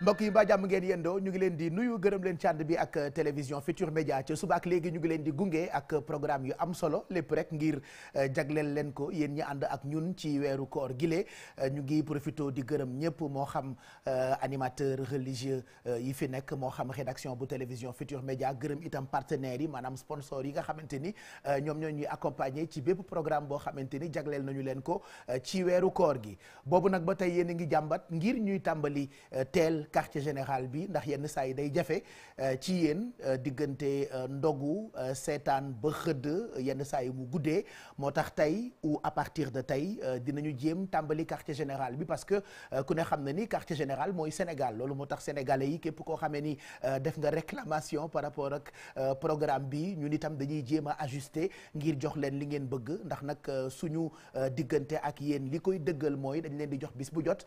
mbokk yi ba jàmm ngeen yendoo ñu ngi leen di nuyu gërëm leen ci ànd bi ak euh, télévision Futur Média ca suba ak léegi ñu ngi leen di gunge ak euh, programme yu am solo lépp rek ngir euh, jagleel leen ko yéen ñi ànd ak ñun ci weeru koor gile ñu ngi profito di gërëm ñëpp moo xam animateur religieux yi fi nekk moo xam rédaction bu télévision Futur Média gërëm itam partenaires yi maanaam sponsor yi nga xamante ni ñoom ñoo ñuy accompagner ci bépp programme boo xamante ni jagleel nañu leen ko ci weeru koor gi boobu nag ba tey yéen a ngi jàmbat ngir ñuy tàmbali teel quartier général bi ndax yenn saa yi day jafe euh, ci yéen euh, diggante euh, ndogu seetaan ba xëdd yenn saa yi mu guddee moo tax tey ou à partir de tey dinañu jéem tàmbali quartier général bi parce que ku ne xam ne ni quartier général mooy Sénégal loolu moo tax sénégalais yi képp koo xamee ni def nga réclamation par rapport ak programme bi ñun itam dañuy jéem a ajusté ngir jox leen li ngeen bëgg ndax nag suñu diggante ak yéen li koy dëggal mooy dañ leen di jox bis bu jot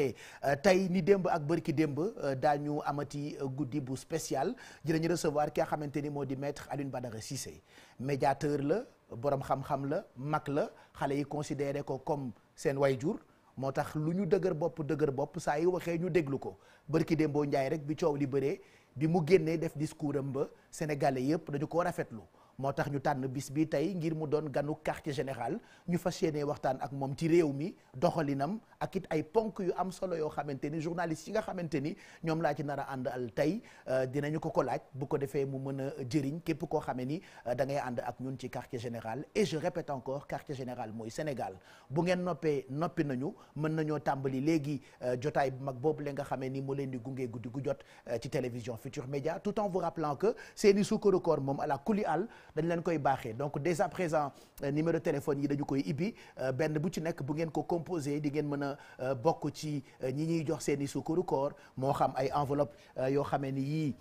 xoolee euh, tey ni démb ak bërki démb euh, daañu amati euh, guddi bu spécial dinañu recevoir ki nga xamante ni moo di maître Alioune Badara Cissé médiateur la borom xam-xam la mag la xale yi considéré ko comme seen way jur moo tax lu ñu dëgër bopp dëgër bopp saa yi waxee ñu déglu ko bërki démboo njaay rek bi coow li bëree bi mu génnee def discours am ba sénégalais yëpp dañu ko rafetlu moo tax ñu tànn bis bi tey ngir mu doon ganu quartier général ñu fas yéene waxtaan ak moom ci réew mi doxalinam ak it ay ponk yu am solo yoo xamante ni journaliste yi nga xamante ni ñoom laa ci nar a ànd al tey euh, dinañu ko ko laaj bu ko defee mu mën a jëriñ képp koo xamee ni euh, da ngay ànd ak ñun ci quartier général et je répète encore quartier général mooy Sénégal bu ngeen noppee noppi nañu mën nañoo tàmbali léegi euh, jotaay bu mag boobu la nga xamee ni moo leen di gunge guddi gu jot ci télévision Futur Média tout en vous rappelant que seeni sukkaru moom ala kulli al dañ leen koy baaxee donc dès à présent euh, numéro téléphone yi dañu koy ibbi euh, benn bu ci nekk bu ngeen ko composé di ngeen mën a euh, bokk ci ñi ñuy jox seen i sukkaru koor moo xam ay enveloppe yoo xamee ni yii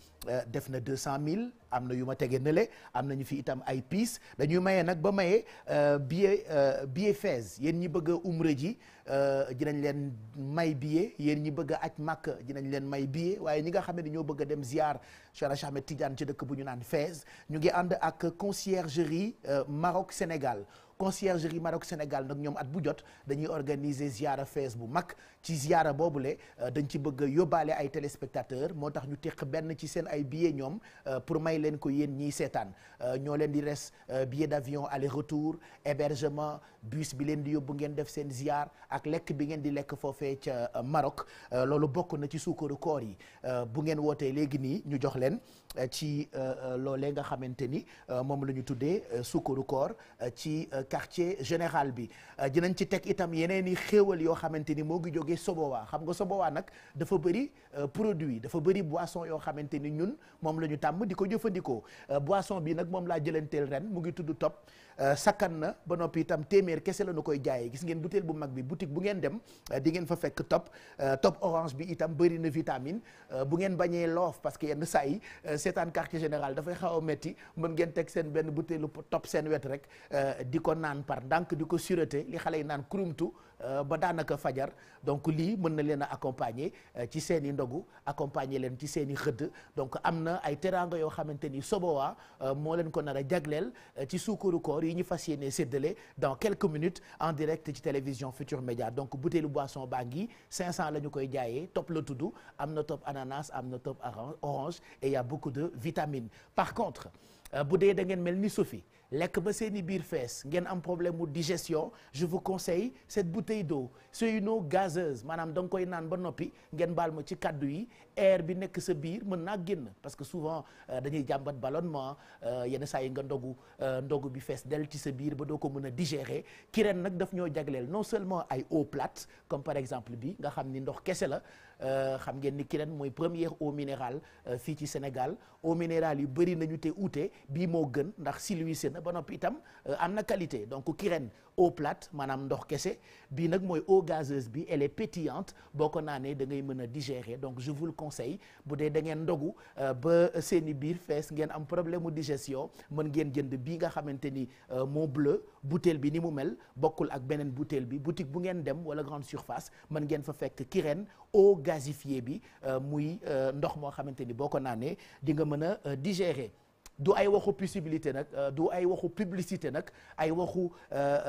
def na deux cent mille am na yu ma tege nële am na ñu fi itam ay piis dañuy maye nag ba maye euh, billet euh, billet Fès yéen ñi bëgg a umra ji euh, nañ leen may billet yéen ñi bëgg a aj Makka dinañ leen may billet waaye ñi nga xam ne ñoo bëgg a dem ziar Cheikh Ahmed Tidiane ci dëkk bu ñu naan Fès ñu ngi ànd ak conciergerie Maroc Sénégal conciergerie Maroc Sénégal nag ñoom at bu jot dañuy organiser ziara Fès bu mag ci boobu le euh, dañ ci bëgg yóbbaale ay téléspectateurs moo tax ñu teq benn ci seen ay billets ñoom euh, pour may leen ko yéen ñiy seetaan euh, ñoo leen di res billet d'avion aller-retour hébergement bus bi leen di yóbbu ngeen def seen ziyaar ak lekk bi ngeen di lekk foofee ca Maroc loolu bokk na ci suukaru koor yi bu ngeen wootee léegi nii ñu jox leen ci loolee nga xamante ni moom la tuddee suukaru koor ci quartier général bi dinañ ci teg itam yeneen yi xéewal yoo xamante ni moo ngi toggee xam nga sobowa nag dafa bëri euh, produit dafa bëri boisson yoo xamante ni ñun moom la ñu tàmm di ko jëfandikoo euh, boisson bi nag moom laa jëlanteel ren mu ngi tudd top Euh, sakkan na ba noppi itam téeméer kese la nu koy jaayee gis ngeen butéel bu mag bi boutique bu ngeen dem euh, di ngeen fa fekk top euh, top orange bi itam bëri na vitamine bu ngeen bañee loof parce que yenn saa yi seetaan quartier général dafay xaw a métti mën ngeen teg seen benn butéelu top seen wet rek di ko naan par ndànk di ko sureté li xale yi naan kurumtu ba daanaka fajar donc lii mën na leen a accompagner ci seen i ndogu accompagner leen ci seen i xëdd donc am na ay teraanga yoo xamante ni Sobowa moo leen ko nar a jagleel ci suukaru koor yi ñu fas yéene séddale dans quelques minutes en direct ci télévision Futur Média donc butéelu boisson baa ngi 500 la ñu koy jaayee top la tudd am na top ananas am na top orange et y a beaucoup de vitamines par contre euh, bu dee da ngeen mel ni Sophie lekk ba seeni biir fees ngeen am problème mu digestion je vous conseille cette bouteille d'eau c'est une eau gazeuse maanaam da koy naan ba noppi ngeen baal ma ci kàddu yi air bi nekk sa biir mën naa génn parce que souvent euh, dañuy jàmbat ballonnement euh, yenn saa yi nga ndogu euh, ndogu bi fees del ci sa biir ba doo ko mën a digérer ki ren nag daf ñoo jagleel non seulement ay eau plate comme par exemple bi nga xam ni ndox kese la Euh, xam ngeen ni Kirène mooy première eau minérale euh, fii ci Sénégal eau minérale yu bëri nañu te uute bii moo gën ndax siluissé na ba noppi itam euh, am na qualité donc Kirène eau plate maanaam ndox kese bii nag mooy eau gazeuse bi elle est pétillante boo ko naanee da ngay mën a digérer donc je vous le bu dee da ngeen ndogu euh, ba seeni biir fees ngeen am problème mu digestion mën ngeen jënd bii nga xamante ni euh, Mont Bleu bouteille bi ni mu mel bokkul ak beneen bouteille bi boutique bu ngeen dem wala grande surface mën ngeen fa fekk Kirène eau gazifiée bi euh, muy ndox moo xamante ni boo ko naanee di nga mën a digérer. du ay waxu possibilité nag euh, du ay waxu publicité nag ay waxu euh,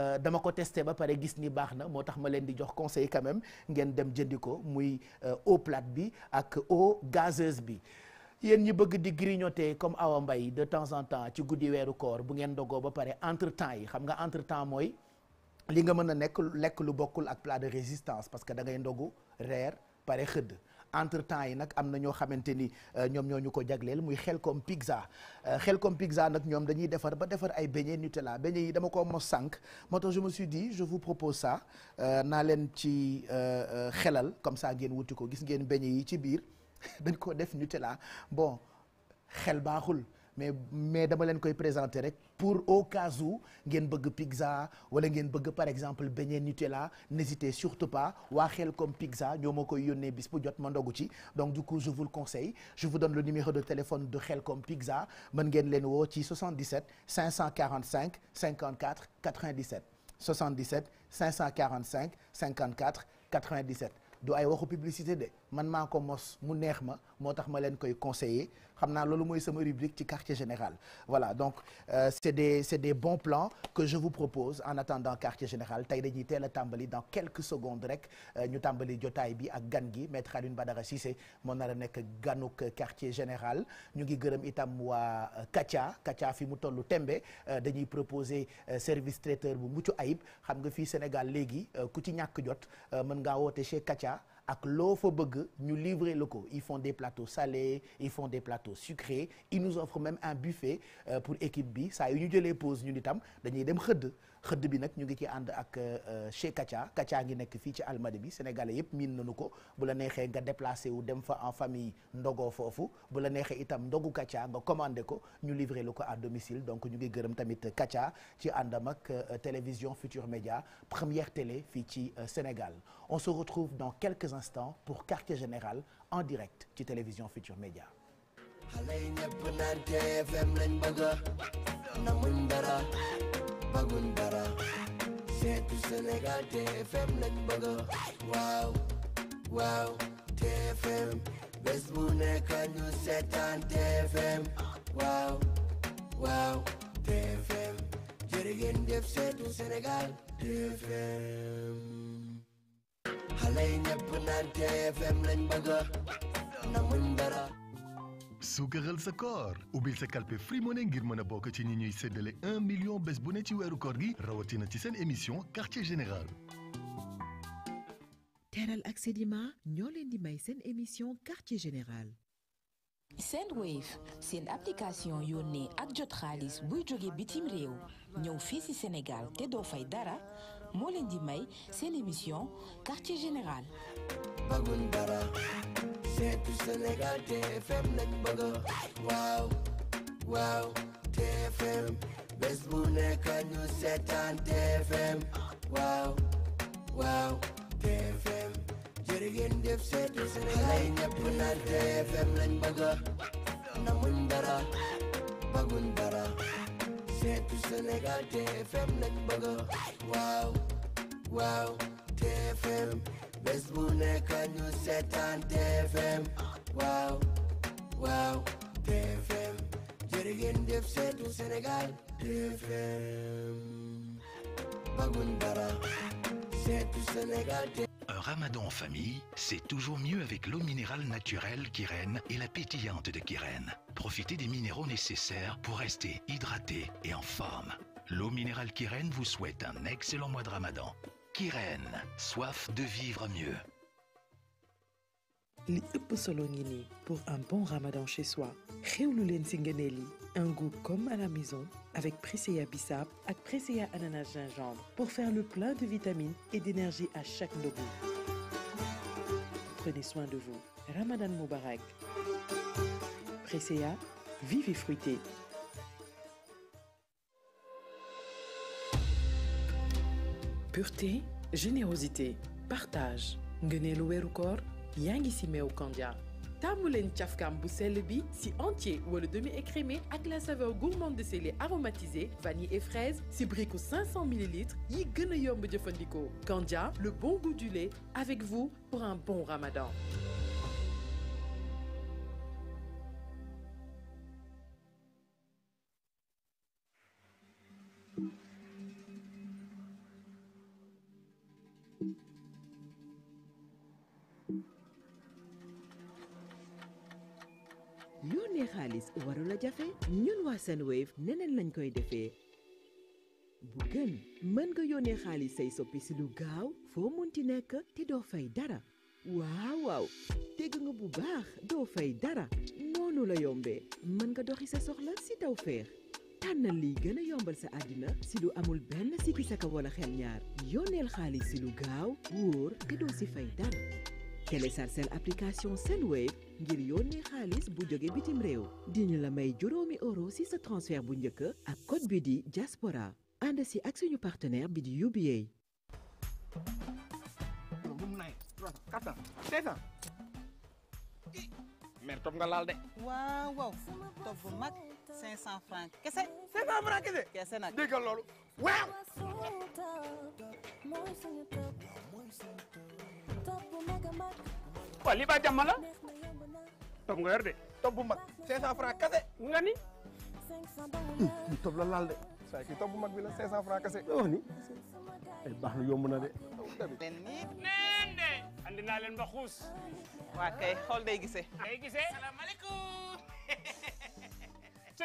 euh, dama ko testé ba pare gis ni baax na moo tax ma leen di jox conseil quand ngeen dem jëndi ko muy eau plate bi ak eau gazeuse bi yéen ñi bëgg di grignoter comme Awa mbay de temps en temps ci guddi weeru koor bu ngeen dogoo ba pare entre temps yi xam nga entre temps mooy li nga mën a nekk lekk lu bokkul ak plat de résistance parce que da ngay ndogu reer pare xëdd entre temps yi nag am na ñoo xamante ni euh, ñoom ñoo ñu ko jagleel muy Xelkom Pizza Xelkom euh, Pizza nag ñoom dañuy defar ba defar ay beignet Nutella beignet yi dama koo mos sànq moo tax je me suis dit je vous propose ça euh, naa leen ci xelal comme ça ngeen wuti ko gis ngeen beignet yi ci biir dañ koo def Nutella bon xel baaxul. mais mais dama leen koy présenter rek pour au cas où ngeen bëgg pizza wala ngeen bëgg par exemple beignet Nutella n'hésitez surtout pas waa Xelcom Pizza ñoo ma koy yónnee bis bu jot ma ndogu ci donc du coup je vous le conseille je vous donne le numéro de téléphone de Xelcom Pizza mën ngeen leen woo ci 77 545 54 97 77 545 54 97 du ay waxu publicité de man maa ko mos mu neex ma moo tax ma leen koy conseiller xam naa loolu mooy sama rubrique ci quartier général voilà donc euh, c'est des c'est des bons plans que je vous propose en attendant quartier général tey dañuy teel a tàmbali dans quelques secondes rek euh, ñu tàmbali jotaay bi ak gan gi maître Alioune Badara Cissé moo na a nekk ganuk quartier général ñu ngi gërëm itam waa euh, Katia Katia fi mu tollu tembe euh, dañuy proposer service traiteur bu mucc ayib xam nga fii Sénégal léegi ku ci ñàkk jot mën ngaa woote chez Katia ak loo foo bëgg ñu livrer le ko ils font des plateaux salés ils font des plateaux sucrés ils nous offrent même un buffet euh, pour équipe bi saa yu ñu jëlee pause ñun itam dañuy dem xëdd xëdd bi nag ñu ngi ci ànd ak euh, euh, che Kacha Kacha ngi nekk fii ci almadi bi sénégalais yëpp miin nañu ko bu la neexee nga déplacé wu dem fa en famille ndogoo foofu bu la neexee itam ndogu Kacha nga commandé ko ñu livré lu ko à domicile donc ñu ngi gërëm tamit Kacha ci àndam ak euh, télévision Futur Média première télé fii ci Sénégal on se retrouve dans quelques instants pour Quartier Général en direct ci télévision Futur Média xale yi ñëpp naan TFM lañ bëgg a namuñ dara baguñ dara seetu Sénégal TFM lañ bëgg a waaw waaw TFM bés bu nekk ñu seetaan TFM waaw waaw TFM jërë ngeen jëf seetu Sénégal TFM xale yi ñëpp naan TFM lañ bëgg suukaral sa koor ubbil sa kalpe Free Money ngir mën a bokk ci ñi ñuy séddale un million bés bu ne ci weeru koor gi rawatina ci seen émission quartier général teral ak Sedima ñoo leen di may seen émission quartier général Sendwave seen application yónnee ak jot xaalis buy jóge bitim réew ñëw fii ci Sénégal te doo fay dara moo leen di may seen quartier général. bëggul dara seetu Sénégal TFM lañ bëgg waaw waaw TFM bés bu nekk ñu seetaan TFM waaw waaw TFM jërë def seetu Sénégal yi ñëpp naan TFM lañ bëgg namuñ dara bëggul dara. seetu Sénégal TFM lañ bëgg waaw waaw TFM bés bu nekk ñu TFM waaw waaw TFM jërë ngeen jëf seetu TFM bagun dara seetu Sénégal un ramadan en famille, c'est toujours mieux avec l'eau minérale naturelle Kirène et la pétillante de Kirène. Profitez des minéraux nécessaires pour rester hydraté et en forme. L'eau minérale Kirène vous souhaite un excellent mois de ramadan. Kirène, soif de vivre mieux. Un goût comme à la maison avec Presea Bissap ak Presea ananas gingembre pour faire le plein de vitamines et d'énergie à chaque ndogu. Prenez soin de vous. Ramadan Moubarak. Presea, vive et fruitée. Pureté, générosité, partage. ngëneelu weeru koor yaa ngi ci meew Kandia. taamu leen cafkaam bu sell bi si entier wala demi écrémé ak la saveur gourmande de ses laits aromatisés vanille et fraise si brico 500 ml yi gën a yomb jëfandikoo Kandia le bon goût du lait avec vous pour un bon ramadan yónnee xaalis warula jafe ñun waa Senwave neneen lañ koy defee bu gën mën nga yónnee xaalis say soppi si lu gaaw foo munti nekk te doo fay dara waaw waaw dégg nga bu baax doo fay dara noonu la yombee mën nga doxi sa soxla si taw féex tànnal liy gën a yombal sa àddina si lu amul benn sikki saka wala xel ñaar yónneel xaalis si lu gaaw wóor te doo si fay dara télécharge seen application Senwave ngir yónnee xaalis bu jóge bitim réew diñu la may juróomi euro ci sa transfert bu njëkk ak code bi di diaspora ànd si ak suñu partenaire bi di UBA. mer topp nga laal de. waaw waaw topp bu mag kese. kese. nag waaw. waaw lii ba jàmm la. nga yor de. bu mag 500 francs nga ni. li la laal de. saa ki topp bu mag bi la 500 francs kese. nga ni. ay baax na yomb na de. neen de. andi naa leen ba xuus. waa kay xool day gisee. day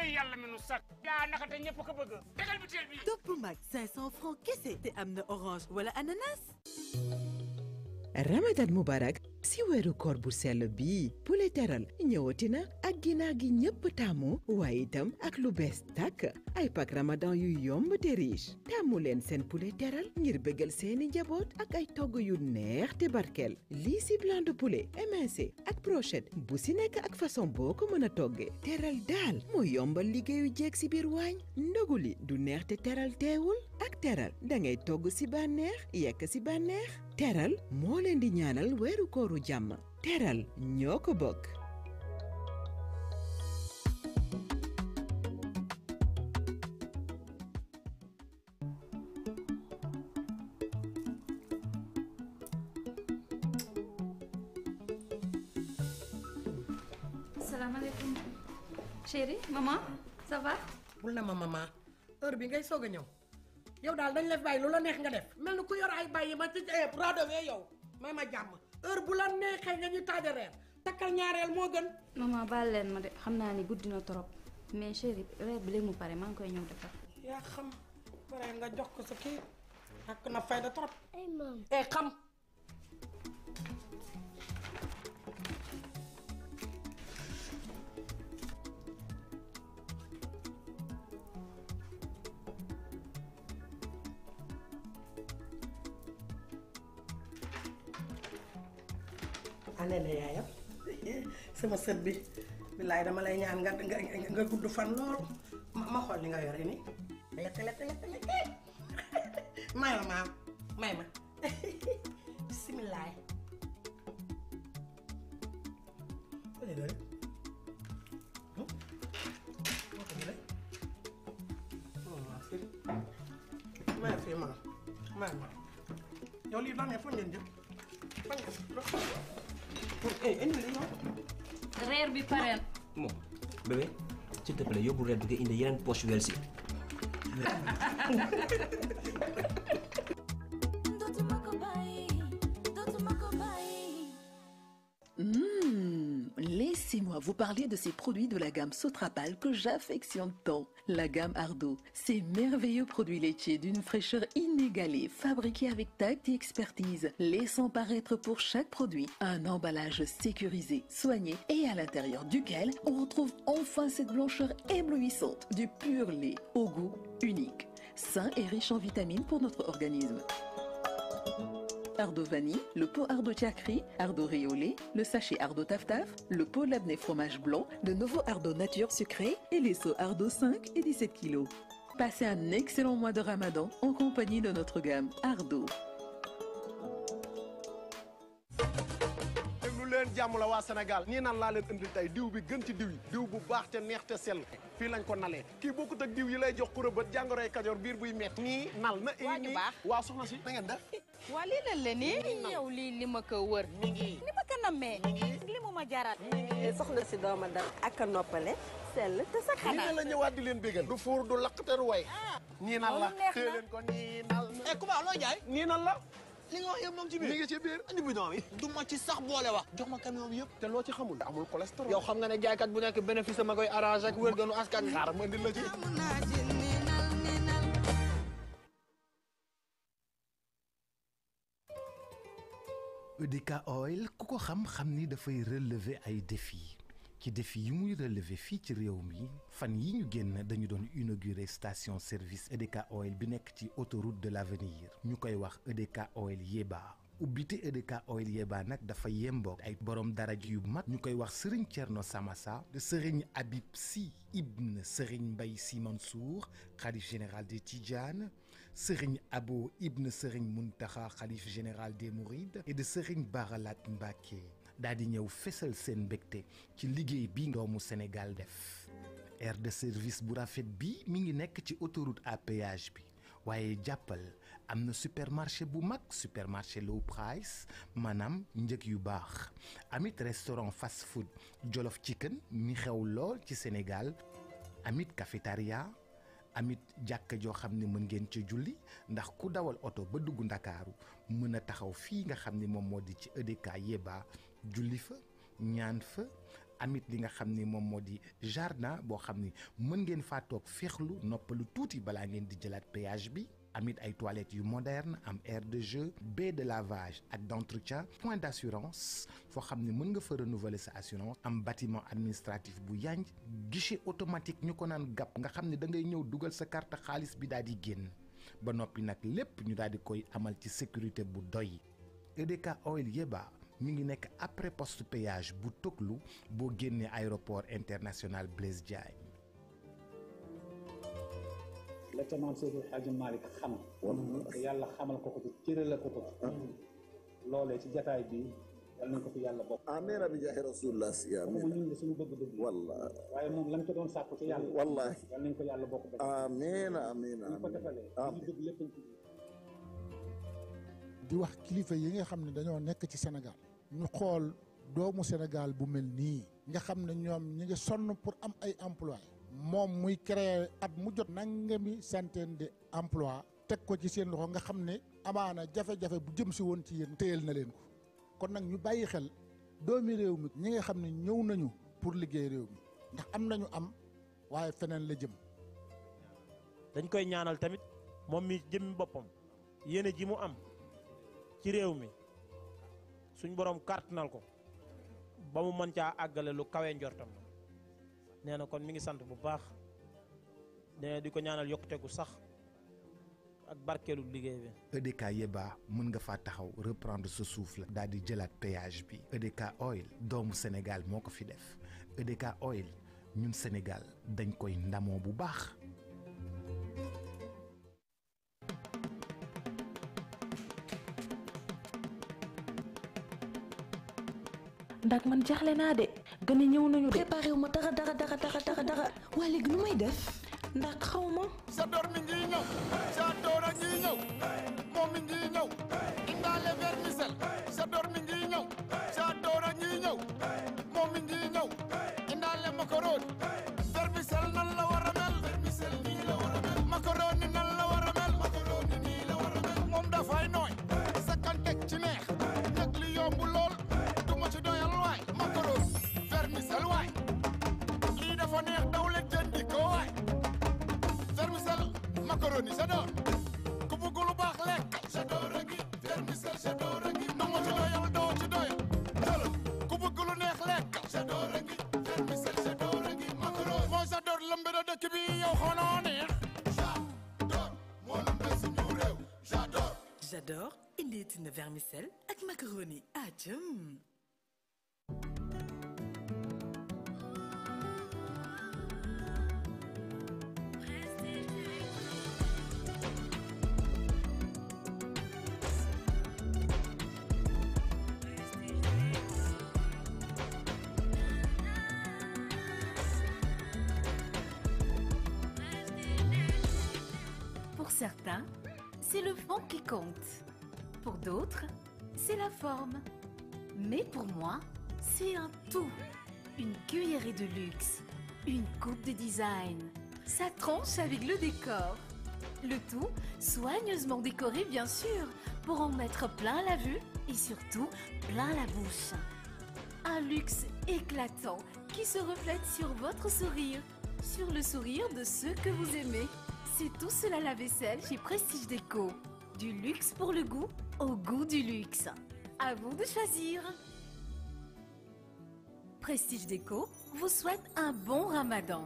mooy yàlla mi nu sàkk yaa naka te ñëpp ko bëgg tegal butéel bi topp mag 500 francs kese te am na orange wala ananas ramadan mubarak si weeru koor bu sell bii poulet teral ñëwati na ak ginaar gi ñëpp taamu waaye itam ak lu bees tàkk ay pak ramadan yu yomb te riche taamu leen seen poulet teral ngir bëggal seeni njaboot ak ay togg yu neex te barkeel lii si blanc de poulet ak brochette bu si nekk ak façon boo ko mën a toggee teral daal moo yombal liggéeyu jeeg si biir waañ ndogu li du neex te teral teewul ak teral da ngay togg si bànneex yekk si bànneex teral moo leen di ñaanal weeru kooru jàmm teral ñoo ko bokk bi ngay soog a ñëw. yow daal dañ la fi bàyyi lu la neex nga def mel ni ku yor ay bàyyi ma ci eh, radowee yow may ma jàmm heure bu la neexee nga ñu taaja reer takkal ñaareel moo gën maman baal leen ma de xam naa ni guddi na trop mais chéri reer bi léegi mu pare maa ngi koy ñëw defar yaa xam pare nga jox ko sa kii ak na fayda trop ay maam eh xam nee na yaayam sama sët bi billaay dama lay ñaan nga nga nga gudd fan lool ma xool li nga yore ni lekk lekk lekk lekk may ma maam may ma bisimilaay yow lii daanee fan ngeen jëm fan ngeen reer bi pareel. moom bébé s'il te plaît yóbbu reer bi nga indi yeneen poche wel si. vous parler de ces produits de la gamme Sotrapal que j'affectionne tant. La gamme Ardo, ces merveilleux produits laitiers d'une fraîcheur inégalée, fabriqués avec tact et expertise, laissant paraître pour chaque produit un emballage sécurisé, soigné et à l'intérieur duquel on retrouve enfin cette blancheur éblouissante du pur lait au goût unique, sain et riche en vitamines pour notre organisme. Ardo vanille, le pot Ardo Chakri, Ardo Réolé, le sachet Ardo Taftaf, le pot Labneh fromage blanc, le nouveau Ardo nature sucrée et les seaux Ardo et 17 Passez un excellent mois de Ramadan en compagnie de notre gamme Ardo. jàmm la waa Sénégal ñii naan laa leen indil tey diw bi gën ci diw yi diw bu baax te neex te sell fii lañ ko nalee kii bokkut ak diw yi lay jox kuré bët jàngoroy kajoor biir buy mett nii nal na i nii waa soxna si na ngeen def waa lii lan la nii yow lii li ma ko wër mi ngi li ma ko nammee li mu ma jaral eh, soxna si dooma dal ak a noppale sell te sa kanam la ñëwaat di leen bégal du fuur du laq te du way ah. nii nal la tée leen ko nii nal e ku baax li nga wax yëpp moom ci biir mi ngi ci du ma ci sax boole wax jox ma camion bi yëpp te loo ci xamul amul cholestérol yow xam nga ne jaaykat bu nekk bénéfice ma koy arrangé ak wér-gënu askan xaar ma indi la ci EDK Oil ku ko xam-xam ni dafay relever ay défis ci défi yi muy relevé fii ci réew mi fan yi ñu génn dañu doon inauguré station service EDK Oil bi nekk ci autoroute de l'avenir ñu koy wax EDK Oil Yeba ubbite EDK Oil Yeba nag dafa yemboog ay borom daraj yu mag ñu koy wax sëriñ Thierno Samassa sëriñ Habib Sy ibn sëriñ Mbaye Sy Mansour xalif général des Tidjanes sëriñ Abo ibn sëriñ Muntaxa xalif général des Mourides et de sëriñ Baralat Mbacké daal di ñëw fesal seen mbégte ci liggéey bi doomu Sénégal def aire de service bu rafet bi mi ngi nekk ci autoroute à péage bi waaye jàppal am na supermarché bu mag supermarché low price maanaam njëg yu baax amit restaurant fast food ci Chicken mi xew lool ci Sénégal amit cafétéria amit jàkka joo xam ne mën ngeen ca julli ndax ku dawal oto ba dugg ndakaaru mën a taxaw fii nga xam ne moom moo di ci EDK Yeba julli fa ñaan fa amit li nga xam ni moom moo di jardin boo xam ni mën ngeen faa toog féexlu noppalu tuuti balaa ngeen di jëlaat péage bi amit ay toilettes yu moderne am aire de jeu be de lavage ak d'entretien point d'assurance foo xam ne mën nga fa renouveler sa assurance am bâtiment administratif bu yanj guichet automatique ñu ko naan gàpp nga xam ne da ngay ñëw dugal sa carte xaalis bi daal di génn ba noppi nag lépp ñu daal di koy amal ci sécurité bu doy e mi ngi nekk après poste péage bu Toglu boo génnee aéroport international Blaise Diagne. la ca maam Seydou Hadji Malick xam. yàlla xamal ko ko ci cërale ci. Ah. loolee ci jataay bi ko yàlla bokk. amiin amiin jaahi rasulullah si amiin. waaye moom la mu ca doon sàkku ci yàlla. wallaahi yal nañ ko yàlla bokk. amiin amiin amiin ko defalee. amiin bëgg lépp di wax kilifa yi nga xam ne dañoo nekk ci senegal ñu xool doomu Sénégal bu mel nii nga xam ne ñoom ñi sonn pour am ay emploi moom muy créer at mu jot nangami centaine de emploi teg ko ci seen loxo nga xam ne amaana jafe-jafe bu jëm si woon ci yéen téyel na leen ko kon nag ñu bàyyi xel doomi réew mi ñi nga xam ne ñëw nañu pour liggéey réew mi ndax am nañu am waaye feneen la jëm dañ koy ñaanal tamit moom mi jëm boppam yéene ji mu am ci réew mi suñ borom kàttanal ko ba mu mën caa àggale lu kawe njortam nee na kon mi ngi sant bu baax nee di ko ñaanal yokkute gu sax ak barkeelu liggéey bi. EDK Yeba mën nga faa taxaw reprendre sa souffle la daal di jëlaat péage bi. EDK Oil doomu Sénégal moo ko fi def EDK Oil ñun Sénégal dañ koy ndamoo bu baax. ndax man jaaxle naa de gën ñëw nañu de préparé wu ma dara daxa dara dara dara waa léegi nu may def ndax xaw ma sa door mi ngi ñëw sa door a ngi ñëw moom mi ngi ñëw indaale vermicelle sa door mi ngi macaroni j'adore ku bugg lu baax lekk j'adore a ngi vermicelle j'adore a ngi dama ci doyal doo ci doyal jëlal ku bugg lu neex lekk j'adore a ngi vermicelle j'adore a ngi macaroni moo j'adore lëmbe na dëkk bi yow xooloo neex j'adore moo lëmbe suñu réew j'adore j'adore indeeti na vermicelle ak macaroni ah jëm certains, c'est le fond qui compte. Pour d'autres, c'est la forme. Mais pour moi, c'est un tout. Une cuillerée de luxe, une coupe de design, sa tranche avec le décor. Le tout soigneusement décoré bien sûr, pour en mettre plein la vue et surtout plein la bouche. Un luxe éclatant qui se reflète sur votre sourire, sur le sourire de ceux que vous aimez. C'est tout cela la vaisselle chez Prestige Déco. Du luxe pour le goût, au goût du luxe. À vous de choisir. Prestige Déco vous souhaite un bon ramadan.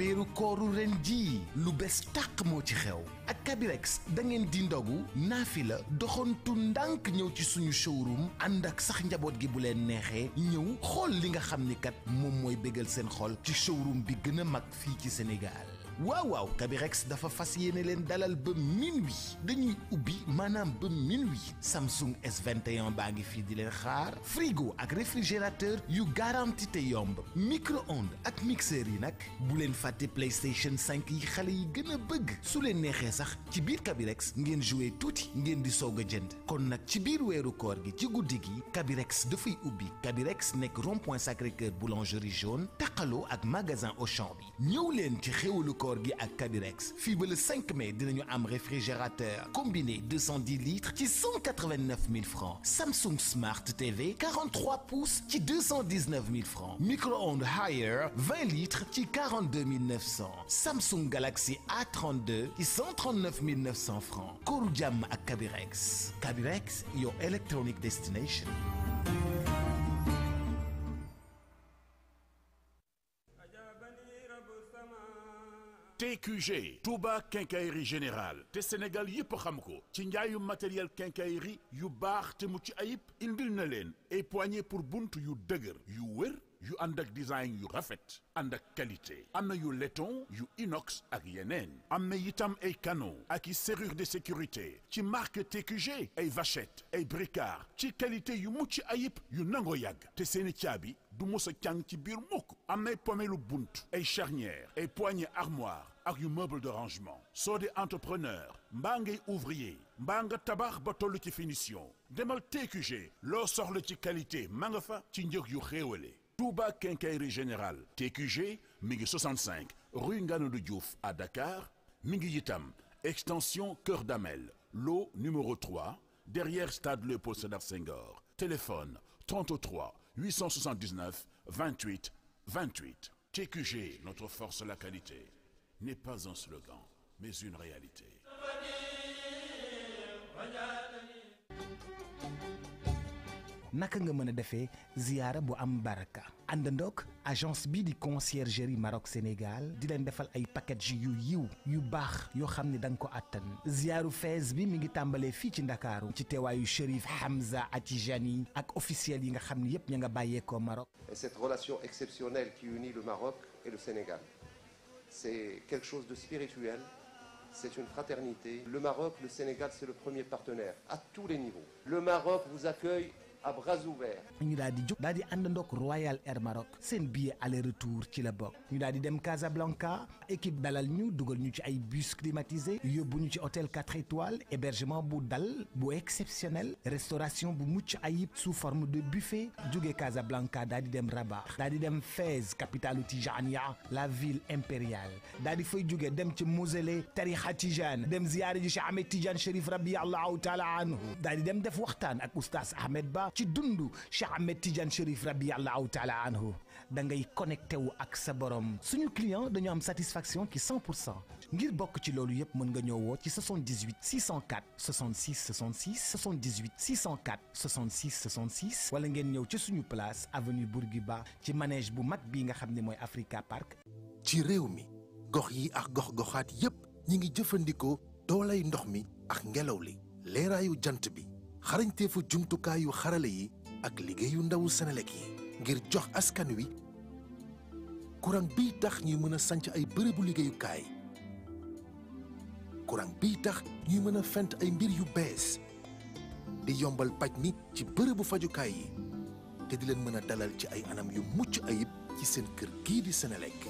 weeru kooru ren jii lu bees tàq moo ci xew ak Kabirex da ngeen di ndogu naafi la doxantu ndànk ñëw ci suñu showroom ànd ak sax njaboot gi bu leen neexee ñëw xool li nga xam ni kat moom mooy bégal seen xool ci showroom bi gën a mag fii ci Sénégal waaw waaw Kabirex dafa fas yéene leen dalal ba minuit dañuy ubbi maanaam ba minuit Samsung S21 baa ngi fii di leen xaar frigo ak réfrigérateur yu garanti te yomb micro-ondes ak mixeur yi nag bu leen fàtte PlayStation 5 yi xale yi gën a bëgg su leen neexee sax ci biir Kabirex ngeen jouer tuuti ngeen di soog a jënd kon nag ci biir weeru koor gi ci guddi gi Kabirex dafay ubbi Kabirex nekk rond-point Sacré-Cœur boulangerie jaune taqaloo ak magasin Auchan bi ñëw leen ci koor gi ak Kabirex fii ba le 5 mai dinañu am réfrigérateur combiné 210 litres ci 189 000 francs Samsung Smart TV 43 pouces ci 219 000 francs micro-ondes Haier 20 litres ci 42 900 Samsung Galaxy A32 ci 139 900 francs kooru jàmm ak Kabirex Kabirex your electronic destination TQG Touba quincaillerie général te Sénégal yëpp xam ko ci njaayu matériel quincaillerie yu baax te mucc ci ayib indil na leen ay poignées pour bunt yu dëgër yu wër yu ànd ak design yu rafet ànd ak qualité am na yu laiton yu inox ak yeneen am na itam ay canaux ak i serrure de sécurité ci marque TQG ay vachette ay bricard ci qualité yu mucc ayib yu nangoo yàgg te seeni caabi du mos a càng ci biir mukk am na ay bunt ay charnière ay poignée armoire ak yu meuble de rangement soo di entrepreneur mbaa ngay ouvrier mbaa nga tabax ba toll ci finition demal TQG loo soxla ci qualité ma nga fa ci njëg yu xéewale Touba Quincaillerie Générale TQG mi ngi 65 rue du Diouf à Dakar mi ngi itam extension Kër Damel lot numéro 3 derrière stade Léopold Sédar Senghor téléphone 33 879 28 28 TQG notre force la qualité n'est pas un slogan, naka nga mën a defee ziyaara bu am baraka àndandoog agence bii di conciergerie Maroc Sénégal di leen defal ay package yu yiw yu baax yoo xam ne da ko àttan ziyaaru Fès bi mu ngi tàmbalee fii ci ndakaaru ci teewaayu Chérif Hamza Atijani ak officiel yi nga xam ne yépp ña nga bàyyeekoo Maroc. Et cette relation exceptionnelle qui unit le Maroc et le Sénégal. c'est quelque chose de spirituel, c'est une fraternité. Le Maroc, le Sénégal, c'est le premier partenaire, à tous les niveaux. Le Maroc vous accueille à bras ouverts. ñu daal di jóg daal di àndandook Royal Air Maroc seen billet aller retour ci la bokk ñu daal di dem Casablanca équipe dalal ñu dugal ñu ci ay bus climatisé yóbbu ñu ci hôtel 4 étoiles hébergement bu dal bu exceptionnel restauration bu mucc ayib sous forme de buffet jóge Casablanca daal di dem Rabat daal di dem Fès capitale Tijania la ville impériale daal di fay jóge dem ci mausolée tarixa Tijane dem ziyaare ji Cheikh Ahmed Tijane Chérif Rabi dem def waxtaan ak oustaz Ahmed ci dundu Cheikh Ahmed Tidiane Chérif radiallahu taala anhu da ngay connecté wu ak sa borom suñu client dañu am satisfaction ci 100 pour ngir bokk ci loolu yëpp mën nga ñëw woo ci 78 604 66 66 78 604 66 66 wala ngeen ñëw ci suñu place avenue Bourguiba ci manège bu mag bii nga xam ne mooy Africa Park. ci réew mi gox yi ak gox-goxaat yépp ñi ngi jëfandikoo doolay ndox mi ak ngelaw li leeraayu jant bi. xarañteefu jumtukaayu xarale yi ak liggéeyu ndawu Senelec yi ngir jox askan wi courant bii tax ñuy mën a sanc ay bërëbu liggéeyukaay courant biy tax ñuy mën a fent ay mbir yu bees di yombal paj mi ci bërëbu fajukaay yi te di leen mën a dalal ci ay anam yu mucc ayib ci seen kër gii di Senelec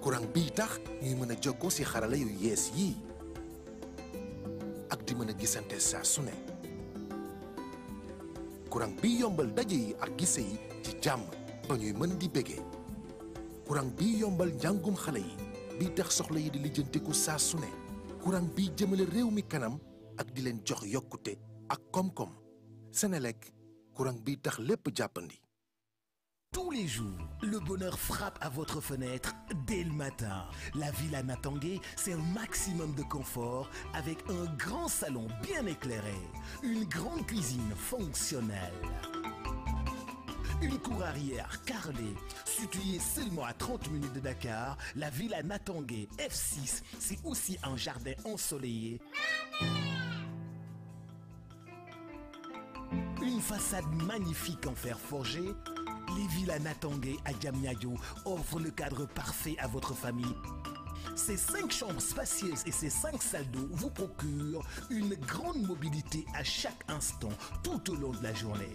courant biy tax ñuy mën a jog ko ci xarale yu yees yii ak di mën a gisante saa sune courant bi yombal daje yi ak gise yi ci jàmm ba ñuy mën di bégee courant bi yombal njàngum xale yi bi tax soxla yi di lijjantiku saa ne courant bi jëmale réew mi kanam ak di leen jox yokkute ak koom-koom Senelec courant bi tax lépp jàppandi Tous les jours, le bonheur frappe à votre fenêtre dès le matin. La Villa Natangué, c'est un maximum de confort avec un grand salon bien éclairé, une grande cuisine fonctionnelle, une cour arrière carrelée. Située seulement à minutes de Dakar, la Villa Natangué f c'est aussi un jardin ensoleillé. Une façade magnifique en fer forgé. Les villas Natangué à Diamniadio offrent le cadre parfait à votre famille. Ces cinq chambres spacieuses et ces cinq salles d'eau vous procurent une grande mobilité à chaque instant tout au long de la journée.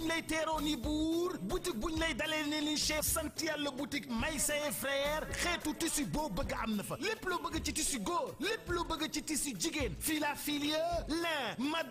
buñ lay teeroo ni buur boutique lay dalee ne ni chef sant yàlla boutique may say frère xeetu boo bëgg am na fa lépp loo bëgg ci tissu góor lépp loo bëgg ci tissu jigéen fii la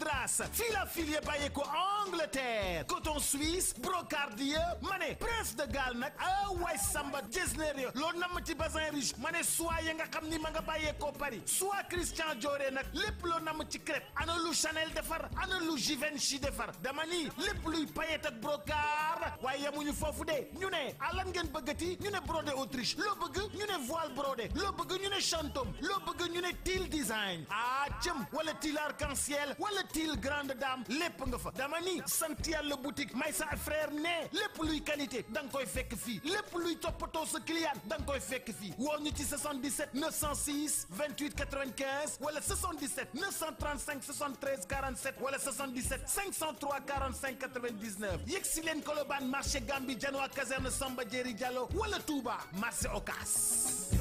glace fil à fil ya bàyyi ko Angleterre coton suisse brocart ya ma ne prince de Galles nag ah waay Samba Jesner ya loo namm ci bazin riche ma ne soit ya nga xam ni ma nga bàyyee ko Paris soit Christian Dior nag lépp loo namm ci crêpe ana lu Chanel defar ana lu Givenchy defar dama ni lép luy paillette ak brocart waaye yamuñu foofu de ñu ne alan ngeen bëggati ñu ne brodé Autriche loo bëgg ñu ne voile brodé loo bëgg ñu ne chantôme loo bëgg ñu ne teal design ah cëm wala teal arc style grande dame lépp nga fa dama ni sant yàlla boutique may sa frère ne lépp luy qualité da nga koy fekk fii lépp luy toppatoo sa client da koy fekk fii woo ñu ci 77 906 28 95 wala 77 935 73 47 wala 77 503 45 99 yegg si leen Colobane marché Gambie Janoa caserne Samba Diéry Diallo wala Touba marché Ocass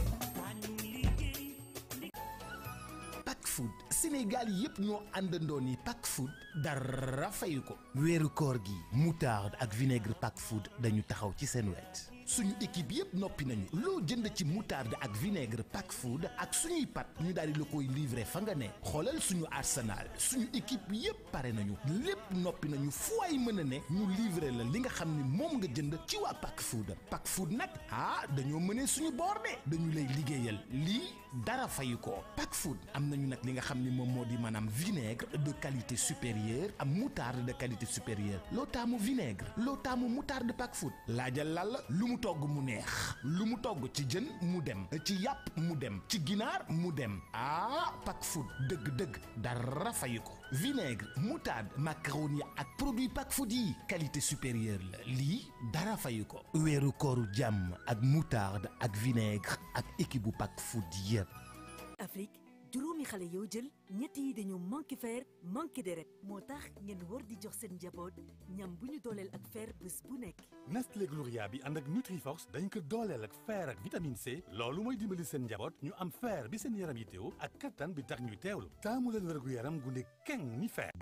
pack food Sénégal yëpp ñoo àndandoo ni pack food dara fayu ko weeru koor gi moutarde ak vinaigre pack food dañu taxaw ci seen wet suñu équipe yëpp noppi nañu loo jënd ci moutarde ak vinaigre pack food ak suñuy pat ñu daal di la koy livrer fa nga ne xoolal suñu arsenal suñu équipe yëpp pare nañu lépp noppi nañu fu ay mën a ne ñu livrer la li nga xam ne moom nga jënd ci waa pack food pack food nag ah dañoo mënee suñu boor dañu lay liggéeyal lii dara fayu ko pack food am nañu nag li nga xam ni moom moo di maanaam vinaigre de qualité supérieure am moutarde de qualité supérieure loo taamu vinaigre loo taamu moutarde pack food laajal lalla lu mu togg mu neex lu mu togg ci jën mu dem ci yàpp mu dem ci ginaar mu dem ah pack food dëgg-dëgg dara fayu ko vinaigre moutarde macaroni ak produit pak food yi qualité supérieure la lii dara fayu ko weeru kooru jàmm ak moutarde ak vinaigre ak équipe bu pak food yëpp juróomi xale yow jël ñett yi dañu manqué fer manqué deret moo tax ngeen war di jox seen njaboot ñam bu ñu dooleel ak fer bés bu nekk. Nestlé Gloria bi ànd ak Nutriforce dañ ko dooleel ak fer ak vitamine C loolu mooy dimbali seen njaboot ñu am fer bi seen yaram yi teew ak kattan bi tax ñuy teewlu taamu leen wérgu yaram gu ne keng ni fer.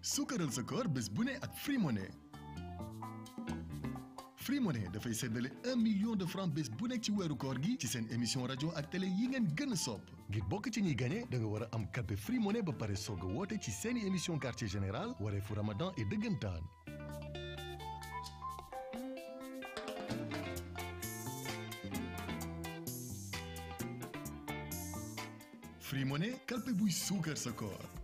sukkaral sa koor bés bu ne ak Free Money Free Money dafay séddale un million de francs bés bu nekk ci weeru koor gi ci seen émission rajo ak télé yi ngeen gën a sopp ngir bokk ci ñuy gane danga nga war a am carte Free Money ba pare soog a woote ci seeni émission quartier général wareefu Ramadan et dëggantaan. Free Money kalpe buy suukar sa koor.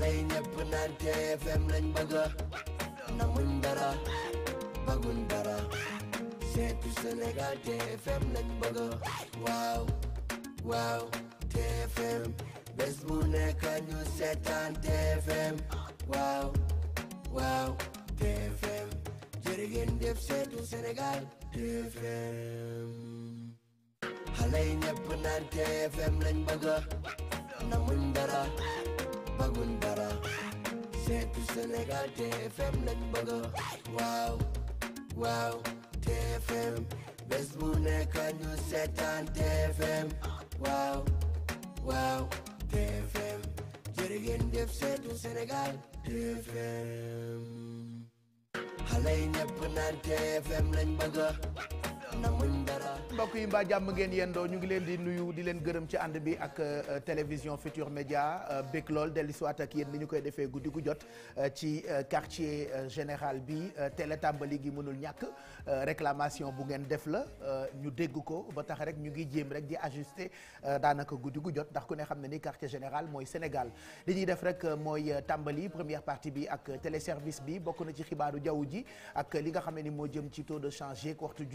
xale yi ñëpp naan TFM lañ bëgg namuñ dara bëgguñ dara seetu Sénégal TFM lañ bëgg waaw waaw TFM bés bu nekk ñu seetaan TFM waaw waaw TFM jërë ngeen def seetu Sénégal TFM xale yi ñëpp naan TFM lañ bëgg namuñ dara bëgguñ dara seetu Sénégal TFM lañ bëgg waaw waaw TFM bés bu nekk ñu seetaan TFM waaw waaw TFM jërë ngeen jëf seetu Sénégal TFM xale yi ñëpp naan TFM lañ bëgg mbokk yi mbaa jàmm ngeen yendoo ñu ngi leen di nuyu di leen gërëm ci ànd bi ak euh, télévision Futur Média euh, bég lool dellu si ak yéen ni ñu koy defee guddi gu jot euh, ci quartier général bi télé tàmbali gi mënul ñàkk réclamation bu ngeen def la ñu dégg ko ba tax rek ñu ngi jéem rek di ajuster daanaka guddi gu jot ndax ku ne xam ne ni quartier général mooy Sénégal li ñuy def rek mooy tàmbali première partie bi ak service bi bokk na ci xibaaru jaww ji ak li nga xam ne ni moo jëm ci taux de change yeeg waxtu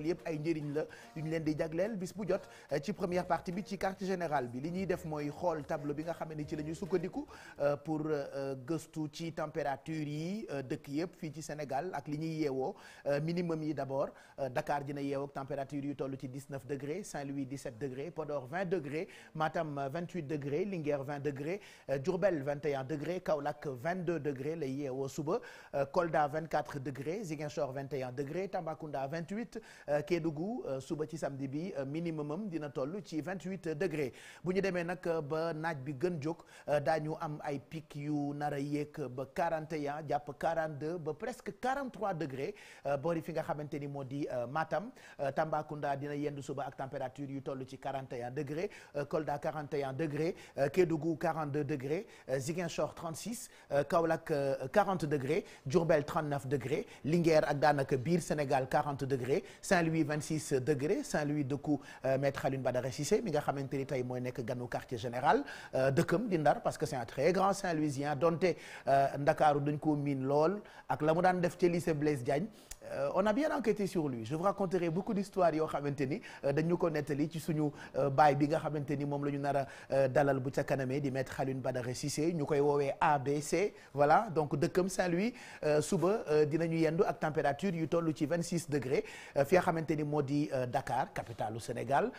loolu ay njëriñ la yu ñu leen di jagleel bis bu jot eh, ci première partie bi ci quartier général bi li ñuy def mooy xool tableau bi nga xam ne ci lañuy sukkandiku eh, pour eh, gëstu ci température yi dëkk yëpp fii ci Sénégal ak li ñuy yeewoo minimum yi d'abord Dakar ji na ak température yu toll ci 19 degré Saint-Louis 17 degré Podor 20 degré Matam 28 degré Linguère 20 degré Diourbel 21 degré Kaolack 22 degré lay yeewoo suba Kolda 24 degré Ziguinchor 21 degré Tambacounda 28 Euh, Kédougou euh, suba ci samedi bi euh, minimum dina toll ci vingt 28 degré bu ñu demee nag ba naaj bi gën jóg daañu am ay pic yu nar a yéeg ba 41 jàpp 42 ba presque 43 degré boori fi nga xamante ni moo di Matam Tambacounda dina yendu suba ak température yu toll ci 41 degré Kolda 41 degré Kédougou 42 degré Ziguinchor 36 Kaolack 40 degré Diourbel 39 degré Linguère ak daanaka biir Sénégal 40 degré. Saint-Louis 26 degré Saint-Louis dëkku euh, maître Alioune Badara Cissé mi nga xamante ni tey mooy nekk ganu quartier général euh, dëkkam di Ndar parce que c'est un très grand Saint-Louisien donte euh, Ndakaaru dañ ko miin lool ak la mu daan def ca lycée Blaise Diagne Euh, on a bien enquêté sur lui je vous raconterai beaucoup d'histoires yoo xamante ni euh, dañu ko nettali ci suñu euh, baay bi nga xamante ni moom la ñu nar dalal bu ca kanamee di maître Alioune Badara Cissé ñu koy woowee ABC voilà donc dëkkam Saint-Louis suba dina ñu yendu ak température yu toll ci vingt 26 degrés fi nga xamante ni moo di Dakar capitale u Sénégal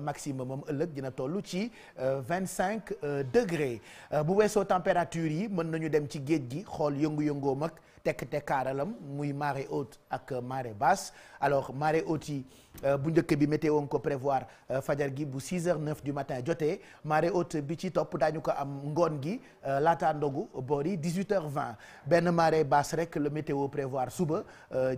maximum am ëllëg dina toll ci vingt cinq degrés bu weesoo température yi mën nañu dem ci géej gi xool yëngu mag tekk tekkaaralam muy marée haute ak marée basse alors marée haute yi Euh, bu njëkk bi météo nga ko prévoir euh, fajar gi bu 6 heures 9 du matin jotee marée haute bi ci topp daañu ko am ngoon gi euh, laataa ndogu boor yi 18 benn marée basse rek le météo prévoir suba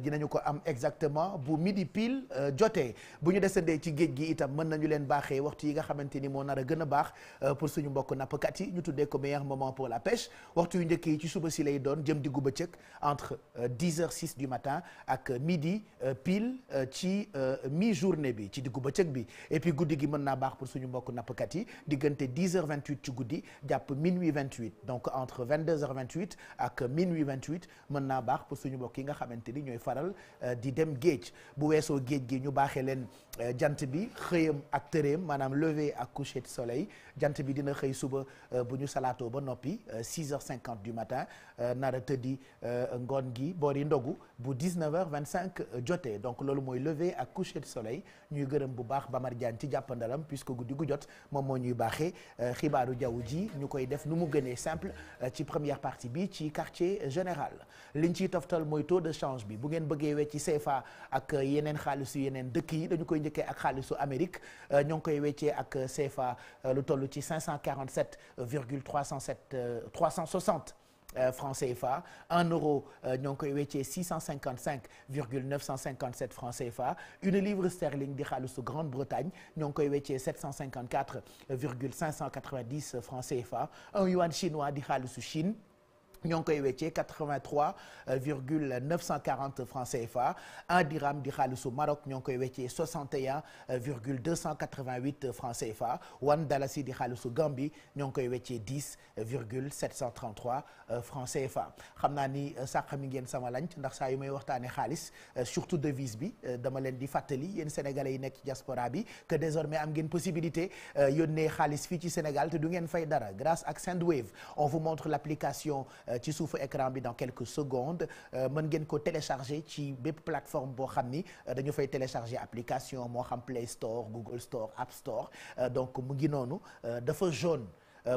dinañu ko am exactement bu midi pile jotee bu ñu desandee ci géej gi itam mën nañu leen baaxee waxtu yi nga xamante ni moo nar a gën a baax pour suñu mbokk nappkat yi ñu tuddee ko meilleur moment pour la pêche waxtu yu njëkk yi ci suba si lay doon jëm diggu bëccëg entre 10 heures 6 du matin ak midi pile ci mi journée bi ci diggu bëccëg bi et puis guddi gi mën naa baax pour suñu mbokk nappkat yi diggante 10h28 ci guddi jàpp minuit 28 donc entre 22h28 ak minuit 28 mën naa baax pour suñu mbokk yi nga xamante ni ñooy faral euh, di dem géej bu weesoo géej gi ñu baaxee leen euh, jant bi xëyam ak tëreem maanaam lever ak coucher de soleil jant bi dina xëy suba euh, bu ñu salaatoo ba noppi 6h50 du matin nara tëddi ngoon gi boori ndogu bu 19h25 jotee donc loolu mooy lever ak petit soleil ñuy gërëm bu baax Bamar Diagne ci jàppandalam puisque guddi gu jot moom moo ñuy baaxee euh, xibaaru jaww ji ñu koy def nu mu gënee simple euh, ci première partie bi ci quartier général liñ ciy toftal mooy taux de change bi bu ngeen bëggee wecci CFA ak euh, yeneen xaalisu yeneen dëkk yi dañu koy njëkkee ak xaalisu Amérique ñoo ngi koy weccee ak CFA lu toll ci 547 virgule 307 360 Euh, francs CFA en euro euh, ñoo ngi koy weccee 655 virgule 957 francs CFA une livre sterling di xaalisu Grande-Bretagne ñoo ngi koy weccee 754 virgule 590 francs CFA un yuan Chine ñoo ngi koy weccee 83 virgule 940 francs CFA un dirham di xaalisu Maroc ñoo ngi koy weccee 61 virgule 288 francs CFA one dalasi di xaalisu Gambie ñoo ngi koy weccee 10 virgule 733 francs CFA xam naa ni euh, sàq mi ngeen sama lanc ndax saa yu may waxtaanee xaalis euh, surtout devise bi euh, dama leen di fàttali yéen sénégalais yi nekk ci diaspora bi que désormais am ngeen possibilité yónnee xaalis fii ci Sénégal te du ngeen fay dara grâce ak Sendwave on vous montre l'application Euh, ci suufu écran bi dans quelques secondes euh, mën ngeen ko télécharger ci bépp plateforme boo xam ni euh, dañu fay télécharger application moo xam Play Store Google Store App Store donc mu ngi noonu dafa jaune.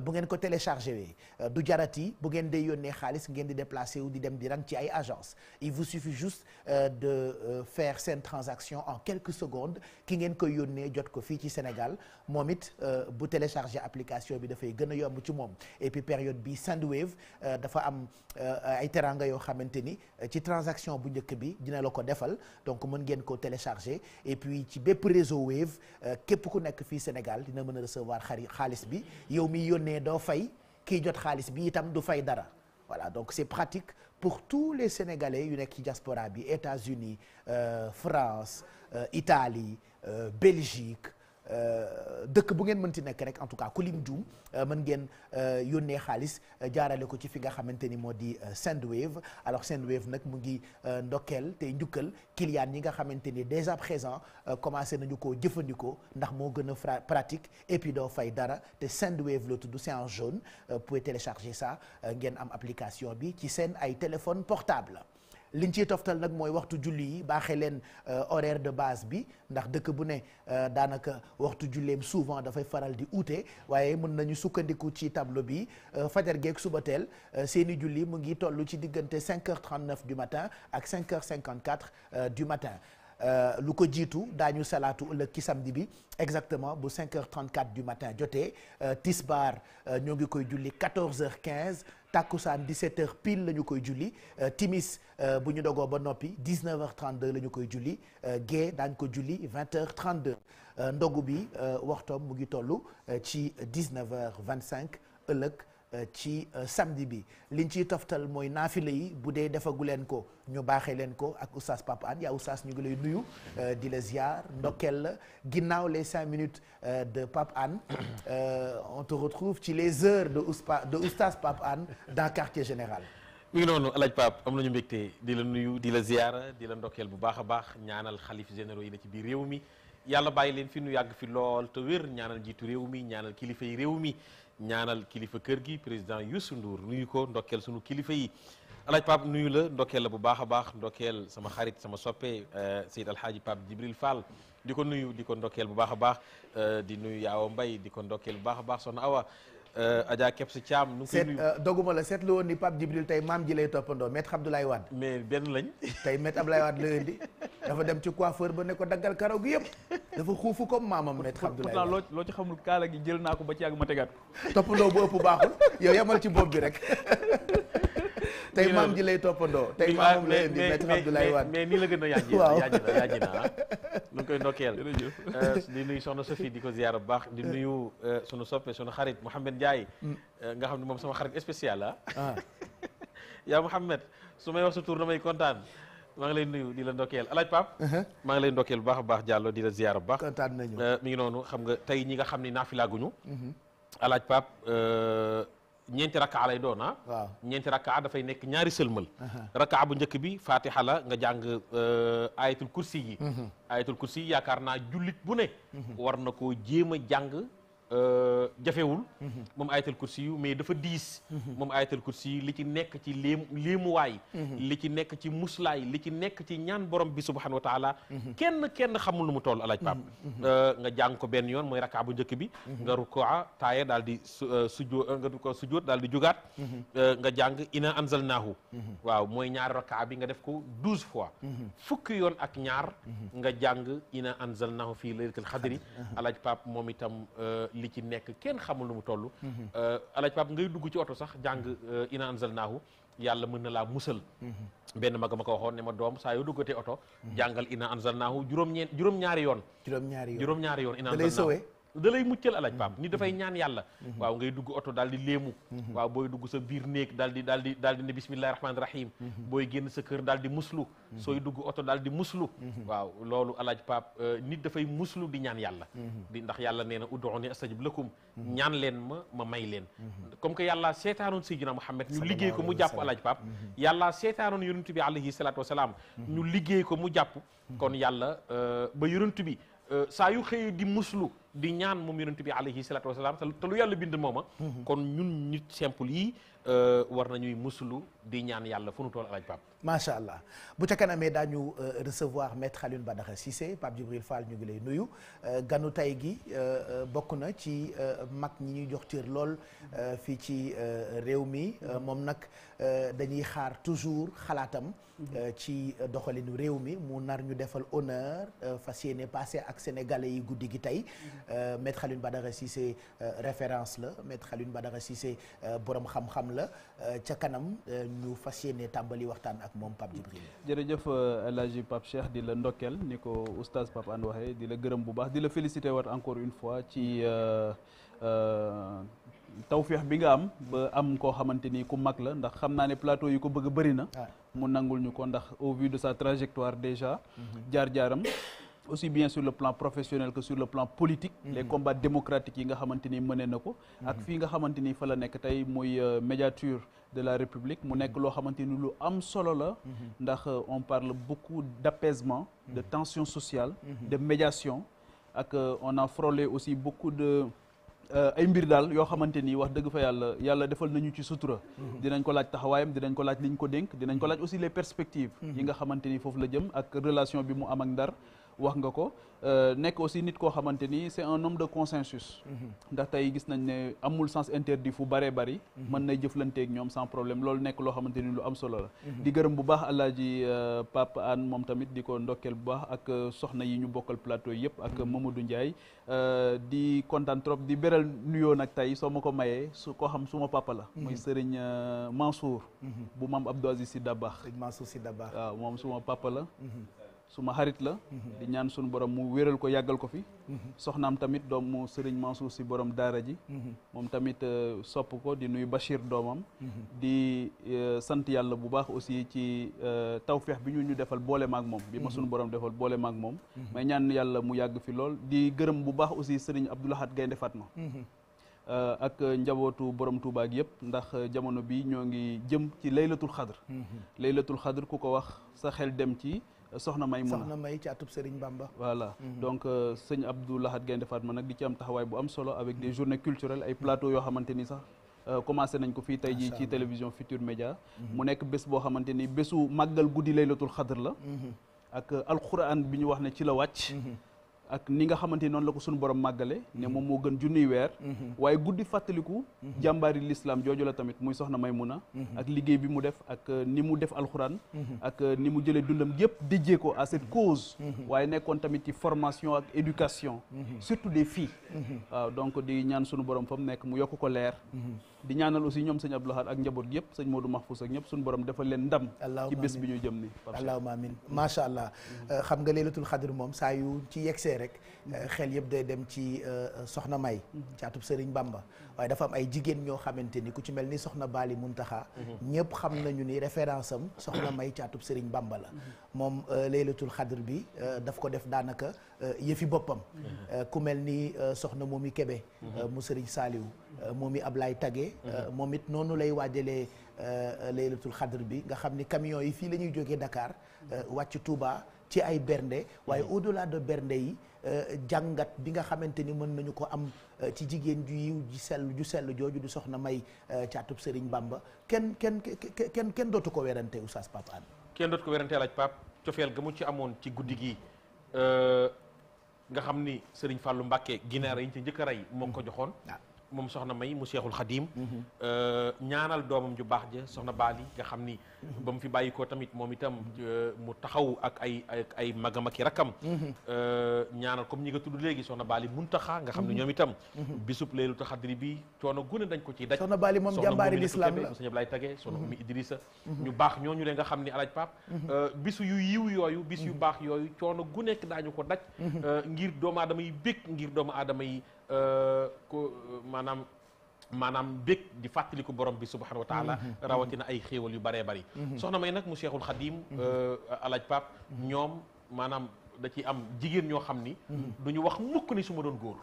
bu ngeen ko téléchargé wee du jarati bu ngeen dee yónnee xaalis ngeen di déplacé wu di dem di rang ci ay agence il vous suffit juste de faire seen transaction en quelques secondes ki ngeen koy yónnee jot ko fii ci Sénégal moom it euh, bu télécharger application bi dafay gën a yomb ci moom et période bi Sandwave euh, dafa am euh, ay teranga yoo xamante ni ci transaction bu njëkk bi dina la ko defal donc mën ngeen ko télécharger et puis ci bépp réseau Wave képp ku nekk fii Sénégal dina mën a recevoir xari xaalis bi yow mi yónnee doo fay kii jot xaalis bi itam du fay dara voilà donc c'est pratique pour tous les Sénégalais yu nekk ci diaspora bi États-Unis euh, France euh, Italie euh, Belgique Euh, dëkk bu ngeen mënti nekk rek en tout cas ku lim juum euh, mën ngeen euh, yónnee xaalis jaarale ko ci fi nga xamante ni moo di Sendwave alors Sendwave nag mu ngi ndokkeel tey njukkal clients yi nga xamante ni déjà présent commencé nañu ko jëfandikoo ndax moo gën a pratique et doo fay dara te Sendwave la tudd c'est en jaune pouvez télécharger ça ngeen am application bi ci seen ay téléphone portable liñ ci toftal nag mooy waxtu julli yi baaxee leen euh, horaire de base bi ndax dëkk bu ne euh, daanaka waxtu julleem souvent dafay faral di uute waaye mën nañu sukkandiku ci tableau bi euh, fajar geeg suba teel seeni julli mu ngi toll ci diggante 5h39 du matin ak 5h54 du matin. lu ko jiitu daañu salaatu ëllëg ci samedi bi exactement bu 5h34 du matin jotee Tisbar ñoo ngi koy julli 14 h takkusaan 17h pile la ñu koy julli euh, timis euh, bu ñu dogoo ba noppi 19h32 la ñu koy julli euh, gée daañ ko julli 20h32 ndogu bi waxtoom mu ngi toll ci 19 vingt cinq ëllëg. Euh, ci euh, samedi bi liñ ciy toftal mooy naafila yi bu dee defagu leen ko ñu baaxee leen ko ak oustaz Papa Anne yaa oustaz ñu ngi lay nuyu euh, di la ziar ndokkeel la ginnaaw les cinq minutes de Papa Anne on te ci les heures de oustaz de oustaz Papa Anne dans quartier général mi ngi noonu alaaj Pape am nañu mbégte di la nuyu di la ziara di la ndokkeel bu baax a baax ñaanal xalif généro yi na ci biir réew mi yàlla bàyyi leen fi nu yàgg fi lool te wér ñaanal jiitu réew mi ñaanal kilifa yi réew mi ñaanal kilifa kër gi président Youssou Ndour nuyu ko ndokkeel sunu kilifa yi alaaj Pape nuyu la ndokkeel la bu baax a baax ndokkeel sama xarit sama soppe euh, Seyd Alhaaji Pape Djibril Fall di ko nuyu di ko ndokkeel bu baax a baax euh, di nuyu Yaawa Mbay di ko ndokkeel bu baax a baax soxna Awa Euh, Adja Kebs Thiam. nu seet euh, doguma la seetlu woon ni Pape Djibril tey maam ji lay toppandoo maître Abdoulaye Wade. mais benn lañ. tey maître Abdoulaye Wade la indi dafa dem ci coiffeur ba ne ko daggal karaw gi yëpp dafa xuufu comme maamam maître Abdoulaye Wade. pourtant loo ci xamul kaala gi jël naa ko ba ci yàgg ma tegaat ko. toppandoo bu ëpp baaxul yow yemal ci bopp bi rek. tey maam ji lay toppandoo tey maamam lay indi maître Abdoulaye Wade mais nii la gën a yàjji waaw yàjji na yàjji na ah ñu ngi koy ndokkeel euh, di nuyu soxna Sophie di ko ziyaar bu baax di eh. nuyu euh, sunu soppe sunu xarit Mouhamed Ndiaye mm. euh, nga xam ne moom sama xarit spécial la ah, ah. yaa Mouhamed su may wax sa tur damay kontaan maa ngi lay nuyu di la ndokkeel alaaj Pape uh-huh. maa ngi lay ndokkeel bu baax a baax Diallo di la ziyaar bu baax kontaan nañu mi ngi noonu xam nga tey ñi nga xam ne naafilaaguñu mm-hmm. alaaj Pape ñeenti rakkaa alay doona ah. waaw ñeenti rakkaa dafay nekk ñaari sëlmal uh-huh. rakkaa bu njëkk bi fatiha la nga jàng euh, ayatul kursi yi uh-huh. ayatul kursi yi yaakaar naa jullit bu ne uh-huh. war na koo jéem a jàng Euh, jafewul mhm. moom ayatal kursi yu mais dafa diis mhm. moom ayatal kursi yu li ci nekk ci léem mhm. li ci nekk ci muslaay li ci nekk ci ñaan borom bi subhanahu wa taala kenn kenn xamul nu mu toll alaaj pap euh, nga jàng ko benn yoon bi nga rukoa taaye daal di euh, sujoo nga ko sujoot daal di jugaat nga jàng ina anzalnaahu waaw mooy ñaari rakkaa bi nga def ko douze fois fukki yoon ak ñaar nga jàng ina anzalnaahu fii laylatil xadri alaaj pap moom itam li ci nekk kenn xamul lu mu toll mhm. euh, alaaj pap ngay dugg ci oto sax jàng euh, ina anzalnaahu yàlla mën na laa musal mhm. benn mag ma ko waxoon ne ma doom saa yoo duggatee oto mhm. jàngal ina anzalnaahu juróom-ñeent juróom-ñaari yoon juróom-ñaari yoon ina anzalnaahu da lay muccal alaaj paap mm-hmm. ni dafay ñaan yàlla mm-hmm. waaw ngay dugg oto daal di léemu mm-hmm. waaw booy dugg sa biir néeg daal di daal di daal di ne bismillahi rahmaani rahim booy génn sa kër daal di muslu sooy dugg oto daal di muslu waaw loolu alaaj paap euh, nit dafay muslu di ñaan yàlla di ndax yàlla nee na ud'uuni astajib lakum ñaan leen ma ma may leen comme que yàlla seetaanoon sayyidina Muhammad ñu liggéey ko mu jàpp alaaj paap yàlla seetaanoon yonent bi alayhi salaatu wasalaam ñu liggéey ko mu jàpp kon yàlla euh, ba yonent bi Euh, saa yu xëy di muslu di ñaan moom yonent bi alayhi salaatu wasalaam te lu yàlla bind mooma mhm. kon ñun nit simple yi euh, war nañuy muslu di ñaan yàlla fu nu tool alaj Pape macha allah bu ca kanamee daañu euh, recevoir maître Alioune Badara Cissé Pape Djibril Fall ñu ngi lay nuyu ganu tay gi bokk na ci mag ñi ñuy jox tiir lool fii ci réew mi moom nag Euh, dañuy xaar toujours xalaatam mhm. euh, ci doxalinu réew mi mu nar ñu defal honneur euh, fas yéene passé ak sénégalais yi guddi gi tey mhm. maître Alioune Badara Cissé référence la maître Alioune si Cissé borom xam-xam la ca kanam ñu fas yéene tàmbali waxtaan ak moom Pape Djibril jërëjëf El Hadji Pape Cheikh di la ndokkeel ni ko oustaz Pape Anne waxee di la gërëm bu baax di la féliciter waat encore une fois ci tawféex bi nga am ba am koo xamante ku mag la ndax xam naa ne plateau yi ko bëgg bëri na mu nangul ñu ko ndax au vu de sa trajectoire déjà mhm. jaar-jaaram aussi bien sur le plan professionnel que sur le plan politique mhm. les combats démocratiques yi nga xamante ni mëne na ko mhm. ak fii nga xamante ni fa la nekk tey muy euh, médiature de la République mu nekk loo xamante ni lu am solo la ndax euh, on parle beaucoup d'apaisement de tension sociale de médiation ak euh, on a frôlé Euh, ay mbir daal yoo xamante ni wax dëgg fa yàlla yàlla defal na ñu ci sutura mhm. dinañ ko laaj taxawaayam dinañ ko laaj liñ ko dénk dinañ ko laaj aussi les perspectives mhm. yi nga xamante ni foofu la jëm ak relation bi mu am ak Ndar wax nga ko euh, nekk aussi nit koo xamante ni c'est un homme de consensus. Mhm. ndax tey gis nañ ne amul sens interdit fu baree bari. Mhm. mën na jëflanteeg ñoom sans problème loolu nekk loo xamante ni lu am solo la. Mhm. di gërëm bu baax Alaaji euh, Pape Anne moom tamit di ko ndokkeel bu baax ak euh, soxna yi ñu bokkal plateau yëpp ak Mamadou Ndiaye. di kontaan trop di beral nuyoo nag tey soo ma ko mayee su ko xam suma papa la. muy Serigne Mansour. bu maam Abdou si Sy Dabakh. Serigne Mansour Sy Dabakh waaw moom suma papa la. suma xarit la di ñaan suñu borom mu wéral ko yàggal ko fi soxnaam tamit doomu Serigne Mansour si borom daara ji moom tamit euh, sopp ko di nuyu Bachir doomam di euh, sant yàlla bu baax aussi ci euh, tawfeex bi ñu ñu defal boole maag moom bi ma suñu borom defal boole maag moom may ñaan yàlla mu yàgg fi lool di gërëm bu baax aussi Serigne Abdoulahat Gaynde Fatma ak njabootu borom Touba ak yëpp ndax jamono bi ñoo ngi jëm ci laylatul xadr laylatul xadr ku ko wax sa xel dem ci soxna may mun soxna may ci atub Serigne Bamba voilà mhm. donc euh, sëñ Abdou Lahad Gaynde Fatma nag di ci am taxawaay bu am solo avec des journées culturelles ay plateau yoo xamante ni sax euh, commencé nañ ko fii tey jii ci télévision Futur Média mhm. mu nekk bés boo xamante ni bésu màggal guddi laylatul xadr la mhm. ak euh, alquran bi ñu wax ne ci la wàcc ak ni nga xamante ni noonu la ko sunu borom màggale ne moom moo gën junniy weer mhm. waaye guddi fàttaliku mhm. jàmbaari lislaam jooju la tamit muy soxna Maymuna mhm. ak liggéey bi mu def ak euh, ni mu def alxuraan ak euh, ni mu jëlee dundam yépp déjee ko à cette cause waaye nekkoon tamit ci formation ak éducation surtout des fii waaw donc di ñaan sunu borom fa mu nekk mu yokk ko leer di ñaanal aussi ñoom sëñ Abdou Lahad ak njaboot gi yëpp sëñ Modou Mahfous ak ñëpp suñu borom defal leen ndam ci bés bi ñu jëm ni allahuma amin mm-hmm. xam nga leelatul xadr moom saa ci yegsee rek mm-hmm. eh, xel yëpp day dem ci eh, soxna may mm-hmm. caatub sëriñ Bamba waaye dafa am ay jigéen ñoo xamante ni ku ci mel ni soxna Baali Muntaxa ñëpp xam nañu ni référence am soxna may caatub sëriñ Bamba la moom eh, leelatul xadr bi daf ko def daanaka yëfi boppam ku mel ni soxna Momi Kebe mu sëriñ Saaliwu Euh, moom ab Ablaye Tagué euh, mhm. moom it noonu lay waajalee euh, laylatul xadr bi nga xam ni camion yi fii lañuy ñuy dakaar mhm. wàcc Touba ci ay bernde waaye mhm. au de bernde yi jàngat bi nga xamante ni mën nañu ko am ci jigéen ju yiw ju sell ju sell jooju du soxna may caatub Sëriñ Bamba kenn kenn kenn kenn dootu ko werante oustaz Pape Anne kenn dootu ko werante laaj Pape cofeel ga mu ci amoon ci guddi gi nga xam ni Sëriñ Fàllu Mbàkke ginaar yi ñu ci njëkk a rey moo ko joxoon ah. moom soxna May mu Seexul Xadiim mhm. euh, ñaanal doomam ju baax ja soxna Baali nga xam ni ba mu fi bàyyi ko tamit moom itam mhm. euh, mu taxaw ak ay ay magam ak i rakkam mhm. euh, ñaanal comme ñi nga tudd léegi soxna Baali Muntaxa nga xam ne ñoom itam bisub leelu taxadri bi coono gune dañ ko ci daj soxna Baali moom jàmbaari lislaam la soxna Ablaay Tage soxna Ummi Idrissa ñu baax ñooñu leen nga xam ni alaaj Paap bisu yu yiw yooyu bis yu baax yooyu coono gu nekk ko daj ngir doomu aadama yi bëgg ngir doomu aadama yi Euh, ku maanaam maanaam bég di fàttaliku borom bi subhanahu wa taala mhm. Mhm. rawatina ay xéewal yu bëree bëri mhm. soxna may nag mu cheikhul xadim alaaj pap ñoom maanaam da ci am jigéen ñoo xam ni duñu wax mukk ni su ma doon góor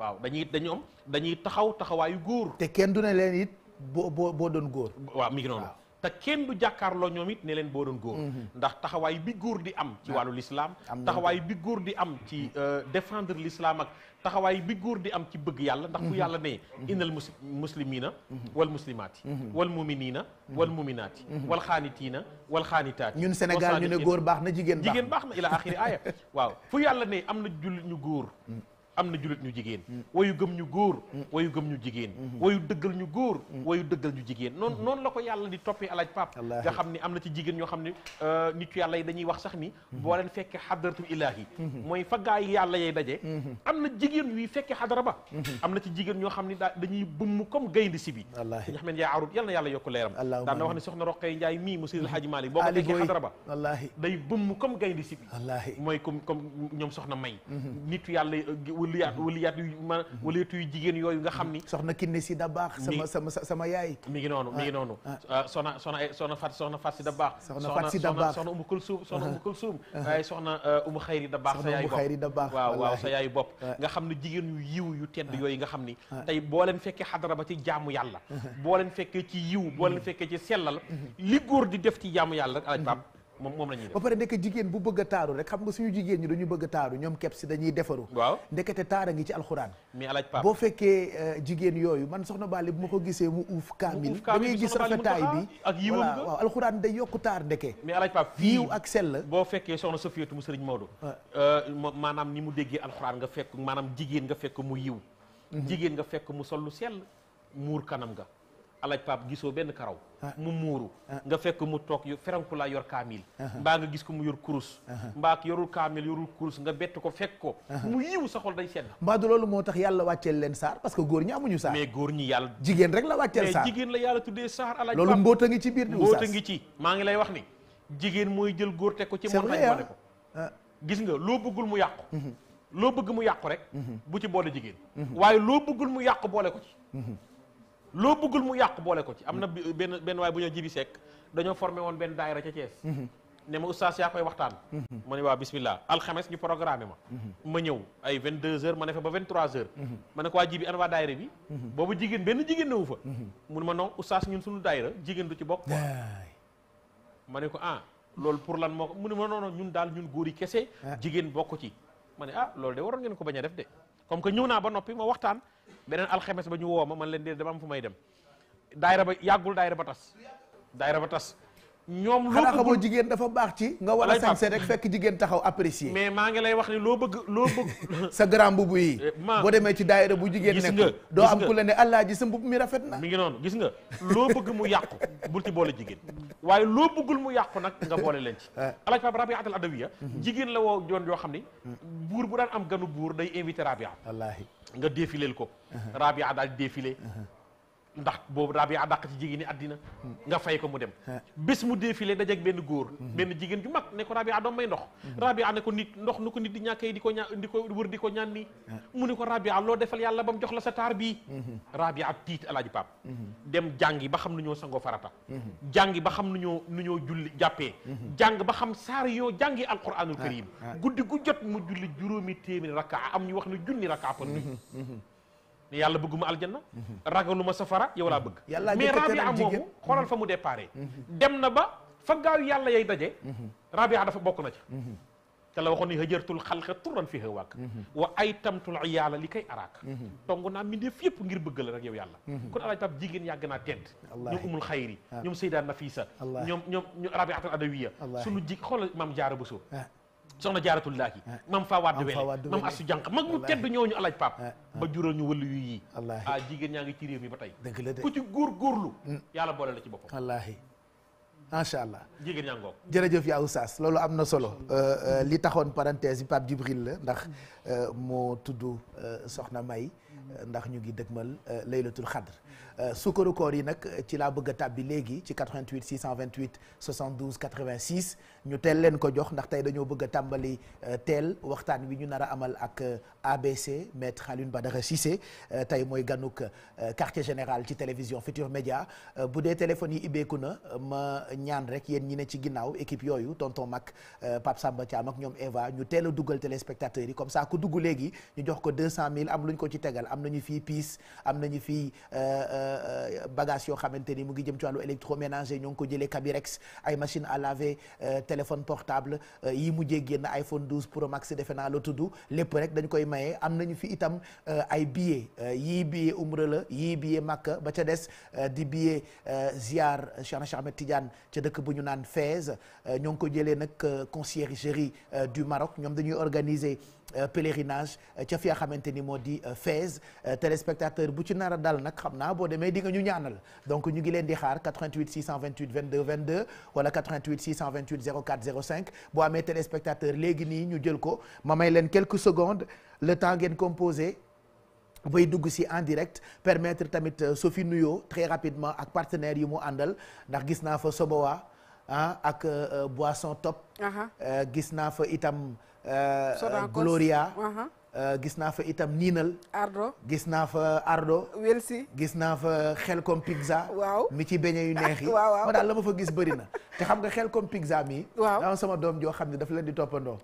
waaw dañuy dañu am dañuy taxaw taxawaayu góor te kenn du ne leen it boo boo boo doon góor waaw mi ngi noonu te kenn du jàkkaarloo ñoom it ne leen boo doon góor ndax taxawaay bi góor di am ci wàllu lislaam taxawaay bi góor di am ci euh, défendre l'islam ak taxawaay bi góor di am ci bëgg yàlla ndax bu mhm. yàlla ne mhm. innal mus muslimina mhm. wal muslimaati wal muminina wal muminaati wal xaanitiina wal xaanitaati ñun Sénégal ñu ne góor baax na jigéen baax na jigéen baax na ila axiri waaw fu yàlla ne am na jullit ñu góor mm. am na jullit ñu jigéen wayu gëm ñu góor wayu gëm ñu jigéen wayu dëggal ñu góor wayu dëggal ñu jigéen noonu noonu la ko yàlla di toppee alaaj pap nga xam ni am na ci jigéen ñoo xam ne euh, nitu yàlla yi dañuy wax sax ni boo leen fekkee xadaratul ilaahi mhm. mooy fa gaa yi yàlla yay daje mhm. am na jigéen yuy fekkee xadara ba mhm. am na ci jigéen ñoo xam ne daa dañuy bëmm comme gaynde si bi dañu xam ne yaa arut yokk leeram daan na wax ne soxna roqee njaay mii mu si bi mooy comme comme ñoom soxna may nitu yàlla waliyaat mhm. waliyaat yu ma mhm. waliyaat yu jigéen yooyu nga xam ni soxna kinne si da baax sama sama sama yaay mi ngi noonu mi ngi ah, noonu ah. Ah, soxna soxna soxna fat soxna fat si da baax soxna fat si da baax soxna umu kulsuum soxna umu kulsuum da baax sa yaay bopp nga xam ne jigéen yu yiw yu tedd yooyu nga xam ni tey boo leen fekkee xadara ba ci jaamu yàlla boo leen fekkee ci yiw boo leen mm-hmm. fekkee ci sellal mm-hmm. li góor di def ci jaamu yàlla alaaj baab moom moom la ñuy ba pare nekk jigéen bu bëgg a taaru rek xam nga suñu jigéen ñi dañu bëgg taaru ñoom kepp si dañuy defaru waaw ndekete taara ngi ci alxuraan mais alaaj boo fekkee euh, jigéen yooyu man soxna Bali bu ma ko gisee mu uuf kaamil da ngay gis rafetaay bi ak yiwam nga waaw alxuraan taar ndeke mais alaaj pap yiw ak sell boo fekkee soxna Sofiyatu mu sëriñ Maodo euh, maanaam ni mu déggee alxuraan nga fekk maanaam jigéen nga fekk mu yiw mhm. jigéen nga fekk mu sollu sell muur kanam nga alaj pap gisoo benn karaw ah. mu muuru ah. nga fekk mu toog yu feranku laa yor kaamiil ah. mbaa nga gis ko mu yor kurus mbaa yorul kaamiil yorul kurus nga bett ko fekk ko mu yiwu sa xol day sedd mbaa du loolu moo tax yàlla wàcceel leen saar parce que góor ñi amuñu saar mais góor ñi yàlla jigéen rek la wàcceel saar mais jigéen la yàlla tuddee saar alaj loolu mbóota ngi ci biir di mbóota ngi ci maa ngi lay wax ni jigéen mooy jël góor teg ko ci mon tañ ne ko gis nga loo bëggul mu yàqu mhm. loo bëgg mu yàqu rek mhm. bu ci boole jigéen mhm. waaye loo bëggul mu yàqu boole ko ci loo bëggul mu yàq boole ko ci am na benn benn waay bu ñoo jibi sekk dañoo formé woon benn daayira ca Thiès mhm. ne ma oustaz yaa koy waxtaan mhm. ma ne waa bismillah alxames ñu programmé ma mhm. ma ñëw ay vingt deux heures ma ne fa ba vingt trois heures ma ne ko waa jibi an waa daayira bi boobu jigéen benn jigéen newu fa mun ñun suñu daayira jigéen du ci bokk ma ne ko ah loolu pour lan moo ko mu ne ma non ñun daal ñun góor yi kese ah. jigéen bokk ci ma ne ah loolu de waroon ngeen ko bañ a def de comme que ñëw naa ba noppi ma waxtaan beneen alxames ba ñu woo ma man leen dee dama am fu may dem daayira ba yàggul daayira ba tas daayira ba tas ñoom loo xanaa xamoo jigéen dafa baax ci nga war a sañse rek fekk jigéen taxaw apprécier mais maa ngi lay wax ni loo bëgg loo sa grand mbubu yi eh, boo demee ci daayira bu jigéen nekk doo am ku la ne allah ji sa mbubu mi rafet na mi ngi noonu gis nga loo bëgg mu yàqu bul ci boole jigéen waaye loo bëggul mu yàqu nag nga boole leen ci eh. alaaj Pape Rabia atal ya jigéen la woo joon yoo xam ni buur bu daan am ganu buur day invité Rabia wallaahi nga défileel ko eh. Rabia daal défilé ndax boobu Rabia dàq ci jigéen ñi àddina nga fay ko mu dem bés mu défilé dajeg benn góor benn jigéen ju mag ne ko Rabia doom may ndox Rabia ne ko nit ndox nu ko nit di ñàkkee di ko ñaan di ko wër di ko ñaan nii mu ne ko Rabia loo defal yàlla ba mu jox la sa taar bii Rabia tiit alaaji Paap dem jàngi ba xam nu ñoo sangoo farata jàngi ba xam nu ñoo nu ñoo julli jàppee jàng ba xam saar yoo jàngi alquranul karim guddi gu jot mu julli juróomi téeméeri rakka am ñu wax ne junni rakka par nuit ne yàlla bëgguma aljanna ragaluma safara yow laa bëgg mais rabia moomu xoolal fa mu déparé mm-hmm. Mm-hmm. dem na ba fa gaaw yàlla yay daje mm-hmm. rabia dafa bokk na ca te la waxoon ne hëjërtul xalqa turan fi hëwaak wa ay tamtul iyaala li kay araak tong naa mbindeef yëpp ngir bëgg la rek yow yàlla kon alaaj tab jigéen yàgg naa tedd ñoom umul xayri ah. ñoom sayda nafisa ñoom ñoom rabiatul adawiya suñu jig xoolal maam jaara bu soxna jaaratullaahi eh. mam fa wadd wele mam asu jànq mag ñu tedd ñooñu alaaj pap eh. ba jural ñu wëlu yu yii ah jigéen ñaa ngi ci réew mi ba tey dëgg la de ku ci góor góorlu mm. yàlla boole la ci boppam wallaahi macha allah jigéen ñaa ngoog jërëjëf yaa oustaz loolu am na solo eh, li taxoon parenthèse yi Pape Djibril la ndax moo tudd soxna may ndax ñu ngi dëgmal laylatul xadr sukkaru koor yi nag ci laa bëgg a tàbbi léegi ci 88 628 72 86 ñu teel leen ko jox ndax tey dañoo bëgg a tàmbali euh, teel waxtaan wi ñu nar a amal ak euh, ABC maître ba Badara Cissé euh, tey mooy ganuk quartier général ci télévision Futur Média bu dee téléphone yi ibbeeku na ma ñaan rek yéen ñi ne ci ginnaaw équipe yooyu tonton Mac Pape Samba Thiam ak ñoom Eva ñu teel a duggal téléspectateurs yi comme ça ku dugg léegi ñu jox ko 200000 am luñ ko ci tegal am na ñu fii piis am nañu fii bagage yoo xamante ni mu ngi jëm ci wàllu électroménager ñoo ngi ko jëlee Cabirex ay machine à laver téléphone portable euh, yi mujjee génn iPhone 12 Pro Max defe naa la tudd lépp rek dañu koy maye am nañu fi itam euh, ay billets euh, yii billet umra yii billet Makka ba ca des di billet ziar Cheikh Ahmed Tidiane ca dëkk bu ñu naan Fès ñoo ngi ko jëlee nag conciergerie du Maroc ñoom dañuy organiser. Euh, pèlerinage euh, ca fi nga xamante ni moo di euh, Fès téléspectateur bu ci nar a dal nag xam naa boo demee di nga ñu ñaanal donc ñu ngi leen di xaar 88 628 22 22 wala 88 628 04 05 boo amee téléspectateur léegi nii ñu jël ko ma may leen quelques secondes le temps ngeen composé. bay dugg si en direct permettre tamit Sophie nuyoo très rapidement ak partenaire yi mu àndal ndax gis naa fa Sobowa ah ak Boisson Top. gis naa fa itam. Euh, Gloria. Uh-huh. Euh, gis naa fa itam niinal ardo gis naa fa ardo gis naa fa xel comme pizza waaw mi ci beñe yu neex yi waaw ma daal la ma fa gis bëri na te xam nga xel comme pizza mi waaw sama doom joo xam ne dafa leen di toppandoo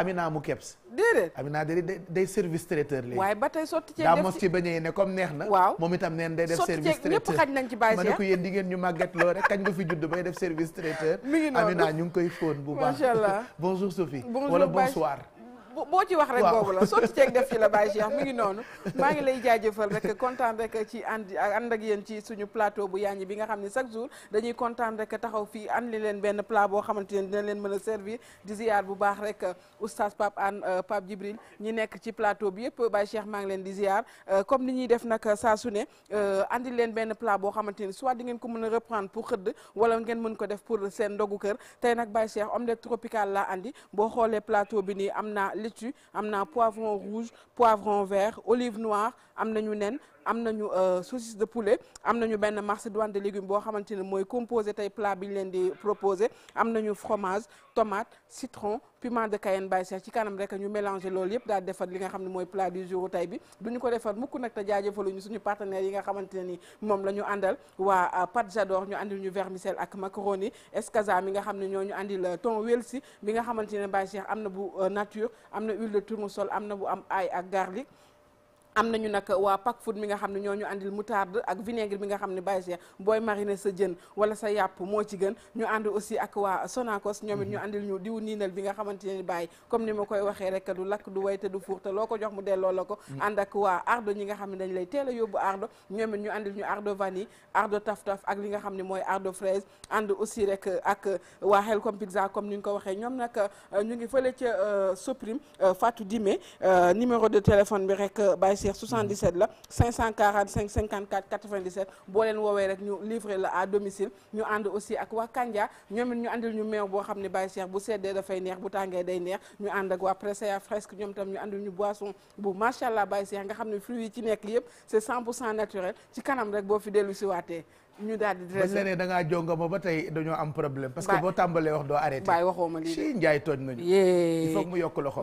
Amina mu keps déedéet Amina déedéet day service traiteur léegi waaye ba tey sotti ceeb daa ci bañ ne comme neex na waaw moom itam neen day def service traiteur ñëpp xaj nañ ma ne ko yéen jigéen ñu màgget loo rek kañ nga fi judd bay def service traiteur mi ngi noonu Amina ñu ngi koy fóon bu baax macha allah bonjour Sophie wala bonsoir boo ci wax rek boobu la sotti ceeg def ci la Baye Cheikh mi ngi noonu maa ngi lay jaajëfal rek kontaan rek ci ànd ànd ak yéen ci suñu plateau bu yaañi bi nga xam ne chaque jour dañuy kontaan rek taxaw fii andi leen benn plat boo xamante ne dina leen mën a servir di ziar bu baax rek euh, oustaz Pape euh, ñi nekk ci plateau bi yëpp Baye Cheikh maa ngi leen di ziar euh, comme ni ñuy def nag saa su ne andi leen benn plat boo xamante ni soit di ngeen ko mën a reprendre pour xëdd wala ngeen mën ko def pour seen ndogu kër tey nag Baye Cheikh omelette tropicale la andi boo xoolee plateau bi nii am naa laitue am naa poivron rouge poivron vert olive noire am na ñu nen am na ñu euh, saucisse de poulet am na ñu benn macédoine de légumes boo xamante ne mooy composé tey plat bi ñu leen di proposé am nañu fromage tomate citron piment de Cayenne Baye Cheikh ci kanam rek ñu mélangé loolu yëpp daal defar li nga xam ne mooy plat du jour tey bi ñu ko defar mukk nag te jaajëfaluñu suñu partenaires yi nga xamante ne ni moom la ñu àndal waa euh, pâte j'adore ñu andil ñu vermicelle ak macaroni escaza mi nga xam ne ñoo ñu andil euh, thon Welsi bi nga xamante ne Baye am na bu nature am na huile de tournesol am na bu am ail ak garlic am nañu nag waa pack food mi nga xam ne ñoo ñu andil moutarde ak vinaigre mi nga xam ne bàyyi booy mariner sa jën wala sa yàpp moo ci gën ñu ànd aussi ak waa Sonacos ñoom ñu mhm. andil ñu diw niinal bi nga xamante ne bàyyi comme ni ma koy waxee rek du lakk du way te du fuur loo ko jox mu delloo la ko mhm. ànd waa ardo ñi nga xam ne dañ lay teel a yóbbu ardo ñoom it ñu andil ñu ardo vanille ardo taf-taf ak li nga xam ne mooy ardo fraise ànd aussi rek ak waa Helcom Pizza comme ni ñu ko waxee ñoom nag euh, ñu ngi fële ca euh, Soprim euh, Fatou Dime numéro de téléphone bi rek bàyyi Cheikh 77 la 545 54 97 boo leen woowee rek ñu livré la à domicile ñu ànd aussi ak waa Kandia ñoom it ñu àndil ñu meew boo xam ne Baye Cheikh bu seddee dafay neex bu tàngee day neex ñu ànd ak waa Presea Fresque ñoom tam ñu àndil ñu boisson bu macha allah Baye nga xam ne fruits ci nekk yëpp c'est 100 pour cent naturel ci kanam rek boo fi dellu si waatee ñu daal di la ne da ngaa jongama ba tey dañoo am parce que boo tàmbalee wax doo arrêté. bàyyi waxoo ma lii si njaay tooñ yokk loxo.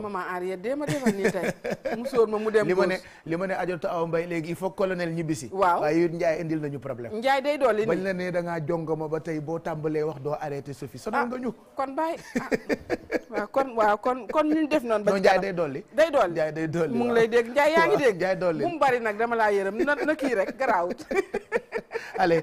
dee ma defal nii tey. mu sóor ma mu dem. li ma ne li ma ne ajatu aw mbay léegi il faut colonel ñibbisi. waaw waaye it njaay indil nañu problème. njaay day dolli bañ la ne da ngaa jongama ba tey boo tàmbalee wax doo arrêté Sophie ah, sonal nga ñu. kon bàyyi ah. waaw kon waaw kon kon ñu def noon ba ci njaay day dolli. day dolli njaay day dolli mu ngi lay dégg njaay yaa ngi dégg. njaay dolli mu bari nag dama laa yërëm na na kii rek garaawut allez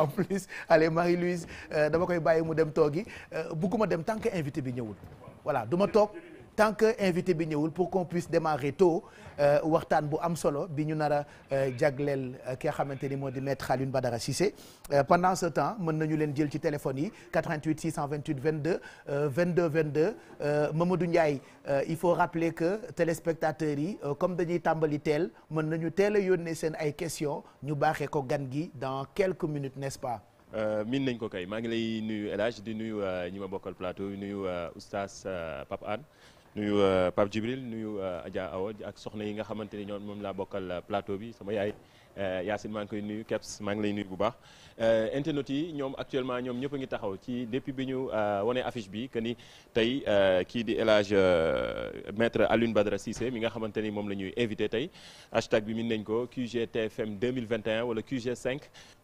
en plus allez Marie-Louise euh, dama koy bàyyi mu dem toogi euh, bugguma dem tant que invité bi ñëwul voilà du ma toog tant que invité bi ñëwul pour qu'on puisse démarrer tôt euh, waxtaan bu am solo bi ñu nar a euh, jagleel euh, ki nga xamante ni moo di maître Alioune Badara Cissé pendant ce temps mën nañu leen jël ci téléphone yi 88 628 22 22 22 Mamadou Ndiaye il faut rappeler que téléspectateurs yi comme dañuy tàmbali teel mën nañu teel a yónnee seen ay questions ñu baaxee ko gan gi dans quelques minutes n'est-ce pas. miin nañ ko kay maa ngi lay nuyu El Hadj di nuyu ñi ma bokkal plateau nuyu oustaz Pape Anne. nuyu euh, Pape Djibril nuyu euh, Adja Awa ak soxna yi nga xamante ni ñoom moom laa bokkal euh, plateau bi sama yaay Yacine maa ngi koy nuyu Keps maa ngi lay nuyu bu baax internautes yi ñoom actuellement ñoom ñëpp ngi taxaw ci depuis bi ñu wane affiche bi que ni tey kii di El metre maître Alioune Badara Cissé mi nga xamante ni moom la ñuy invité tey hashtag bi min nañ ko QGTFM 2021 wala QG5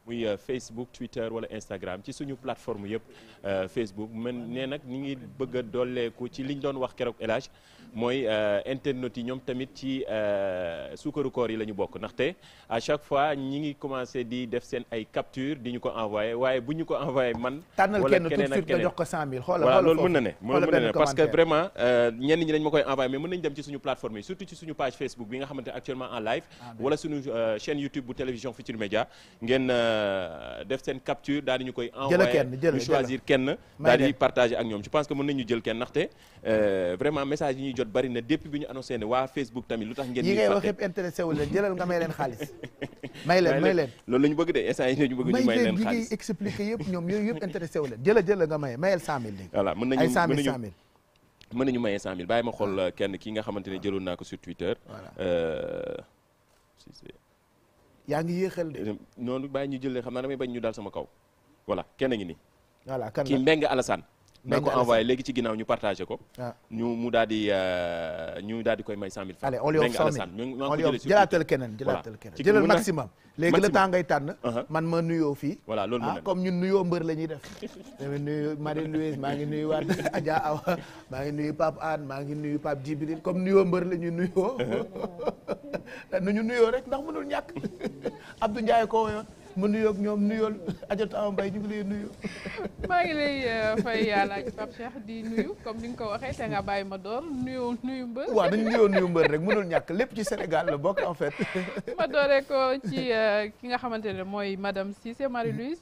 muy euh, Facebook Twitter wala Instagram ci suñu plateforme yëpp euh, Facebook man nee nag ñu ngi bëgg a dolleeku ci liñ doon wax keroog El mooy euh, internautes yi ñoom tamit ci suukaru koor yi la ñu bokk ndaxte à chaque fois ñi ngi commencé di def seen ay capture di ñu ko envoyé waaye bu ñu ko envoyé man. wala keneen ak keneen parce que vraiment ñenn ñi dañ ma koy envoyé mais mën nañu dem ci suñu plateforme yi surtout ci suñu page Facebook bi nga xamante ne Euh, def seen capture daal di ñu koy envoyé ñu choisir kenn daal di partager ak ñoom je pense que mën nañu jël kenn ndaxte euh, vraiment message yi ñuy jot bari na bi ñu annoncé ne waa Facebook tamit lu tax ngeen yi ngay wax yëpp jëlal nga may leen xaalis may leen loolu la bëgg de instant yi ñu bëgg ñu may leen jëlal jëlal nga may mayel cent mille ay cent bàyyi ma xool euh, kenn ki nga xamante ne naa ko sur Twitter yaa ngi yéexal de. noonu bàyyi ñu jëlee xam naa damay bañ ñu daal sama kaw voilà kenn ngi nii. voilà kan la kii Mbengue Alassane. na ko envoyé légi ci ginnaaw ñu partagé ko. Ah. ñu mu daal di euh, ñu daal di koy may 100000 francs. allez on lui offre 100000 ñu on lui offre jëlaatal keneen jëlaatal keneen jëlal maximum. léegi le uh-huh. man ma nuyoo fii. voilà loolu ah comme ñun nuyoo mbër la ñuy def. dama nuyu Marie Louise maa ngi nuyu waat Adja Awa maa ngi nuyu Pape Anne maa ngi nuyu Pape Djibril comme nuyoo mbër la ñuy nuyoo. nu ñu nuyoo rek ndax mënul ñàkk Abdou Ndiaye ko woyoon. ma nuyoog ñoom nuyool ajota am mbay ñu ngi lay nuyu. maa ngi lay euh, fay yàlla ci Pape Cheikh di nuyu comme ni nga ko waxee te nga bàyyi ma door nuyu nuyu mbër. waaw dañu nuyoo nuyu mbër rek mënul ñàkk lépp ci Sénégal la bokk en fait. ma dooree ko ci euh, ki nga xamante ne mooy madame Cissé Marie Louise.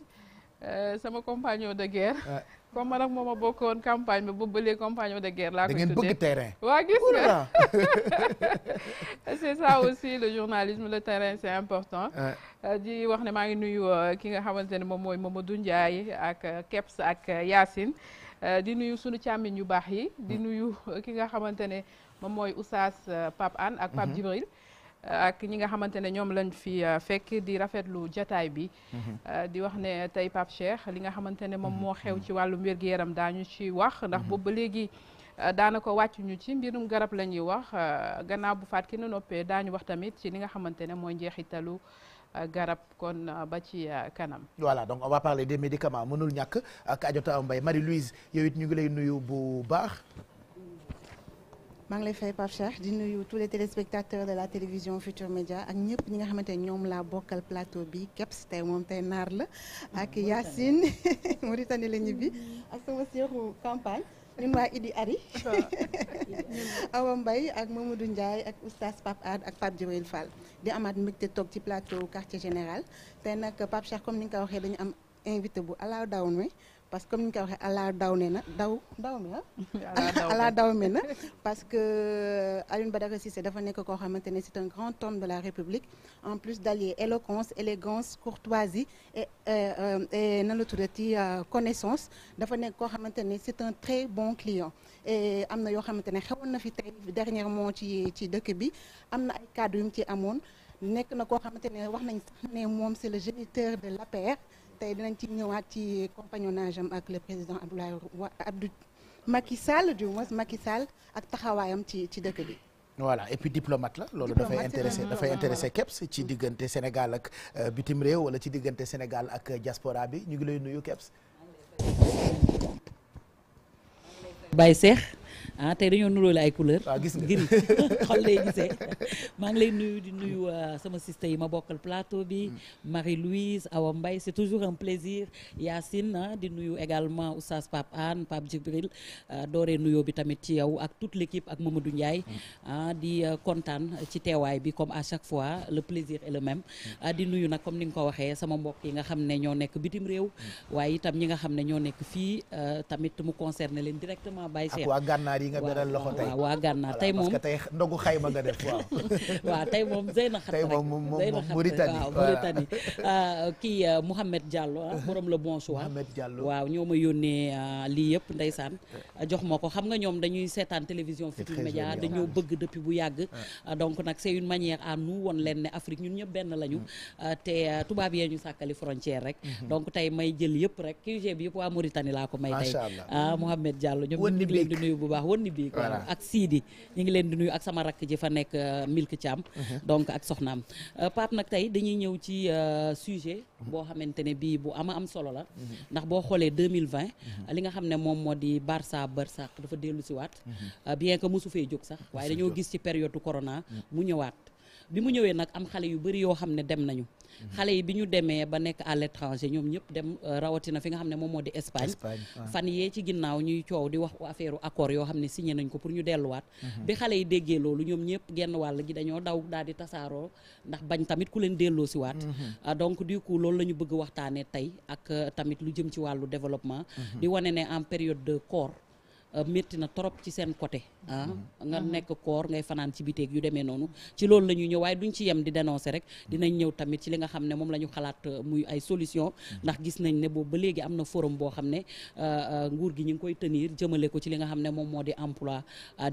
Euh, sama compagnon de guerre. comme man ak moom a bokkoon campagne bi ba bëlee compagnon de guerre laa koy tuddee terrain. waa gis nga c'est ça aussi le journalisme le terrain c'est important. Euh, di wax ne maa ngi nuyu euh, ki nga xamante ne moom mooy Mamadou Ndiaye ak Keps ak Yacine. di nuyu suñu càmmiñ yu baax yi. di mm. nuyu ki nga xamante ne moom mooy Oustaz Pape Anne ak Pape mm-hmm. Djibril. ak ñi nga xamante ne ñoom lañ fi euh, fekk di rafetlu jataay bi. Mhm. Euh, di wax ne tey Pape Cheikh li nga xamante ne moom mhm. moo xew mhm. ci wàllum wér-gu-yaram daañu ci wax ndax boobu ba léegi. Euh, daanaka wàccuñu ci mbirum garab la ñuy wax gannaaw bu faat ki na noppee daañu wax tamit ci li nga xamante ne mooy njeexitalu garab kon ba ci kanam. voilà donc on va parler des médicaments mënul ñàkk ak Adjota Mbaye Marie-Louise yow it ñu ngi lay nuyu bu baax. maa ngi lay fay Pape Cheikh di nuyu tous les téléspectateurs de la télévision Futur Média ak ñëpp ñi nga xamante ne ñoom laa bokkal plateau bi Kebs tey moom tey naar la ak Yacine Mauritanie la ñibbi ak sama seexu campagne ñun waa Idi Ari Awa Mbaye ak Mamadou Ndiaye ak oustaz Pape Ad ak Pape Djibril Fall di amaat mbégte toog ci plateau quartier général te nag Pape Cheikh comme ni nga ko waxee dañu am invité bu alaaw wi parce que comme ni nga ko waxee alaa daw ne na daw daw mi ah alaa daw mi na parce que euh, Alioune Badara Cissé dafa nekk koo xamante ne c'est un grand homme de la République en plus d'allier éloquence élégance courtoisie et euh, euh, et nan la tuddati connaissance dafa nekk koo xamante ne c'est un très bon client et am na yoo xamante ne xewoon na fi tey dernièrement ci ci dëkk bi am na ay kàddu yu mu ci amoon nekk na koo xamante ne wax nañ sax ne moom c'est le géniteur de l'APR tey dinañ ci ñëwaat ci compagnonnage am ak le président Abdoulaye Abdou Macky Sall du moins Macky Sall ak taxawaayam ci ci dëkk bi. voilà et puis diplomate la loolu dafay intéressé euh, dafay euh, intéressé euh, KEPS ci diggante Sénégal ak bitim réew wala ci diggante Sénégal ak jaspora bi ñu ngi lay nuyu KEPS. Baye Cheikh. ah tey dañoo nuróole ay couleur ah, gis nga giri xol lay gisee maa ngi lay nuyu di nuyu ah, sama sista yi ma bokkal plateau bi mm. Marie Louise Awa mbay c'est toujours un plaisir Yacine ah, di nuyu également Oustaz Pape Anne Pape Djibril dooree nuyoo bi tamit ci yow ak toute l'équipe ak Mamadou Ndiaye mm. ah di kontaan ci teewaay bi comme à chaque fois le plaisir est le mm. di nuyu nag comme ni nga ko waxee sama mbokk yi nga xam ne ñoo nekk bitim réew waaye itam ñi nga xam ne ñoo nekk fii tamit mu concerné leen directement Baye Cheikh yi nga beral loxo tey waaw waa gànnaar tey moom parce que tey ndogu xayma nga def waaw waaw tey moom Zeyna xat tey moom moom moom Mauritanie waaw Mauritanie ah, kii euh, Mouhamed Diallo ah, borom le bon choix Mouhamed Diallo waaw ñoo ma yónnee ah, lii yëpp ndeysaan jox ma ko xam nga ñoom dañuy seetaan télévision Futurs Médias dañoo bëgg depuis bu yàgg donc nag c'est une manière à nous won leen ne Afrique ñun ñëpp benn lañu mm. te tubaab yee ñu sàkkali frontière rek mm-hmm. donc tey may jël yëpp rek QG bi yëpp waa Mauritanie laa ko may tey Mouhamed Diallo ñoom ñu ngi leen di nuyu bu baax wënni bii quoi ak Sidi ñu ngi leen di nuyu ak sama rakk ji fa nekk euh, Milk Thiam uh-huh. donc ak soxnaam euh, Pape nag tey dañuy ñëw ci euh, sujet boo xamante ne bii bu ama am solo la uh-huh. ndax boo xoolee vingt uh-huh. li nga xam ne moom moo di Barça Barça dafa dellu si waat bien que mosu fee jóg sax waaye dañoo gis ci période corona mu ñëwaat bi mu ñëwee nag am xale yu bëri yoo xam ne dem nañu xale yi bi ñu demee ba nekk à l'étranger ñoom ñëpp dem euh, rawatina fi nga xam ne moom moo di Espagne fan yee ci ginnaaw ñuy coow di wax affaire accord yoo xam ne signé nañ ko pour ñu delluwaat mhm. bi xale yi déggee loolu ñoom ñëpp genn wàll gi dañoo daw daal di tasaaroo ndax bañ tamit ku leen delloo si waat mhm. euh, donc du ku loolu la ñu bëgg waxtaanee tey ak euh, tamit lu jëm ci wàllu développement mhm. di wane ne en période de corps Euh, métti na trop ci seen côté ah mm-hmm. nga nekk koor ngay fanaan ci biteeg yu demee noonu ci loolu la ñuy ñëw waaye ñu ci yem di dénoncer rek mm-hmm. dinañ ñëw tamit ci li nga xam ne moom la ñu xalaat euh, muy ay solution mm-hmm. ndax gis nañ ne boobu ba léegi am na forum boo xam ne euh, nguur gi ñu ngi koy tenir jëmale ko ci li nga xam ne moom moo di emploi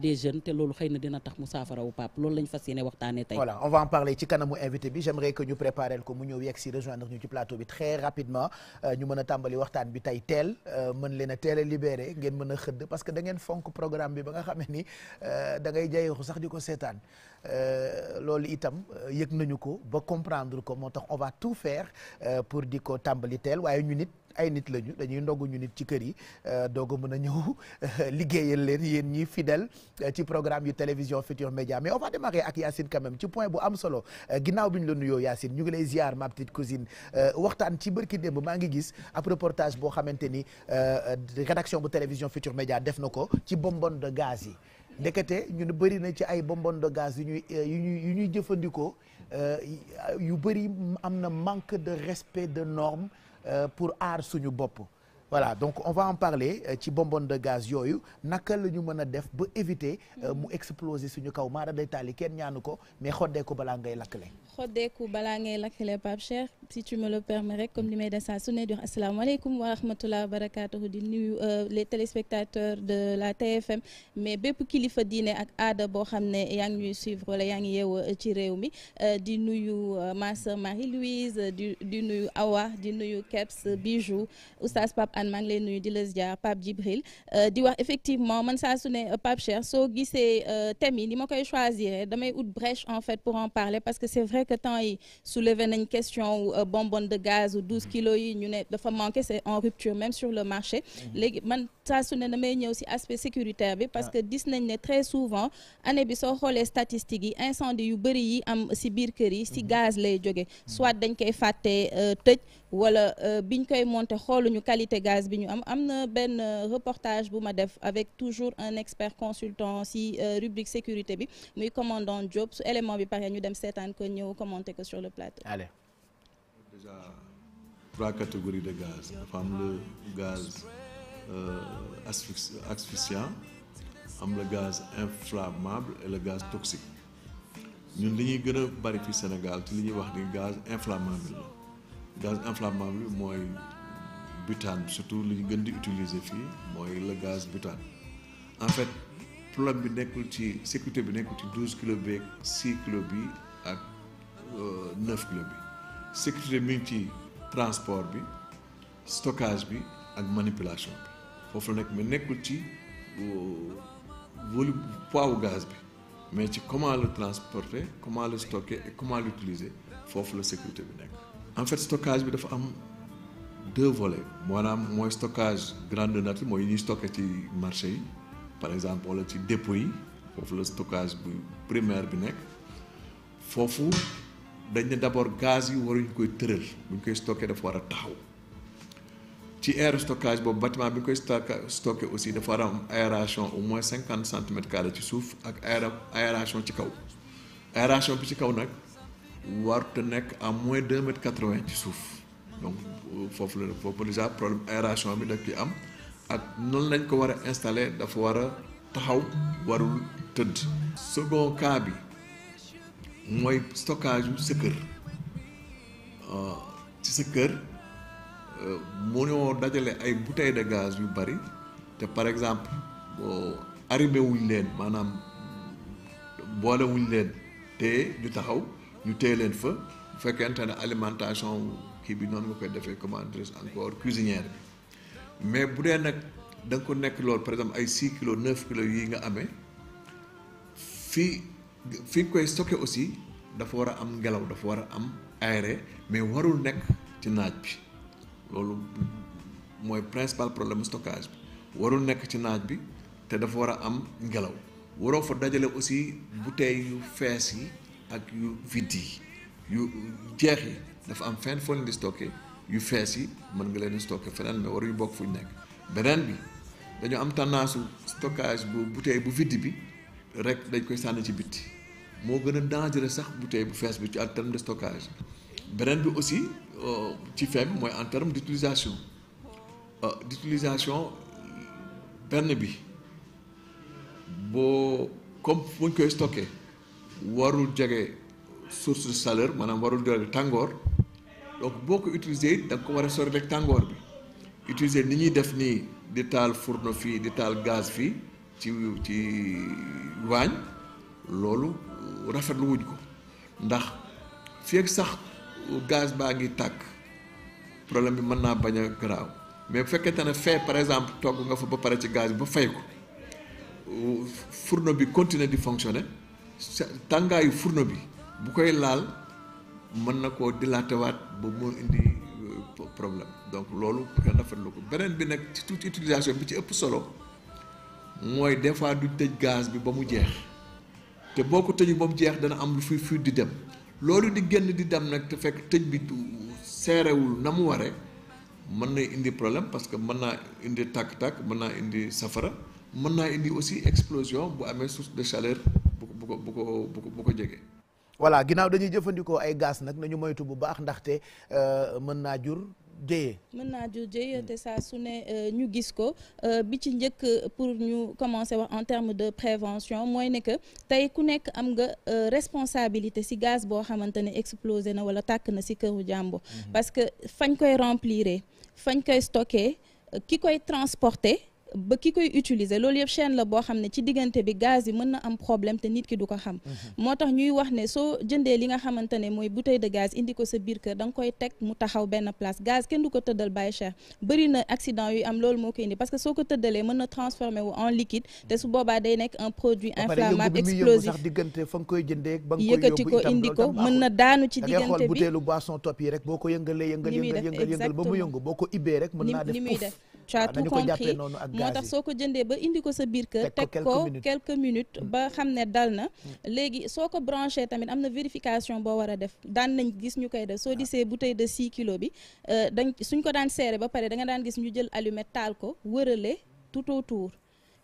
des jeunes te loolu xëy na dina tax mu saafara wu Pape loolu lañ fas yéene waxtaanee tey voilà on va en parler ci kanamu invité bi j'aimerais que ñu préparer ko mu ñëw yegg si rejoindre ñu ci plateau bi très rapidement ñu mën a tàmbali waxtaan bi tey teel mën leen a teel a libéré ngeen mën a xëdd parce que que da ngeen fonk programme bi ba nga xam ni euh, da ngay jayeexu sax di ko seetaan Euh, loolu itam euh, yëg nañu ko ba comprendre ko moo tax on va tout faire euh, pour di ko tàmbali teel waaye ñu nit ay nit lañu dañuy ndogu ñu nit ci kër yi doog a mën a ñëw liggéeyal leen yéen ñi fidèle ci programme yu télévision Futur Média mais on va démarrer ak Yacine quand même ci point bu am solo ginnaaw bi ñu la nuyoo Yacine ñu ngi lay ziar ma petite cousine waxtaan ci bërki démb maa ngi gis ab reportage boo xamante ni rédaction bu télévision Futur Média def na ko ci bonbonne de gaz yi. ndekete ñu bëri na ci ay bonbonne de gaz yu ñuy euh, yu ñuy yu ñuy jëfandikoo euh, yu bëri am na manque de respect de normes euh, pour aar suñu bopp voilà donc on va en parler ci bonbonne de gaz yooyu naka la ñu mën a def ba éviter mu exploser suñu kaw maara day yi kenn ñaanu ko mais xoddee ko balaa ngay lakkle xoddeeku balaa ngay lakkale Pape Cheikh si tu me le permets rek comme li may def saa di wax asalaamaaleykum wa rahmatulah barakaatuhu di nuyu euh, les téléspectateurs de la TFM mais bépp kilifa diine ak aada boo xam ne yaa ngi ñuy suivre wala yaa ngi yeew euh, ci réew mi euh, di nuyu ma sœur Marie-Louise di di nuyu Awa di nuyu Keps Bijou oustaz Pape Anne maa ngi lay nuyu di la ziar Pape Djibril di wax effectivement man saa su ne Pape Cheikh soo gisee thème yi ma koy choisir damay que temps yi soulever nañ question euh, bonbonne de gaz ou 12 mm-hmm. kilos yi ñu ne dafa manqué c'est en rupture même sur le marché mm-hmm. léegi man saa su ne damay ñëw si aspect sécuritaire bi parce ah. que gis nañ ne très souvent année bi soo xoolee statistiques yi incendie yu bëri yi am si biir kër yi si mm-hmm. gaz lay joge soit dañ koy fàtte euh, tëj wala euh, biñ koy monter xooluñu qualité gaz bi ñu am am na benn reportage bu ma def avec toujours un expert consultant si rubrique sécurité bi muy commandant Diop bi pare ñu dem seetaan ko vous commentez que sur le plateau. Allez. Déjà trois catégories de gaz dafa am le gaz euh, asphyxiant am le gaz inflammable et le gaz toxique ñun li ñuy gën a bari fi Sénégal ci li ñuy wax ni gaz inflammable la gaz inflammable mooy butane surtout li ñu gën di utiliser fii mooy le gaz butane en fait problème bi nekkul ci sécurité bi nekkul ci douze kilo beeg kilo bi ak Euh, neuf kilo bi sécurité mi ngi ci transport bi stockage bi ak manipulation bi foofu la nekk mais nekkul ci euh, volu poids wu gaz bi mais ci comment le transporter comment le stocker et comment l'utiliser foofu la sécurité bi nekk. en fait stockage bi dafa am deux volets maanaam mooy stockage grande nature yi ñuy stocké ci marché yi par exemple wala ci dépôt yi foofu la stockage bu primaire bi nekk foofu. dañ ne d'abord gaz yi waruñu koy tëral bu ñu koy stocké dafa war a taxaw ci air stockage boobu bâtiment bi ñu koy stocké aussi dafa war a am aération au moins cinquante centimètres carrés ci suuf ak aération ci kaw aération bi ci kaw nag warut a nekk à moins deux mètres quatre-vingts ci suuf donc foofu la foofu déjà problème aération bi daf ci am ak noonu lañ ko war a installé dafa war a taxaw warul tëdd second cas bi mooy stockage wu sa kër euh, ci sa kër euh, mënoo dajale ay bouteilles de gaz yu bari te par exemple arrimé wuñ leen maanaam boolewuñ leen te ñu taxaw ñu téye leen fa bu fekkente ne alimentation kii bi noonu nga koy defee comment dire encore cuisinière bi mais bu dee nag da ko nekk lool par exemple ay 6 kilos 9 kilos yi nga amee fii fi koy stocké aussi dafa war a am ngelaw dafa war a am aéré mais warul nekk ci naaj bi loolu mooy principal problème stockage bi warul nekk ci naaj bi te dafa war a am ngelaw waroo fa dajale aussi bouteilles yu fees yi ak yu vide yi yu jeex yi dafa am fenn foo leen yu fees yi mën nga leen di stocké feneen mais yu bokk fu ñu nekk beneen bi dañu am tendance stockage bu bouteille bu vide bi. rek dañ koy sànni ci bitti moo gën a dangereux sax bouteille bu fees bi ci en terme de stockage beneen bi aussi euh, ci fem mooy en terme d' utilisation euh, benn bi boo comme fu ñu koy stocké warul jege source saleur chaleur maanaam warul jege tàngoor donc boo ko utiliser it da ko war a sori rek tàngoor bi utiliser ni ñuy def nii di taal fourneau fii di taal gaz fii ci ci waañ loolu rafetlu wuñ ko ndax fekk sax gaz baa ngi tàkk problème bi mën naa bañ a garaaw mais bu fekkente ne fee par exemple togg nga fa ba pare ci gaz bi ba fay ko fourneau bi continuer di fonctionner tàngaayu furno bi bu koy laal mën na koo dilaatewaat ba mu indi euh, problème donc loolu kenn rafetlu ko beneen bi nag ci tuuti utilisation bi ci ëpp solo. mooy des fois du tëj gaz bi ba mu jeex te boo ko tëju ba mu jeex dana am lu fi fuite di dem loolu di génn di dem nag te fekk tëj bi seerewul na mu waree mën na indi problème parce que mën naa indi takk tàkk mën naa indi safara mën naa indi aussi explosion bu amee source de chaleur bu ko bu ko bu ko bu ko jege. voilà ginnaaw dañuy jëfandikoo ay gaz nag nañu moytu bu baax ndaxte euh, mën naa jur. mën naa jur jëyee te saa su ne euh, ñu gis ko euh, bi ci njëkk pour ñu commencer wax en terme de prévention mooy ne que tey ku nekk am nga euh, responsabilité si gaz boo xamante ne explosé na wala tàkk na si këru jàmbur mhm. parce que fañ koy remplir fañ koy stocké ki koy transporter ba ki koy utiliser loolu yëpp chaîne la boo xam ne ci diggante bi gaz yi mën na am problème te nit ki du ko xam mhm. moo tax ñuy wax ne soo jëndee li nga xamante ne mooy bouteille de gaz indi ko sa biir kër da nga koy teg mu taxaw benn place gaz kenn du ko tëddal bàyyi cher na accident am loolu moo koy indi parce que soo ko tëddalee mën na transformer wu en liquide te su boobaa day nekk un produit inflammable explosif diggante fa nga koy jëndee ba nga koy yëkkati ko mën na daanu ci diggante bi da ngay xool buteelu yi rek boo ko yëngalee yëngal boo ko ibbee rek tu as tout compris moo tax soo ko jëndee ba indi ko sa biir kër teg ko quelques minutes ba mm. xam ne dal na mm. léegi soo ko branché tamit am na vérification boo war a def daan nañ gis ñu koy def soo ah. disee bouteille de 6 kilos bi euh, dañ suñ ko daan seere ba pare da nga daan gis ñu jël allumette taal ko wërale tout autour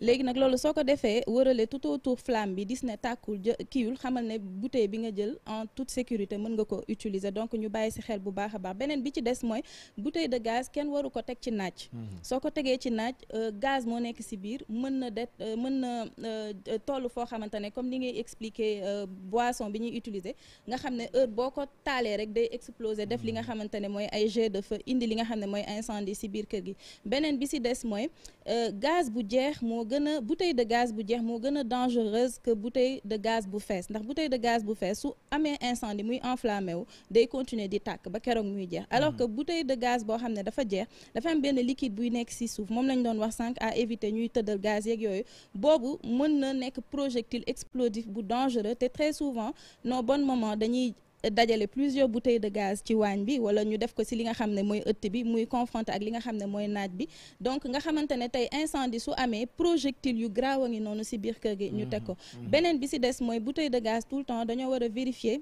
léegi nag loolu soo ko defee wërale tout autour flamme bi dis ne tàkkul jë kiiwul xamal ne bouteille bi nga jël en tout sécurité mën nga ko utiliser donc ñu bàyyi si xel bu baax a baax beneen bi ci des mooy bouteille de gaz kenn waru ko teg ci naaj. Mhm. soo ko tegee ci naaj euh, gaz moo nekk si biir mën na det euh, mën na euh, toll foo xamante ne comme ni ngay expliquer boison bi ñuy utiliser nga xam ne heure boo ko taalee rek day exploser def li nga mhm. xamante ne mooy ay ge de feu indi li nga xam ne mooy incendie si biir kër gi beneen bi si des mooy. Euh, gaz bu jeex moo gën a bouteille de gaz bu jeex moo gën a dangereuse que bouteille de gaz bu fees ndax bouteille de gaz bu fees su amee incendie muy enflammé wu day continuer di tàkk ba keroog muy jeex alors mmh. que bouteille de gaz boo xam ne dafa jeex dafa am benn liquide buy nekk si suuf moom lañ doon wax sànq à éviter ñuy tëddal gaz yeeg yooyu boobu mën na nekk projectile explosif bu dangereux te très souvent nos bons moment dañuy dajale plusieurs bouteilles de gaz ci waañ bi wala ñu def ko si li nga xam ne mooy ëtt bi muy confronté ak li nga xam ne mooy naaj bi donc nga xamante ne tey incendie su amee projectile yu graaw a ngi noonu si biir kër gi ñu teg ko mm-hmm. beneen bi si des mooy bouteille de gaz tout le temps dañoo war a vérifier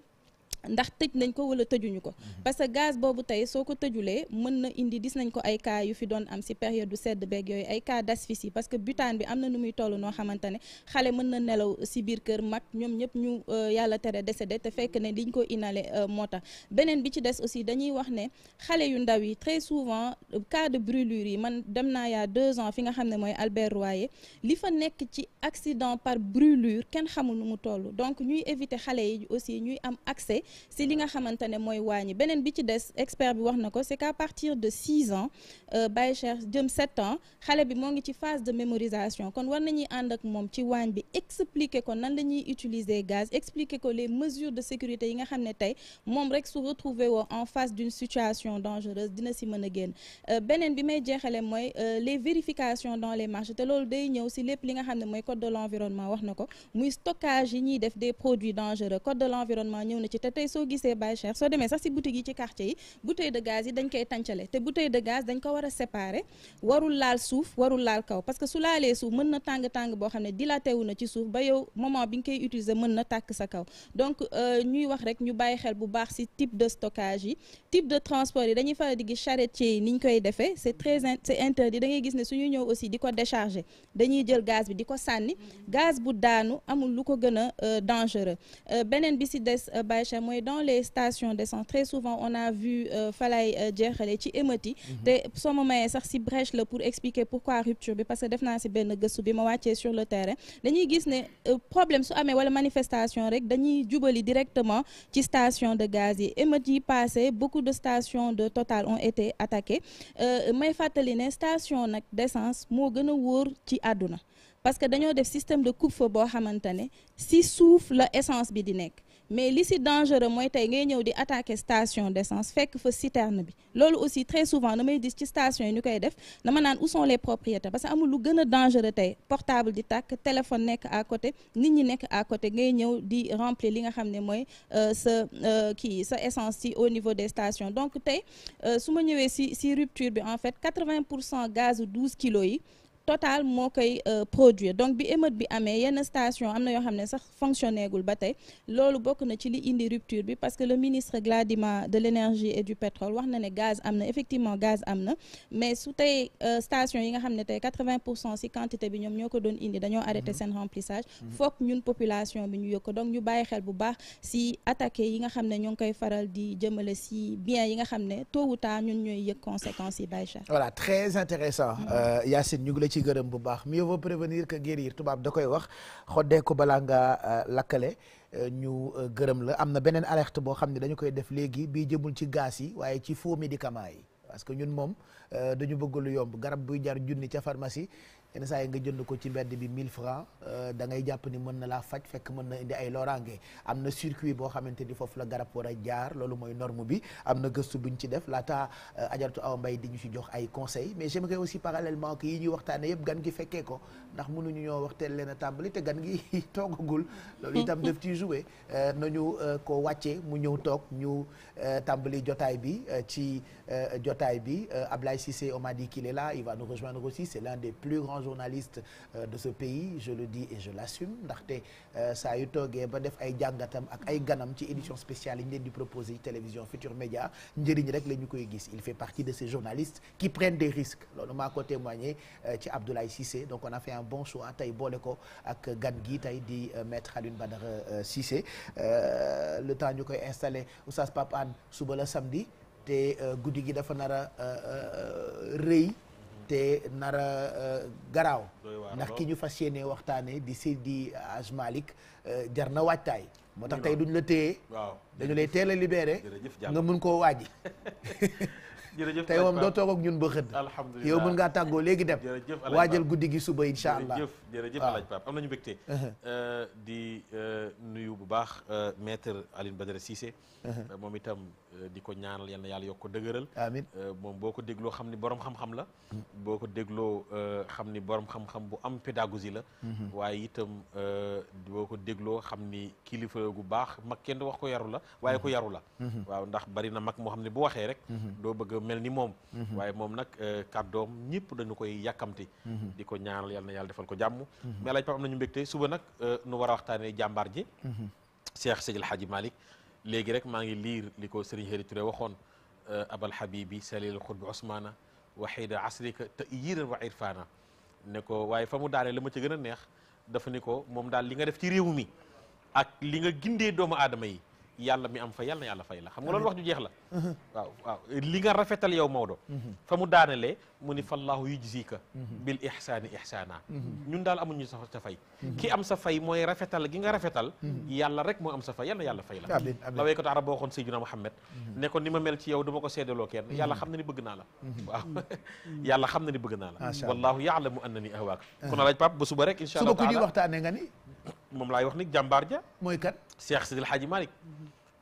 ndax tëj nañ ko wala tëjuñu ko mhm. parce que gaz boobu tey soo ko tëjulee mën na indi dis nañ ko ay cas yu fi doon am si période du sedd beeg yooyu ay cas d'asphyxie parce que butane bi am na nu muy toll noo xamante ne xale mën na nelaw si biir kër mag ñoom ñëpp ñu euh, yàlla tere décédé te fekk ne liñ ko inhalé euh, moo tax beneen bi ci des aussi dañuy wax ne xale yu ndaw yi très souvent euh, cas de brûlure yi man dem naa yaa deux ans fi nga xam ne mooy Albert Royer li fa nekk ci accident par brûlure kenn xamul nu mu toll donc ñuy éviter xale yi aussi ñuy am accès si li nga xamante ne mooy wàññi beneen bi ci des expert bi wax na ko c'est qu'à partir de 6 ans euh, bàyyi cher jëm 7 ans xale bi moo ngi ci phase de mémorisation kon war na nañuy ànd ak moom ci waañ bi explique ko nan la ñuy utiliser gaz expliquer ko les mesures de sécurité yi nga xam ne tey moom rek su retrouver woo en face d'une situation dangereuse dina si mën a génn euh, beneen bi may jeexale mooy euh, les vérifications dans les marchés te loolu day ñëw si lépp li nga xam ne mooy code de wax na ko muy stockage yi ñuy def des produits dangereux code de ñëw na ci te tey soo gisee Baye Cheikh soo demee sax si boutique yi ci quartier yi bouteille de yi dañ koy tàncale te bouteille de gaz dañ ko war a séparer warul laal suuf warul laal kaw parce que su laalee suuf mën na tàng tàng boo xam ne dilaté wu na ci suuf ba yow moment bi nga koy utiliser mën na tàkk sa kaw donc euh, ñuy wax rek ñu bàyyi xel bu baax si type de stockage yi type de transport yi dañuy fara di gis charretier yi ni ñu koy defee c'est très c'est interdit da ngay gis ne su suñu ñëw aussi di ko décharger dañuy jël gaz bi di ko sànni gaz bu daanu amul lu ko gën a euh, dangereux euh, beneen bi si des Baye laajte mooy dans les stations d'essence très souvent on a vu euh, falay euh, jeexale ci émeute yi mhm. te soo ma mayee sax si brèche la pour expliquer pourquoi rupture bi parce que def naa si benn gëstu bi ma wàccee sur le terrain dañuy gis ne euh, problème su amee wala manifestation rek dañuy jubali directement ci station de gaz yi émeute yi passé beaucoup de stations de Total ont été attaquées may fàttali ne station nag d'essence moo gën a wóor ci àdduna parce que dañoo def système de coupe boo xamante ne si suuf la essence bi di nekk mais li si dangereux mooy tey ngay ñëw di attaquer station d'essence fekk fa citerne bi loolu aussi très souvent damay gis ci station yi ñu koy def dama naan où sont les propriétaires parce que amul lu gën a dangereux tey portable di tàkk téléphone nekk à côté nit ñi nekk à côté ngay ñëw di remplir li nga xam ne mooy euh, sa euh, kii sa essence si au niveau des stations donc tey euh, su ma ñëwee si si rupture bi en fait 80 pour cent gaz douze kilos yi total moo koy euh, produire donc bi émeute bi amee yenn station am na yoo xam ne sax fonctionné ba tey loolu bokk na ci li indi rupture bi parce que le ministre Gladima de l'énergie et du pétrole wax na ne gaz am na effectivement gaz am na mais su tey euh, station yi nga xam ne tey 80 pour cent si quantité bi ñoom ñoo ko doon indi dañoo arrêté mhm. seen remplissage mhm. foog ñun population bi ñu yokk donc ñu bàyyi xel bu baax si attaqué yi nga xam ne ñoo ngi koy faral di jëmale si bien yi nga xam ne tôt ou tard ñun ñooy yëg conséquences yi Baye Cheikh ci gërëm bu baax mieux vaut prévenir que guérir tubaab da koy wax ko balaa nga euh, lakkale euh, ñu euh, gërëm la am na beneen alerte boo xam ne dañu koy def léegi bii jëmul ci gaas yi waaye ci faux médicament yi parce que ñun moom dañu bëgg lu yomb garab buy jar junni ca pharmacie yenn saa yi nga jënd ko ci mbedd bi 1000 francs euh, da ngay jàpp ni mën na laa faj fekk mën na indi ay loraange am na circuit boo xamante ni foofu la garab war a jaar loolu mooy norme bi am na gëstu ñu ci def laata euh, ajaratu aw mbay di ñu ci jox ay conseils mais j'aimerais aussi parallèlement que yi ñuy waxtaane yëpp gan gi fekkee ko ndax mënuñu ñoo wax teel leen a tàmbali te gan gi toogagul. loolu itam def ci joué euh, nañu euh, ko wàccee mu ñëw toog ñu euh, tàmbali jotaay bi ci jotaay bi Ablaye Cissé on m'a dit qu'il est là va nous rejoindre aussi c'est l'un des plus grands journalistes de ce pays je le dis et je l'assume ndaxte saa yu toogee ba def ay jàngatam ak ay ganam ci édition spéciale yi ñu leen di proposé ci télévision Futur Média njëriñ rek la ñu koy gis il fait partie de ces journalistes qui prennent des risques loolu maa ko témoigné ci Abdoulaye Cissé donc on a bon choix tey boole ko ak gan gi tey di euh, maître Alioune Badara euh, Cissé euh, le temps ñu koy installé Oustaz Pape suba la samedi te guddi gi dafa nar a rëy te nar a garaaw ndax ki ñu fas yéene waxtaane di Seydi Hadj Malick jar na waajtaay moo tax tey duñ la téye dañu lay teel a libéré nga mun koo waaji jërëjëf tey moom doo toog ak ñun ba xëdd alhamdulilah yow mën ngaa tàggoo léegi dem waajal guddi gi suba insha allah jërëjëf jërëjëf alaaj Pape am nañu mbégte uh-huh. euh, di euh, nuyu bu baax euh, maître Alioune Badara Cissé uh-huh. moom itam Euh, di ko ñaanal yal na yàlla yokk ko dëgëral. amiin euh, moom boo ko dégloo xam ni borom xam-xam la. Mm-hmm. boo ko dégloo euh, xam ni borom xam bu am pédagogie la. Mm-hmm. waaye itam boo ko dégloo xam ni kilifa gu baax mag kenn wax ko yaru la waaye ko mm-hmm. yaru la. waaw ndax bari na mag moo xam ne bu waxee rek. doo bëgg mel ni moom. waaye moom nag kàddoom ñëpp dañu koy yàkkamti. di ko ñaanal yal na yàlla defal ko jàmm. mais laaj Pape am nañu mbégte suba nag nu war a waxtaanee jàmbaar ji. Cheikh Seydil Hadji Malick. léegi rek maa ngi liir li ko Serigne Xéri Touré waxoon euh, abal habibi salil xutbi Ousmana waxida asrika te yiran wa irfana ne ko waaye fa mu daanee la ma ci gën a neex dafa ni ko moom daal li nga def ci réew mi ak li nga gindee doomu aadama yi yàlla mi am fa yàlla na yàlla fay la xam nga loolu wax ju jeex la waaw waaw li nga rafetal yow Maodo fa mu daanalee mu ni fallaahu yujzika bil ihsaani ihsaana ñun daal amuñu sa fay ki am sa fay mooy rafetal ki nga rafetal yàlla rek moo am sa fay yàlla na yàlla fay la la way ko tax arab boo waxoon Seydina Muhammad ne ko ni ma mel ci yow duma ko seedaloo kenn yàlla xam na ni bëgg naa la waaw yàlla xam na ni bëgg naa la wallaahu yaalamu annani ahwaak kon alaaj Pape ba suba rek incha allah suba ku ñuy waxtaane nga ni moom laay wax ni jàmbaar ja mooy kan Cheikh Sidil Hadji Malick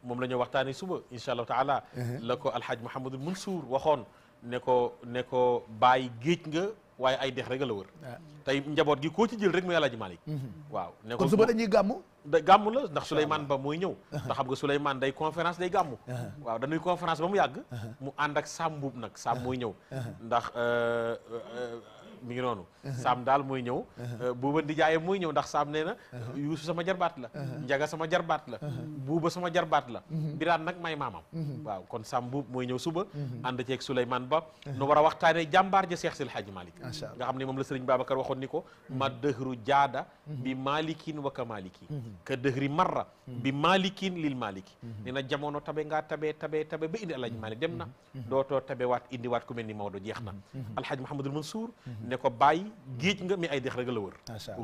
moom la ñoo waxtaanee suba incha allahu taala uh-huh. la ko alhaj Mouhamadul Mansour waxoon ne ko ne ko bàyyi géej nga waaye ay dex rek la wër ah. tey njaboot gi koo ci jël rek mooy alhaj Malick mm-hmm. waaw ne ko kon suba dañuy gàmmu da gàmmu la ndax Souleymane Ba mooy ñëw uh-huh. ndax xam nga Souleymane day conférence day gàmmu uh-huh. waaw dañuy conférence ba mu yàgg mu ànd ak Samboub nag Samb mooy ñëw euh, euh, mi ngi noonu saam daal mooy ñëw uh-huh. buuba ndijaayam mooy ñëw ndax saam nee na uh-huh. yuusu sama jarbaat la uh-huh. njaga sama jarbaat la buuba sama jarbaat la biraan nag may maamam waaw kon saam buub mooy ñëw suba and ànd ceeg Souleymane Ba nu war a waxtaanee jàmbaar ja Seex Sil Haaji Malik nga xam ne moom la sëriñ Babacar waxoon ni ko ma dëhru jaada bi malikin wa ka maliki ka dëhri marra bi malikin lil maliki nee na jamono tabe ngaa tabe tabe tabe ba indi alhaji Malik dem na dootoo tabe waat indi waat ku mel ni Maodo jeex na ne ko bàyyi géej nga mi ay dex rek la wër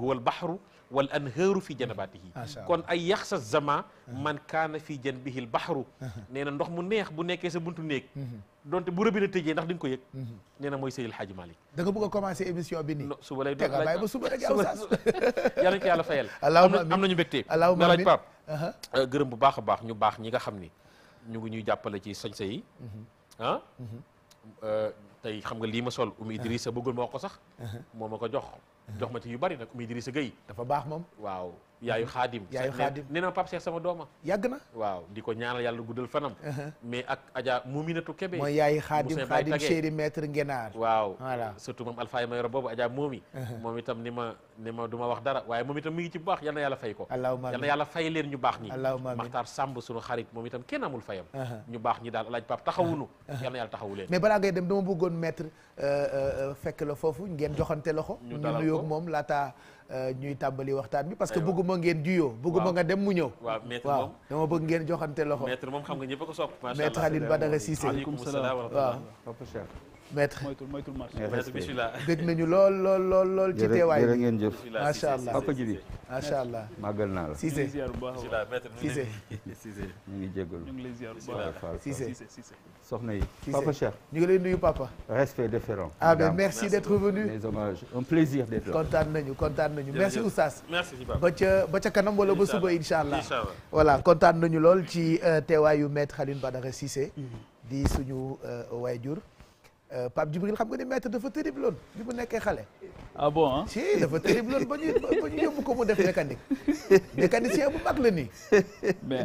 wal baxru wal anhaaru fi janabaatihi kon ay yax sa zama man kaana fi janbihi l baxru nee na ndox mu neex bu nekkee sa buntu néeg donte bu rëbbi na tëjee ndax di ko yëg nee na mooy Seydil Hadji Malick da nga bëgg a commencé émission bi nii suba lay doon bàyyi ba suba rek yow saas yal nañ ko yàlla fayal allahumma am nañu mbégte allahumma laaj Pape euh, gërëm bu baax a baax ñu baax ñi nga xam ni ñu ngi ñuy ci sañse yi ah? euh, tey xam nga lii ma sol Oumy ah. Idrissa bëggul ma wax ko sax ah. moo ma ko jox ah. jox ma ci yu bari nag Oumy Idrissa Gueye dafa baax moom waaw yaayu xaadim yaayu xaadim nee na Pape Cheikh sama dooma yàgg na waaw di ko ñaanal yàlla guddal fanam uh-huh. mais ak Adja Mominatu Kébé mooy yaayu xaadim xaadim chéri maître Ngenaar waaw surtout moom Alfaye Mayoro boobu Adja Momi uh-huh. moom itam ni ma ni ma du ma wax dara waaye moom itam mi ngi ci bu baax yal na yàlla fay ko allahumma yal na yàlla fay leen ñu baax ñi allahumma Maxtaar Samb sunu xarit moom itam kenn amul fayam uh-huh. ñu baax ñi daal alaaj Pape taxawunu yal na yàlla taxawu leen mais balaa ngay dem dama bëggoon maître euh, euh, euh, Euh, ñuy tàmbali waxtaan bi parce que bëgguma ngeen juyoo bëgguma nga dem mu ñëw waaw waaw dama bëgg ngeen joxante loxo maître moom xam nga ñëpp ko sopp maître Alioune Badara Cissé maître moytul moytul marché bismillah dégg nañu lool lool lool lool ci teewaay bi ngeen jëf macha allah papa ji bi macha allah màggal naa la Cissé Cissé Cissé ngi jégalu ñu ngi lay ziar soxna yi papa Cheikh ñu ngi lay nuyu papa respect déférent ah ben merci d'être venu les hommages un plaisir d'être là kontaan nañu kontaan nañu merci oustaz merci ba ca ba ca kanam wala ba suba incha allah voilà kontaan nañu lool ci euh, teewaayu maître Alioune Badara Cissé mhm. di suñu euh, jur Euh, Pape Djibril xam nga ni maître dafa terrible loon bi mu nekkee xale. Ah bon ah si dafa terrible loon ba ñu ba ko mu def mécanique mécanicien bu mag la nii.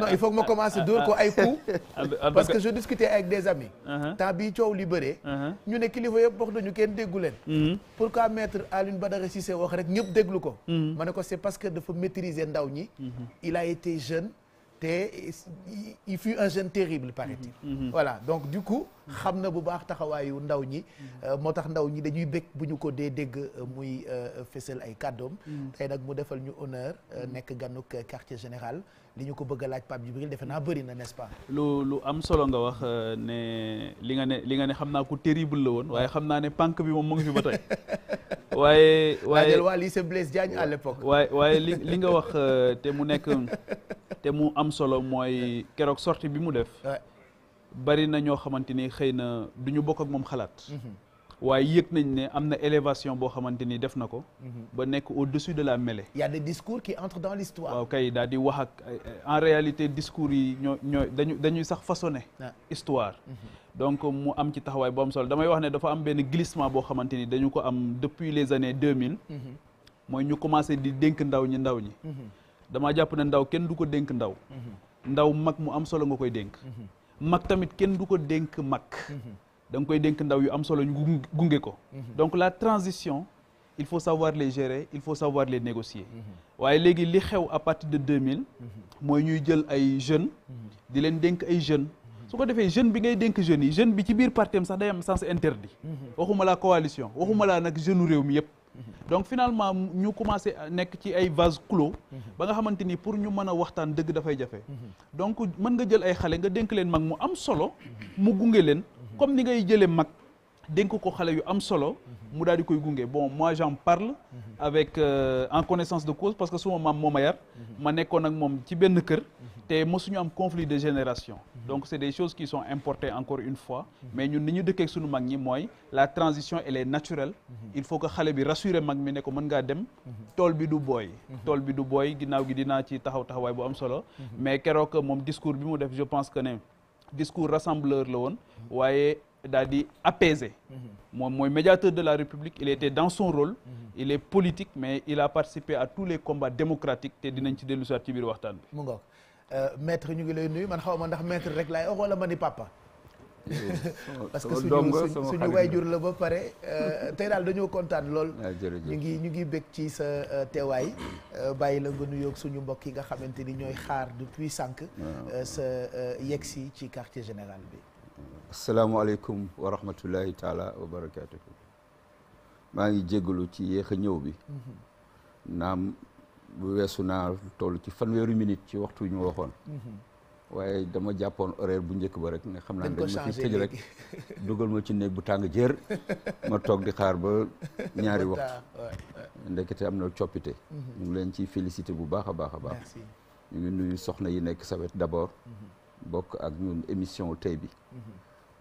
non il faut ma ah, commencé ah, dóor ko ay coups. parce que je discutais ay des amis. Uh-huh. temps bii coow li uh-huh. ñu ne kilifa yëpp wax nañu kenn déggu leen. Mm-hmm. pourquoi maître Alioune Badara Cissé wax rek ñëpp déglu ko. Mm-hmm. ma ne ko c'est parce que dafa maîtriser ndaw ñi. Mm-hmm. il a été jeune. te il fut un jeune terrible paraît-il mm-hmm. Mm-hmm. voilà donc du coup xam na bu baax taxawaayu ndaw ñi mm-hmm. euh, moo tax ndaw ñi dañuy bëgg bu ñu ko dee dégg euh, muy euh, fësal ay kàddoom tey nag mu defal ñu honneur nekk ganuk quartier général li ñu ko bëgg a laaj bu Djibril defe naa bëri na nest lu am solo nga wax ne li nga ne li nga ne xam naa ku terrible la woon waaye xam naa ne pànk bi moom mu ngi fi ba tey waaye waaye waa lycée Blaise Diagne à waaye waaye li li nga wax euh, te mu nekk te mu am solo mooy keroog sorti bi mu def bari na ñoo xamante ni xëy na du ñu bokk ak moom xalaat mm-hmm. waaye yëg nañ ne am na élévation boo xamante ni def na ko mm-hmm. ba nekk au-dessus de la mêlée y a des discours qui entrent dans l'histoire waaw kay daal di wax ak en réalité discours yi ñoo ñoo dañu dañuy sax façonné histoire mm-hmm. donc mu am ci taxawaay bu am solo damay wax ne dafa am benn glissement boo xamante ni dañu ko am depuis les années 2000. Mhm. mooy ñu commencé di dénk ndaw ñi ndaw ñi. Mhm. dama jàpp ne ndaw kenn du ko dénk ndaw. Mhm. ndaw mag mu am solo nga koy dénk. mag tamit kenn du ko dénk mag. da nga koy dénk ndaw yu am solo ñu gunge ko. donc la transition il faut savoir les gérer il faut savoir les négocier. waaye léegi li xew à partir de 2000. mooy ñuy jël ay jeunes. di leen dénk ay jeunes. su ko defee jeune bi ngay dénk jeunes yi jeune bi ci biir parti am sax day am sens interdit mhm. waxuma la coalition waxuma la nag jeune réew mi yëpp mhm. donc finalement ñu commencé nekk ci ay vase clos mhm. ba nga xamante ni pour ñu mën a waxtaan dëgg dafay jafe donc mën nga jël ay xale nga dénk leen mag mu am solo mu gunge leen comme ni ngay jëlee mag dénk ko xale yu am solo mu daal di koy gunge bon mois j'en parle avec euh, en connaissance de cause parce que suma maam moo ma yar ma nekkoon ak moom ci benn kër te mosuñu am conflit de génération donc c'est des choses qui sont importées encore une fois mais ñun ni ñu dëkkee sunu mag ñi mooy la transition elle est naturelle il faut que xale bi rassurer mag mi ne ko mën ngaa dem tool bi du booy tool bi du booy ginnaaw gi dinaa ci taxaw taxawaay bu am solo mais keroog moom discours bi mu def je pense que ne discours rassembleur la woon waaye daal di apaiser. moom mooy médiateur de la République il était dans son rôle. il est politique mais il a participé à tous les combats démocratiques te dinañ ci dellusiwaat ci biir waxtaan bi. mu ngoog euh, ñu ngi lay nuyu man xaw ma ndax maître rek laay wax wala ma ni papa. parce que suñu suñu waajur la ba pare euh, tey daal dañoo kontaan lool. Ah, ñu ngi ñu ngi bég ci sa euh, teewaay. bàyyi la nga nuyoog suñu mbokk yi nga xamante ni ñooy xaar depuis sànq. Ah. sa yegg si ci quartier général bi. asalaamualeykum wa rahmatullahi taala wa barakatuhu maa ngi jégalu ci yéex a ñëw bi naam bu weesu naa toll ci fanweeri minute ci waxtu wi ñu waxoon waaye dama jàppoon horaire bu njëkk ba rek ne xam naa dañ ma fi tëj rek dugal ma ci néeg bu tàng jër ma toog di xaar ba ñaari waxtu ndekete am na coppite mhm. ñu ngi leen ciy félicité bu baax a baax a baax ñu ngi nuyu soxna yi nekk sa wet d'abord mhm. bokk ak ñun émission tey bi mhm.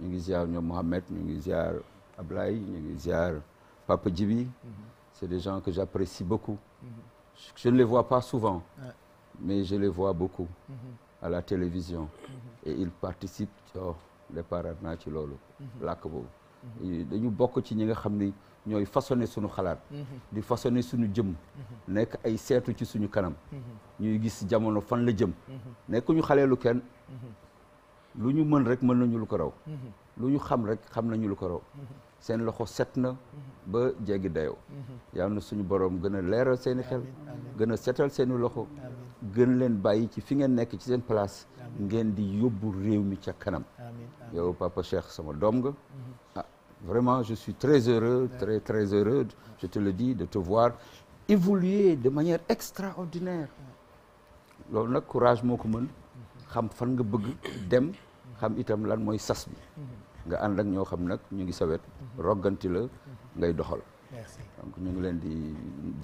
ñu ngi ziar ñoom Mohamed ñu ngi ziar Ablaye ñu ngi ziar Papa Djibi mhm. c'est des gens que j'apprécie beaucoup mhm. je ne les vois pas souvent mais je les vois beaucoup mhm. à la télévision et ils participent oh départ naa ci loolu lakk boobu dañu bokk ci ñi nga xam ni ñooy façonné suñu xalaat di façonné suñu jëm nekk ay seetu ci suñu kanam ñuy gis jamono fan la jëm nekkuñu xaleelu kenn lu ñu mën rek mën na lu ko raw mhm. lu ñu xam rek xam nañu lu ko raw mhm. seen loxo set na mhm. ba jegi dayoo yal na suñu borom gën a leeral seeni xel gën a setal seeni loxo gën leen bàyyi ci fi ngeen nekk ci seen place ngeen di yóbbu réew mi ca kanam yow papa Cheikh sama doom nga ah vraiment je suis très heureux très très heureux je te le dis de te voir évoluer de manière extraordinaire loolu nag courage moo ko mën xam fan nga bëgg dem xam itam lan mooy sas bi mhm. nga ànd ak ñoo xam nag ñu ngi sawet mhm. rogganti la mhm. ngay doxal donc ñu ngi leen di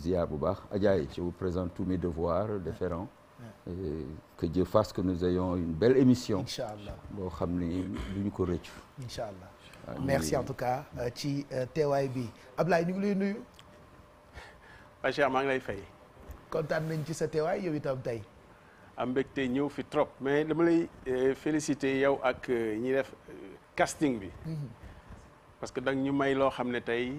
ziar bu baax Adjaye je vous présente tous mes devoirs déférents Et que Dieu fasse que nous ayons une belle émission. incha allah boo xam ni du ñu ko rëccu. incha allah merci en tout cas euh, ci euh, teewaay bi Ablaye ñu ngi lay nuyu. waa Cheikh maa ngi lay fay. kontaan nañ ci sa teewaay yow itam tey. am mbégte ñëw fi trop mais dama lay euh, féliciter yow ak euh, ñi def euh, casting bi mm-hmm. parce que danga ñu may loo xam ne tey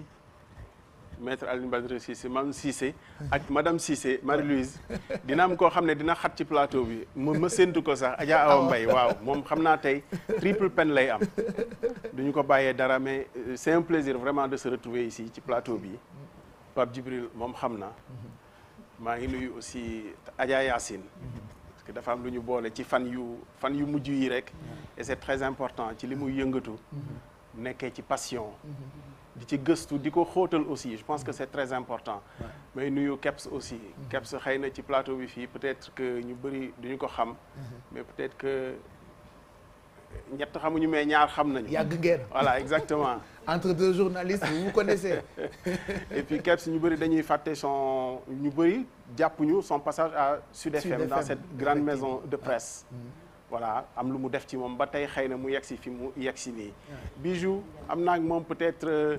maitre al Badara Cissé maam Cissé ak madame Cissé Marie-Louise dina am koo xam ne dina xat ci plateau bi ma ma séntu ko sax Adja Awa ah, Mbaye waaw moom xam naa tey triple peine lay am duñu ko bàyyee dara mais c'est plaisir vraiment de se retrouver ici ci plateau bi mm-hmm. Pape Djibril moom xam na mm-hmm. maa ngi nuyu aussi Adja Yacine dafa am lu ñu boole ci fan yu fan yu mujj yi rek mm-hmm. et c'est très important ci li muy yëngatu mm-hmm. nekkee ci passion mm-hmm. di ci gëstu di ko xóotal aussi je pense que c'est très important mais nuyu Kebs aussi Kebs xëy na ci plateau bi fii peut-être que ñu bëri duñu ko xam mais peut-être que ñett xamuñu mais ñaar xam nañu yàgg ngeen voilà exactement entre deux journalistes vous vous connaissez. et puis ñu bëri dañuy fàtte son ñu bëri ñu son passage à Sud FM. Sud dans cette grande maison de presse. Mm. voilà am lu mu def ci moom ba tey xëy na mu yegg si fi mu yegg si nii. Bijou am naa moom peut-être euh,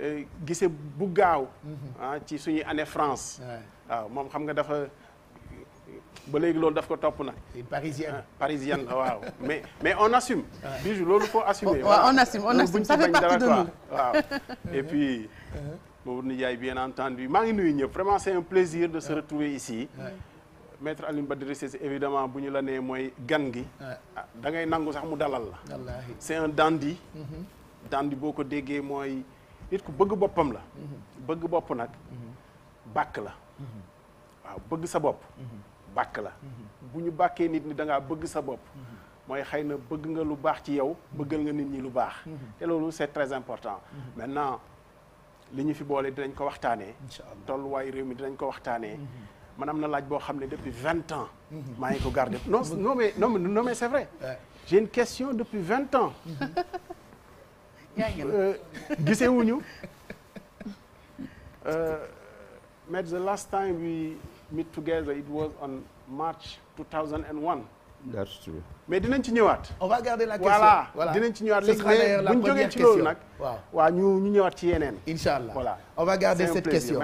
euh, gise bu gaaw. Mm-hmm. Ah, ci suñu année France. waaw moom xam nga dafa. ba léegi loolu daf ko topp nag. parisienne parisienne ah, la ah, waaw mais mais on assume. Ah. bijou loolu faut assume waaw on assume on assume sa fait partie de nous waaw et puis. Maodo Ndiaye bien entendu maa ngi nuyu ñëpp vraiment c'est un plaisir de se retrouver ici. maître Alioune Badara Cissé évidemment bu ñu la nee mooy gan gi. da ngay nangu sax mu dalal la. wallaahi c'est un dandy. Mm-hmm. dandy boo ko déggee mooy nit ku bëgg boppam la. Mm-hmm. bëgg bopp nag. Mm-hmm. bàkk la. waaw bëgg sa bopp. bàkk la bu ñu bàkkee nit ni da bëgg sa bopp mooy xëy na bëgg nga lu baax ci yow bëggal nga nit ñi lu baax te loolu c'est très important maintenant li ñu fi boolee dinañ ko waxtaanee tolluwaayu réew mi dinañ ko waxtaanee mhm. man na laaj boo xam ne depuis vingt ans mhm. maa ngi ko gardé non non mais non mais non mais c'est vrai j'ai une question depuis vingt ans mhm. euh, gisewuñu euh, mais the last time we meet together it was on March 2001. that's true. mais dinañ ci ñëwaat. on va garder la question voilà dinañ ci ñëwaat. léegi bu ñu jógee nag. waaw waa ñu ñu ñëwaat ci yeneen. incha allah voilà on va garder question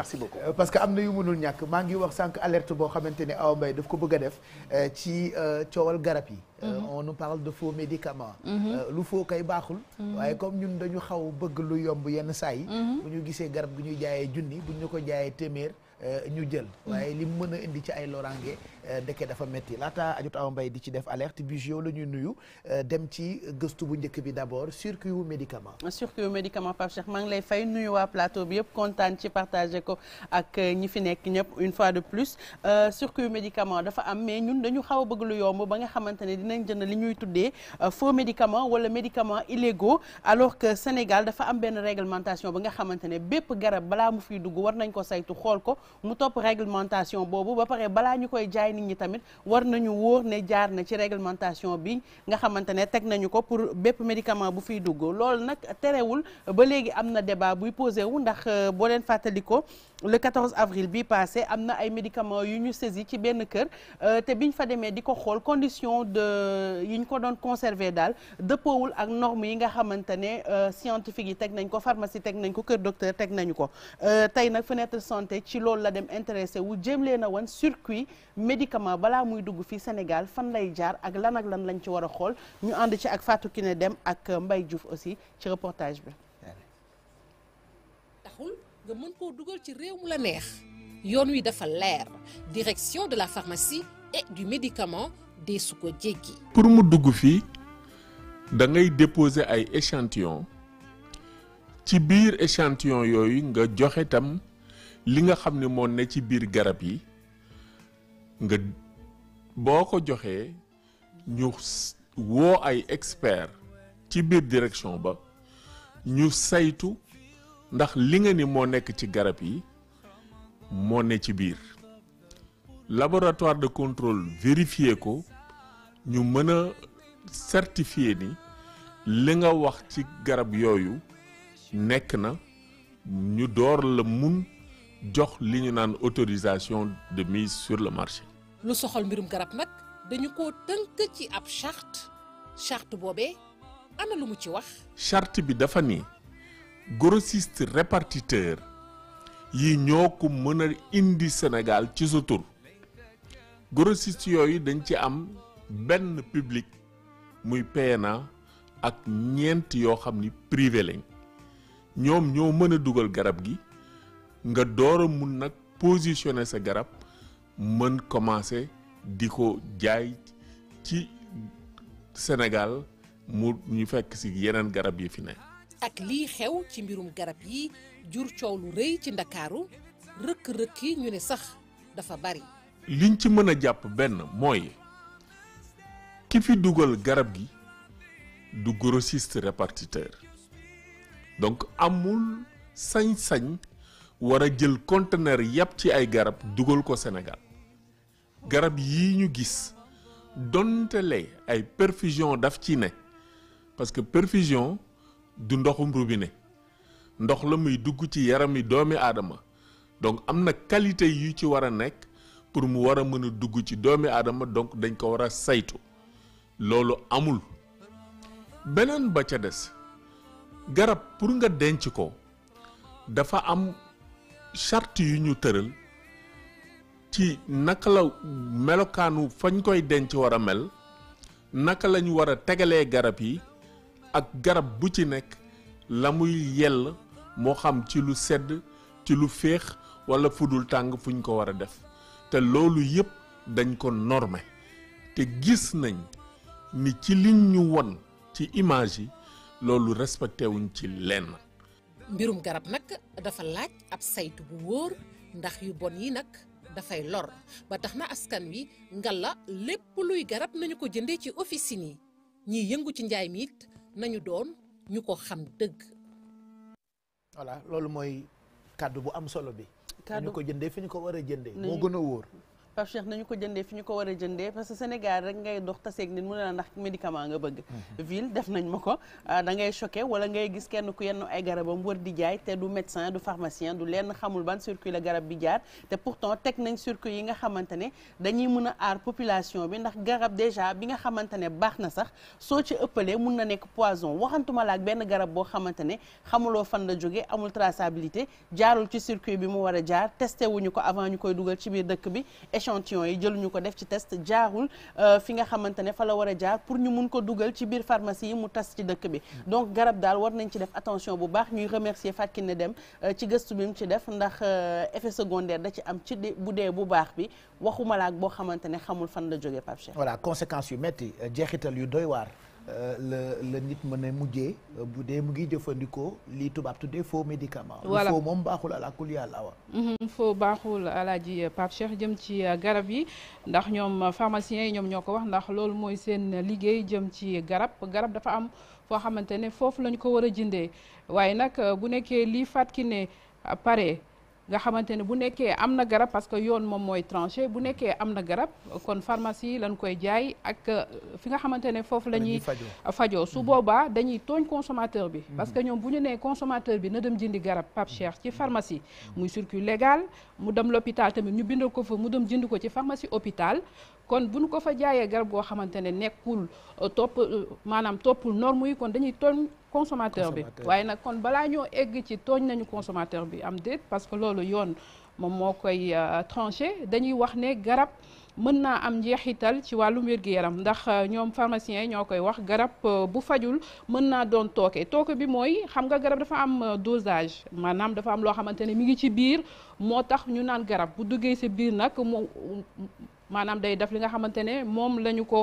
euh, parce que am na yu mënul ñàkk maa ngi wax sànq alerte boo xamante ne Awa Mbaye daf ko bëgga def euh, ci euh, coowal garab yi. Mhm. on nous parle de faux médicament mhm. lu foo kay baaxul. Mhm. waaye comme ñun dañu xaw bëgg lu yomb yenn saa bu ñu gisee garab gi ñuy jaayee junni bu ñu ko jaayee téeméer. ñu jël waaye li mën a indi ci ay loraange Euh, ndeke dafa metti laata ajut awa mbay di ci euh, bu njëkk bi d'abord circuit wu médicament circuit wu médicament Pape Cheikh maa ngi lay fay nuyu waa plateau bi yëpp kontaan ci partagé ko ak euh, ñi fi nekk ñëpp une fois de plus circuit wu médicament dafa am mais ñun dañu xaw a bëgg lu yomb ba nga xamante ne dinañ jënd li ñuy tuddee faux médicament wala médicament illégaux alors Sénégal dafa am benn réglementation ba nga xamante ne bépp garab balaa mu fiy dugg war nañ ko saytu xool ko mu topp réglementation boobu ba pare balaa ñu koy jaay nit ñi tamit war nañu wóor ne jaar na ci réglementation bi nga xamante ne teg nañu ko pour bépp médicament bu fiy dugg loolu nag terewul ba léegi am na débat buy posé wu ndax euh, boo leen fàttaliko le 14 avril bi passé am na ay médicament yu ñu saisi ci benn kër euh, te biñ fa demee di ko xool condition de yi ñu ko doon conserver daal dëppoowul ak normes yi nga xamante ne euh, scientifique yi teg nañ ko pharmacie teg nañ ko kër docteur teg nañu ko tey nag fenêtre santé ci loolu la dem intéressé wu jéem leen a médicament balaa muy dugg fii Sénégal fan lay jaar ak lan lan lañ ci war a xool ñu ànd ci ak Fatou Kiné Deme ak Mbaye aussi ci bi. taxul nga mën koo dugal ci réew mu la neex yoon wi dafa leer direction de la pharmacie et du médicament des su ko jéggi. pour mu dugg fii da ngay déposer ay échantillon ci biir échantillon yooyu nga joxe tam li nga xam ne moo ne ci biir garab yi. nga boo ko joxee ñu woo ay expert ci biir direction ba ñu saytu ndax li nga ni moo nekk ci garab yi moo ne ci biir laboratoire de contrôle vérifier ko ñu mën a certifier ni li nga wax ci garab yooyu nekk na ñu door la mun jox li ñu naan autorisation de mise sur le marché. lu soxal mbirum garab nag dañu ko tënk ci ab charte charte boobee ana lu mu ci wax. charte bi dafa ni grossiste répartiteur yi ñoo ko mën a indi Sénégal ci sa tur grossiste yooyu dañ ci am benn public muy PNA ak ñeent yoo xam ni privé lañ ñoom ñoo mën a dugal garab gi. nga door a mun nag positionner sa garab mën commencer di ko jaay ci Sénégal mu ñu fekk si yeneen garab yi fi ne. ak lii xew ci mbirum garab yi jur coow lu rëy ci ndakaaru rëkk-rëkk yi ñu ne sax dafa bari. liñ ci mën a jàpp benn mooy ki fi dugal garab gi du grossiste répartiteur donc amul sañ-sañ. war a jël conteneur yàpp ci ay garab dugal ko Sénégal garab yii ñu gis donte ay perfusion daf ci ne parce que perfusion du ndoxum robinet ndox la muy dugg ci yaram yi doomi aadama donc am na qualité yu ci war a nekk pour mu war a mën a dugg ci doomi aadama donc dañ ko war a saytu loolu amul beneen ba ca des garab pour nga denc ko dafa am charte yu ñu tëral ci naka la melokaanu fañ koy denc war a mel naka lañu war a tegalee garab yi ak garab bu ci nekk la muy yell moo xam ci lu sedd ci lu féex wala fudul tàng fuñ ko war a def te loolu yëpp dañ ko norme te gis nañ ni ci liñ ñu won ci image yi loolu respecté wuñ ci lenn mbirum garab nag dafa laaj ab saytu bu wóor ndax yu bon yi nag dafay lor ba tax na askan wi la lépp luy garab nañu ko jëndee ci officine nii ñiy yëngu ci njaay mi it nañu doon ñu ko xam dëgg. voilà loolu mooy kàddu bu am solo bi. kàddu ñu ko jëndee fi ñu ko war a jëndee. moo gën a wóor. Pape Cheikh nañu ko jëndee fi ñu ko war a jëndee parce que Sénégal rek ngay dox taseeg nit mu na la ndax médicament nga bëgg mhm. ville def nañ ma ko ah, da ngay choqué wala ngay gis kenn ku yenn ay garabam wër di jaay te du médecin du pharmacien du lenn xamul ban circuit la garab bi jaar te pourtant teg nañ circuit yi nga xamante ne dañuy mën a aar population bi ndax garab déjà bi nga xamante ne baax na sax soo ci ëppalee mun na nekk poison waxantuma laak benn garab boo xamante ne xamuloo fan la jóge amul traçabilité jaarul ci circuit bi mu war a jaar testé wuñu ko avant ñu koy dugal ci biir dëkk bi échantillon yi jëluñu ko def ci test jaarul euh, fi nga xamante ne fa la war a jaar pour ñu mun ko dugal ci biir pharmacie yi mu tas ci dëkk bi mm. donc garab daal war nañ ci def attention bu baax ñuy remercier Fatou ne dem euh, ci gëstu bi mu ci def ndax euh, effet secondaire da ci am ci di bu dee bu baax bi waxumala ak boo xamante ne xamul fan la jógee Pape Cheikh. voilà conséquences yu métti jeexital yu doy waar. la euh, la nit mën a mujjee euh, bu dee mu ngi jëfandikoo lii tubaab tuddee faux médicament. voilà moom baaxul ala kulli yàlla wa. Mhm, faux baaxul alaaji Pape Cheikh jëm ci euh, garab yi ndax ñoom pharmaciens yi ñoom ñoo ko wax ndax loolu mooy seen liggéey jëm ci garab garab dafa am foo xamante ne foofu lañ ko war a jëndee waaye nag bu nekkee lii fàttali ne pare. nga xamante ne bu nekkee am na garab parce que yoon moom mooy tranché bu nekkee am na garab kon pharmacie lañ koy jaay ak euh, fi nga xamante ne foofu la ñuy fajoo su mm-hmm. boobaa dañuy tooñ consommateur bi mm-hmm. parce que ñoom bu ñu nee consommateur bi na dem jëndi garab Pape mm-hmm. Cheikh ci pharmacie muy circuit légal mu dem l'hôpital tamit ñu bindal ko fa mu dem jënd ko ci pharmacie hôpital kon bu ñu ko fa jaayee garab goo xamante ne nekkul euh, topp euh, maanaam toppul norme yi kon dañuy tooñ consomateur bi waaye nag kon balaa ñoo egg ci tooñ nañu consommateur bi am déet parce que loolu yoon moom moo koy euh, tranché dañuy wax ne garab mën naa am njeexital ci wàllu wér-gu-yaram ndax ñoom pharmaciens yi ñoo koy wax garab bu fajul mën naa doon tooke tooke bi mooy xam nga garab dafa am dosage maanaam dafa am loo xamante ne mi ngi ci biir moo tax ñu naan garab bu duggee sa biir nag mu maanaam day def li nga xamante ne moom la ñu ko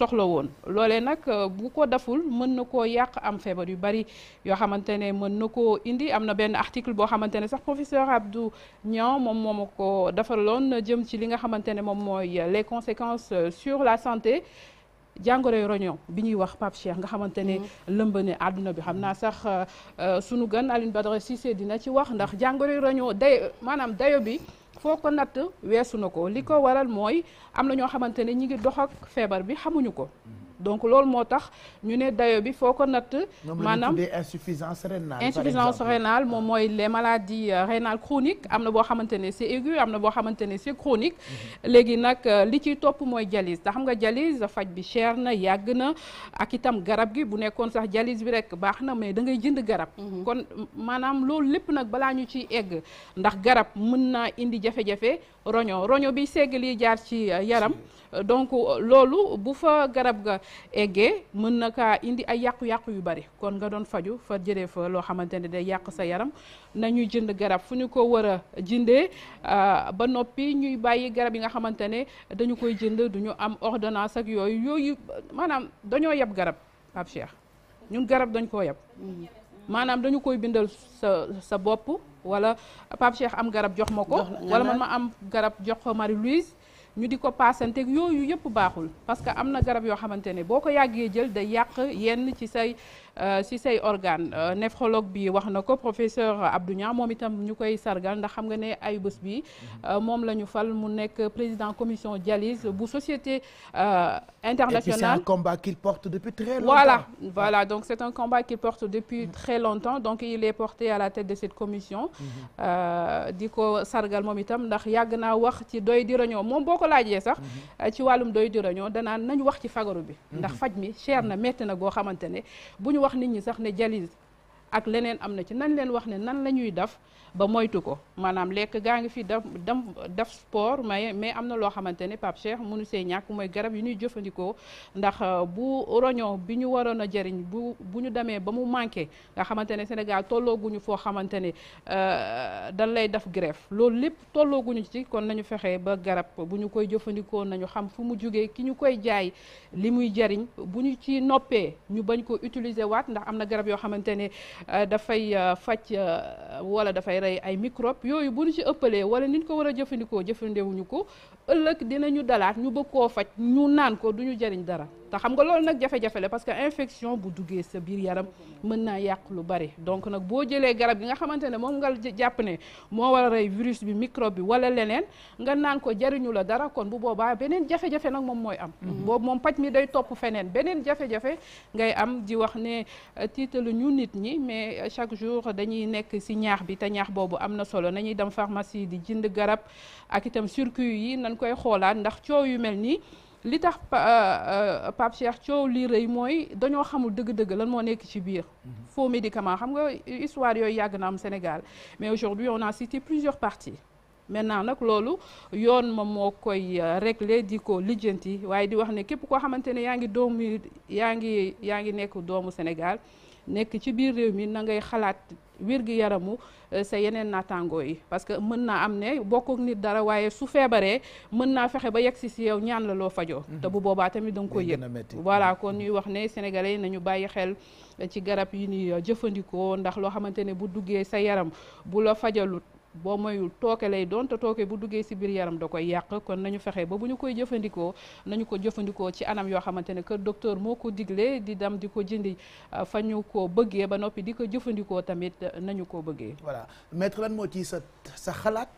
soxla woon loolee nag euh, bu ko deful mën na koo yàq am feebar yu bari yoo xamante ne mën na ko indi am na benn article boo xamante ne sax professeur Abdou Niang moom moo ma ko defaraloon jëm ci li nga xamante ne moom mooy le conséquence euh, sur la santé jàngoroy roño bi ñuy wax Pape nga xamante ne mm. lëmb àdduna bi xam naa sax euh, sunu gan Alioune Badara Cissé dina ci wax ndax jàngoroy roño day maanaam dayo bi foo ko natt weesu na ko li ko waral mooy am na ñoo xamante ne ñi ngi dox ak feebar bi xamuñu ko donc loolu moo tax ñu ne dayo bi foo ko natt maanaam insuffisance rénale insuffisance rénale moom mooy les maladies euh, rénales chroniques am na boo xamante ne aigu am na boo xamante ne c'est chronique mhm. léegi nag euh, li ciy topp mooy dialyse te xam nga dialyse faj bi cher na yàgg na ak itam garab gi bu nekkoon sax dialyse bi rek baax na mais dangay jënd garab mhm. kon maanaam loolu lépp nag balaa ñu ci egg ndax garab mën naa indi jafe-jafe roño roño bi segg liy jaar ci euh, yaram donc euh, loolu bu fa garab ga eggee mën na kaa indi ay yàq yàq yu bari kon nga doon faju fa jëlee fa loo xamante ne day yàq sa yaram nañuy jënd garab fu ñu ko war a jëndee euh, ba noppi ñuy bàyyi garab yi nga xamante ne dañu koy jënd du ñu am ordonnance ak yooyu yooyu maanaam dañoo yeb garab ab Cheikh ñun garab dañ koo yeb maanaam dañu koy bindal sa sa bopp wala Pape am garab jox ma ko wala ma am garab jox ko Marie Louise ñu di ko paasanteeg yooyu yëpp baaxul parce que am na garab yoo xamante ne boo ko yàggee jël day yàq yenn ci say Euh, si say organe euh, néphrologue bi wax na ko professeur Abdou Niang moom itam ñu koy sargal ndax xam nga ne ay bés bi mhm. euh, moom la ñu fal mu nekk président commission dialyse bu société internationale. c'est un combat qu'il porte depuis très longtemps. voilà voilà donc c'est un combat qu'il porte depuis mhm. très longtemps donc il est porté à la tête de mhm. di ko sargal moom itam ndax yàgg naa wax ci doy di rañoo moom boo ko laajee sax. ci wàllum doy di rañoo danaan nañu wax ci fagaru bi. ndax faj mi cher na métti na goo xamante bu ñu wax nit ñi sax ne dialyse ak leneen am na ci nan leen wax ne nan la ñuy def ba moytu ko maanaam lekk gaa ngi fi daf dem def sport mais mais am na loo xamante ne Pape Cheikh mënu see ñàkk mooy garab yu ñuy jëfandikoo ndax euh, bu roño bi ñu waroon a jariñ bu bu ñu demee ba mu manqué nga xamante ne Sénégal tollooguñu foo xamante ne euh, dañ lay def greffe loolu lépp tollooguñu ci kon nañu fexe ba garab bu ñu koy jëfandikoo nañu xam fu mu jógee ki ñu koy jaay li muy jëriñ bu ñu ci noppee ñu bañ ko utiliser waat ndax am na garab yoo xamante ne euh, dafay faj wala dafay rey ay microbe yooyu bu ñu ci ëppalee wala ni ko war a jëfandikoo jëfandeewuñu ko ëllëg dinañu dalaat ñu bëgg koo faj ñu naan ko duñu jariñ dara te xam nga loolu nag jafe-jafe la parce que infection bu duggee sa biir yaram mën naa yàq lu bari donc nag boo jëlee garab gi nga xamante ne moom nga jàpp ne moo war a rey virus bi microbe bi wala leneen nga naan ko jëriñu la dara kon bu boobaa beneen jafe nag moom mooy am mhm. boobu moom paj mi day topp feneen beneen jafe-jafe ngay am di wax ne euh, tiitalu ñu nit ñi mais euh, chaque jour dañuy nekk si ñaax bi te ñaax boobu am na solo nañuy dem pharmacie di jind garab ak itam circuit yi nan koy xoolaat ndax coow yu mel nii li tax euh, euh, Pape Cheikh coow lii rëy mooy dañoo xamul dëgg-dëgg lan moo nekk ci biir mhm. foo médicament xam nga histoire yooyu yàgg na am Sénégal mais aujourd'hui on a cité plusieurs parties maintenant nag loolu yoon moom moo koy euh, régler di ko lijjanti waaye di wax ne képp koo xamante ne yaa ngi doomu yaa ngi yaa ngi nekk doomu Sénégal nekk ci biir réew mi na ngay xalaat wér gi yaramu euh, sa yeneen naataangoo yi parce que mën naa am ne bokk ak nit dara waaye su feebaree mën naa fexe ba yegg si si yow ñaan la loo fajoo mm-hmm. te bu boobaa tamit da nga koy yëg voilà mm-hmm. kon ñuy wax ne sénégalais yi nañu bàyyi xel ci garab yi ñuy jëfandikoo ndax loo xamante ne bu duggee sa yaram bu la fajalu boo moyul tooke lay doon tooke bu duggee si biir yaram da koy yàq kon nañu fexee ba bu ñu koy jëfandikoo nañu ko jëfandikoo ci anam yoo xamante ne que docteur moo ko digle di dem di ko jënd euh, fa ñu ko bëggee ba noppi di ko jëfandikoo tamit euh, nañu ko bëggee. voilà maître lan moo tii sa sa xalaat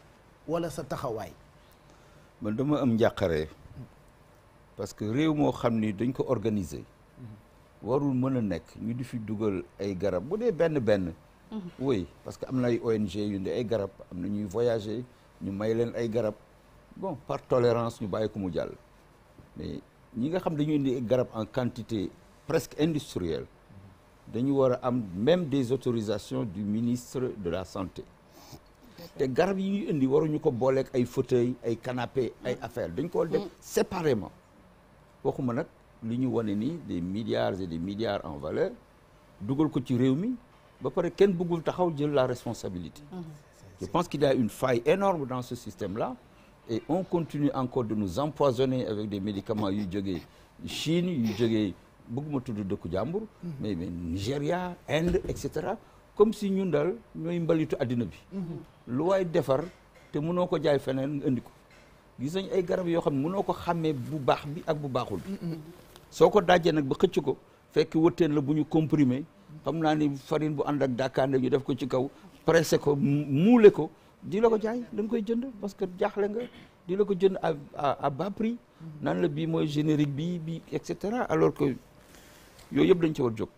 walla sa taxawaay. man dama am njàqare parce que réew moo xam ni dañ ko organiser. Mhm. warul mën a nekk ñu di fi dugal ay garab bu dee benn benn. Mm-hmm. oui parce que am na ay ONG yu ne ay garab am na ñuy voyager ñu may leen ay garab bon par tolérance ñu bàyyi ko mu jàll mais ñi nga xam dañu indi garab en quantité presque industrielle dañu war a am même des autorisations du ministre de la santé te garab yi indi waruñu ko booleeg ay fauteuil ay canapé mm. ay affaire dañ ko def mm. séparément waxuma nag li ñu wane nii des milliards et des milliards en valeur dugal ko ci réew mi ba pare kenn bëggul taxaw jël la responsabilité mhm. je pense qu'il y a une faille énorme dans ce système la et on continue encore de nous empoisonner avec des médicaments yu jógee Chine yu jógee bëgguma tudd dëkku jàmbur mhm. mais mais Nigéria Inde et cetera comme si ñun daal ñooy mbalitu addina bi mhm. lu waaye defar te mënoo ko jaay feneen nga indi ko gis nañ ay garab yoo xam ne mënoo ko xàmmee bu baax bi ak bu baaxul bi soo ko dajee nag ba xëcc ko fekk wëtteen la bu ñu comprimé xam naa ni farine bu ànd ak dàkkaande ñu def ko ci kaw pressé ko muule ko di la ko jaay da koy jënd parce que jaaxle nga di la ko jënd à à bas la bii mooy générique bi bii et cetera alors que yooyu yëpp dañ ci war jóg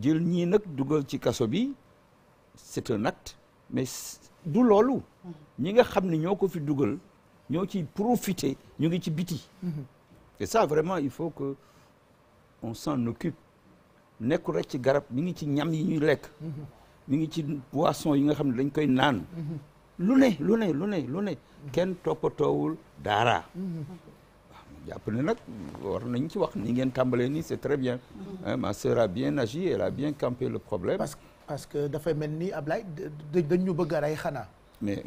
jël ñii nag dugal ci kaso bi c'est un acte mais du loolu ñi nga xam ni ñoo ko fi dugal ñoo ci profité ñu ngi ci biti mhm. et ça vraiment il faut que on s'en occupe nekkul rek ci garab mi ngi ci ñam yi ñuy lekk mi ngi ci poisson yi nga xam ne dañ koy naan lu ne lu ne lu ne lu ne kenn toppatoowul daara jàpp ne nag war nañ ci wax ni ngeen tàmbalee ni c'est très bien ma sœur a bien agi elle bien campé le problème parce que dafay mel ni Ablaye dañ ñu bëgg a rey xanaa mais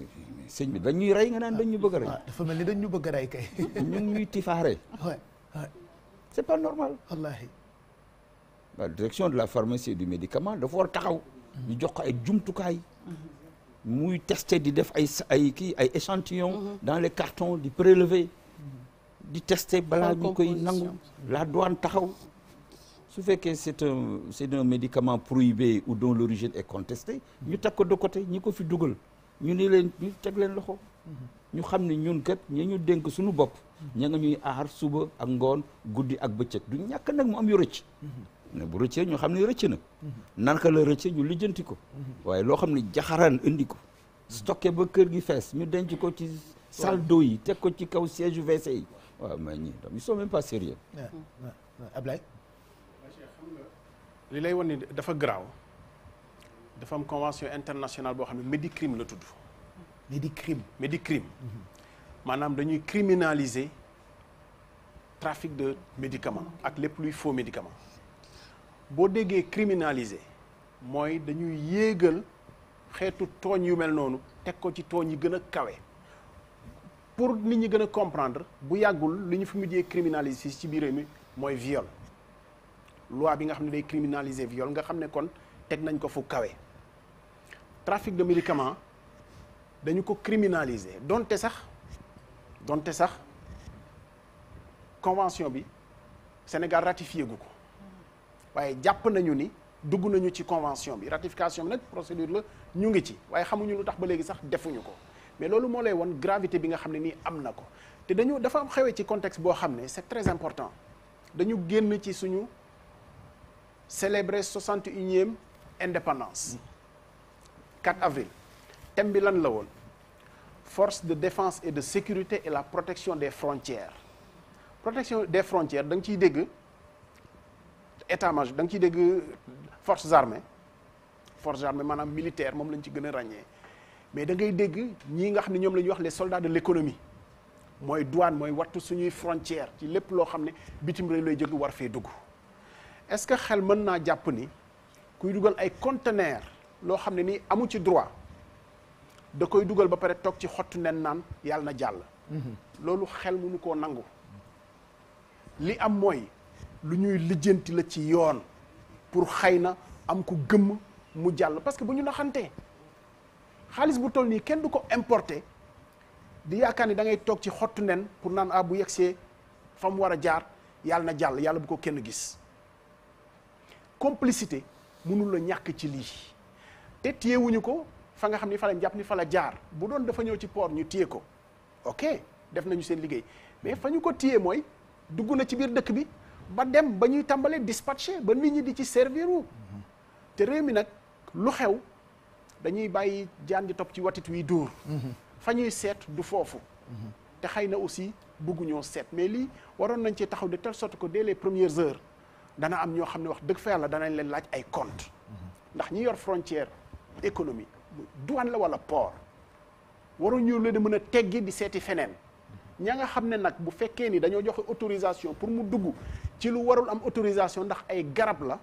sëñ bi dañuy rey nga naan dañ ñu bëgg ah, dafa mel ni dañ bëgg a rey kay ñu ngi ñuy tifaare c'est pas normal wallahi la direction de la pharmacie et du médicament dafa war taxaw ñu jox ko ay jumtukaay muy tester di def ay ay kii ay échantillons mhm. dans les cartons di prélever mhm. di tester balaa ñu koy nangu la douane taxaw su fekkee c'est un c'est un médicament prohibé ou dont l'origine est contesté ñu teg ko de côté ñi ko fi dugal ñu ni leen ñu teg leen loxo ñu xam ne ñun kat ña ñu dénk suñu bopp ña nga ñuy aar suba ak ngoon guddi ak bëccëg du ñàkk nag mu am yore ci ne bu rëccee ñu xam ne rëcc na nanka la rëcce ñu lijjanti ko waaye loo xam ne jaxaraan indi ko stocké ba kër gi fees ñu denc ko ci saldo yi teg ko ci kaw siège WC yi waaw mais ñii tam ils sont même pas sérieux li lay won ni dafa garaaw dafa am convention internationale boo xam ne Médicrime la tudd Médicrime Médicrime mhm. maanaam dañuy criminalise trafic de médicament ak lépp luy faux médicament boo déggee criminaliser mooy dañuy yéegal xeetu tooñ yu mel noonu teg ko ci tooñ yi gën a kawe pour nit ñi gën a comprendre bu yàggul li ñu fi mujjee criminaliser ci biir mi mooy viol loi bi nga xam ne day criminaliser viol nga xam ne kon teg nañ ko fu kawe trafic de médicaments dañu ko criminaliser donte sax donte sax convention bi Sénégal ratifié gu ko waaye jàpp nañu ni dugg nañu ci convention bi ratification bi nag procédure la ñu ngi ci waaye xamuñu lu tax ba léegi sax defuñu ko mais loolu moo lay won gravité bi nga xam ne nii am na ko te dañu dafa am xewee ci contexte boo xam ne c'est très important dañu génn ci suñu célébrer soixante et unième indépendance 4 avril thème bi lan la woon force de défense et de sécurité et la protection des frontières protection des frontières da nga ciy dégg état major da nga ciy dégg forces armées forces armées maanaam militaire moom lañ ci gën a ràññee mais da ngay dégg ñii nga xam ne ñoom la ñuy wax les soldats de l'économie mooy douane mooy watt suñuy frontière ci lépp loo xam ne bitim réew lay jóg war fee dugg est-ce que xel mën naa jàpp ni kuy dugal ay conteneur loo xam ne nii amu ci droit da koy dugal ba pare toog ci xottu nen naan yàlla na jàll mhm. loolu xel mënu koo nangu li am mooy lu ñuy lijjanti la ci yoon pour xëy na am ku gëmm mu jàll parce que bu ñu naxantee xaalis bu toll nii kenn du ko importer di yaakaar ni da ngay toog ci xottu nen pour naan ah bu yegsee fa mu war a jaar yàlla na jàll yàlla bu ko kenn gis complicité mënul ñàkk ci lii te téyewuñu ko fa nga xam ni fa la jàpp ni fa la jaar bu doon dafa ñëw ci port ñu téye ko ok def nañu seen liggéey mais fa ñu ko téye mooy dugg na ci biir dëkk bi ba dem ba ñuy tàmbalee dispatché ba nit ñi di ci servir wu te réew mi nag lu xew dañuy bàyyi jaan di topp ci watit wi dóor fa ñuy seet du foofu te xëy na aussi bëgguñoo seet mais lii waroon nañ ci taxaw de telle sorte que dès les premières heures dana am ñoo xam ne wax dëgg fa yàlla danañ leen laaj ay compte ndax ñi yor frontière économie douane la wala waroon waruñu leen da mën a teggi di seeti feneen ña nga xam ne nag bu fekkee ni dañoo joxe autorisation pour mu dugg ci lu warul am autorisation ndax ay garab la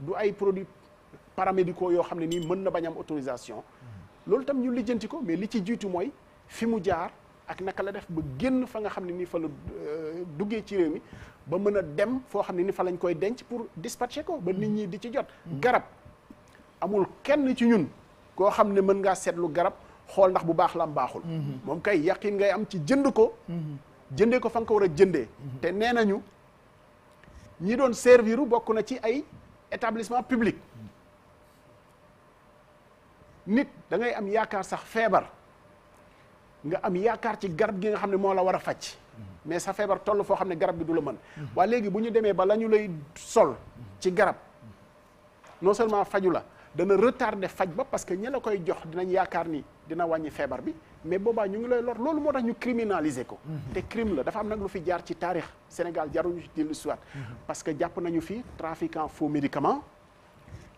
du ay produits paramédicaux yoo xam ne nii mën na bañ am autorisation loolu tam ñu lijjanti ko mais li ci jiitu mooy fi mu jaar ak naka la def ba génn fa nga xam ne nii fa la euh, duggee ci réew mi ba mën a dem foo xam ne ni fa lañ koy denc pour dispatcher ko ba nit ñi di ci jot. garab amul kenn ci ñun koo xam ne mën ngaa seetlu garab xool ndax bu baax la am baaxul. Mm-hmm. moom kay yaqin ngay am ci jënd ko. Mm-hmm. jëndee ko fa nga ko war a jëndee. Mm-hmm. te nee nañu. ñi doon serviru bokk na ci ay établissement public nit da ngay am yaakaar sax feebar nga am yaakaar ci garab gi nga xam ne moo la war a faj mais sa feebar toll foo xam ne garab bi du la man waa léegi bu ñu demee ba la ñu lay sol ci garab non seulement faju la dana retardé faj ba parce que ña la koy jox dinañ yaakaar ni dina wàññi feebar bi mais boobaa ñu ngi lay lor loolu moo tax ñu criminaliser ko. te crime la dafa am nag lu fi jaar ci taarix Sénégal jaruñu ci dellu siwaat parce que jàpp nañu fi trafiquant faux médicament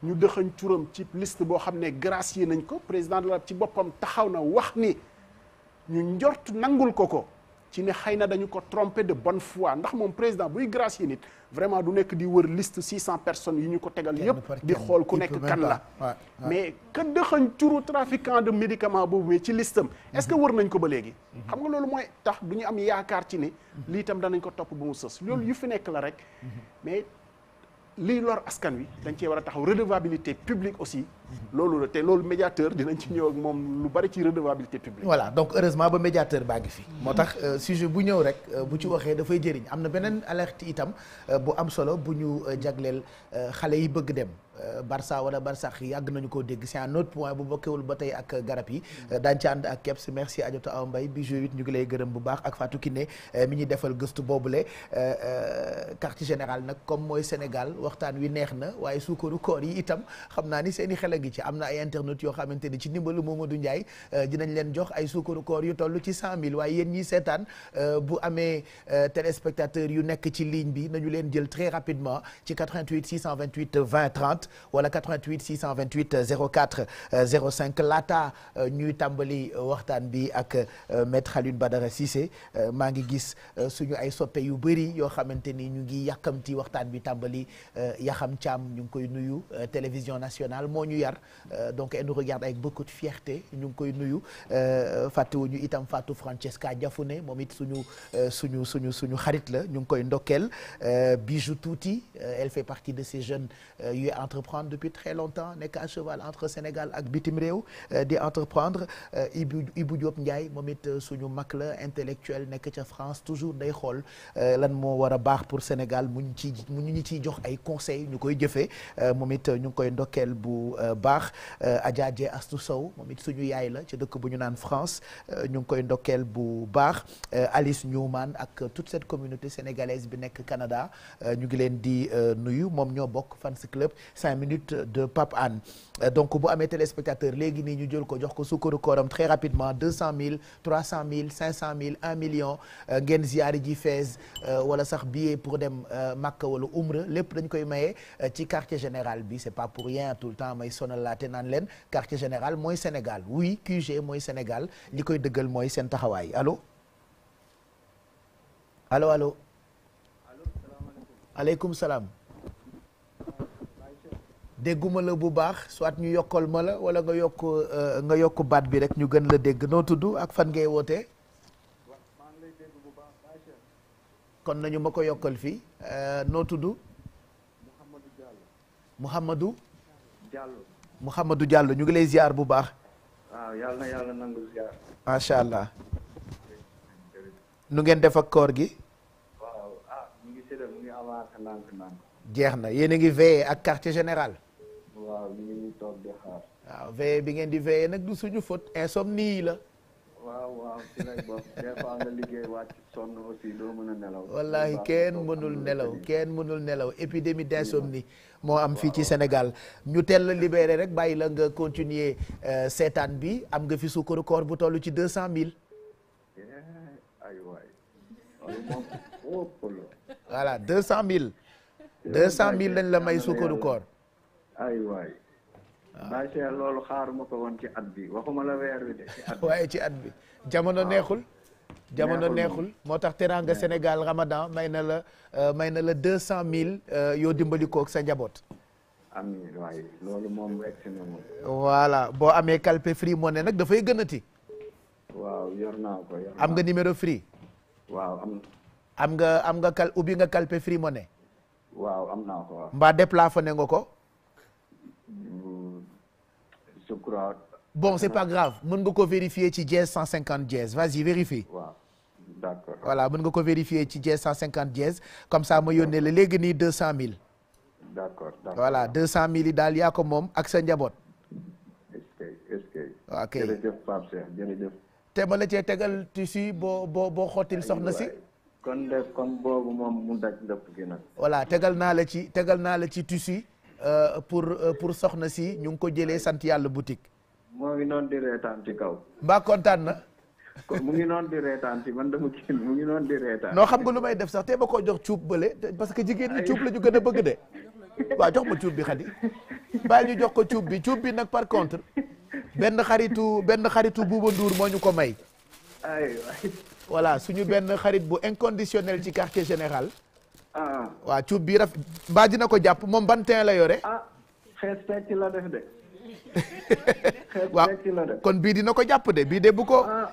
ñu dëxañ turam ci liste boo xam ne gracier nañ ko président de la ci boppam taxaw na wax ni ñu njort nangul ko ko ci ne xëy na dañu ko tromper de bonne foi ndax moom président buy gracier nit. vraiment du nekk di wër liste 600 personnes yi ñu ko tegal yëpp di xool ku nekk kan la mais que dëxañ turu trafiquant de médicament boobu mais ci listam est-ce que mhm. wër nañ ko ba léegi mhm. xam nga loolu mooy tax du ñu am yaakaar ci ne mhm. lii itam danañ ko topp ba mu sës loolu yu fi nekk la rek mais lii lor askan wi dañ cee war a taxaw redevabilité publique aussi loolu la te loolu médiateur dinañ ci ñëw ak moom lu bari ci redevabilité publique. voilà donc heureusement ba médiateur baa ngi fi. moo tax euh, sujet bu ñëw rek euh, bu ci waxee dafay jëriñ am na beneen alerte itam euh, bu am solo bu ñu jagleel xale yi bëgg dem. Euh, Barça wala Barsax yàgg nañu koo dégg si un autre point bu bokkewul ba tey ak garab yi euh, daañu ci ànd ak Kebs merci Adjatou Awa Mbaye bi ju ñu ngi lay gërëm bu baax ak Fatou Kiné euh, mi ñuy defal gëstu boobule quartier général nag comme mooy Sénégal waxtaan wi neex na waaye suukaru koor yi itam xam naa ni seen i xel a ngi ci am na ay internet yoo xamante ni ci ndimbalu Momadou Ndiaye dinañ leen jox ay suukaru koor yu toll ci cent mille waaye yéen ñiy seetaan bu amee téléspectateur yu nekk ci ligne bi nañu leen jël très rapidement ci 88 628 20 30 60 wala 88 628 04 05 laata euh, ñuy tàmbali euh, waxtaan bi ak euh, maître Alioune Badara Cissé maa ngi gis suñu ay soppe yu bëri yoo xamante ni ñu ngi yàkkamti waxtaan bi tàmbali Yaxam caam ñu ngi koy nuyu télévision nationale moo ñu yar donc elle nous regarde avec beaucoup de fierté ñu ngi koy nuyu fàttewuñu itam Fatou Francesca Diafouné moom it suñu suñu suñu suñu xarit la ñu ngi koy ndokkeel Bijou Tuuti elle fait partie de ces jeunes entreprendre depuis très longtemps nekk à cheval entre Sénégal ak bitim réew euh, di entreprendre euh, Ibou Ibou Diop Ndiaye moom it euh, suñu mag la intellectuel nekk ca France toujours day xool lan moo war a baax pour Sénégal mu ñu ciy mu ñu ciy jox ay conseil ñu koy jëfee moom it ñu ngi koy ndokkeel bu baax Adja Dieng Astou Sow moom it suñu yaay la ci dëkk bu ñu naan France ñu ngi koy ndokkeel bu baax Alice Newman ak toute cette communauté sénégalaise bi nekk Canada ñu ngi leen di nuyu moom ñoo bokk fans club cinq minutes de Pape Anne euh, donc bu amee téléspectateur léegi nii ñu jël ko jox ko sukkaru kooram très rapidement deux cent mille trois cent mille cent mille un million euh, ngeen ziyaari ji fees euh, wala sax billet pour dem Makka wala Umra lépp dañ koy maye ci quartier général bi c'est pas pour rien tout le temps may sonal laate naan leen quartier général mooy Sénégal oui QG mooy Sénégal li koy dëggal mooy seen taxawaay allo allo allo. allo salaam. dégguma la bu baax soit ñu yokkal ma la wala nga yokk euh, nga yokk baat bi rek ñu gën la dégg noo tudd ak fan ngay wootee kon nañu ma ko yokkal fii euh, noo tuddu Mouhamadou Diallo Mouhamadou Diallo ñu ngi lay ziar bu baax waaw yàlla yàlla nangu allah nu ngeen def ak koor gi waaw ah, jeex na yéen a ngi veillé ak quartier général waaw ñu bi ngeen di veillé nag du suñu faute insomnie la. waaw waaw ci lay kenn mënul nelaw kenn mënul nelaw épidémie d'insomnie moo am fii ci senegal ñu teel la libéré rek bàyyi la nga continuer euh, seetaan bi am nga fi sukkaru koor bu toll ci deux cent mille. Eh, ay waay deux cent mille. deux cent mille lañ la may sukkaru koor. ay waay ah. loolu xaaruma ko woon ci at bi waxuma la weer wi de ci at waaye ci at bi jamono ah. neexul jamono neexul moo tax teraanga Sénégal Ramadan may na la euh, may na la deux cent mille euh, yoo dimbali kook sa njaboot amiin boo amee calpe free moo ne nag dafay gënati waaw yor naa ko am nga numéro free waaw am am nga am nga kal ubbi nga calpe free moo ne mbaa déplafonné nga ko bon c'est pas grave mën nga ko vérifier ci dièse cent cinquante vas-y vérifie. waaw d'accord voilà mën nga ko vérifier ci cent cinquante dièse comme ça ma yónnee la léegi nii 200000. d'accord d'accord voilà 200000 yi daal yaa ko moom ak sa njaboot. ok jërëjëf ma la cee tegal tissu boo boo boo xottil soxna si. kon de kon tegal naa la ci tegal naa la ci tissu. Euh, pour euh, pour soxna si ñu ngi ko jëlee sant yàlla boutique. moo ngi noonu di reetaan ci kaw. mbaa kontaan na. kon mu ngi noonu di man dama kii mu ngi xam nga lu may def sax te ba koo jox cuub bële parce que jigéen ñi cuub la ñu gën a bëgg de. waaw jox ma cuub bi xadi bàyyi ñu jox ko cuub bi cuub bi nag par contre benn xaritu benn xaritu buuba nduur moo ñu ko may. aywa voilà suñu benn xarit bu inconditionnel ci quartier général. Ah. waaw cuub bii raf mbaa dina ko jàpp moom ban teen la yore. ah xees kon bii dina ko jàpp de bii de bu ko. Ah.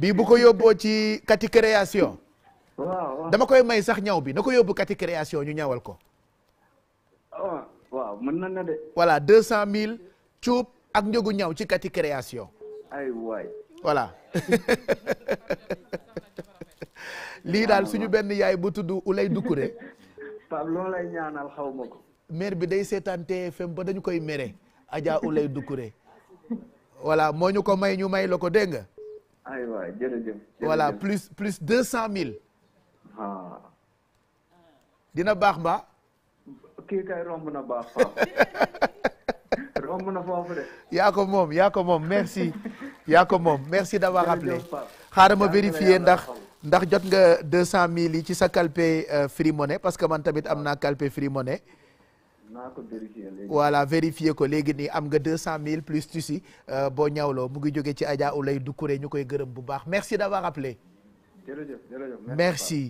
bii bu ko yóbboo ci kati création. waaw dama koy may sax ñaw bi na ko yóbbu kati création ñu ñawal ko. waaw oh, waaw mën na na de. voilà deux cent mille cuub ak njëgu ñaw ci kati création. ay lii daal suñu benn yaay bu tudd Ulay Dukure. Pape loolu lay ñaanal xaw ko. maire bi day seetaan TFM ba dañu koy mere Adja Ulay Dukure. voilà moo ñu ko may ñu may la ko dégg nga. aywa plus plus deux cent mille. dina baax mbaa. kii romb na foofu de. yaa ko moom yaa ko moom merci yaa ko moom merci d'avoir rappelé xaaral ma vérifier ndax ndax jot nga deux cent mille yi ci sa calpe euh, free money parce que man tamit am na calpe free money. naa ko vérifier ko léegi nii am nga deux cent mille plus tuuti euh, boo ñawlo mu ngi jóge ci Adja Oulay Doucouré ñu koy gërëm bu baax merci d'avoir rappelé. jërëjëf jërëjëf merci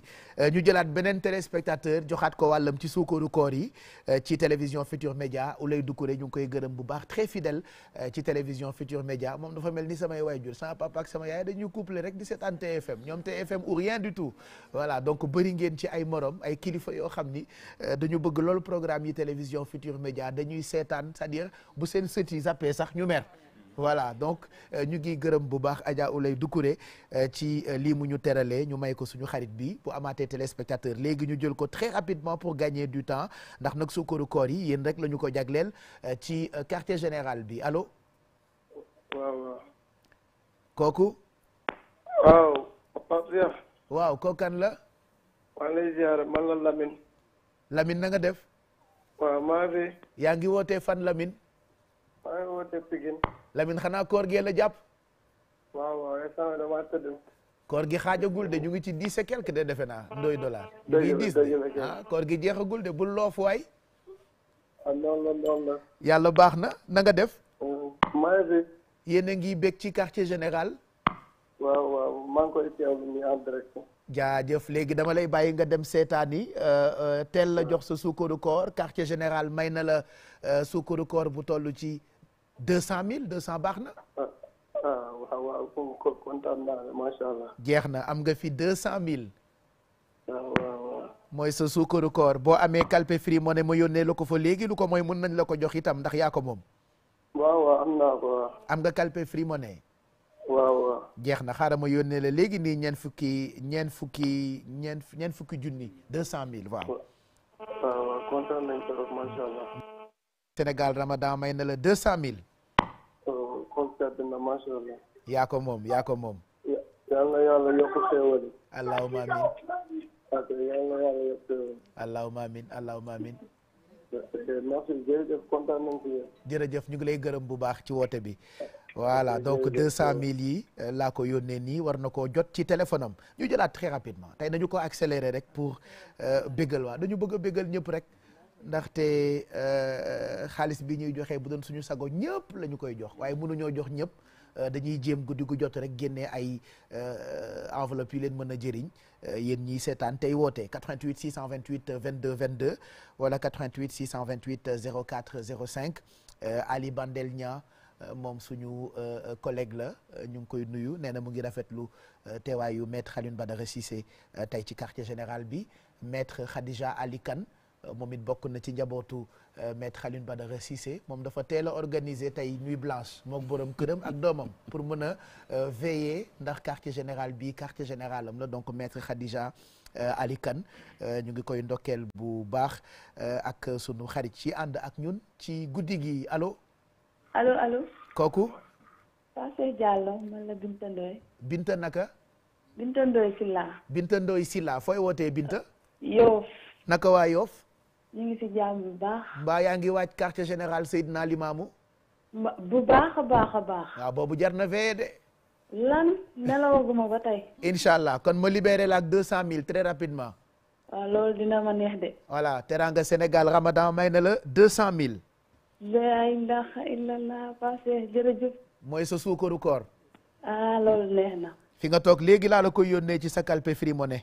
euh, ñu jëlaat beneen téléspectateur joxaat ko wàllam ci suukaru koor yi euh, ci télévision Futur Média Oulay Doucouré ñu ngi koy gërëm bu baax très fidèle euh, ci télévision Futur Média moom dafa mel ni samay waajur sama papa ak sama yaay dañuy couplé rek di seetaan TFM ñoom TFM ou rien du tout voilà donc bëri ngeen ci ay morom ay kilifa yoo xam ni dañu bëgg loolu programme yi télévision Futur Média dañuy seetaan cest dire bu seen sët yi zappé sax ñu mer. voilà donc euh, ñu ngi gërëm bu baax Adja Oulay Doucouré euh, ci euh, lii mu ñu terale ñu may ko suñu xarit bi bu amaatee téléspectateur léegi ñu jël ko très rapidement pour gagner du temps ndax nag sukkaru koor yi yéen rek la ñu ko jagleel ci quartier général bi alo kooku. waaw. waaw la. maa ngi man la Lamine. Lamine na def. waaw maa ngi. yaa ngi wootee fan lamin maa xanaa koor gee la jàpp. waaw waaw instant bi gi xaajagul de ñu ngi ci dix et de defe naa doy dollar. doy dix ah koor gi jeexagul de bul loof waay. Ah, yàlla baax na nanga def. Oh, maa ngi fi. yéen a ngi bég ci quartier général. waaw jaajëf léegi dama lay bàyyi nga dem seetaani euh, euh, teel la jox sa sukkaru koor quartier général may na la euh, sukkaru koor bu toll ci. deux cent mille deux cent baax na. Ah, ah, jeex na am nga fi deux cent mille. Ah, waaw mooy sa suukaru koor boo amee calpe free moo ne ma yónnee la ko fa léegi lu ko mooy mun nañ la ko jox itam ndax yaa ko moom. waaw waaw am naa ko waaw. am nga calpe free moo ne. waaw waaw. jeex na xaaral ma yónnee la léegi nii ñeent fukki ñeent fukki ñeent ñeent fukki junni deux cent mille waaw. waaw waaw kontaan nañ trop macha allah. Sénégal Ramadan may na la deux cent mille. yaako oh, na macha moom yaa ko moom. yal na yàlla yokk xéewal yi. allahumma amin. ok yal jërëjëf ñu ngi lay gërëm bu baax ci woote bi. voilà donc deux cent mille yi euh, laa ko yónnee nii war na koo jot ci téléphone am ñu jëlaat très rapidement tey dañu ko accéléré rek pour euh, bégal waa dañu bëgg a bégal ñëpp rek. ndaxte euh, xaalis bi ñuy joxe bu doon suñu sago ñëpp la ñu koy jox waaye mënuñoo jox ñëpp euh, dañuy jéem guddi gu jot rek génne ay euh, enveloppe yi leen mën a jëriñ yéen ñiy seetaan tey woote 88 628 22 22 wala 88 628 04 05 Ali Bandel Nia moom suñu collègue la ñu ngi koy nuyu nee na mu ngi rafetlu teewaayu maître Alioune Badara Cissé tey ci quartier général bi maître Khadija Ali Kane moom it bokk na ci njabootu euh, maître Alioune Badara Cissé moom dafa teel a organiser tey nuit blanche moom borom këram ak doomam pour mën a euh, veiller ndax quartier général bi quartier général am la donc maître Khadija euh, Ali ñu ngi koy ndokkeel bu baax ak sunu xarit ci ànd ak ñun ci guddi gi allo. allo allo. kooku. Passé Diallo man la Binta Ndoye. naka. Binta Ndoye Silla. Binta fooy wootee Binta. Yoff. naka waa Yoff. ñu ngi si jàmm bu baax. mbaa yaa ngi waaj quartier général Seydina Limamou. bu baax a baax a baax. waaw boobu jar na fee de. lan nelawaguma ba tey. incha allah kon ma libéré la ak deux cent mille très rapidement. waaw loolu dina ma neex de. voilà teranga Sénégal Ramadan may na la deux cent mille. la ilaha illallah passé jërëjëf. mooy sa suukaru koor. ah loolu neex na. fi nga toog léegi laa la koy yónnee ci sa calpe free money.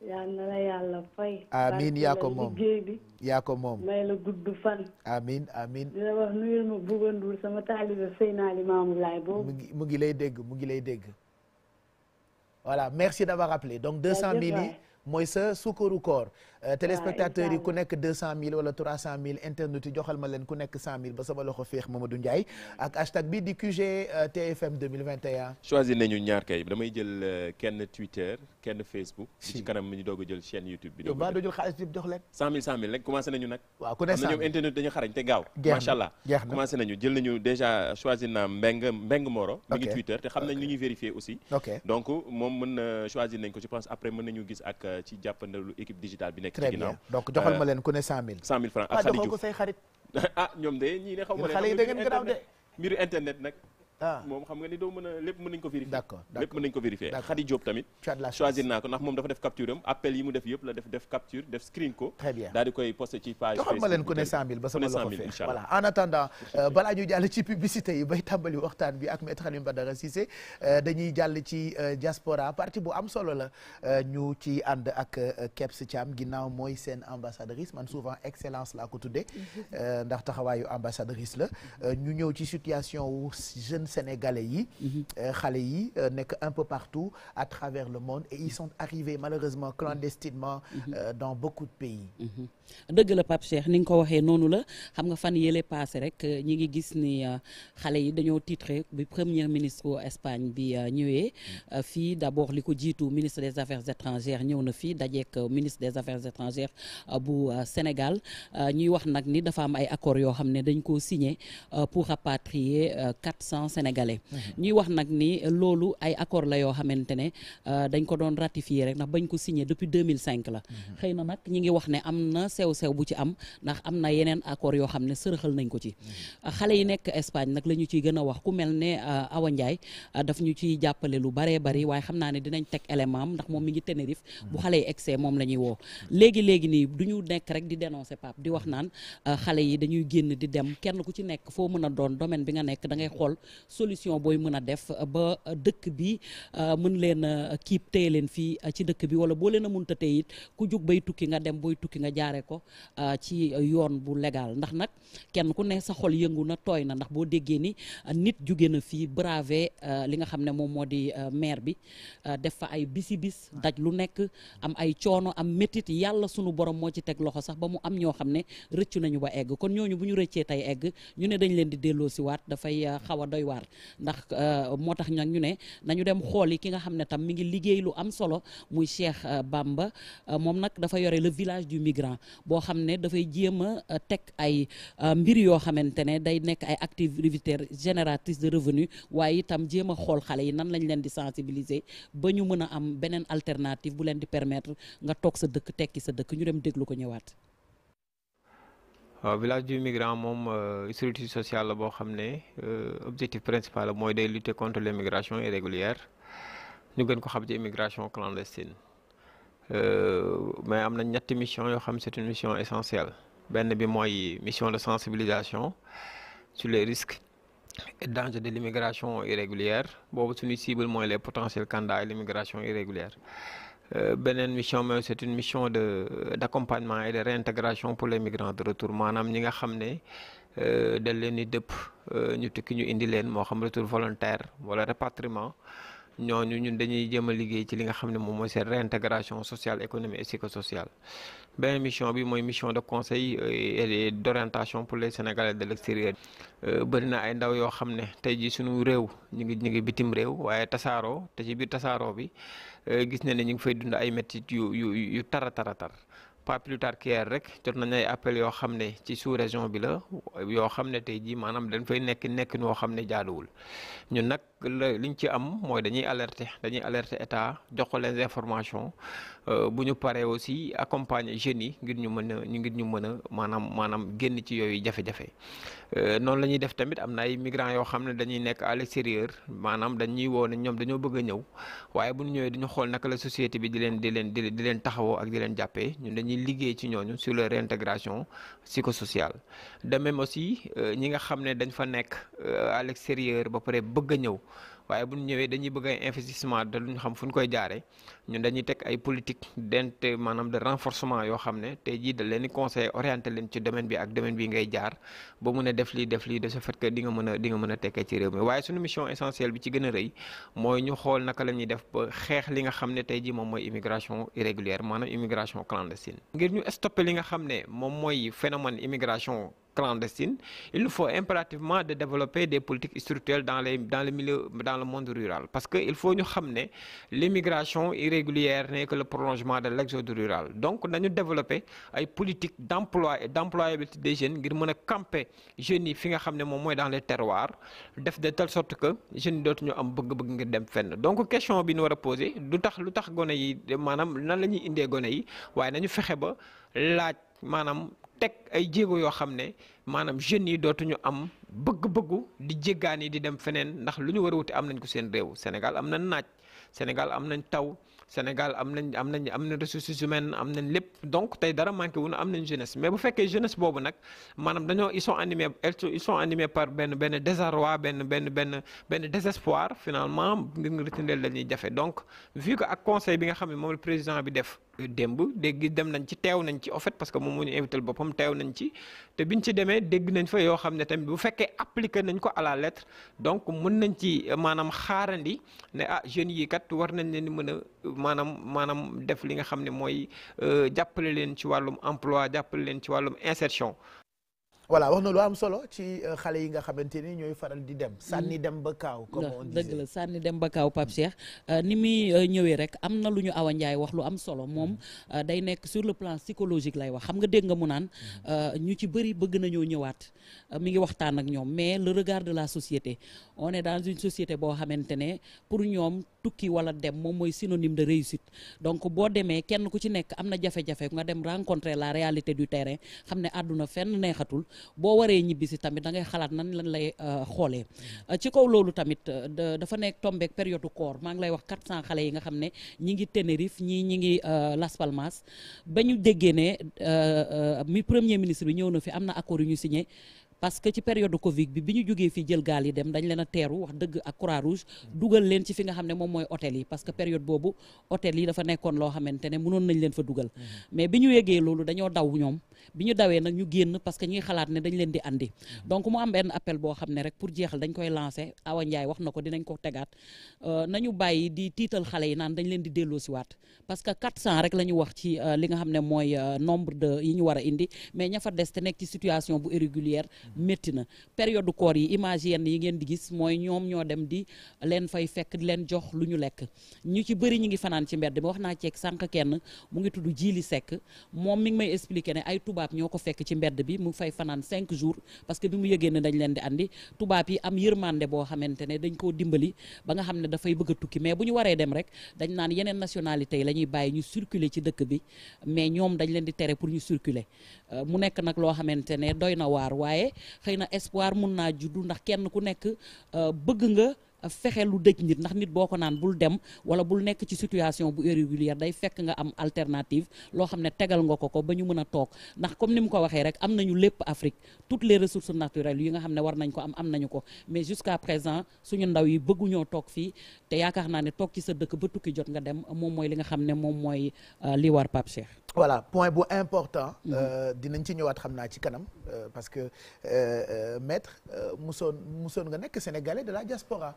yal na la fay. amiin yaa ko moom bi. yaa ko moom may la gudd fan. amiin amiin dina wax nuyul ma Bouba Ndour sama taalibe Seydina Limamou Laye boobu. mu ngi mu lay dégg mu ngi lay dégg. voilà merci d'avoir appelé donc 200000 yi mooy sa sukkaru Euh, téléspectateurs yi ku nekk 200000 wala 300000 internet yi joxal ma leen ku nekk 100000 ba sama loxo féex Mamadou Ndiaye ak hashtag bi di QG euh, TFM choisir nañu ñaar kay damay jël euh, kenn Twitter kenn Facebook. ci kanam mi ñu doog a jël chaîne YouTube bi. ba doo jël xaalis bi jox leen. 100000 100000 rek nañu nag. waaw ku ne internet dañu xarañ te gaaw. macha allah commencé nañu jël nañu déjà choisir naa Mbeng Mbeng Moro. mi ngi Twitter te xam nañ lu ñuy aussi. donc moom mën na choisir nañ ko je pense nañu gis nekk ci donc joxal ma leen cent mille euh, cent mille francs ah, ak xarit ah ñoom de ñii ne xaw ma leen xale yi da ngeen garaaw de mbiru internet Ah. moom xam nga ni doo mën a lépp mën nañ ko vérifier d'accord lépp mën nañ ko vérifier Khady Diop tamit choisir naa ko ndax moom dafa def capture am appel yi mu def yëpp la def capture def screen ko très bien daal di koy posté ci page joxal ma leen euh, euh, dañuy jàll ci euh, diaspora parti bu am solo la ñu ci ànd ak Kebs Thiam ginnaaw mooy seen ambassadrice man souvent excellence laa ko tuddee mm-hmm. ndax taxawaayu ambassadrice la ñu ñëw ci situation wu jeune sénégalais yi. Euh, xale yi euh, nekk un peu partout à travers le monde et ils sont arrivés malheureusement clandestinement. Mhm. Euh, dans beaucoup de pays. Mhm. dëgg la Pape Cheikh ni ko waxee noonu la xam nga fan yële paase rek ñi ngi gis ni xale yi dañoo titré bi premier ministre Espagne bi ñëwee mm. fii d'abord li ko jiitu ministre des affaires étrangères ñëw na fii dajeek ministre des affaires étrangères bu Sénégal ñuy wax nag ni dafa am ay accords yoo xam ne dañ koo signé pour rapatrier sénégalais mhm. ñuy wax nag ni loolu ay accord la yoo xamante ne euh, dañ ko doon ratifier rek ndax bañ ko signé depuis 2005 la mhm. na nag ñi ngi wax ne am na sew-sew bu ci am ndax am na yeneen accord yoo xam ne sërëxal nañ ko ci mhm. euh, xale yi nekk Espagne nag la ñu ciy gën a wax ku mel ne euh, Awa Ndiaye daf ñu ciy jàppale lu baree bari waaye xam naa ne dinañ teg élément am ndax moom mi ngi Tenerife bu xale yi excès moom la ñuy woo léegi léegi nii du ñu nekk rek di dénoncer Pape di wax naan xale yi dañuy génn di dem kenn ku ci nekk foo mën a doon domaine bi nga nekk da ngay xool solution booy mën a def ba dëkk bi euh, mën leen a kiib téye leen fii euh, ci dëkk bi wala boo leen a munta téye it ku jug bay tukki nga dem booy tukki nga jaare ko euh, ci yoon bu légal ndax nag kenn ku ne sa xol yëngu na tooy na ndax boo déggee ni nit jóge na fii bravé li nga xam ne moom moo di maire bi def fa ay bisi bis daj lu nekk am ay coono am métit yàlla sunu borom moo ci teg loxo sax ba mu am ñoo xam ne rëccu nañu ba egg kon ñooñu bu ñu rëccee tey egg ñu ne dañ leen di delloo si dafay xaw a doy waar waar ndax euh, moo tax nag ñu ne nañu dem xool yi ki nga xam ne tam mi ngi liggéey lu am solo muy Cheikh euh, Bamba euh, moom nag dafa yore le village du migrant boo xam ne dafay jéem a teg ay mbir yoo xamante ne day nekk ay activité génératrice de revenu waaye itam jéem a xool xale yi nan lañ leen di sensibiliser ba ñu mën a am beneen alternative bu leen di permettre nga toog sa dëkk tekki sa dëkk ñu dem déglu ko ñëwaat waaw euh, village du migrant moom euh, structure sociale la boo xam ne euh, objectif principal la mooy day lutter contre l'immigration irrégulière ñu gën ko xam ci immigration clandestine mais am na ñetti mission yoo xam c'est une mission essentielle benn bi mooy mission de sensibilisation sur les risques et dangers de l'immigration irrégulière boobu suñuy cible mooy les potentiels candidats à l'immigration irrégulière Euh, beneen mission mooy c'est une mission de d'accompagnement et de réintégration pour les migrants de retour maanaam ñi nga xam ne euh, dal leen di dëpp euh, ñu tukki ñu indi leen moo xam retour volontaire wala rapatriement ñooñu ñun dañuy jéem a liggéey ci li nga xam ne moom mooy seen réintégration sociale économique et psychosociale. beneen mission bi mooy mission de conseil et d'orientation pour les Sénégalais de l'extérieur. bëri na ay ndaw yoo xam ne tey jii suñu réew ñu ngi ñu ngi bitim réew waaye tasaaroo te ci biir tasaaroo bi. Euh, gis ne ne ñu ngi fay dund ay méttit yu yu yu tara tara tar pas plus tard qu'hier rek jot nañ ay appel yoo xam ne ci sous région bi la yoo xam ne tey jii maanaam dañ fay nekk nekk nekkin woo xam ne jaaduwul ñun nag liñ ci am mooy dañuy alerter dañuy alerter état jox ko les informations Euh, bu ñu paree aussi accompagner jeunes yi ngir ñu mën a ñu ngir ñu mën a maanaam maanaam génn ci yooyu jafe-jafe euh, noonu la ñuy def tamit am na ay migrants yoo xam ne dañuy nekk à l'extérieur maanaam dañuy woo ne ñoom dañoo bëgg a ñëw waaye bu ñu ñëwee dañu xool naka la société bi di leen di leen di di leen taxawoo ak di leen jàppee ñu dañuy liggéey ci ñooñu sur leur réintégration psychosociale de même aussi euh, ñi nga xam ne dañ fa nekk à l'extérieur ba pare bëgg a ñëw waaye bu ñu ñëwee dañuy bëgg ay investissement te ñu xam fu ñu koy jaaree ñun dañuy teg ay politique dent maanaam de renforcement yoo xam ne tey jii da leen di conseiller orienté leen ci domaine bi ak domaine bi ngay jaar ba mun a def lii def lii de ce fait que di nga mën a di nga a tekkee ci réew mi waaye suñu mission essentielle bi ci gën a rëy mooy ñu xool naka la ñuy def ba xeex li nga xam ne tey jii moom mooy immigration irrégulière maanaam immigration clandestine ngir ñu stopper li nga xam ne moom mooy phénomène immigration clandestine il nous faut impérativement de développer des politiques structurelles dans le milieu dans le monde rural parce que il faut ñu xam ne l'immigration irrégulière n'est le prolongement de l'exode rural donc nañu développer ay politique d'emploi et d'employabilité des ngir mën a camper yi fi nga xam ne moom mooy dans les terroirs def de telle sorte que jeunes yi dootuñu am bëgg-bëgg ngir dem fenn donc question bi ñu war a poser du tax lu tax gone yi teg ay jéego yoo xam ne maanaam jeunes yi dootuñu am bëgg-bëggu di jéggaan yi di dem feneen ndax lu ñu war a wuti am nañ ko seen réew Sénégal am nañ naaj Sénégal am nañ taw Sénégal am nañ am nañ am nañ ressources humaines am nañ lépp donc tey dara manqué wu ñu am nañ jeunesse mais bu fekkee jeunesse boobu nag maanaam dañoo ils sont animés ils sont animés par benn benn désarroi benn benn benn benn désespoir finalement ngir nga retenir la jafe donc vu que ak conseil bi nga xam ne moom président bi def. démb dégg dem nañ ci teew nañ ci en parce que moom moo ñu invité boppam teew nañ ci te biñ ci demee dégg nañ fa yoo xam ne tamit bu fekkee appliqué nañ ko à la lettre donc mën nañ ci euh, maanaam xaarandi ne ah jeunes yi kat war nañ leen mën a maanaam maanaam def li nga xam ne mooy euh, jàppale leen ci wàllum emploi jàppale leen ci wàllum insertion voilà wax na lu am solo ci euh, xale yi nga xamante ni ñooy faral di dem. sànni mm. dem ba kaaw. comme dëgg la sànni dem ba kaaw Pape Cheikh euh, ni muy euh, ñëwee rek am na lu ñu Awa Ndiaye wax lu am solo moom mm. day nekk sur le plan psychologique lay wax xam nga dégg nga mu naan mm. ñu ci bëri bëgg nañoo ñëwaat mu ngi waxtaan ak ñoom mais le regard de la société one est dans une société boo xamante ne pour ñoom. tukki wala dem moom mooy synonyme de réussit donc boo demee kenn ku ci nekk am na jafe-jafe nga dem rencontrer la réalité du terrain xam ne àdduna fenn neexatul boo waree ñibbi si tamit da ngay xalaat nan lañ lay euh, xoolee mm-hmm. ci kaw loolu tamit euh, dafa nekk tombeek période koor maa ngi lay wax 400 xale yi nga xam ne ñi ngi Tenerife ñii ñi ngi euh, Las Palmas ba ñu déggee ne mi premier ministre bi ñëw na fi am na accord yu ñu signé parce que ci période Covid bi bi ñu jógee fii jël gaal yi dem dañ leen a teeru wax dëgg ak croix rouge mm-hmm. dugal leen ci fi nga xam ne moom mooy hôtel yi parce que période boobu hôtel yi dafa nekkoon loo xamante ne mënoon nañ leen fa dugal mm-hmm. mais bi ñu yégee loolu dañoo daw ñoom bi ñu dawee nag ñu génn parce que ñuy xalaat ne dañ leen di andi donc mu am benn appel boo xam ne rek pour jeexal dañ koy lancé Awa Ndiaye wax na ko dinañ ko tegaat euh, nañu bàyyi di tiital xale yi naan dañ leen di delloosiwaat parce que 400 rek la ñu wax ci euh, li nga xam ne mooy euh, nombre de yi ñu war a indi mais ña fa des te nekk ci situation bu irrégulière métti na période koor yi image yenn yi ngeen di gis mooy ñoom ñoo dem di leen fay fekk di leen jox lu ñu lekk ñu ci bëri ñu ngi fanaan ci mbedd mi wax naa ceeg sànq kenn mu ngi tudd Jili Seck moom tubaab ñoo ko fekk ci mbedd bi mu fay fanaan cinq jours parce que bi mu yëgee ne dañ leen di andi tubaab yi am yërmande boo xamante ne dañ koo dimbali ba nga xam ne dafay bëgg a tukki mais bu ñu waree dem rek dañ naan yeneen nationalité yi la bàyyi ñu circuler ci dëkk bi mais ñoom dañ leen di tere pour ñu circuler euh, mu nekk nag loo xamante ne doy na waar waaye xëy na espoir mun naa juddu ndax kenn ku nekk euh, bëgg nga fexe lu dëj nit ndax nit boo ko naan bul dem wala bul nekk ci situation bu irrégulière day fekk nga am alternative loo xam ne tegal nga ko ko ba ñu mën a toog ndax comme ni mu ko waxee rek am nañu lépp Afrique toutes les ressources naturelles yi nga xam ne war nañ ko am am nañu ko mais jusqu'à présent suñu ndaw yi bëgguñoo toog fii te yaakaar naa ne toog ci sa dëkk ba tukki jot nga dem moom mooy li nga xam ne moom mooy euh, li war Pape Cheikh. voilà point bu important. Mm-hmm. Euh, dinañ ci ñëwaat xam naa ci kanam. Euh, parce que euh, euh, maître musoon musoon nga nekk sénégalais de la diaspora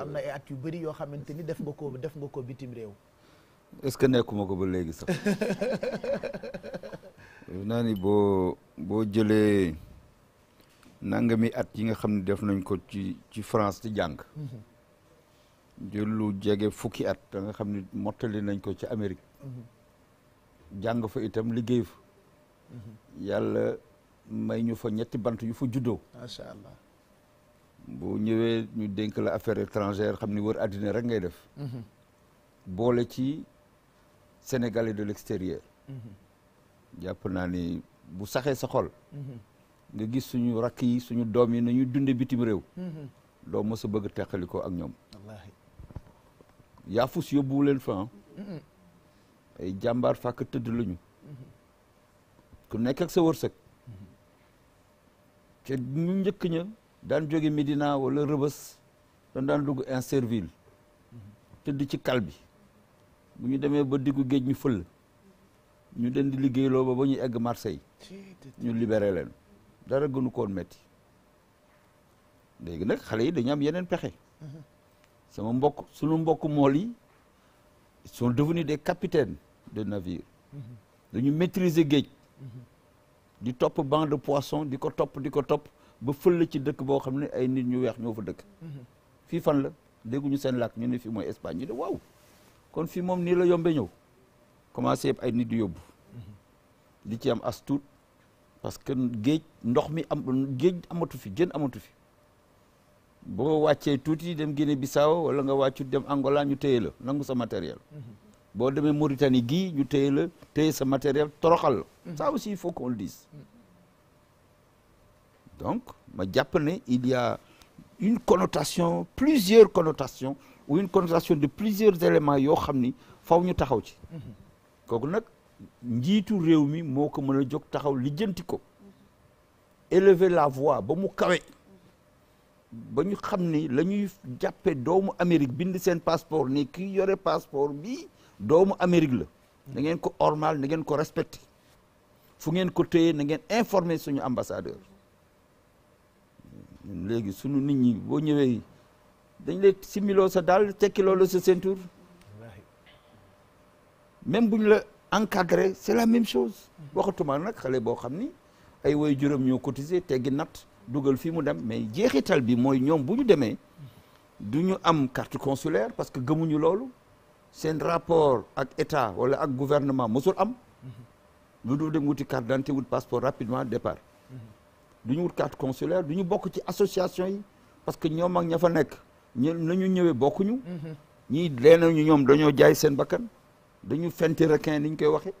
am na ay at yu bëri yoo xamante ni def nga ko def nga ko bitim réew. est-ce que nekkuma ko ba léegi sax. naa ni boo boo jëlee nangami at yi nga xam ne def nañ ko ci ci France di jàng. Mhm. jël jege fukki at da nga xam ne mottali nañ ko ci Amérique. Mhm. jàng fa itam liggéey fa. Mhm. yàlla may ñu fa ñetti bant yu fa juddoo. macha allah. ñëwee ñu dénk la affaire étrangère xam ni wër àddina rek ngay def. Mhm. boole ci sénégalais de l'extérieur. Mhm. jàpp naa ni bu saxee sa xol. Mhm. nga gis suñu rakk yi su suñu doom yi nañuy dunde bitim réew. doo mos a bëgg a teqalikoo ak ñoom. wallaahi yaafus yóbbuwu leen fa ah. ay jàmbaar fàkk tëdd lañu. ku nekk sa wërsëg. te ñu njëkk ña daan jóge Médina wala Rëbës dañ daan dugg inserville tëdd ci kal bi bu ñu demee ba diggu géej ñu fël ñu den di liggéeyloo ba ba ñu egg Marseille ñu libéré leen dara gënu koon metti léegi nag xale yi dañu am yeneen pexe sama mbokk sunu mbokk mool yi sont devenus des capitaines de navire mhm. dañu maîtriser géej mhm. di topp banc de poisson di ko topp di ko topp ba fël ci dëkk boo xam ne ay nit ñu weex ñoo fa dëkk. Mm-hmm. fii fan la dégguñu seen làkk ñu ne fii mooy Espagne ñu ne waaw kon fii moom nii la yombe ñëw commencé yëpp ay nit di yóbbu. Mm-hmm. di ci am as tuut parce que géej ndox mi am géej amatu fi jën amatu fi boo wàccee tuuti dem Guinée Bissau wala nga wàccu dem Angola ñu téye la nangu sa matériel. Mm-hmm. boo demee Mauritanie gii ñu téye la téye sa matériel toroxal la mm-hmm. ça aussi il faut qu'on le dise donc ma jàpp ne il y une connotation plusieurs connotations ou une connotation de plusieurs éléments yoo xam ni faw ñu taxaw ci mm-hmm. kooku nag njiitu réew mi moo ko mën a jog taxaw lijjanti ko élever la voix ba mu kawe ba ñu xam ni la ñuy jàppee doomu Amérique bind seen passeport ni kii yore passeport bi doomu Amérique la na ngeen ko ormal na ngeen ko respecté fu ngeen ko téye na ngeen informé suñu ambassadeur léegi suñu nit ñi boo ñëwee dañ lay similo sa daal tekki loolu sa ceinture même bu ñu la encadré c'est la même chose waxatuma nag xale boo xam ni ay woy juróom ñoo cotisé teggi nat dugal fii mu dem mais jeexital bi mooy ñoom bu ñu demee du ñu am carte consulaire parce que gëmuñu loolu seen rapport ak état wala ak gouvernement mosul am lu dul dem wuti carte d'identité wut passeport rapidement départ du ñu wut carte consulaire du ñu bokk ci association yi parce que ñoom ak ña fa nekk ñu nañu ñëwee bokkuñu ñi ñii ñu ñoom dañoo jaay seen bakkan dañu fenti requin niñ ñu koy waxee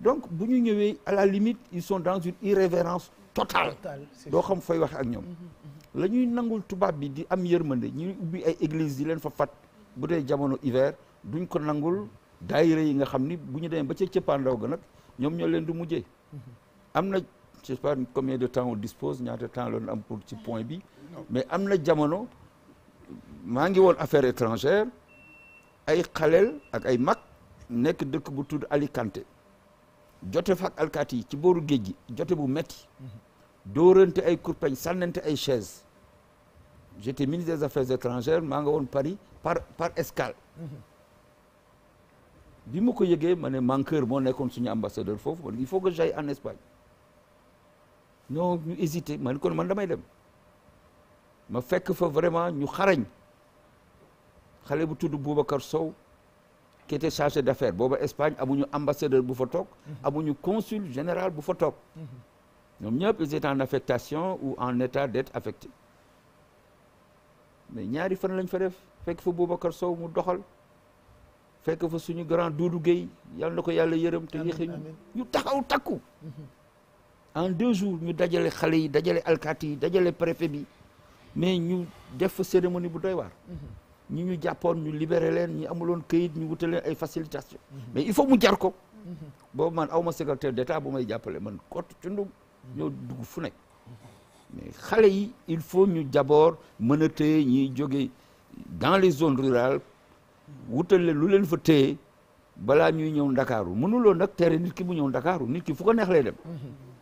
donc bu ñu ñëwee à la limite ils sont dans une irrévérence totale doo xam fay wax ak ñoom la ñuy nangul tubaab bi di am yërmande ñuy ubbi ay église di leen fa fat bu duñ ko nangul daayira yi nga xam ni bu ñu demee ba ca cëppaandaw ga nag ñoom ñoo leen du mujjee am na je sais pas combien de temps on dispose ñaata temps loon am pour ci point bi mais am na jamono maa ngi woon affaire étrangère ay xaleel ak ay mag nekk dëkk bu tudd Alicante jote fa ak alkaati yi ci booru géej gi jote bu metti dóorante ay kurpeñ sànnante ay chaise j'étais ministre des affaires étrangères maa nga woon Paris par par escale bi ma ko yëgee ma ne Mankeur moo nekkoon suñu ambassadeur foofu ma il faut que j'aille en Espagne ñoo ñu hésité ma ne kon man damay dem ma fekk fa vraiment ñu xarañ xale bu tudd Boubacar Sow qui était chargé d'affaires booba Espagne amuñu ambassadeur bu fa toog mhm. amuñu consul général bu fa toog mhm. ñoom ñëpp ils en affectation ou en état d'être affectés mais ñaari fan lañ fa def fekk fa Boubacar Sow mu doxal fekk fa suñu grand Doudou Guèye yal na ko yàlla yërëm te yéexe ñu ñu taxaw takku mhm. en deux jours ñu dajale xale yi dajale alkaati yi dajale préfet bi mais ñu def fa cérémonie bu doy waar mhm. ñu ñu jàppoon ñu libéré leen ñu amuloon këyit ñu wute leen ay facilitation mhm. mais il faut mu jar ko boobu man awma secrétaire d'état bu may jàppale man kott cundum ñoo dugg fu nekk mais xale yi il faut ñu d'abord mën a téye ñiy jóge dans les zones rural wutale lu leen fa téye balaa ñuy ñëw ndakaaru mënuloo nag tere nit ki bu ñëw ndakaaru nit ki fu ko neex dem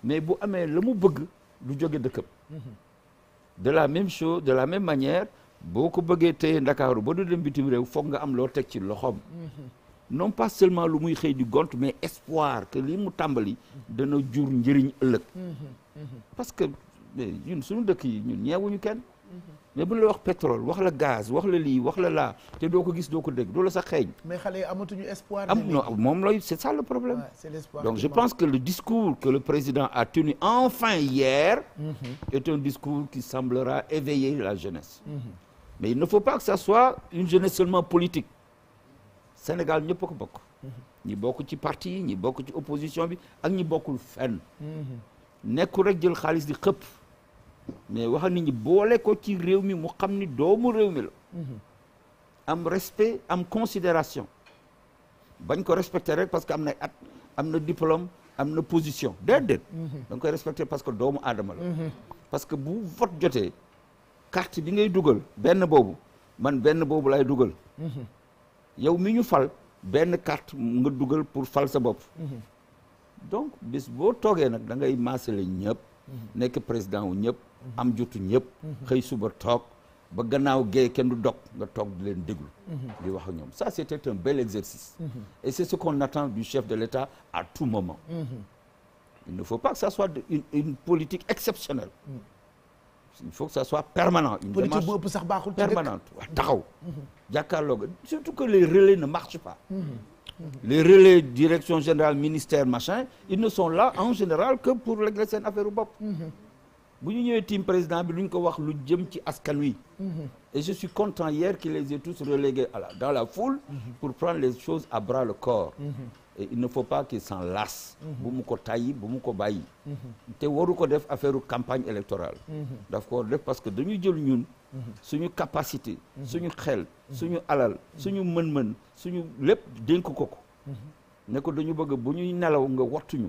mais bu amee la mu bëgg lu jóge dëkkam de la même chose de la même manière boo ko bëggee téye ndakaaru ba du dem bitim réew foog nga am loo teg ci loxoom non pas seulement lu muy xëy di gont mais espoir que lii mu tàmbali dana jur njëriñ ëllëg parce que ñun suñu dëkk yi ñun ñeewuñu kenn mais bu ñu la wax pétrole wax la gaz wax la lii wax la laa te doo ko gis doo ko dégg doo la sax xeeñ. mais xale yi amatuñu espoir. moom lay c' le problème. l' espoir donc je pense que le discours que le président a tenu enfin hier. Mm -hmm. est un discours qui semblera éveiller la jeunesse. Mm -hmm. mais il ne faut pas que ça soit une jeunesse seulement politique. Sénégal ñëpp ko bokk. Mm-hmm. ñi bokk ci parti yi ñi bokk ci opposition bi ak ñi bokkul fenn. Mm-hmm. rek jël xaalis di xëpp. mais wax nit ñi boole ko ci réew mi mu xam ni doomu réew mi la mhm. am respect am considération bañ ko respecter rek parce que am na at am na diplôme am na position déedéet mhm. mhm. da nga koy respecter parce que doomu aadama la parce que bu vot jotee carte bi ngay dugal benn boobu man benn boobu lay dugal yow mi ñu fal benn carte nga dugal pour fal sa bopp donc bis boo toogee nag dangay ngay maasale ñëpp nekk président wu ñëpp am jotu ñëpp. Mhm. xëy suba toog ba gannaaw gee kenn du dog nga toog di leen déglu. Mhm. di wax ak ñoom ça c' était un bel exercice. Mhm. et c' est ce qu'on attend du chef de l' à tout moment. il ne faut pas que ça soit une, politique exceptionnelle. il faut que ça soit permanent. une taxaw. jàkkaarloo ga que les relais ne marchent pas. les relais direction générale ministère machin ils ne sont là en général que pour régler seen affaire u bopp. bu ñu ñëwee tiim président bi lu ñu ko wax lu jëm ci askan wi. Mhm. et je suis content hier qu'ils les aient tous relégués à dans la foule. Mhm. pour prendre les choses à bras le corps. Mhm. et il ne faut pas qu'ils s'en lassent. bu mu ko tàyyi bu mu ko bàyyi. te waru ko def affaire campagne électorale. daf ko def parce que dañu jël ñun. suñu capacité. suñu xel suñu alal suñu mën-mën suñu lépp dénk ko ko. ne ko dañu bëgg bu ñuy nelaw nga wattuñu.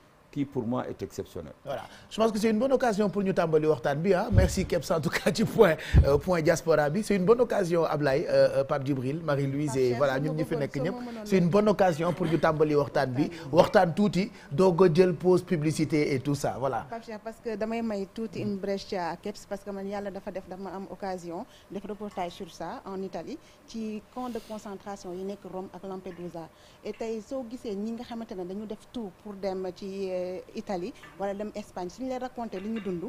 qui pour moi est exceptionnel. voilà je pense que c'est une bonne occasion pour ñu tàmbali waxtaan bi ah merci Kebs en tout cas ci point euh, bi c'est une bonne occasion Ablaye euh, euh Pape Marie-Louise voilà ñun fi nekk ñëpp c'est une bonne occasion pour ñu tàmbali waxtaan bi waxtaan tuuti doog a jël pause publicité et tout ça voilà. parce que damay may tuuti une brèche ci parce que man yàlla dafa def dama am occasion def reportage sur ça en Euh, Italie wala dem Espagne suñ leen raconté li ñu dund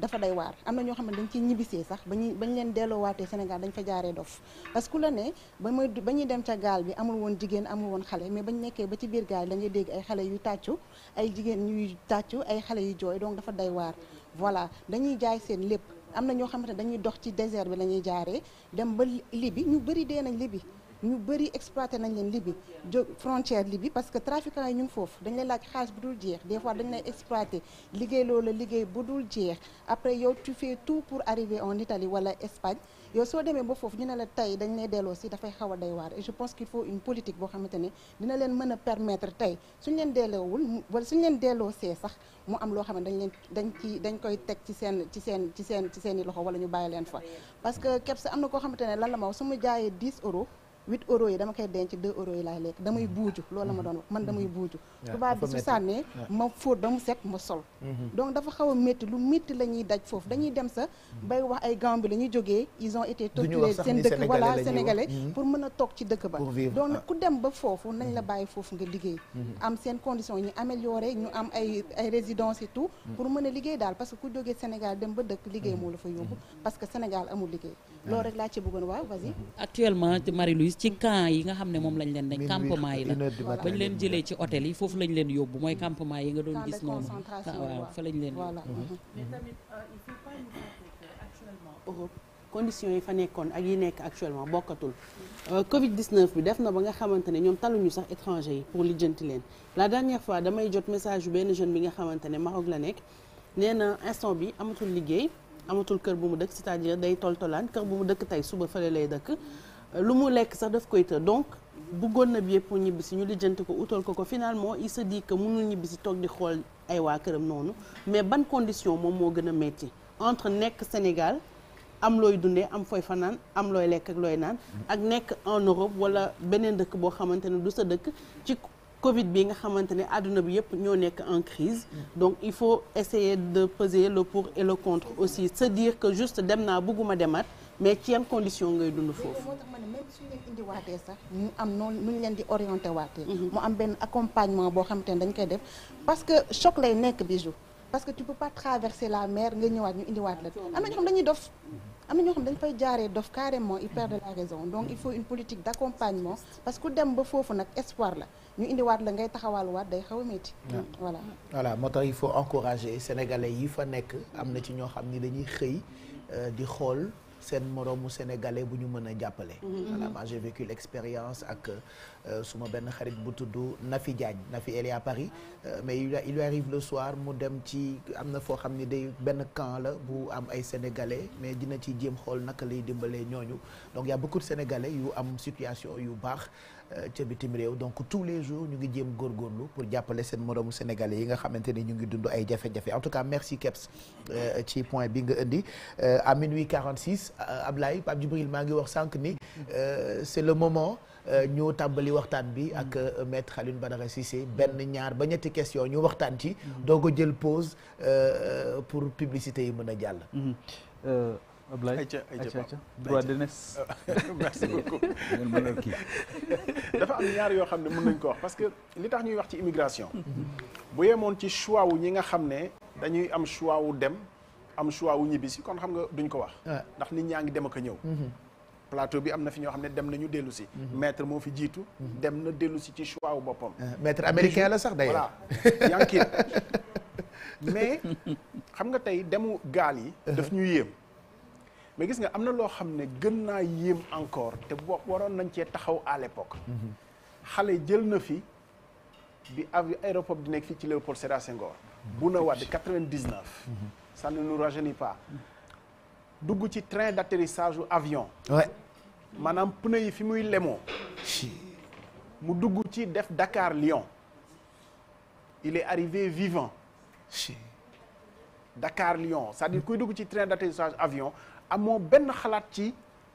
dafa day waar am na ñoo xam ne dañ ciy ñibbisee sax ba ñu ba ñu leen delloowaatee Sénégal dañ fa jaaree dof parce que la ne ba muy ba ñuy dem ca gaal bi amul woon jigéen amul woon xale mais bañ nekkee ba ci biir gaal da ngay dégg ay xale yu tàccu ay jigéen ñuy tàccu ay xale yu jooy donc dafa day waar voilà dañuy jaay seen lépp am na ñoo xamante ne dañuy dox ci désert bi lañuy jaaree dem ba Libi ñu bëri dee nañ Libi ñu bëri exploité nañ leen Libye jóg frontière Libye parce que trafiquants yi ñu foofu dañ lay laaj xaalis bu dul jeex des fois dañ lay exploité liggéey loolu liggéey bu dul jeex après yow tu fais tout pour arriver en Italie wala Espagne yow soo demee ba foofu ñu ne la tey dañ lay delloo si dafay xaw a day waar et je pense qu'il faut une politique boo xamante ne dina leen mën a permettre tey suñ leen delloowul wala suñ leen delloo see sax mu am loo xam ne leen dañ ci dañ koy teg ci seen ci seen ci seen ci seen i loxo wala ñu bàyyi leen fa parce que am na koo xamante ne lan la ma wax jaayee 10 euros huit euros yi dama koy denc deux euros yi laay lekk damay mhm. buuju loolu la ma doon wax man damay mhm. buuju tubaab bi su sànnee ma fóot ba mu set ma sol mhm. donc dafa xaw metti lu métti la ñuy daj foofu dañuy dem sa bay wax ay Gambie la ñuy jógee ils ont été torturés seen dëkk voilà sénégalais pour mën a toog ci dëkk ba donc ah. ku dem ba foofu nañ la bàyyi foofu nga liggéey am seen condition ñu amélioré ñu am ay ay résidence et tout pour mën a liggéey daal parce que ku jógee Sénégal dem ba dëkk liggéey moo la fa yóbbu parce que Sénégal amul liggéey loolu rek laa ci bëggoon waaw vas-y ci camp yi nga xam ne moom lañ leen dañ campement yi la bañ leen jëlee ci hôtel yi foofu lañ leen yóbbu mooy campement yi nga doon gis noonu waaw fa lañ leen yóbbu mhm. Mhm. Euh, conditions yi fa nekkoon ak yi nekk actuellement bokkatul euh, covid 19 bi def na ba nga xamante ne ñoom taluñu sax étranger yi pour lijjanti leen la dernière fois damay jot message yu benn jeune bi nga xamante ne Maroc la nekk nee na instant bi amatul liggéey amatul kër bu mu dëkk cest à day toltolaan kër bu mu dëkk tey suba fële lay dëkk lu mu lekk sax daf koy të donc bëggoon na billet pour ñibbi si ñu lijjanti ko utal ko ko finalement il se dit que mënul ñibbi si toog di xool ay waa këram noonu mais ban condition moom moo gën a metti entre nekk Sénégal am looy dundee am fooy fanaan am looy lekk ak looy naan ak nekk en Europe wala beneen dëkk boo xamante ne du sa dëkk ci Covid bi nga xamante ne àdduna bi yëpp ñoo nekk en crise donc il faut essayer de peser le pour et le contre aussi sa dire que juste dem naa bëgguma demaat mais ci yan condition ngay dund foofu. moo tax ma ne même sax ñu am noonu nu ñu leen di orienté waatee. Mhm. mu am benn accompagnement boo xamante ne dañ koy def parce que choc lay nekk bijou parce que tu peux pas traverser la mer nga ñëwaat ñu indiwaat la am na ñoo xam dañuy dof. am na ñoo xam dañ fay jaaree dof carrément ils perdent la raison donc il faut une politique d' accompagnement parce que ku dem ba foofu nag espoir la ñu indiwaat la ngay waat day xaw a métti voilà voilà moo tax il faut encourager yi fa nekk am na ci ñoo xam ni dañuy xëy euh, di xool seen moroomu sénégalais bu ñu mën a jàppale. Mhm. Mhm. voilà man j'ai vécu l'expérience ak euh, suma benn xarit bu tudd Nafi Diagne Nafi elle est à Paris euh, mais il lui arrive le soir mu dem ci am na foo xam ni day benn camp la bu am ay sénégalais mais dina ci jéem xool naka lay dimbalee ñooñu donc y a beaucoup de sénégalais yu am situation yu baax. Euh, ca bitim réew donc tous les jours ñu ngi jéem góorgóorlu pour jàppale seen moroomu sénégalais yi nga xamante ni ñu ngi dund ay jafe-jafe en tout cas merci Kebs euh, ci point bi nga indi euh, à minuit 46 Ablaye Pape Djibril maa ngi wax sànq ni c'est le moment ñu tàmbali waxtaan bi ak maître Alioune Badara si benn ñaar ba ñetti question ñu waxtaan ci mm-hmm. doog a jël pause pour publicité yi mën a jàll mm-hmm. Ablaye ayca ayca droit d'aînesse merci beaucoup dafa am ñaar yoo xam ne mën nañ ko wax parce que li tax ñuy wax ci immigration bu yemoon ci choix wu ñi nga xam ne dañuy am choix wu dem am choix wu ñibbisi kon xam nga duñ ko wax ndax nit ñaa ngi dem ak a ñëw mhm. plateau bi am na fi ñoo xam ne dem nañu dellu si mhm. maître moo fi jiitu mhm. dem na dellu si ci choix wu boppam maître américain la sax d'ailleurs voilà mais xam nga tey demu gaal yi uh-huh. daf ñu yéem mais gis nga am na loo xam ne gën naa yéem encore te boo waroon nañ cee taxaw à l'époque xale jël na fi bi aéroport di nekk fii ci Léopold Sédar Senghor bu na wàdd 99 ça ne nous rajeunit pas dugg ci train d'atterrissage u avion maanaam pneu yi fi muy lemoo mu dugg ci def Dakar Lyon il est arrivé vivant dakaar Lyon c'est-à-dire kuy dugg ci train d'atterrissage avion amoo benn xalaat ci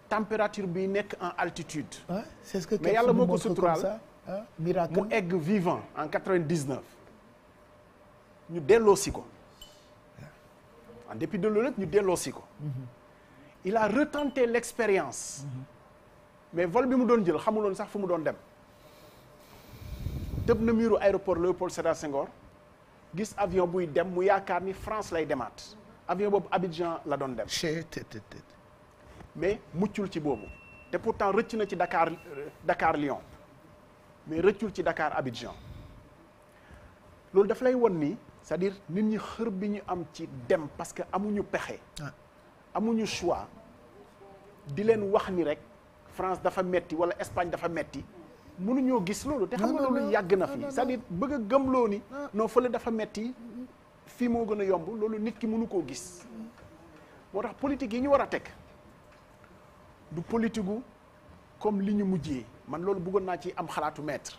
température bi nekk en altitude. ah c'est ce que mais yàlla moo ko suturaal miracle mu egg vivant en 99. ñu delloosi ko en dépit de loolu ñu delloosi ko. Mm-hmm. il a retenté l'expérience. Mm-hmm. mais vol bi mu doon jël xamuloon sax fu mu doon dem. tëb na miiru aéroport Léopold Sédar Senghor gis avion buy dem mu yaakaar ni France lay demaat. avion boobu Abidjan la doon dem. mais muccul ci boobu. te pourtant rëcc na ci dakaar euh, Dakar Lyon mais rëccul ci dakaar Abidjan loolu dafa lay won ni c'est-à-dire nit ñi xër bi ñu am ci dem parce que amuñu pexe. amuñu choix di leen wax ni rek France dafa metti wala Espagne dafa metti mënuñoo gis loolu. te xam na loolu yàgg na fi c'est-à-dire bëgg gëm loo ni. non fële dafa metti fii moo gën a yomb loolu nit ki mënu koo gis moo tax politique yi ñu war a teg du politique gu comme li ñu mujjee man loolu buggoon naa ci am xalaatu maître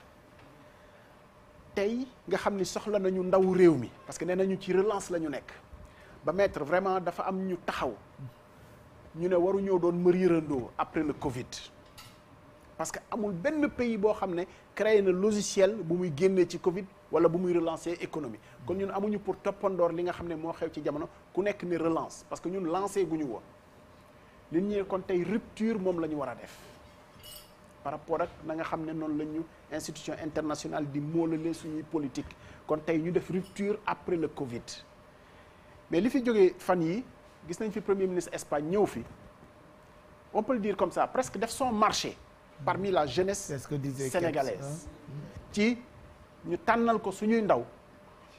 tey nga xam ni soxla nañu ndaw réew mi parce que nee nañu ci relance la ñu nekk ba maître vraiment dafa am ñu taxaw ñu ne waru waruñoo doon mërirandoo après le Covid parce que amul benn pays boo xam ne créé na logiciel bu muy génnee ci Covid. wala bu muy relancer économie kon ñun amuñu pour toppandoor li nga xam ne moo xew ci jamono ku nekk ni relance parce que ñun lancé guñu woon nit ñi kon tey rupture moom la ñu war a def par rapport ak na nga xam ne noonu la ñu institution internationale di moolalee suñuy politique kon tey ñu def rupture après le Covid mais li fi jógee fan yi gis nañ fi premier ministre Espagne ñëw fi on peut le comme ça presque def son marché parmi la jeunesse sénégalaise ci ñu tànnal ko suñuy ndaw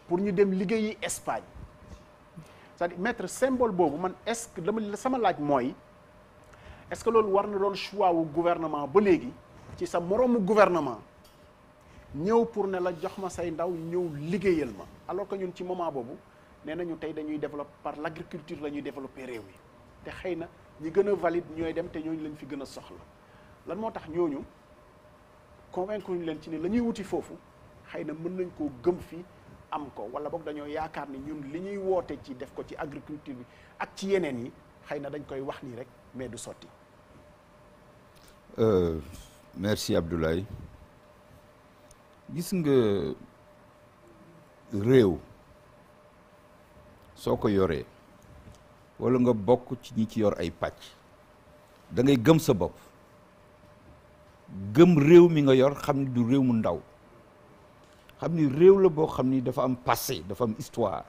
pour ñu dem liggéeyi Espagne c'est-à-dire mettre symbole boobu man est-ce que dama sama laaj mooy est-ce que loolu war na doon choix wu gouvernement ba léegi ci sa moroomu gouvernement ñëw pour ne la jox ma say ndaw ñëw liggéeyal ma alors que ñun ci moment boobu nee nañu tey dañuy développer par l'agriculture la ñuy développer réew yi te xëy na ñi gën a valide ñooy dem te ñooñu lañu fi gën a soxla lan moo tax ñooñu convaincre ñu leen ci ne lañuy wuti foofu xëy na mën nañ koo gëm fi am ko wala boog dañoo yaakaar ni ñun li ñuy woote ci def ko ci agriculture bi ak ci yeneen yi xëy na dañ koy wax nii rek mais du sotti. Euh, merci Abdoulaye gis nga réew soo ko yoree walla nga bokk ci ñi ci yor ay pàcc da ngay gëm sa bopp gëm réew mi nga yor xam ni du réew mu ndaw. xam ni réew la boo xam ni dafa am passé dafa am histoire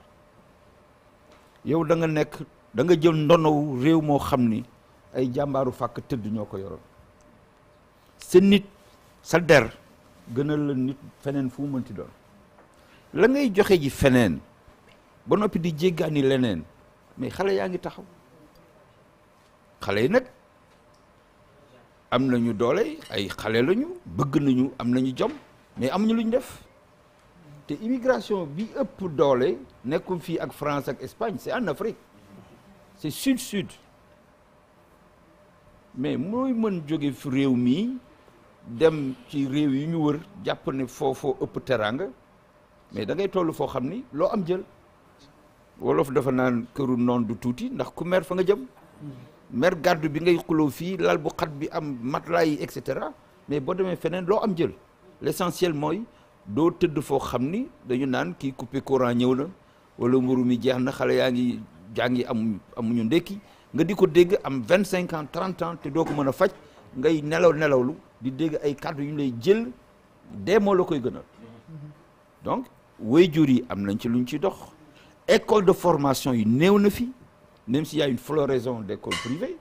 yow danga nekk danga jël ndonow réew moo xam ni ay jàmbaaru fàkk tëdd ñoo ko yoroon sa nit sa der gënal la nit feneen fu mënti doon la ngay joxe ji feneen ba noppi di jéggaani leneen mais xale yaa ngi taxaw xale yi nag am nañu doole ay xale lañu bëgg nañu am nañu jom mais am lu luñ def te immigration bi ëpp doole nekkul fii ak France ak Espagne c'est en Afrique c'est sud sud mais mooy mën jóge fi réew mii dem ci réew yu ñu wër jàpp ne foofoo ëpp teraanga mais da ngay toll foo xam ni loo am jël wolof dafa naan këru noon du tuuti ndax ku mer fa nga jëm mer gàddu bi ngay xuloo fii lal bu xat bi am matelas yi et cetera mais boo demee feneen loo am jël l'essentiel mooy doo tëdd foo xam ni dañu naan kii coupé courant ñëw na wala mburu mi jeex na xale yaa ngi jàngi amuñu amuñu ndekki nga di ko dégg am vingt cinq ans trente te doo ko mën a faj ngay nelaw nelaw lu di dégg ay kàddu yu ñu lay jël dee moo la koy gënal donc waajur yi am nañ ci lu luñ ci dox école de formation yi néew na fi même s'il y a une floraison d'écoles privées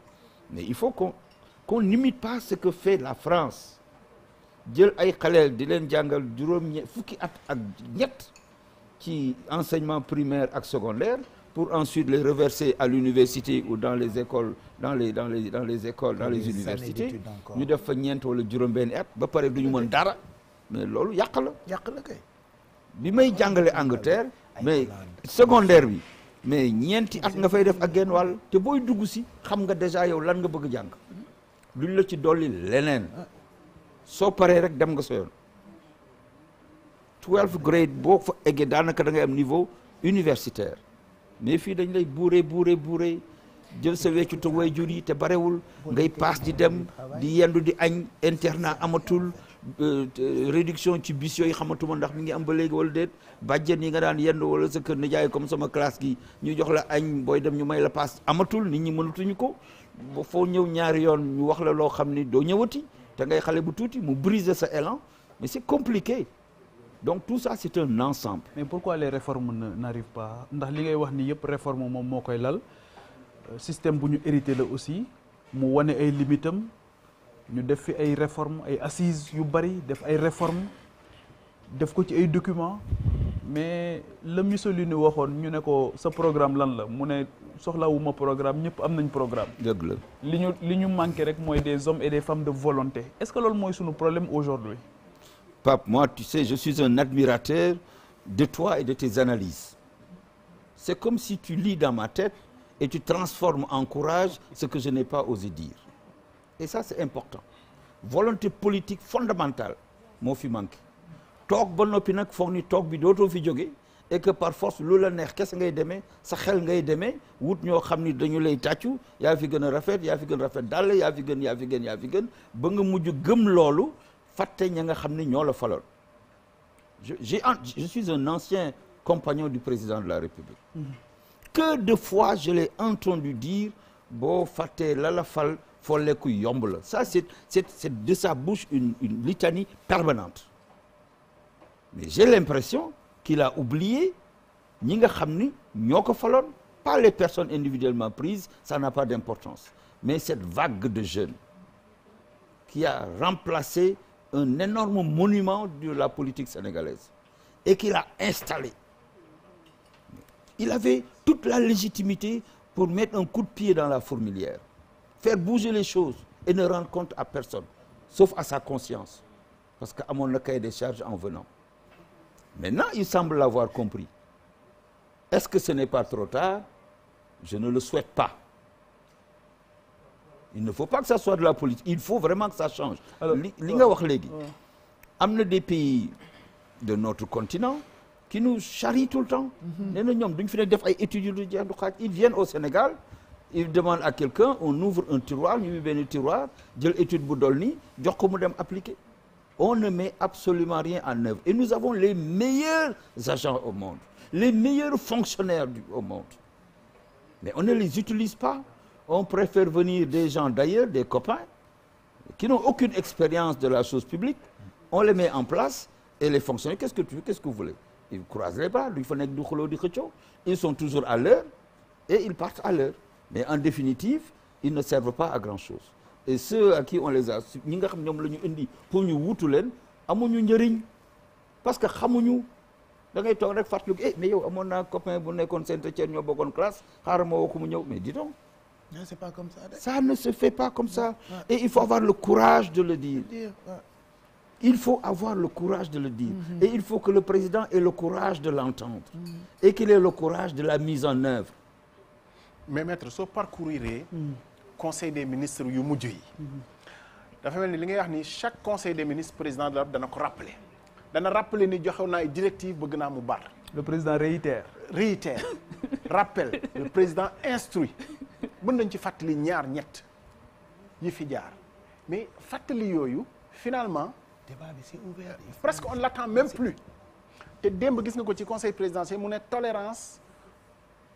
mais il faut qu'on qu'on n'imite pas ce que fait la France jël ay xaleel di leen jàngal juróom ñe fukki at ak ñett ci enseignement primaire ak secondaire pour ensuite les reverser à l'université ou dans les écoles dans les dans les dans les écoles dans les universités ñu def fa ñeent wala juróom benn at ba pare du ñu mën dara mais loolu yàq la yàq la bi may jàngale Angleterre mais secondaire bi mais ñeenti at nga fay def ak genn wàll te booy dugg si xam nga déjà yow lan nga bëgg jàng luñ la ci dolli leneen ah. soo paree rek dem nga sa yoon twelfth grade boo eggee daanaka da ngay am niveau universitaire mais fii dañ lay buuree buuree buuree jël sa weccu te way jur yi te barewul ngay paas di dem di yendu di añ internat amatul euh, réduction ci bis yooyu xamatuma ndax mi ngi am ba léegi wala déet bàjjen yi nga daan yendu wala sa kër nijaay comme sama classe gi ñu jox la añ booy dem ñu may la paas amatul nit ñi mënatuñu ko foo ñëw ñaari yoon ñu wax la loo xam ni doo ñëwati te ngay xale bu tuuti mu briser sa élan mais c'est compliqué donc tout ça c'est un ensemble. mais pourquoi les réformes ne n'arrivent pas ndax li ngay wax ni yëpp réforme moom moo koy lal euh, système bu ñu hérité la aussi mu wane ay limitam ñu def fi ay réformes ay assises yu bari def ay réformes. def ko ci ay documents mais la Mussolini waxoon ñu ne ko sa programme lan la mu ne soxla soxlawuma programme ñëpp am nañ programme. dëgg li ñu li ñu manqué rek mooy des hommes et des femmes de volonté est-ce que loolu mooy sunu problème aujourd'hui Pape moi tu sais je suis un admirateur de toi et de tes analyses c'est comme si tu lis dans ma tête et tu transformes en courage ce que je n'ai pas osé dire et ça c'est important volonté politique fondamentale moo fi manqué toog ba noppi nag foog ni toog bi dootoo fi jóge et que par force lu la neex kese ngay demee sa xel ngay demee wut ñoo xam ni dañu lay tàccu yaa fi gën a rafet yaa fi gën a rafet dàll yaa fi gën yaa fi gën ba nga mujj gëm loolu fatte ña nga xam ni ñoo la faloon je j'ai je suis un ancien compagnon du président de la République mm que de fois je l'ai entendu dire boo fàttee la la fal foo lekku yomb la ça c'est c'est c'est de sa bouche une litanie permanente mais j'ai l'impression qu'il a oublié ñi nga xam ni ñoo ko faloon pas les personnes individuellement prises ça n'a pas d'importance mais cette vague de jeunes qui a remplacé un énorme monument de la politique sénégalaise et qu'il a installé il avait toute la légitimité pour mettre un coup de pied dans la fourmilière faire bouger les choses et ne rendre compte à personne sauf à sa conscience parce que amoon na cahier des charges en venant Maintenant, il semble l'avoir compris. Est-ce que ce n'est pas trop tard Je ne le souhaite pas. Il ne faut pas que ça soit de la politique. Il faut vraiment que ça change. li li nga euh, wax léegi am na des pays de notre continent qui nous charrient tout le temps. Mhm. nee na ñoom duñ fi ne def ay études yu jeex du xaaj ils viennent au Sénégal ils demandent à quelqu'un on ouvre un tiroir ñu benn tiroir jël étude bu dol nii jox ko mu dem appliquer. on ne met absolument rien en œuvre. Et nous avons les meilleurs agents au monde, les meilleurs fonctionnaires du, au monde. Mais on ne les utilise pas. On préfère venir des gens d'ailleurs, des copains, qui n'ont aucune expérience de la chose publique. On les met en place et les fonctionnaires, qu'est-ce que tu veux, qu'est-ce que vous voulez Ils croisent les bras, ils sont toujours à l'heure et ils partent à l'heure. Mais en définitive, ils ne servent pas à grand-chose. et ceux qui on les a ñi nga xam ñoom la ñu indi pour ñu wutu leen amuñu njëriñ parce que xamuñu da ngay toog rek fàttaliku eh mais yow amoon naa copain bu nekkoon Saint-Étienne ñoo bokkoon classe xaaral ma mu ñëw mais dis donc. non c'est pas comme ça. ça ne se fait pas comme ça. et il faut avoir le courage de le dire. il faut avoir le courage de le dire. Mm-hmm. et que le président ait le courage de l'entendre. Mm-hmm. et qu'il ait le courage de la mise en œuvre. mais maître soo parcourir. Mm. conseil des ministres yu mujj yi. dafa mel ni li ngay wax ni chaque conseil des ministres président de la dana ko rappeler dana rappeler ni joxe naa ay directive bëgg naa mu bar. le président réitère. réitère rappel le président instruit mën nañ ci fàttali ñaar ñett yi fi jaar mais fàttali yooyu finalement. débat bi c'est ouvert presque on la l'attend même plus. te démb gis nga ko ci conseil présidentiel mu ne tolérance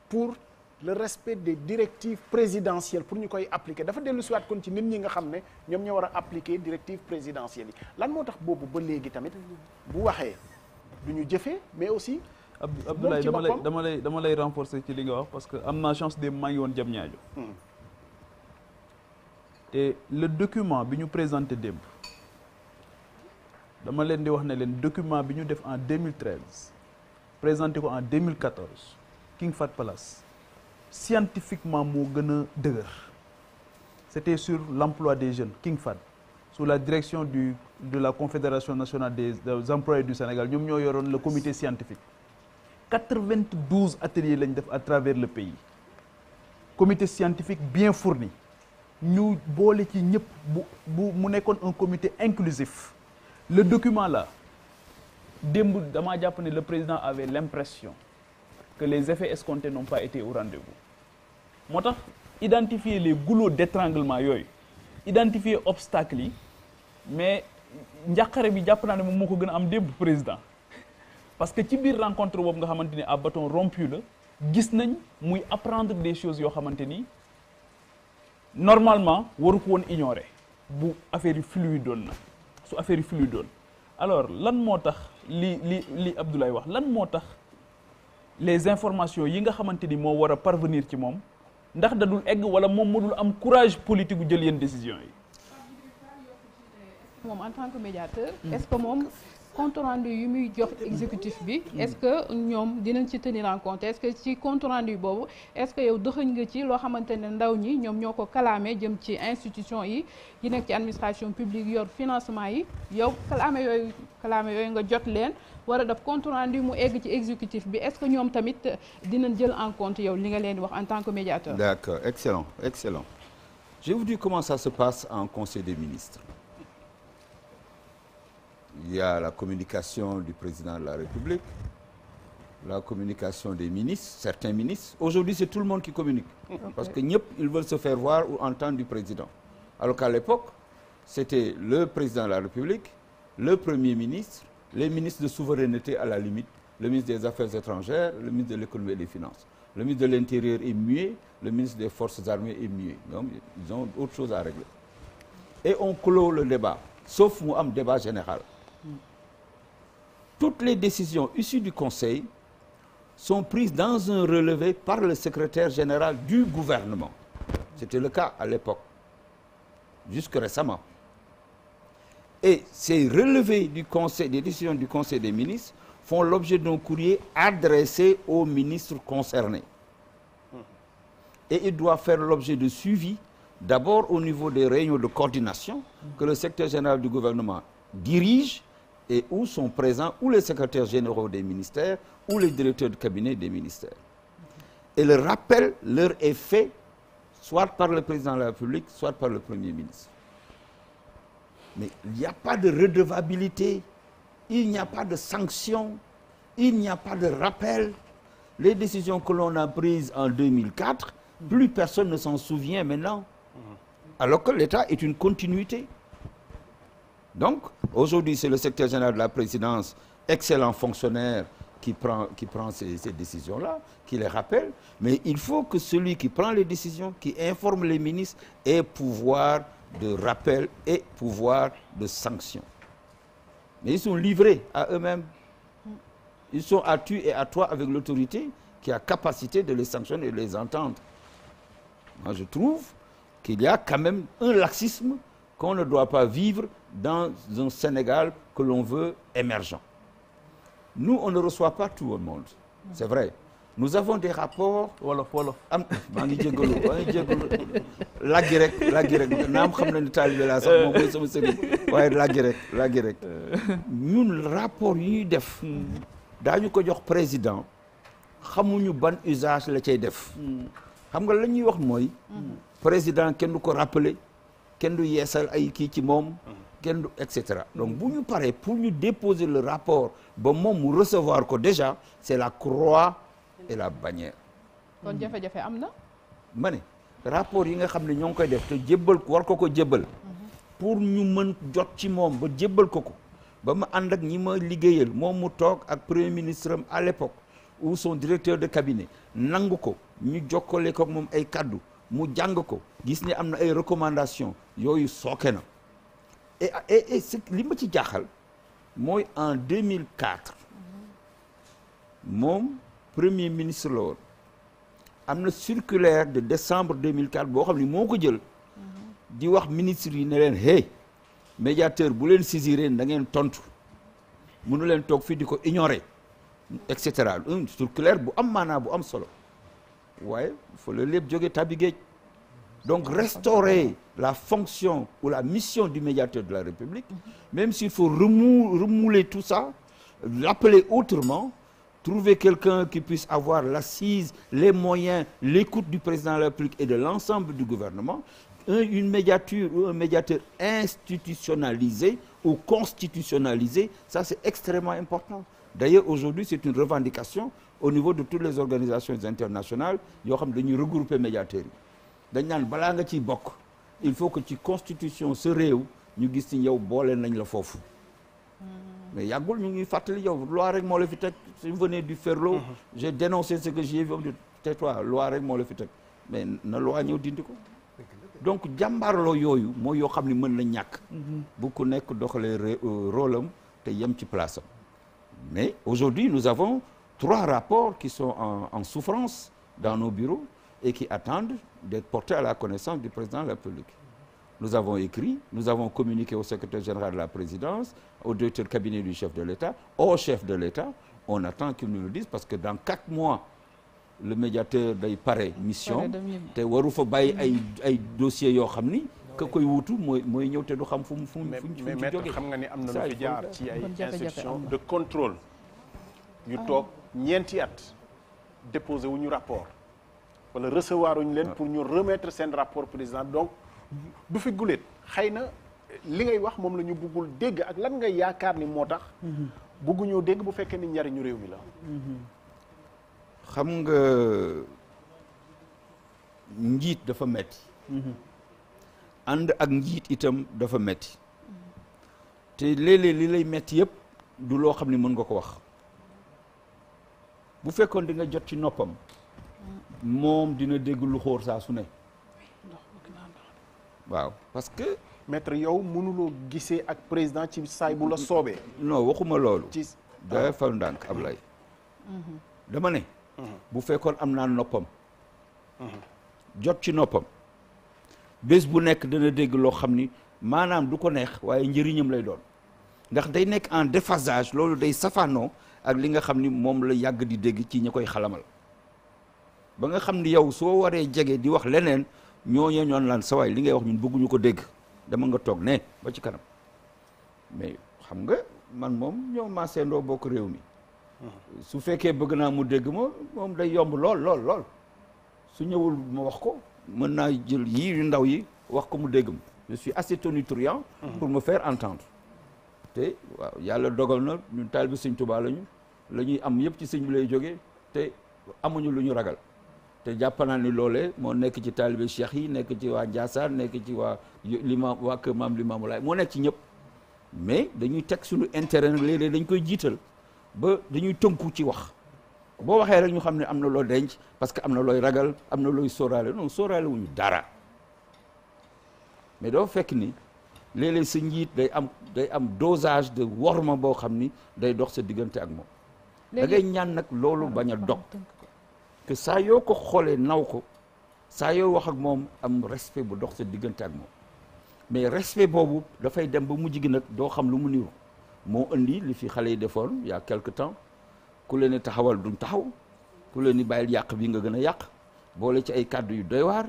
pour. le respect des directive présidentielles pour ñu koy appliquer dafa dellu si kon ci nit ñi nga xam ne ñoom ñoo war a appliquer directives présidentielles yi lan moo tax boobu ba léegi tamit bu waxee du ñu jëfee mais aussi. Abdoulaye dama lay dama lay dama lay renforcer ci li nga wax parce que am naa chance de maa ngi woon jam ñaajo hmm. te le document bi ñu présenté démb dama leen di wax ne leen document bi ñu def en 2013 présenté ko en 2014 King Fahd Palace. scientifiquement moo gën a dëgër c'était sur l'emploi des jeunes King Fahd sur la direction du de la confédération nationale des, des employés du Sénégal ñoom ñoo yoroon le comité scientifique 92 ateliers lañ def à travers le pays comité scientifique bien fourni ñu boole ci ñëpp bu mu nekkoon un comité inclusif le document la démb damaa jàpp ne le président avait l'impression que les effets escomptés n'ont pas été au rendez-vous moo tax identifier les goulots d'étranglement yooyu identifier obstacles yi mais njàqare bi jàpp naa ne moom moo ko gën a am démb président parce que ci biir rencontre boobu nga xamante ni à bâton rompu la gis nañ muy apprendre des choses yoo xamante ni normalement waru ko woon ignorer bu affaire yi fluide doon na su affaire yi fluide doon alors lan moo tax li li li Abdoulaye wax lan moo tax les informations yi nga xamante ni moo war a parvenir ci moom ndax da dul egg wala moom moo dul am courage politique bu jël yenn décision yi. moom en tant que médiateur. est-ce que moom compte rendu yu muy jox exécutif bi. est-ce que ñoom dinañ ci tenir en compte est-ce que ci compte rendu boobu est-ce que yow dëxëñ nga ci loo xamante ne ndaw ñi ñoom ñoo ko kalaame jëm ci institution yi yi nekk ci administration publique yor financement yi yow kalaame yooyu kalaame yooyu nga jot leen. war a def compte rendu mu egg ci exécutif bi ce que ñoom tamit dinañ jël en compte yow li nga leen di wax en tant que médiateur. d'accord excellent excellent je vous dis comment ça se passe en conseil des ministres il y la communication du président de la République la communication des ministres certains ministres aujourd'hui c'est tout le monde qui communique parce que ñëpp ils veulent se faire voir ou entendre du président alors qu'à l'époque c'était le président de la République le premier ministre les ministres de souveraineté à la limite, le ministre des Affaires étrangères, le ministre de l'économie et des finances. Le ministre de l'Intérieur est muet, le ministre des Forces armées est muet. Donc, ils ont autre chose à régler. Et on clôt le débat, sauf mu am débat général. Toutes les décisions issues du Conseil sont prises dans un par le secrétaire général du gouvernement. C'était le cas à l'époque, jusque récemment. et ces relevés du conseil, des décisions du Conseil des ministres font l'objet d'un courrier adressé aux ministres concernés. Et il doit faire l'objet de suivi, d'abord au niveau des réunions de coordination que le secteur général du gouvernement dirige et où sont présents ou les secrétaires généraux des ministères ou les directeurs de cabinet des ministères. Et le rappel leur est fait soit par le président de la République, soit par le Premier ministre. Mais il n'y a pas de redevabilité, il n'y a pas de sanction, il n'y a pas de rappel. Les décisions que l'on a prises en 2004, plus personne ne s'en souvient maintenant, alors que l'État est une continuité. Donc, aujourd'hui, c'est le secrétaire général de la présidence, excellent fonctionnaire, qui prend, qui prend ces, ces décisions-là, qui les rappelle. Mais il faut que celui qui prend les décisions, qui informe les ministres, ait pouvoir de rappel et pouvoir de sanction. Mais ils sont livrés à eux-mêmes. Ils sont à tu et à toi avec l'autorité qui a capacité de les sanctionner et de les entendre. Moi, je trouve qu'il y a quand même un laxisme qu'on ne doit pas vivre dans un Sénégal que l'on veut émergent. Nous, on ne reçoit pas tout le monde, c'est vrai. nous avons des rapports. wolof wolof am maa ngi jégalu maa ngi rek laggi rek naam xam nañu taalibe laa sax moom mooy sama sëriñ waaye laggi rek laggi rek ñun rapport yi def def. daañu ko jox président xamuñu ban usage la cay def. xam nga la ñuy wax mooy. président kenn du ko rappeler kenn du yeesal ay kii ci moom. kenn du et cetera donc bu ñu paree pour ñu déposer le rapport ba moom mu recevoir ko déjà c'est la croix. et la bannière. kon hmm. jafe-jafe am na. ma ne rapport yi nga xam ne ñoo ngi koy def te jébbal war ko ko jébbal. Hmm. pour ñu mën jot ci moom ba jëbbal ko ko ba mu ànd ak ñi ma liggéeyal moom mu toog ak premier ministre am à l'époque ou son directeur de cabinet nangu ko ñu jokkale ko moom ay kàddu mu jàng ko gis ne am na ay recommandation yooyu sooke na et li ma ci jaaxal mooy en 2004 hmm. moom. premier ministre la am na circulaire de décembre 2004 boo xam ni moo ko jël mhm. di wax ministre yi ne médiateur bu leen saisiré da ngeen tontu mënu leen toog fii di ko ignorer et cetera un circulaire bu am maanaa bu am solo waaye fa la lépp joge tàbbi géej donc restaurer la fonction ou la mission du médiateur de la République mhm. même s'il faut remou remouler tout ça l'appeler autrement trouver quelqu'un qui puisse avoir l'assise, les moyens, l'écoute du président de la République et de l'ensemble du gouvernement, un, une médiature médiateur institutionnalisé ou constitutionnalisé, ça c'est extrêmement important. D'ailleurs, aujourd'hui, c'est une revendication au niveau de toutes les organisations internationales yoo xam dañuy regrouper médiateurs yi naan balaa nga ciy bokk il faut que ci constitution sa réew ñu gis ci yow boole nañ la foofu hmm. mais yàggul ñu ngi fàttali yow loi rek moo la fi teg si venez du Ferlo. Mhm. j'ai dénoncé ce que j'ai vu de tais-toi loi rek moo la fi teg mais na loi ñëw dindi ko. donc jàmbaarloo yooyu mooy yoo xam ne mën na ñàkk. Mhm. bu ku nekk doxalee euh, rôle am te yem ci place am. mais aujourd'hui nous avons trois rapports qui sont en, en souffrance dans no bureaux et qui attendent d'être portés à la connaissance du président de la République. Nous avons écrit, nous avons communiqué au secrétaire général de la présidence, au directeur cabinet du chef de l'État, au chef de l'État, on attend qu'il nous le dise parce que dans quatre mois le médiateur day pare mission te waru fa bàyyi ay ay dossiers yoo xam ni ka koy wutu mooy mooy ñëw te du xam fu mu fu mu fu mu ci jógee xam nga ni am na lu fi jaar ci ay institution de contrôle yu ah. toog ñeenti at déposé wu ñu rapport wala recevoir uñu leen ah. pour ñu remettre seen rapport président donc du fi guléet li ngay wax moom la ñu bëggul dégg ak lan ngay yaakaar ni moo tax mhm. bëgguñoo dégg bu fekkee ni njariñu réew mi la mhm. xam nga njiit dafa metti mhm. ànd ak njiit itam dafa metti te léeg-léeg li lay metti yëpp du loo xam ni mën nga ko wax bu fekkoon di nga jot ci noppam moom dina dégg lu xóor saa su ne waaw parce maître yow mënuloo gisee ak président ci saay bu la soobee. non waxuma loolu. ci daay fal ndànk Ablaye. Mhm. dama ne. Mhm. bu fekkoon am naa noppam. Mhm. jot ci noppam. bés bu nekk dana dégg loo xam ni maanaam du ko neex waaye njëriñam lay doon ndax day nekk en défassage loolu day safaanoo ak li nga xam ni moom la yàgg di dégg ci ñi koy xalamal ba nga xam ni yow soo waree jege di wax leneen ñoo ñoon lan sawaay li ngay wax ñun bëgguñu ko dégg. dama nga toog ne ba ci kanam mais xam nga man moom ñoo maasandoo bokk réew mi. su fekkee bëgg naa mu dégg ma moom day yomb lool lool lool su ñëwul ma wax ko mën naa jël yi yu ndaw yi wax ko mu dégg ma je suis assez pour mu faire entendre te yàlla dogal na ñun taal bi suñ lañu la ñuy am yëpp ci sëñ bi lay joge te amuñu lu ñu ragal te jàpp naa ni loole moo nekk ci taalibe cheikh yi nekk ci waa Ndiassane nekk ci waa limaam waa kër Limaamu Laay moo nekk ci ñëpp mais dañuy teg suñu intérêt nag léeg dañ koy jiital ba dañuy tënku ci wax boo waxee rek ñu xam ne am na loo denc parce que am na looy ragal am na looy sóoraale non sóoraale wuñu dara mais doo fekk ni léeg-léeg sa njiit day am day am dosage de worma boo xam ni day dox sa diggante ak moom da ñaan nag loolu bañ a dog saa yoo ko xoolee naw ko saa yoo wax moom am respect bu dox sa diggante ak moom mais respect boobu dafay dem ba mu gi nag doo xam lu mu niru moo indi li fi xale yi defoon y a quelque temps ku leen taxawal du taxaw ku leen di bàyyil yàq bi nga gën a yàq boole ci ay kàddu yu doy waar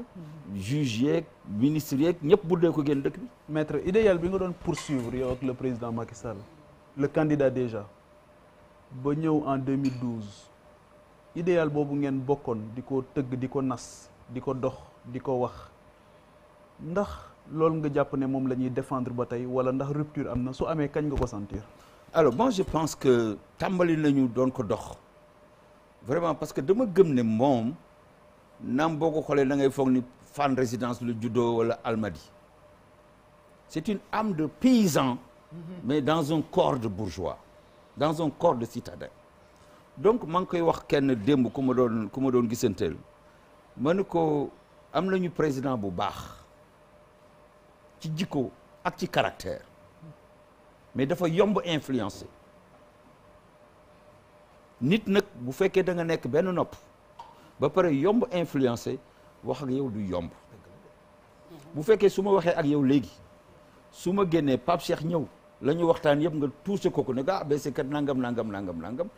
juge yeeg ministre yeeg ñëpp buddee ko génn dëkk bi maître idéal bi nga doon poursuivre yow ak le président Macky Sall le candidat déjà ba ñëw en 2012 idéal boobu ngeen bokkoon di ko tëgg di ko nas di ko dox di ko wax ndax loolu nga jàpp ne moom la ñuy défendre ba tey wala ndax rupture am na su amee kañ nga ko sentir. alo moi je pense que tàmbali nañu doon ko dox vraiment parce que dama gëm ne moom naam boo ko xoolee da ngay foog ni fànn Résidence le juddoo wala Almadies c'est une âme de paysan. Mhm. mais dans un corps de bourgeois dans un corps de citadin. donc maa ngi koy wax kenn démb ku ma doon ku ma doon gisanteel ma ne ko am nañu président bu baax ci jikko ak ci caractère mais dafa yomb influencé nit nag bu fekkee da nga nekk benn nopp ba pare yomb influencé wax ak yow du yomb bu fekkee su ma waxee ak yow léegi su ma génnee Pape Cheikh ñëw la ñu waxtaan yëpp nga tuuse ko ne ah ba c'est nangam nangam nangam nangam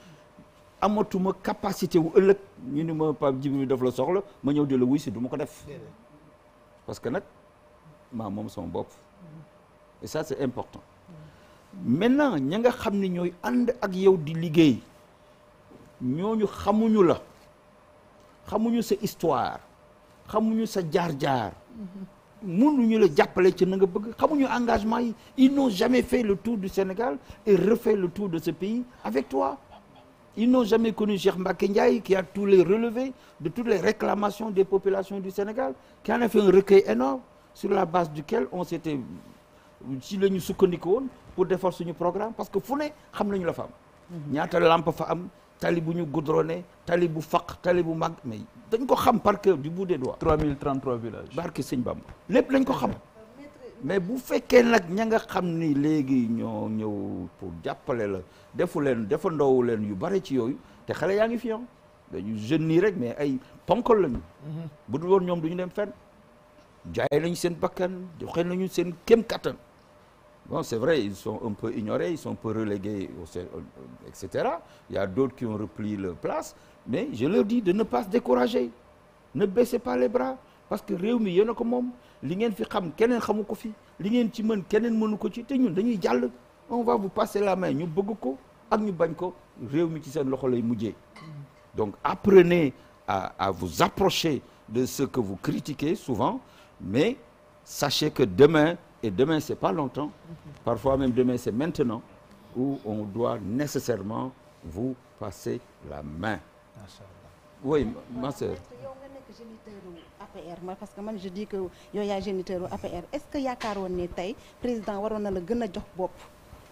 amatuma capacité wu ëllëg ñu ni ma Pape Djibril daf la soxla ma ñëw di la wuy si du ma ko def parce que nag maa moom sama bopp et ça c'est important maintenant ña nga xam ne ñooy ànd ak yow di liggéey ñooñu xamuñu la xamuñu sa histoire xamuñu sa jaar-jaar mënuñu la jàppale ci na nga bëgg xamuñu engagement yi ils n'ont jamais fait le tout du Sénégal et refait le tout de ce pays avec toi Ils non jamais connu Cheikh Mbacké Ndiaye qui a tous les relevés de toutes les réclamations des populations du Sénégal qui en a fait un recueil énorme sur la base duquel on s'était ci la ñu sukkandiku woon pour defar suñu programme parce que fu ne xam nañu la fa am. ñaata lampe fa am tali bu ñu goudronné tali bu faq tali bu mag mais dañ ko xam par cœur du bout des doigts. 3033 villages. barke Sëñ Bamba lépp lañ ko xam. mais bu fekkee nag ña nga xam ni léegi ñoo ñëw pour jàppale la defu leen dafa leen yu bari ci yooyu te xale yaa ngi fi yoon ah. dañu jeunes nii rek mais ay ponkal lañu. Mhm. bu dul woon ñoom du ñu dem fenn. jaay nañu seen bakkan joxe nañu seen kéem kattan bon c'est vrai ils sont un peu ignorés ils sont un peu relégués et cetera il y a d'autres qui ont repris leur place mais je leur dis de ne pas se décourager ne baissez pas les bras parce que réew mi yéen a ko moom. li ngeen fi xam keneen xamu ko fi li ngeen ci mën keneen mënu ko ci te ñun dañuy jàll on va vous passer la main ñu bëgg ko ak ñu bañ ko réew mi ci seen loxo lay mujjee donc apprenez à à vous approcher de ce que vous critiquez souvent mais sachez que demain et demain c'est pas longtemps parfois même demain c'est maintenant où on doit nécessairement vous passer la main ma APR mooy parce que man je dis que yow yaay géniteur APR est-ce que yaakaaroon ne tey président waroon na la gën a jox bopp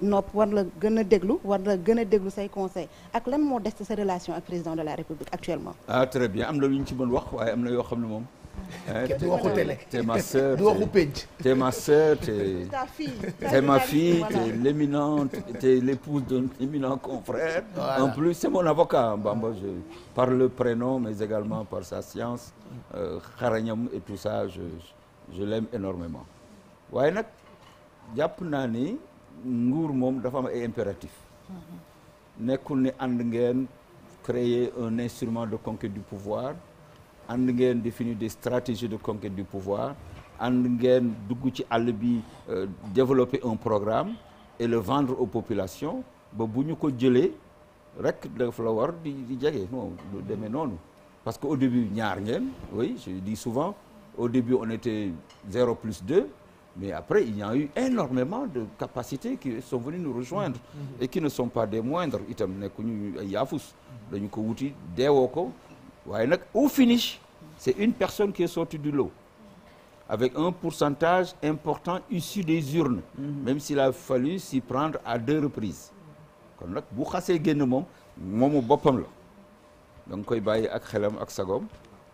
nopp war la gën a déglu war la gën a déglu say conseil ak lan moo des sa relation ak président de la République actuellement. ah très bien am na lu ñu ci mën wax waaye am na yoo xam ne moom. du waxu télé t'es ma sœur du waxu pénc t'es ma sœur t'es ta fille t'es ma fille t'es l'éminente t'es l'épouse d'un éminent confrère voilà. en plus c'est mon avocat Bamba je par le prénom mais également par sa science xarañam euh, et tout ça je je l'aime énormément waaye nag jàpp naa ni nguur moom dafa am ay impératif mhm. nekkul ni ànd ngeen créer un instrument de conquête du pouvoir ànd ngeen définir des stratégies de conquête du pouvoir ànd ngeen dugg ci àll bi euh, développer un programme et le vendre aux populations bu ñu ko jëlee rek dafa la war di di jege non lu demee noonu parce que au début ñaar ngeen oui je dis souvent au début on était zéro plus mais après il y a eu énormément de capacités qui sont venues nous rejoindre mm-hmm. et qui ne sont pas des moindres itam nekkuñu ay yaafus dañu ko wuti deewoo ko waaye nag au finish c'est une personne qui est du lot avec un pourcentage important issu des urnes mhm. même s'il la fallu s'y prendre à deux reprises kon nag bu xasee génn moom moomu boppam la da nga koy bàyyi ak xelam ak sagoom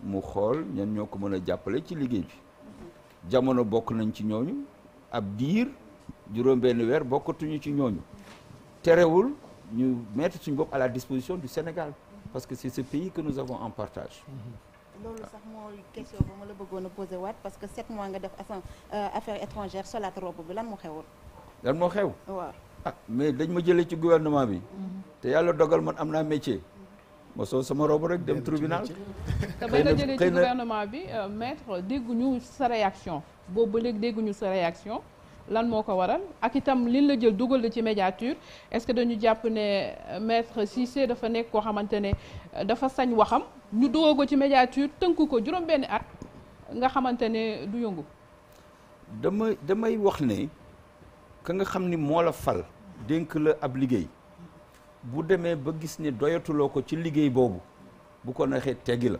mu xool ñan ñoo ko mën a jàppale ci liggéey bi jamono bokk nañ ci ñooñu ab diir juróom-benn weer bokkatuñu ci ñooñu terewul ñu mettre suñu bopp à la disposition du Sénégal parce que c'est ce pays que nous avons en partage. loolu sax mooy question ba ma la bëggoon a posé waat parce que sept mois nga def euh, affaire étrangère solaat robe bi lan moo xewoon. lan moo xew. waaw ah mais dañ ma jële ci gouvernement bi. te yàlla dogal man am naa métier. ma soo sama robe rek dem tribunal. te ba nga jëlee ci gouvernement bi euh, maître dégguñu sa réaction boobu ba léegi dégguñu sa réaction. lan moo ko waral ak itam liñ la jël dugal la ci médiature est-ce que dañu jàpp ne euh, maître Cissé dafa nekk koo xamante ne euh, dafa sañ waxam ñu dugal ko ci médiature tënku ko juróom benn at nga xamante ne du yëngu. dama damay wax ne ka nga xam ni moo la fal dénk la ab liggéey bu demee ba gis ne doyatuloo ko ci liggéey boobu bu ko neexee teggi la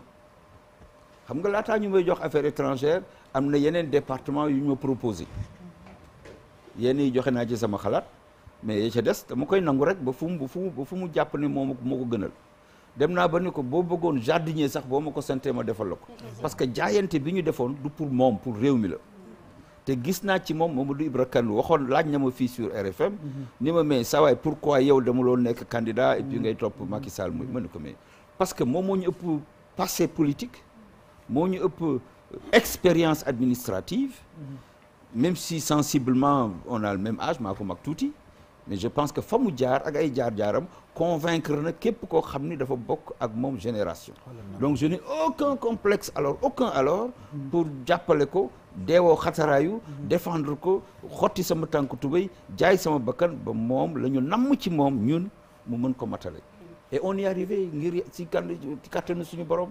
xam nga laataa ñu may jox affaire étrangères am na yeneen département yu ñu ma proposé. yenn yi joxe naa ci sama xalaat mais ya ca des dama koy nangu rek ba fu mu ba fu mu jàpp ni moom moo ko gënal dem naa ba ni ko boo bëggoon jardine sax boo ma ko santee ma defal la ko. parce que jaayante bi ñu defoon du pour moom pour réew mi la. te gis naa ci moom Mamadou Ibra Kane waxoon laaj na ma fii sur RFM. Mhm. ni ma mais saa waay pourquoi yow dama loon nekk candidat et puis mhm. ngay topp Macky Sall muy mën ko mais. parce que moom moo ñu ëpp passé politique moo ñu ëpp expérience administrative. Mhm. même si sensiblement on a le même âge maa ko mag tuuti mais je pense que fa mu jaar ak ay jaar-jaaram convaincre na képp koo xam ni dafa bokk ak moom génération donc je n'ai aucun complexe alors aucun alors pour jàppale ko deewoo xataraayu mhm. défendre ko xotti sama tànk tubéy jaay sama bakkan ba moom la ñu namm ci moom ñun mu mën ko matale et on y arrivé ngir si kan ci suñu borom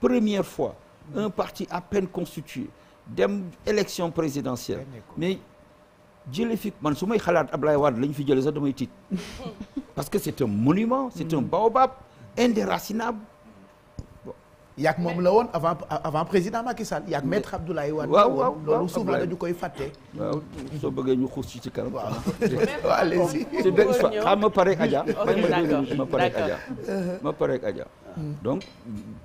première fois un parti à peine constitué dem élection présidentielle mais jële fi man su may xalaat Ablaye Wade la ñu fi jële sax damay tiit parce que c'est un monument c'est un baobab mm. indéracinable yàgg moom la woon avant avant président Macky Sall yàgg maître Abdoulaye Wade. waaw waaw loolu souvent dañu koy fàtte. soo bëggee ñu xuus ci ci kanam. waaw waaw allez-y. ah ma pareeg Adja. ma pareeg Adja ma pareeg Adja. Uh-huh. Hmm. donc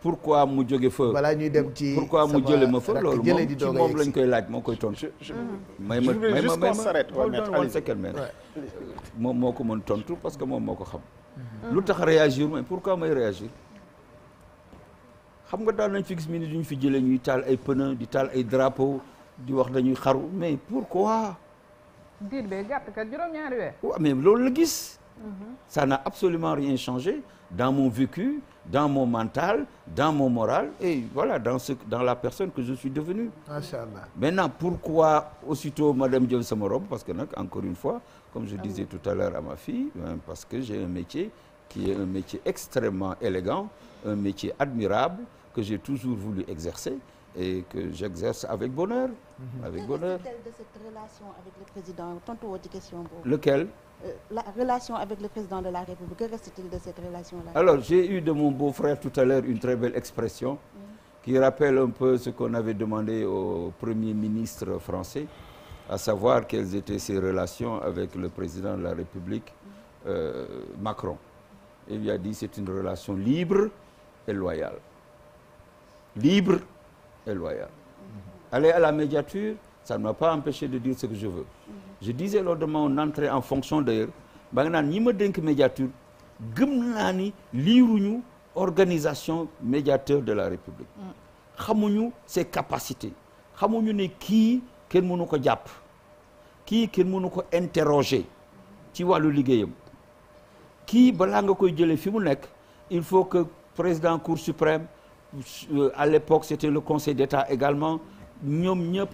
pourquoi mu jóge fa. balaa ñuy dem ci pourquoi mu jële ma fa loolu moom ci moom lañ koy laaj moo koy tontu. ma may ma may ma moom moo ko mën tontu parce que moom moo ko xam. Hmm. lu tax réagir mais pourquoi may réagir. xam nga daal nañ fi gis mi ni duñu fi jëlee ñuy taal ay pneu di taal ay drapeau di wax dañuy xaru mais pourquoi. diir bee gàtt kat juróom-ñaari weer. waaw mais loolu la gis. Mhm. ça n'a absolument rien changé dans mon vécu dans mon mental dans mon moral et voilà dans ce dans la personne que je suis devenue. macha allah maintenant pourquoi aussitôt madame Diop sama robe parce que nag encore une fois comme je ah disais tout à l'heure à ma fille euh, parce que j'ai un métier qui est un métier extrêmement élégant un métier admirable. que j'ai toujours voulu exercer et que j'exerce avec bonheur. Mmh. avec bonheur de cette relation avec le président tontu woo ci question boobu. lequel. Euh, la relation avec le président de la République que reste-t-il de cette relation-là? alors j'ai eu de mon beau-frère tout à l'heure une très belle expression. Mmh. qui rappelle un peu ce qu'on avait demandé au premier ministre français à savoir quelles étaient ses relations avec le président de la République mm. euh, Macron. Il lui a dit c'est une relation libre et loyale. libre et loyal. Mm-hmm. Aller à la médiature, ça ne m'a pas empêché de dire ce que je veux. Mm-hmm. Je disais lors de mon en fonction d'ailleurs, ba naan ni ma dénk médiature gëm naa ni liiruñu organisation médiateur de la République. Mm. xamuñu ses capacités. xamuñu ne kii kenn mënu ko jàpp. kii kenn mënu ko interroger. ci wàllu liggéeyam. kii balaa nga koy jëlee fi mu nekk il faut que président Cour suprême. Euh, à l'époque c'était le conseil d'État également ñoom ñëpp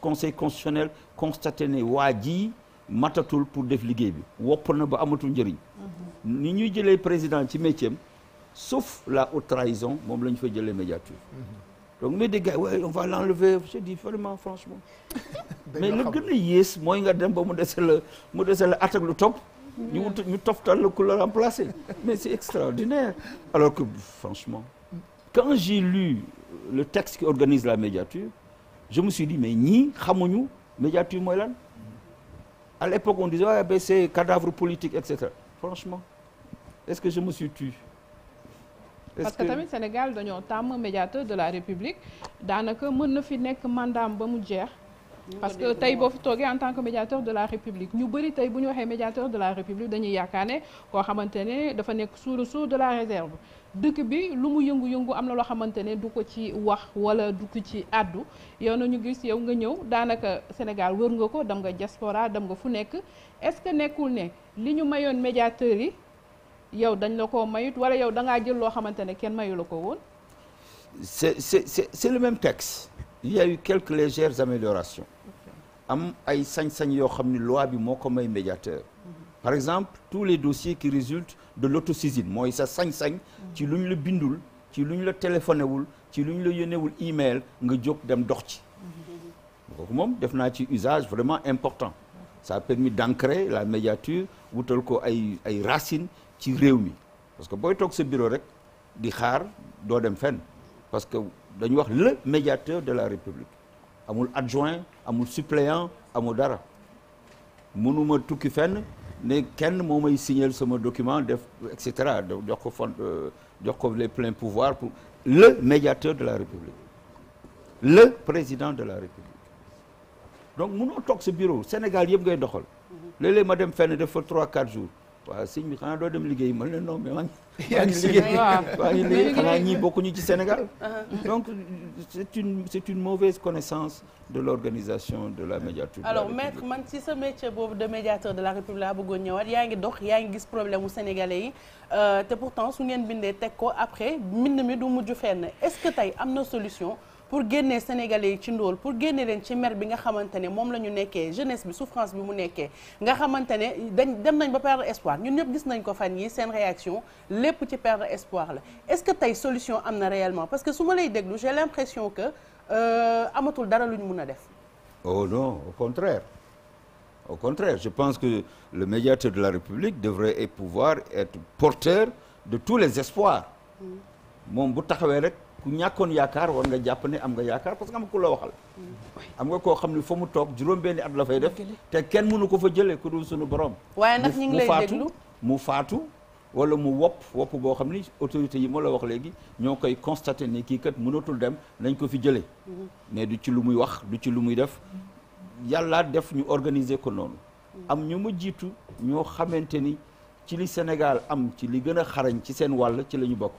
conseil constitutionnel constaté ne waa ji matatul pour def liggéey bi wopp na ba amatul njëriñ mhm. ni ñuy jëlee président ci métier sauf la haute trahison moom la ñu fa jëlee médiature mhm. donc mais des gars ouais, on va l'enlever je dis vraiment franchement mais la gën a yées mooy nga dem ba mu dese la mu dese la attaque lu topp ñu wut ñu toftal la ku la remplacer mais c'est extraordinaire alors que franchement quand j'ai lu le texte qui organise la médiature je me suis dit mais ñii xamuñu médiature mooy lan à l'époque on disait ah ben c'est cadavre politique et franchement est-ce que je me suis tué est parce que tamit Sénégal dañoo tàmm médiateur de la République daanaka mën na fi nekk mandaam ba mu jeex. parce que tey boo fi toogee en tant que médiateur de la République ñu bëri tey bu ñu waxee médiateur de la République dañuy yaakaar ne koo xamante ne dafa nekk sous le sceau la réserve. dëkk bi lu mu yëngu-yëngu am na loo xamante ne du ko ci wax wala du ko ci àddu yow na ñu gis yow nga ñëw daanaka Sénégal wër nga ko dem nga diaspora dam nga fu nekk est-ce que nekkul ne li ñu mayoon médiateurs yi yow dañ la ko mayut wala yow da jël loo xamante ne kenn mayu la ko woon. c'est c'est c'est c'est le même texte. il y am ay sañ-sañ yoo xam ni loi bi moo ko may médiateur. Mm-hmm. par exemple tous les dossiers qui résultent de l'autosaisine mooy sa sañ ci lu luñ la bindul ci lu ñu la téléphoné wul ci ñu la yónneewul email nga jog dem dox ci. kooku moom def naa ci usage vraiment important ça a permis la médiature wutal ko ay ay racines ci réew mi parce que booy toog sa bureau rek di xaar doo dem fen parce que dañu wax le médiateur de la République amul adjoint amul suppléant amul dara mënuma tukki fenn ne kenn moo may signer sama document def et cetera jox ko fond euh, jox ko les pleins pour le médiateur de la République le président de la République donc mënoo toog sa bureau Sénégal yëpp ngay doxal mhm. léeg-léeg ma dem fenn def fa trois quatre jours waaw sëñ bi xanaa doo dem liggéey mën leen non mais maa ngi liggéey maa ngi liggéey xanaa ñii bokkuñu ci Sénégal uh-huh. donc c'est une c'est une mauvaise connaissance de l'organisation de la médiature alors maître man si sa métier boobu de médiateur de la République la bëggoon ñëwaat yaa ngi dox yaa ngi gis problème mu sénégalais yi euh, te pourtant su ngeen bindee teg ko après mbind mi du mujj fenn est-ce que tey am na solution pour génne sénégalais yi ci ndóol pour génne leen ci mer bi nga xamante ne moom la ñu nekkee jeunesse bi souffrance bi mu nekkee nga xamante ne dañ dem nañ ba perdre espoir ñun ñëpp gis nañ ko fan yi seen réaction lépp ci perdre espoir la est-ce que tey solution am na réellement parce que su ma lay déglu j'ai l'impression que euh, amatul dara lu ñu mun a def oh non au contraire je pense que le médiateur de la République devrait pouvoir être porteur de tous les espoirs mm. moom bu taxawee rek ku ñàkkoon yaakaar war nga jàpp ne am nga yaakaar parce que am ku la waxal. Hmm. am nga koo xam ne foo mu toog juróom-benni at la fay def. te kenn mënu ko fa jëlee ku dul sunu borom. waaye nag ñu ngi lay mu faatu wala mu wopp wopp boo xam ni autorité yi moo la wax léegi ñoo koy constaté ne kii kat mënatul dem nañ ko fi jëlee. Hmm. mais du ci lu muy wax du ci lu muy def yàlla def ñu organiser ko noonu. Hmm. am ñu mu jiitu ñoo xamante ni ci li Sénégal am ci li gën a xarañ ci seen wàll ci la ñu bokk.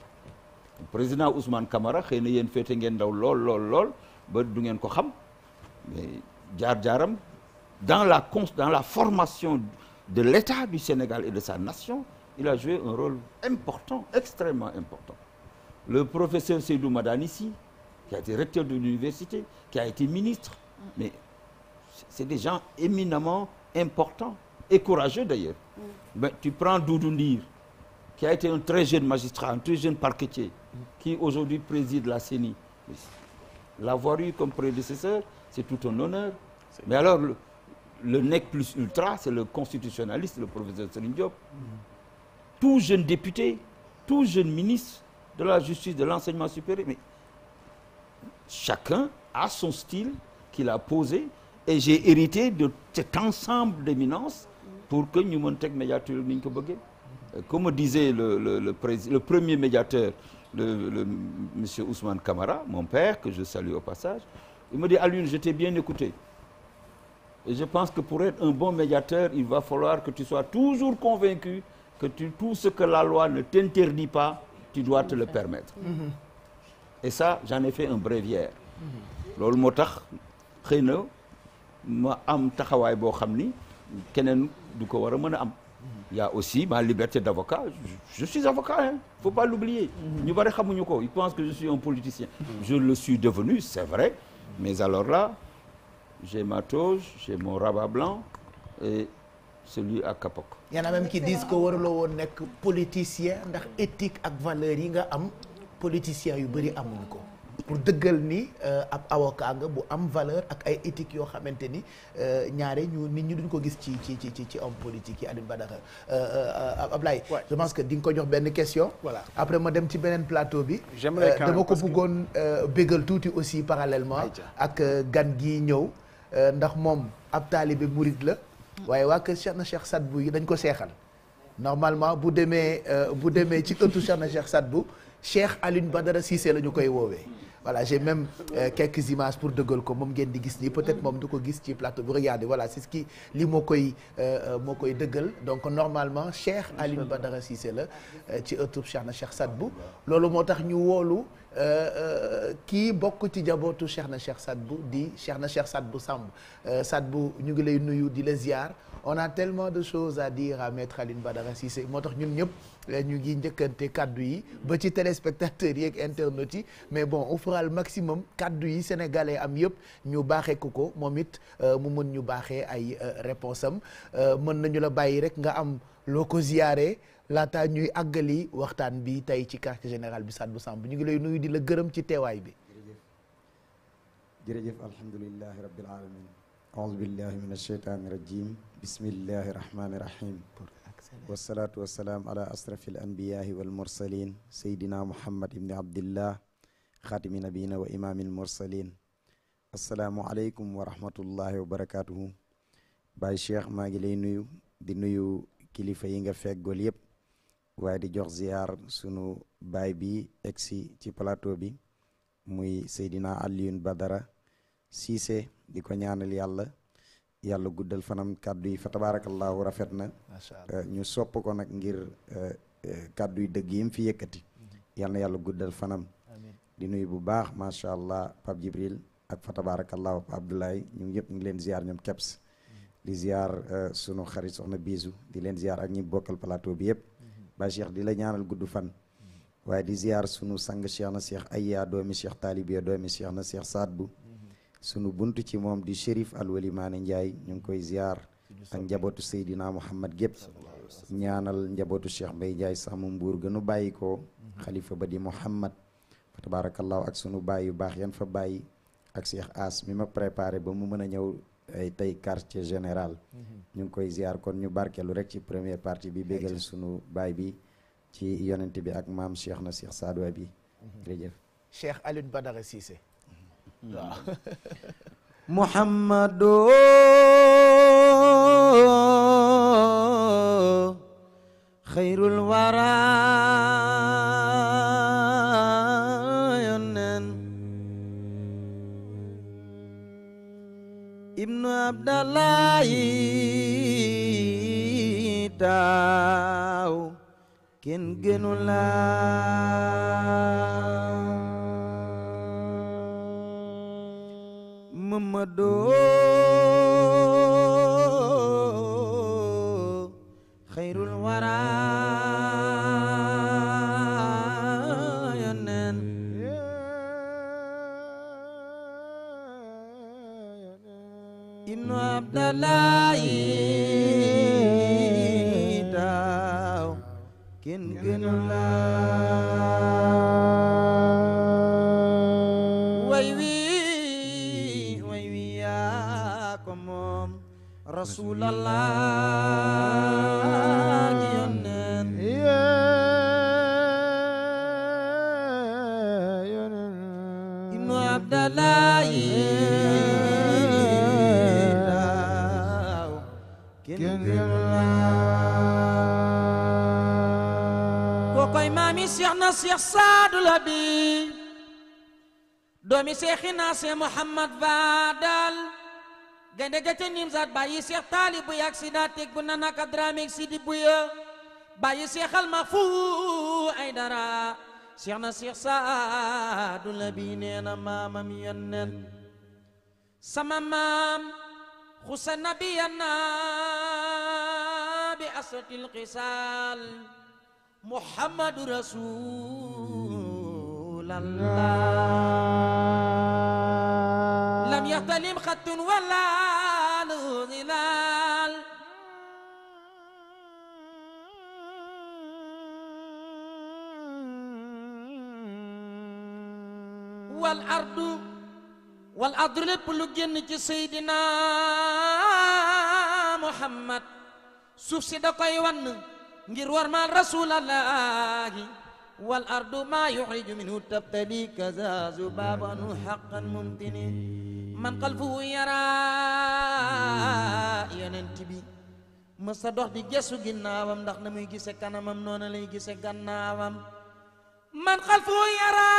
président Ousmane Camara xëy na yéen féete ngeen ndaw lool lool lool ba du ngeen ko xam mais jaar-jaaram dans la con dans la formation de l'État du Sénégal et de sa nation il a joué un rôle important extrêmement important le professeur Seydou Madani Sy qui a été recteur de l'université qui a été ministre mais c'est des gens éminemment importants et courageux d'ailleurs mm. mais tu prends Doudou Ndir qui a été un très jeune magistrat un très jeune parquetier qui aujourd'hui préside la CENI. L'avoir eu comme prédécesseur, c'est tout un honneur. Mais alors, le, le, nec plus ultra, c'est le constitutionnaliste, le professeur Serine Diop. Mm. Tout jeune député, tout jeune ministre de la justice, de l'enseignement supérieur, mais chacun a son style qu'il a posé et j'ai hérité de cet ensemble d'éminences pour que ñu mën teg médiateur ni ñu ko bëggee. Mm-hmm. Comme disait le, le, le, le premier médiateur le, le monsieur Ousmane Camara, mon père, que je salue au passage, il me dit Alune, je t'ai bien écouté. Et je pense que pour être un bon médiateur, il va falloir que tu sois toujours convaincu que tu, tout ce que la loi ne t'interdit pas, tu dois te le permettre. Mm -hmm. Et ça, j'en ai fait un bréviaire. loolu moo tax xëy na ma am taxawaay boo xam ni keneen du ko war a mën a am. il y a aussi ma liberté d'avocat je, je suis avocat hein faut pas l'oublier ñu bari xamuñu ko ils pensent que je suis un politicien je le suis devenu c'est vrai mais alors là j'ai ma toge j'ai mon rabat blanc et celui à Kapok il y en a même qui disent que waruloo woon nekk politicien ndax éthique ak valeur yi nga am politicien yu bëri amuñu ko pour dëggal ni euh, ab avocat nga bu am valeur ak ay éthique yoo xamante ni euh, ñaare ñu nit ñi duñ ko gis ci ci ci ci homme politique yi Alioune Badara euh, Ablaye je pense que di nga ko jox benn question voilà après ma dem ci beneen plateau bi dama ko bëggoon bégal tuuti aussi parallèlement ak gan gi ñëw ndax moom ab taalibe murid la waaye waa kër Cheikh na Cheikh Sadbou yi dañ ko seexal normalement bu demee bu demee ci ëttu Cheikh na Cheikh Sadbou Cheikh Alioune Badara Cissé la ñu koy woowee voilà j'ai même euh, quelques images pour dëggal ko moom ngeen di gis nii peut-être moom du ko gis ci plateau bi regardez voilà c'est ce qui li moo koy euh, euh, moo koy dëggal donc normalement Cheikh Alioune Badara Cissé la euh, ci ëttub e Cheikh na sat bu loolu moo tax ñu woolu Euh, euh, kii bokk ci jabootu Cheikh na Cheikh bu di Cheikh na Cheikh Sadbou Samb euh, bu ñu ngi lay nuyu di la ziar on a tellement de choses à dire à maître Alioune Badara Cissé moo tax ñun ñëpp ñu ngi njëkkante kaddu yi ba ci téléspectateurs yi ak internet yi mais bon on fera le maximum kaddu yi sénégalais am yëpp ñu baaxee ko ko moom it mu mën ñu baaxee ay réponse am mën nañu la bàyyi rek nga am loo ko ziyaaree laataa ñuy àggali waxtaan bi tey ci quartier général bi bu Samb ñu ngi lay nuyu di la gërëm ci teewaay bi jërëjëf jërëjëf alhamdulilahi rabbil alamin aouzu billahi min alsheytani irajim bismillahi irrahmani irrahim wasalaatu wasalaam ala asrafi alanbiyahi walmursalin sayidina muhammad ibni abdillah xaatimi nabiyina wa imaami almursalin asalaamu aleykum maa ngi lay nuyu di nuyu kilifa yi nga feggool yépp waaye di jox ziyaar sunu baay bi egsi ci plateau bi muy Seydina Alioune Badara Cissé di ko ñaanal yàlla yàlla guddal fanam kàddu yi fa tabaarakallaahu rafet na euh, ñu sopp ko nag ngir euh, euh, kàddu yi dëgg yi fi yëkkati mhm. yàlla yàlla guddal fanam di nuyu bu baax macha allah Pape Jibril ak fa tabaarakallaahu Pape Abdoulaye ñu yëpp ñu ngi leen ziyaar ñoom keps mhm. di ziyaar sunu xarit soxna biisu di leen ziyaar ak ñi bokkal palato bi yëpp ba cheikh di la ñaanal gudd fan waaye di ziar sunu sang cheikh na cheikh Aya doomi cheikh taalibi doomi cheikh na cheikh Sadbu sunu buntu ci moom di shérif alwali maane Ndiaye ñu ngi koy ziar ak njabootu Seydina Muhammad gépp ñaanal njabootu cheikh Mbaye Ndiaye sàmm mbuur gënu bàyyi ko xalifa ba di Muhammad fa tabaarakallaahu ak sunu baay yu baax yan fa bàyyi ak cheikh As mi ma préparé ba mu mën a ñëw tey quartier général ñu koy ziar kon ñu barkeelu rek ci première partie bi bégal sunu baay bi ci yonent bi ak maam Cheikh na Cheikh Sadou bi mhm. jërëjëf Cheikh Alioune Badara Cissé mhm. waaw Muhammadu xayrul wara Abdalaayi taaw kenn gënu la Mamadou xayrul wara laay daaw kenn gënu laay way wi yaa ko moom rasulallah naa Cheikh Saadu Labi doomi Cheikhina Cheikh Mouhamad Fadal gaynde ga ca Nimzaat bàyyi Cheikh Taalibu yaag Sida teg bu nana ak Dramé Sidi Buya bàyyi Cheikh Almafu ay dara Cheikh na Cheikh Saadu Labi nee na maamam yenneen sama maam xusa nabiyanaa bi asatil xisaal Muhammadu Rasulallah lam yaxtalim xattun wala lu xilaal wal ardu wal ardu lépp lu génn ci Seydina Muhammad suuf si da koy wann ngir warmaal rasulallaahi wal ardu maa yuxriju minhu tabtali kazaazu baabanu xaqan mumtini man xalfuhu yara yonent bi mës a dox di gesu ginnaawam ndax na muy gise kanamam noona lay gise gannaawam man xalfuhu yara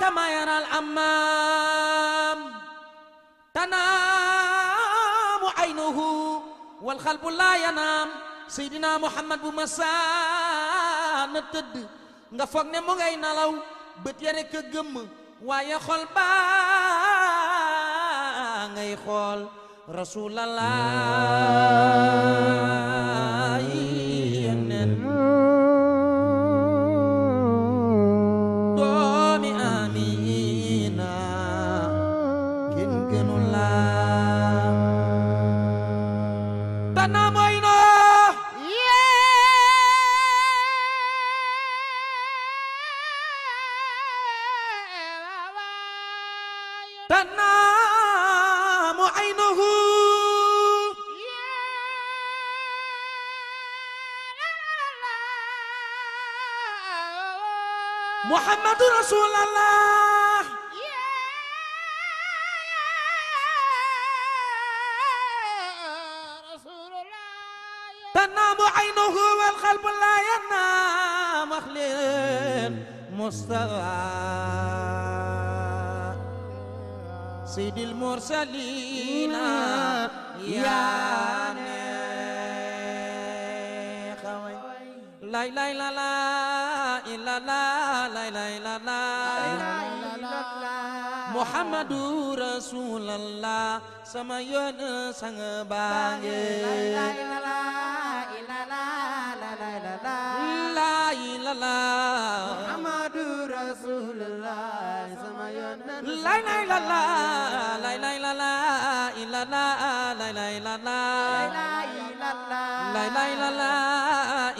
kama yaral amaam tanaamu aynuhu wal xalbu laa yanaam seydina muhammad bu masaana tëdd nga foog ne mu ngay nalaw bët ya rekk a gëmm waaye xol baa ngay xool rasulallah Muhammadu Rasulullah تنام عينه والقلب لا ينام أخلين مصطفى سيد المرسلين يا نخوي لا لا لا لا إلا لا إله إلا الله محمد رسول الله sama yoon sang baange la ilaha illallah muhammadur rasulullah la la la la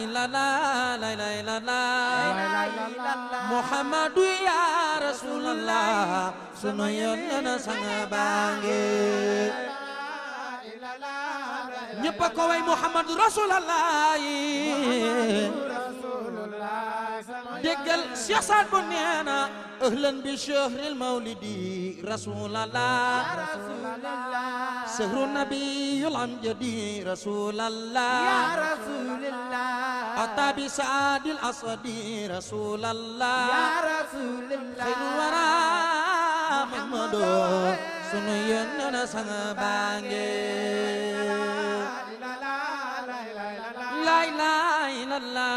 illa la la la la la muhammadu ya rasulullah sanga bange ñëpp ko way muhammadu déggal Cheikh Saad bu nee na ahlan bi shahril mawlidi rasulallah shahru nabiyul amjadi rasulallah ya rasulallah ata bi saadil aswadi rasulallah ya rasulallah xeyru wara Muhammadu sunu yónnee na sang baange lay lay la la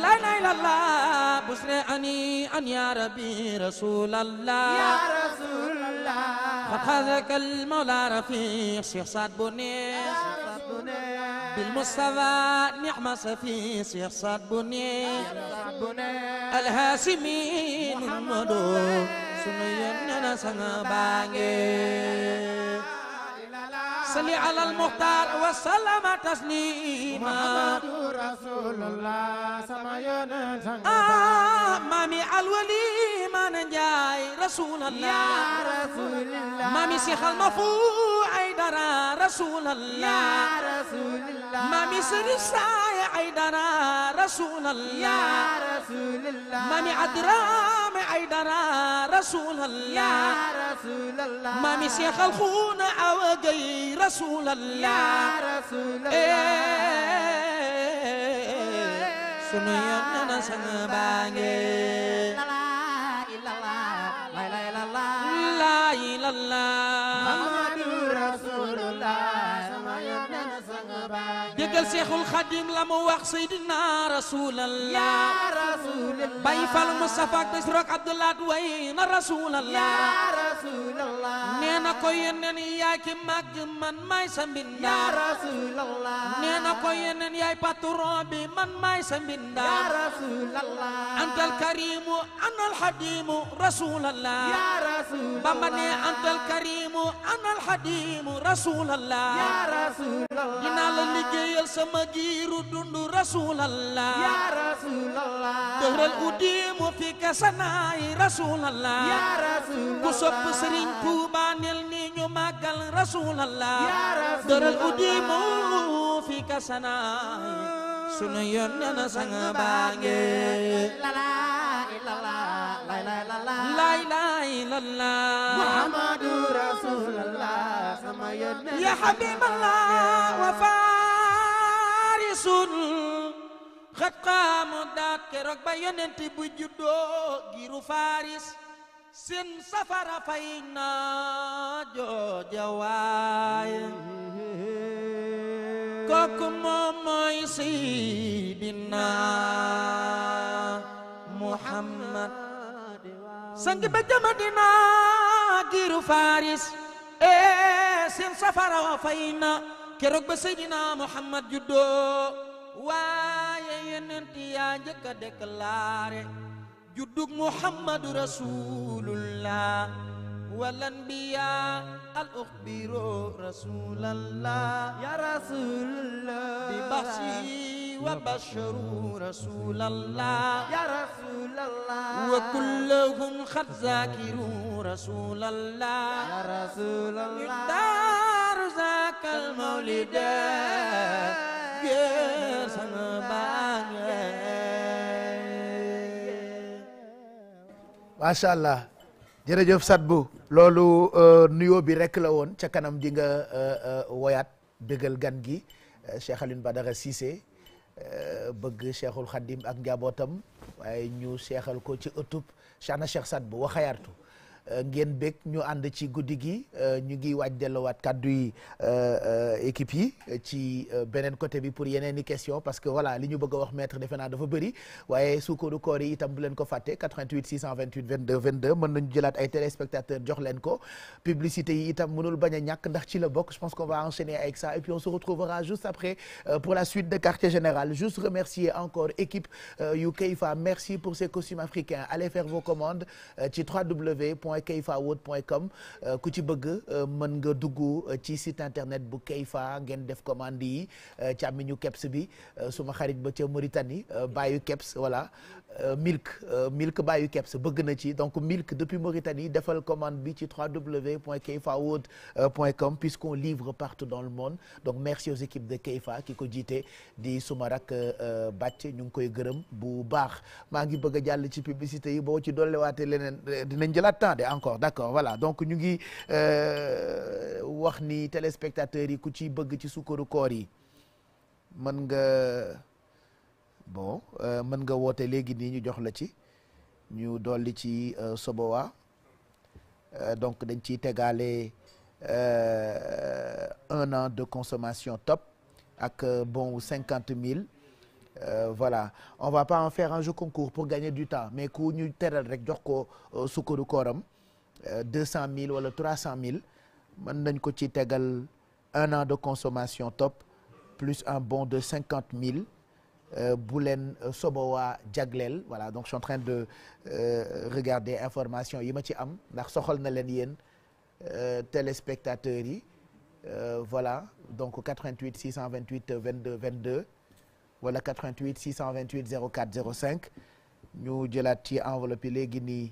لا إله إلا الله بشرعني أن يا ربي رسول الله يا رسول الله فخذك المولى رفيق شيخ سعد بني بالمصطفى نعمة صفي شيخ سعد بني الهاشمي محمد سنين نسنا بانجي salli ala al-muxtaar wa sallama tasliima muhammadu rasulullah sama yonent ah mami alwali man njaay rasulullah ya rasulullah mami sixal ma fu ay dara rasulullah ya rasulullah عيدنا رسول الله يا رسول الله مامي عدرام عيدنا رسول الله يا رسول الله مامي شيخ الخون أوجي رسول الله يا رسول الله سنو يمنا سنبانجي Seexul Xadim la mu wax Seydina Rasulallah yaa Rasulallah Bay Fal Mustafa ak Bés Roog Abdulaat way na Rasulallah yaa Rasulallah nee na man maay sa mbindaa yaa Rasulallah nee na ko yeneen yaay patron bi man maay sa mbindaa karimu anal xadimu xadimu Rasulallah yaa sama giiru dundu rasulallah ya rasulallah dëral udiimu fi kasanaayi rasulallah ya rasulallah ku sopp Sëriñ Tuuba nel ni ñu màggal rasulallah ya rasulallah dëral udiimu fi kasanaayi sunu yoon nena sang baange lala ilala lay lay lala muhammadu rasulallah sama yoon nena ya habiballah wafa sun xat xaamu daat safara fay jooja waaye kooku moom mooy Seydina Muhammad sang ba jamadina giru faris ee eh, seen safara wa fay keroog ba Seydina Muhammad juddoo waaye yonent yaa njëkk a déclaré juddug Muhammadu rasulullah wal anbiya al ukhbiru rasulallah ya rasulallah bi bahsi wa basharu rasulallah ya rasulallah wa kulluhum qad zakiru rasulallah ya rasulallah ذاك المولد غير سنبان ما شاء jërëjëf Sadbou loolu euh, nuyoo bi rek la woon ca kanam di nga euh, euh, woyaat bégal gan gi Cheikh Alioune Badara Cissé bëgg Cheikhul Khadim ak njabootam waaye ñu seexal ko ci ëttub Cheikhna Cheikh Sadbou waxayaatu Euh, ngeen bég ñu ànd ci guddi gi euh, ñu ngi waaj delluwaat kàddu yi euh, équipe yi ci beneen côté bi pour yeneen i question parce que voilà li ñu bëgg a wax maître defe naa dafa bëri waaye suukaru koor yi itam bu ko fàtte 88 628 22 22 mën nañu jëlaat ay téléspectateurs jox leen ko publicité yi itam mënul bañ a ñàkk ndax ci la bokk je pense qu'on va enchaîner avec ça et puis on se retrouvera juste après pour la suite de quartier général juste remercier encore équipe yu Keifa kayfawood.com euh, ku ci bëgg euh, mën nga dugg euh, ci site internet bu Kayfa ngeen def commande yi càmmiñu keps bi suma xarit ba ca Mauritanie baayu keps voilà Euh, milk euh, Milk bàyyu keps bëgg na ci donc Milk depuis Mauritanie defal commande bi ci www.keifawood.com puisqu'on livre partout dans le monde donc merci aux équipes de Keifa ki ko jiite di suma rak euh, bàcc ñu ngi koy gërëm bu baax maa ngi bëgg a jàll ci publicité yi boo ci dolliwaatee leneen eh, dinañ jëlaat temps de encore d'accord voilà donc ñu ngi wax ni téléspectateurs yi ku ci bëgg ci sukkaru koor yi mën nga bon euh, mën nga woote léegi nii ñu jox la ci ñu dool li ci euh, Sobowa euh, donc dañ ciy tegaale un an de consommation top ak bon cinquante mille voilà on va pas en faire un jeu concours pour gagner du temps mais ku ñu teral rek jox ko sukkaru kooram deux cent mille wala trois cent mille mën nañ ko ci tegal un an de consommation top plus un bon de cinquante mille Euh, bu leen euh, Sobowa jagleel voilà donc je suis en train de euh, regarder information yi ma ci am ndax soxal na leen yéen téléspectateurs yi voilà donc 88 628 22 22 wala 88 628 04 05 ñu jëlaat ci enveloppe léegi nii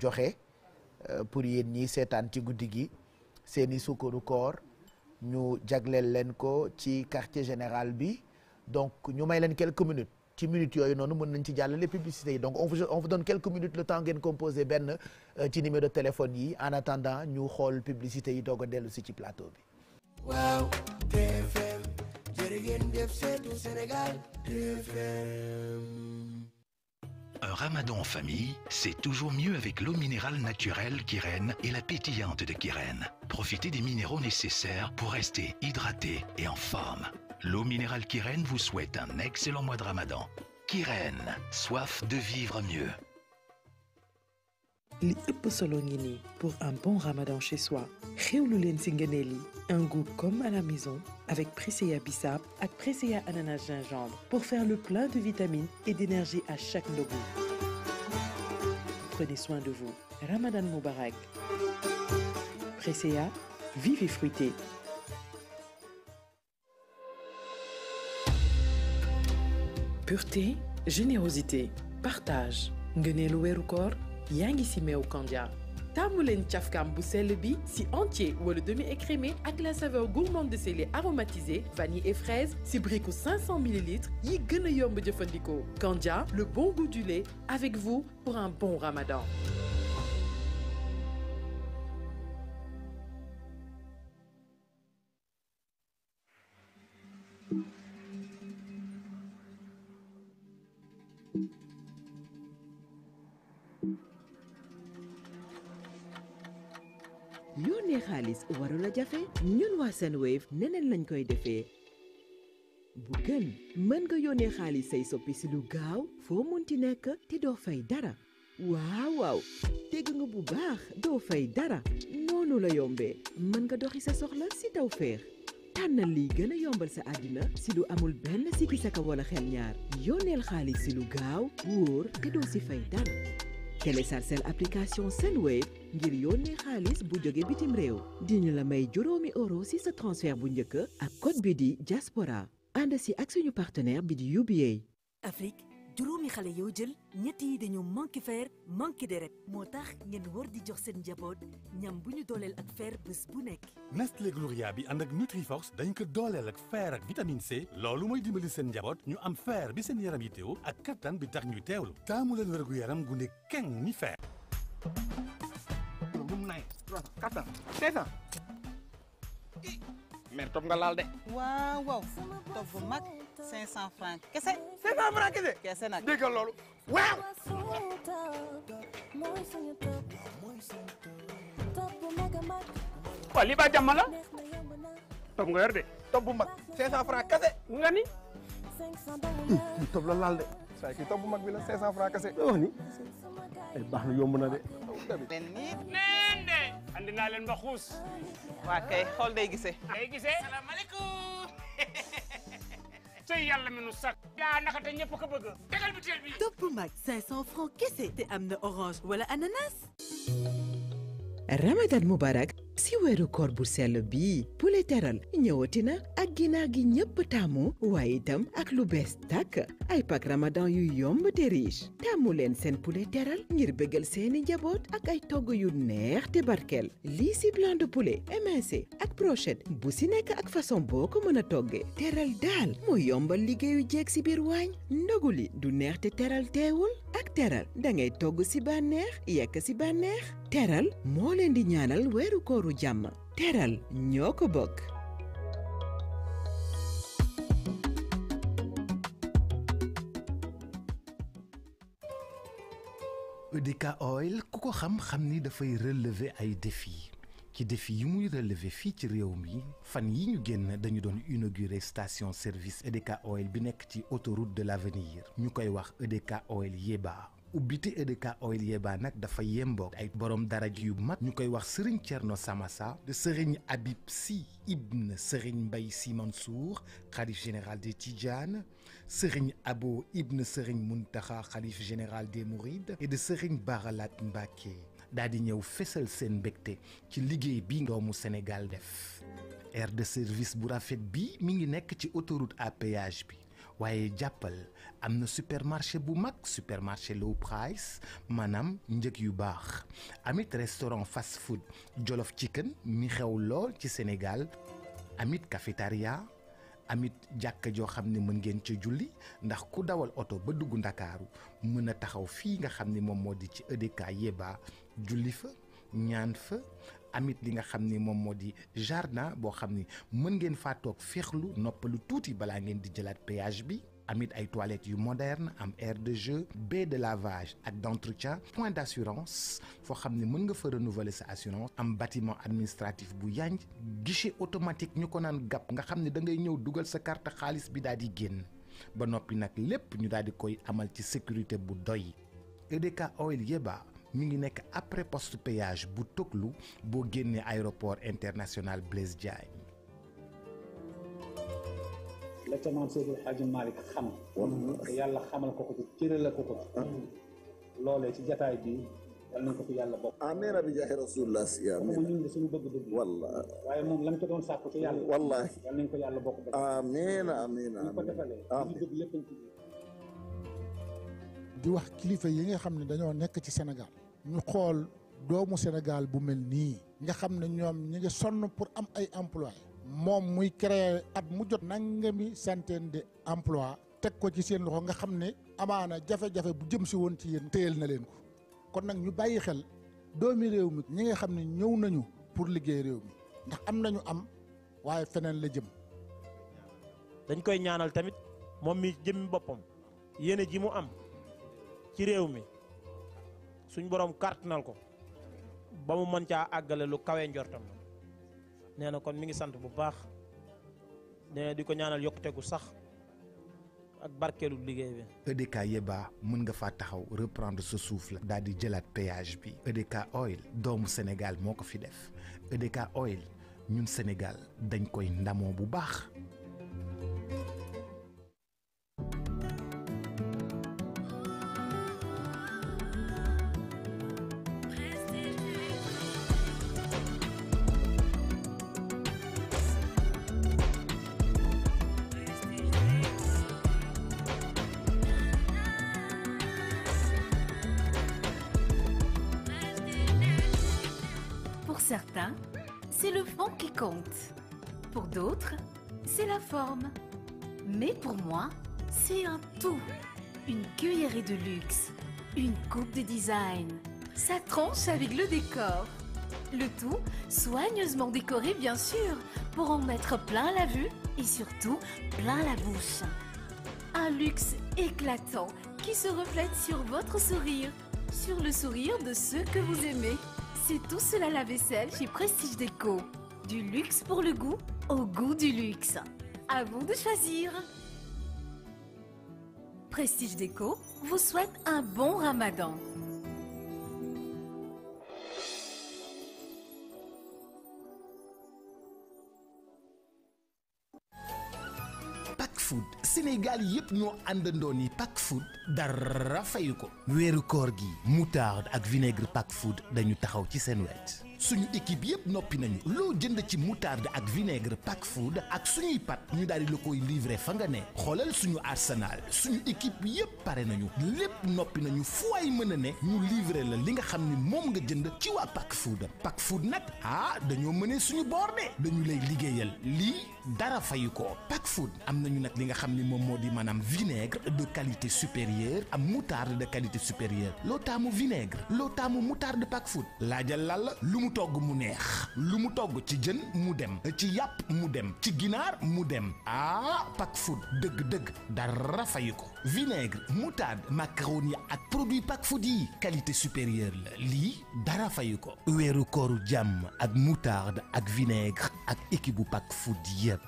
joxe pour yéen ñi seetaan ci guddi gi seeni sukkaru koor ñu jagleel leen ko ci quartier général bi. donc ñu may leen quelques minutes ci minutes yooyu noonu mën nañ ci jàllale publicité yi donc on vous on vous donne quelques minutes le temps ngeen composé benn euh, ci numéro de téléphone yi en attendant ñu xool publicité yi doog a dellu si ci plateau bi. waaw TFM ngeen def seetu Sénégal TFM. Un ramadan en famille, c'est toujours mieux avec l'eau minérale naturelle Kirène et la pétillante de Kirène. Profitez des minéraux nécessaires pour rester hydraté et en forme. L'eau minérale Kirène vous souhaite un excellent mois de ramadan. Kirène, soif de vivre mieux. li ëpp solo pour un bon ramadan chez soi xewlu leen si ngëneel yi un goût comme à la maison avec Presseya bissap ak Presseya ananas gingembre pour faire le plein de vitamines et d'énergie à chaque ndogu prenez soin de vous ramadan moubarak Presseya vive et fruitez pureté générosité partage ngëneelu weeru koor yaa ngi ci meew Candia taamu leen cafkaam bu sell bi si entier wala demi écrémé ak la saveur gourmande de ses laits aromatisés vanille et fraise ci briku 500 ml yi gën a yomb jëfandikoo Candia le bon goût du lait avec vous pour un bon ramadan yónnee xaalis warul a jafe ñun waa Senwave neneen lañ koy defee bu gën mën nga yónnee xaalis say soppi si lu gaaw foo munti nekk te doo fay dara waaw waaw dégg nga bu baax doo fay dara noonu la yombee mën nga doxi sa soxla si taw tànnal liy gën a yombal sa àddina si lu amul benn sikki saka wala xel ñaar yónneel xaalis si lu gaaw wóor te si fay dara téléchargeel application Senwave ngir yónnee xaalis bu jóge bitim réew diñu la may juróomi euro si sa transfert bu njëkk ak code bi di diaspora ànd si ak suñu partenaire bi di UBA Afrique juróomi xale yow jël ñett yi dañoo manqué fer manqué deret moo tax ngeen war di jox seen njaboot ñam bu ñu dooleel ak fer bés bu nekk. Nestlé Gloria bi ànd ak Nutriforce dañ ko dooleel ak fer ak vitamine C loolu mooy dimbali seen njaboot ñu am fer bi seen yaram yi teew ak kattan bi tax ñuy teewlu taamu leen wérgu yaram gu ne keng ni fer. mën naa mère topp nga laal de. waaw bu mag 500 francs kese. 500 francs kese. kese nag dégg nga loolu waaw. waaw lii ba nga yor de. bu mag 500 francs kese. nga ni. topp la laal de. saay kii topp mag bi la 500 francs kese. nga ay baax na yomb na de. leen nii. neen de. andi naa leen ba xuus. waa kay xool day gisee. day gisee. salaamaaleykum. te yàlla mi nu sakk. yaa naka te ñëpp ko bëgg. bi. topp mag 500 francs kese. te am orange wala ananas. Ramadan Mubarak. si weeru koor bu sell bii poulet teral ñëwati na ak ginaar gi ñëpp taamu waaye itam ak lu bees tàkk ay pak ramadan yu yomb te riche taamu leen seen poulet teral ngir bëggal seeni njaboot ak ay togg yu neex te barkeel lii si blanc de poulet ak brochette bu si nekk ak façon boo ko mën a toggee teral daal moo yombal liggéeyu jeeg si biir waañ ndogu li du neex te teral teewul ak teral da togg si bànneex yekk si bànneex teral moo leen di ñaanal weeru koor weeru jàmm ñoo ko bokk ku ko xam-xam ni dafay relever ay défis ci défi yi muy relever fii ci réew mi fan yi ñu génn dañu doon inaugurer station service EDK Oil bi nekk ci autoroute de l'avenir ñu koy wax EDK Oil Yeba ubbite EDK Oil Yeba nag dafa yemboog ay borom daraj yu mag ñu koy wax Serigne Thierno Samassa de Serigne Habib Sy ibn Serigne Mbaye Sy Mansour xalif général des Tidjanes Serigne Abo ibn Serigne Mountakha xalif général des Mourides et de Serigne Baralat Mbacké daal di ñëw fesal seen mbégte ci liggéey bi doomu Sénégal def aire de service bu rafet bi mi ngi nekk ci autoroute à péage bi waaye jàppal am na supermarché bu mag supermarché low price maanaam njëg yu baax amit restaurant fast food Jollof Chicken mi xew lool ci Sénégal amit cafétéria amit jàkka joo xam ne mën ngeen ca julli ndax ku dawal oto ba dugg ndakaaru mën a taxaw fii nga xam ne moom moo di ci EDK Yeba julli fa ñaan fa amit li nga xam ni moom moo di jardin boo xam ni mën ngeen faa féexlu noppalu tuuti balaa ngeen di jëlaat péage bi amit ay toilettes yu moderne am aire de jeu baie de lavage ak d'entretien point d'assurance foo xam ne mën nga fa renouveler sa assurance am bâtiment administratif bu yanj guichet automatique ñu ko naan gàpp nga xam ni da ngay ñëw dugal sa carte xaalis bi daal di génn ba noppi nag lépp ñu daal di koy amal ci sécurité bu doy EDK Oil Yeba mi ngi nekk après post péage bu Toglu boo génnee aéroport international Blaise Diagne la ca maam Seydil Hadji Malick xam yàlla xamal ko ko ci cërale ko ko ci loolee ci jataay bi yàlla nañ ko fi yàlla bokk amiin bi jaahi suñu bëgg-bëgg wallaahi waaye moom lañ ko doon sàkku yàlla wallaahi nañ ko yàlla bokk ba amiin amiin amiin ko di wax kilifa yi nga xam ne dañoo nekk ci senegal ñu xool doomu Sénégal bu mel nii nga xam ne ñoom ñi ngi sonn pour am ay employé moom muy créer at mu jot nangami centaine de emploi teg ko ci seen loxo nga xam ne amaana jafe-jafe bu jëm si woon ci yéen téyel na leen ko kon nag ñu bàyyi xel doomi réew mi ñi nga xam ne ñëw nañu pour liggéey réew mi ndax am nañu am waaye feneen la jëm dañ koy ñaanal tamit moom mi jëm boppam yéene ji mu am ci réew mi suñ borom nal ko ba mu mën caa àggale lu kawe njortam nee na kon mu ngi sant bu baax nee na di ko ñaanal yokkute gu sax ak barkeelu liggéey bi. EDK Yeba mën nga faa taxaw reprendre sa souffle daal di jëlaat péage bi. EDK Oil doomu Sénégal moo ko fi def EDK Oil ñun Sénégal dañ koy ndamoo bu baax. D'autres, c'est la forme. Mais pour moi, c'est un tout. Une cuillerée de luxe, une coupe de design, ça tranche avec le décor. Le tout soigneusement décoré, bien sûr, pour en mettre plein la vue et surtout plein la bouche. Un luxe éclatant qui se reflète sur votre sourire, sur le sourire de ceux que vous aimez. C'est tout cela la vaisselle chez Prestige Déco. Du luxe pour le goût au goût du luxe. À de choisir. Prestige Déco vous souhaite un bon ramadan. Pack Food Sénégal yëpp ñoo àndandoo ni Pack Food dara fayu ko. weeru koor gi moutarde ak vinaigre Pack Food dañu taxaw ci seen wet. suñu équipe yëpp noppi nañu loo jënd ci moutarde ak vinaigre pack food ak suñuy pat ñu daal di la koy livrer fa nga ne xoolal suñu arsenal suñu équipe yëpp pare nañu lépp noppi nañu fu waay mën a ne ñu livrer la li nga xam ni moom nga jënd ci waa pack food pack food nag ah dañoo mënee suñu boor de dañu lay liggéeyal lii dara fayu ko pack food am nañu nag li nga xam ni moom moo di maanaam vinaigre de qualité supérieure am moutarde de qualité supérieure loo taamu mu togg mu neex lu mu togg ci jën mu dem ci yàpp mu dem ci ginaar mu dem ah pack food dëgg-dëgg dara fayu ko vinaigre moutarde macaroni ak produit pack food yi qualité supérieure la lii dara fayu ko weeru kooru jàmm ak moutarde ak vinaigre ak équipe bu pack food yëpp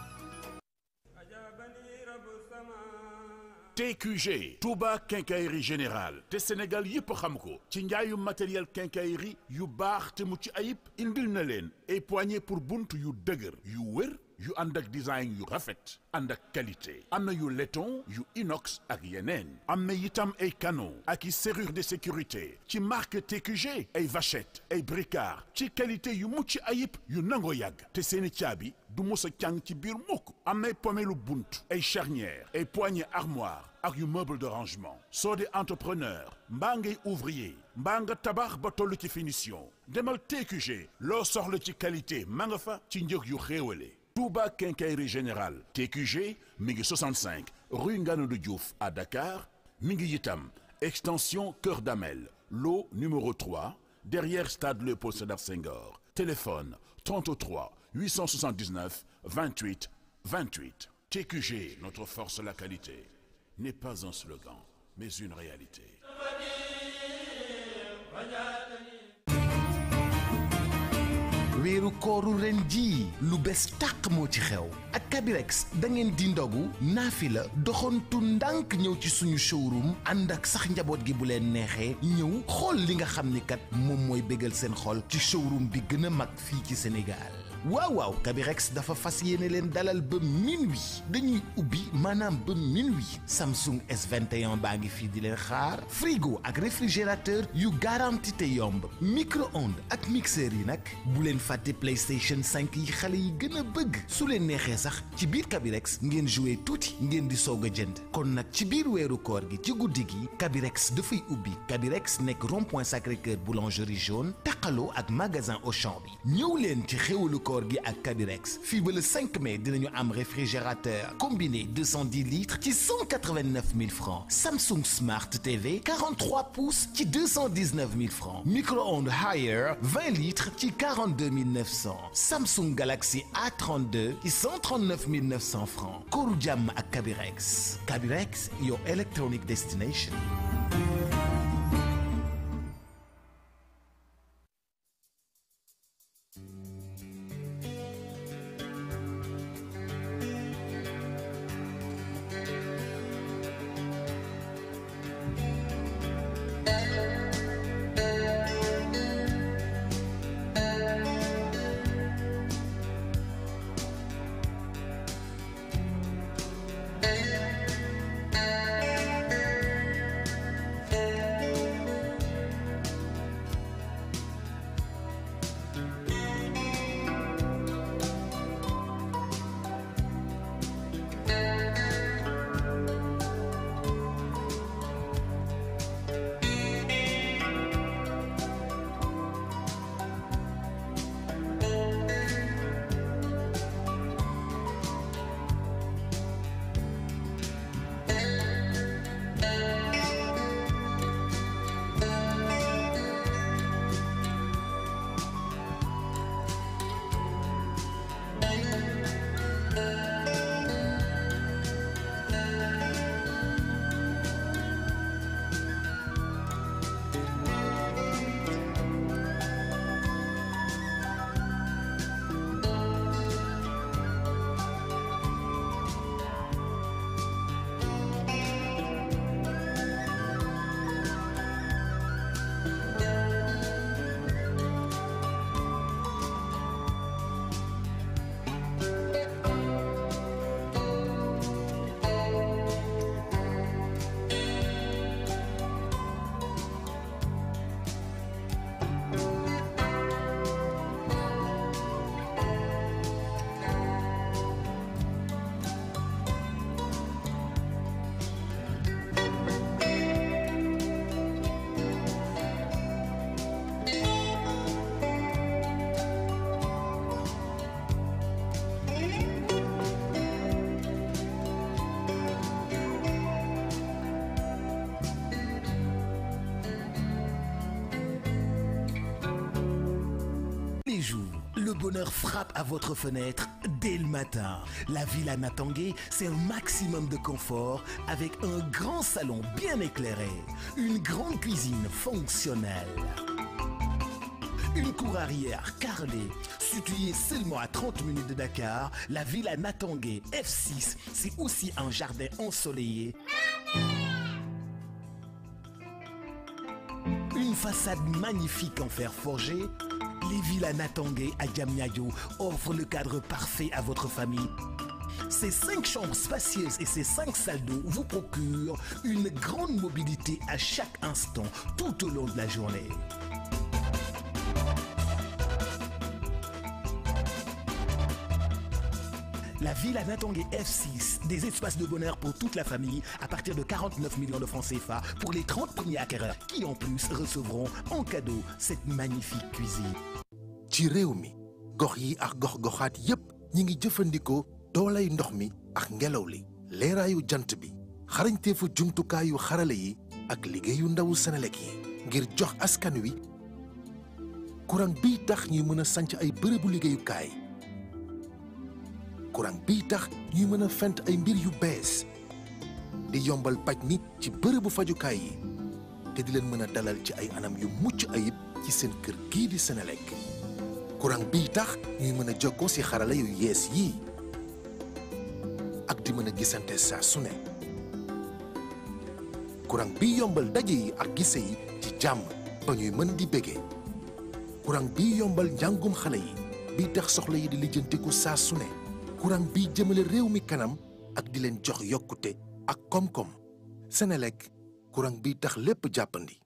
te TQG Touba quincaillerie général te Sénégal yëpp xam ko ci njaayu matériel quincaillerie yu baax te mucc ci ayib indil na leen ay poignées pour bunt yu dëgër yu wër yu ànd ak design yu rafet ànd ak qualité am na yu leton yu inox ak yeneen am na itam ay canaux ak i serrure de sécurité ci marque TQG ay vachette ay bricard ci qualité yu mucc ayib yu nango yàgg te seeni caabi du mos a càng ci biir mukk am nay pomelu bunt ay charnière ay poignée armoire ak yu meuble de rangement soo de entrepreneur mbaa ngay ouvrier mbaa nga tabax ba toll ci finition demal TQG loo soxla ci qualité ma nga fa ci njëg yu xéewale Touba Quincaillerie Générale TQG mi ngi 65 rue Nganodou Diouf à Dakar mi ngi itam extension Kër Damel lot numéro 3 derrière stade Léopold Sédar Senghor téléphone 33 879 28 28 TQG notre force la qualité n'est pas un slogan mais une réalité weeru kooru ren jii lu bees tàq moo ci xew ak Kabirex da ngeen di ndogu naafi la doxantu ndànk ñëw ci suñu showroom ànd ak sax njaboot gi bu leen neexee ñëw xool li nga xam ni kat moom mooy bégal seen xool ci showroom bi gën a mag fii ci Sénégal waaw waaw Kabirex dafa fas yéene leen dalal ba minuit dañuy ubbi maanaam ba minuit Samsung S21 baa ngi fii di leen xaar frigo ak réfrigérateur yu garanti te yomb micro-ondes ak mixeur yi nag bu leen fàtte PlayStation 5 yi xale yi gën a bëgg su leen neexee sax ci biir Kabirex ngeen jouer tuuti ngeen di soog a jënd kon nag ci biir weeru koor gi ci guddi gi Kabirex dafay ubbi Kabirex nekk rond-point Sacré-Cœur boulangerie jaune taqaloo ak magasin Auchan bi ñëw koor gi ak Kabirex fii ba le 5 mai dinañu am réfrigérateur combiné 210 litres ci 189 000 francs Samsung Smart TV 43 pouces ci 219 000 francs micro-ondes Haier 20 litres ci 42 900 Samsung Galaxy A32 ci 139 900 francs kooru jàmm ak Kabirex Kabirex your electronic destination votre fenêtre dès le matin. La Villa Natangué, c'est un maximum de confort avec un grand salon bien éclairé, une grande cuisine fonctionnelle. Une cour arrière carrelée, située seulement à minutes de Dakar, la Villa Natangué f c'est aussi un jardin ensoleillé. Une façade magnifique en fer forgé les villas Natangué à offrent le cadre parfait à votre famille. Ces cinq chambres spacieuses et ces cinq salles d'eau vous procurent une grande mobilité à chaque instant tout au long de la journée. La Villa Natangué F6, des espaces de bonheur pour toute la famille à partir de 49 millions de francs CFA pour les 30 premiers acquéreurs qui en plus recevront en cadeau cette magnifique cuisine. ci réew mi gox yi ak gox-goxaat yépp ñi ngi jëfandikoo doolay ndox mi ak ngelaw li leeraayu jant bi xarañteefu jumtukaayu xarale yi ak liggéeyu ndawu Senelec yi ngir jox askan wi courant bi tax ñuy mën a sanc ay bërëbu liggéeyukaay courant bii tax ñuy mën a fent ay mbir yu bees di yombal paj mi ci bërëbu fajukaay yi te di leen mën a dalal ci ay anam yu mucc ayib ci seen kër gii di Senelec courant bii tax ñuy mën a jokkoo ci xarala yu yees yii ak di mën a gisante saa sune ne courant bi yombal daje yi ak gise yi ci jàmm ba ñuy mën di bégee courant bi yombal njàngum xale yi bi tax soxla yi di lijjantiku saa su courant bi jëmale réew mi kanam ak di leen jox yokkute ak koom-koom Senelec courant bi tax lépp jàppandi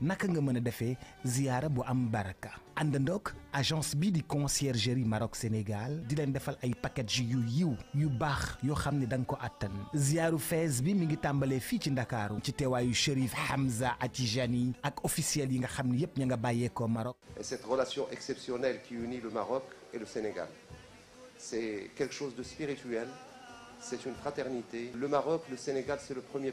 naka nga mën a defee ziyaara bu am baraka àndandoog agence bii di conciergerie Maroc Sénégal di leen defal ay package yu yiw yu baax yoo xam ne da ko àttan ziyaaru Fès bi mu ngi tàmbalee fii ci Ndakaaru ci teewaayu Chérif Hamza Atijani ak officiel yi nga xam ne yépp ña nga bàyyeekoo Maroc et cette relation exceptionnelle qui unit le Maroc et le Sénégal c'est quelque chose de spirituel c'est une fraternité le Maroc le Sénégal c'est le premier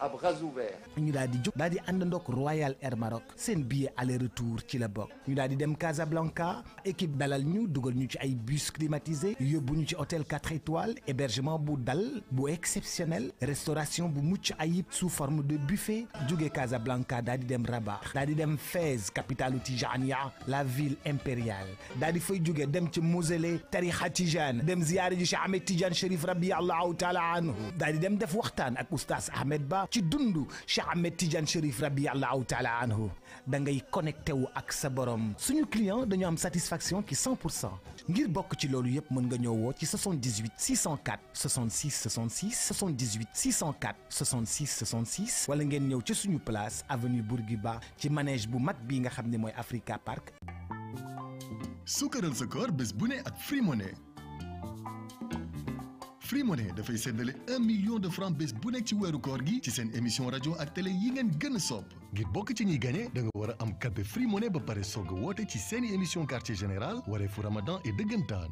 ab ras ouvert ñu daal di jóg daal di ànd ndoog Royal Air Maroc seen billet aller retour ci la bokk ñu daal di dem Casablanca équipe dalal ñu dugal ñu ci ay bus climatisé yóbbu ñu ci hôtel 4 étoiles hébergement bu dal bu exceptionnel restauration bu mucc ayib sous forme de buffet jóge Casablanca daal di dem Rabat daal di dem Fès capitale Tijania la ville impériale daal di fay jóge dem ci mausolée tarixa Tijane dem ziyaare ji Cheikh Ahmed Tijane Chérif Rabi Allahu taala ah ci dundu Cheikh Ahmed Tidiane Chérif radiallahu taala anhu da ngay connecté wu ak sa borom suñu client dañu am satisfaction ki 100 pour cent ngir bokk ci loolu yëpp mën nga ñëw woo ci 78 604 66 66 78 604 66 66 wala ngeen ñëw ci suñu place avenue Bourguiba ci manège bu mag bi nga xam ne mooy Africa Park. suukaral sa koor bés bu ne ak Free Money fri Money dafay séddale un million de francs bés bu nekk ci weeru koor gi ci seen émission rajo ak télé yi ngeen gën a sopp ngir bokk ci ni gagné da war am kalpe Free Money ba pare soog a woote ci seeni émission quartier général wareefu Ramadan et dëggantaan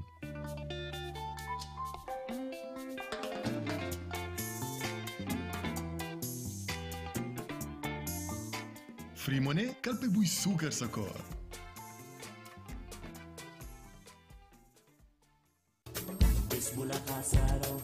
Free Money kalpe buy suukar sa koor kula kasaraw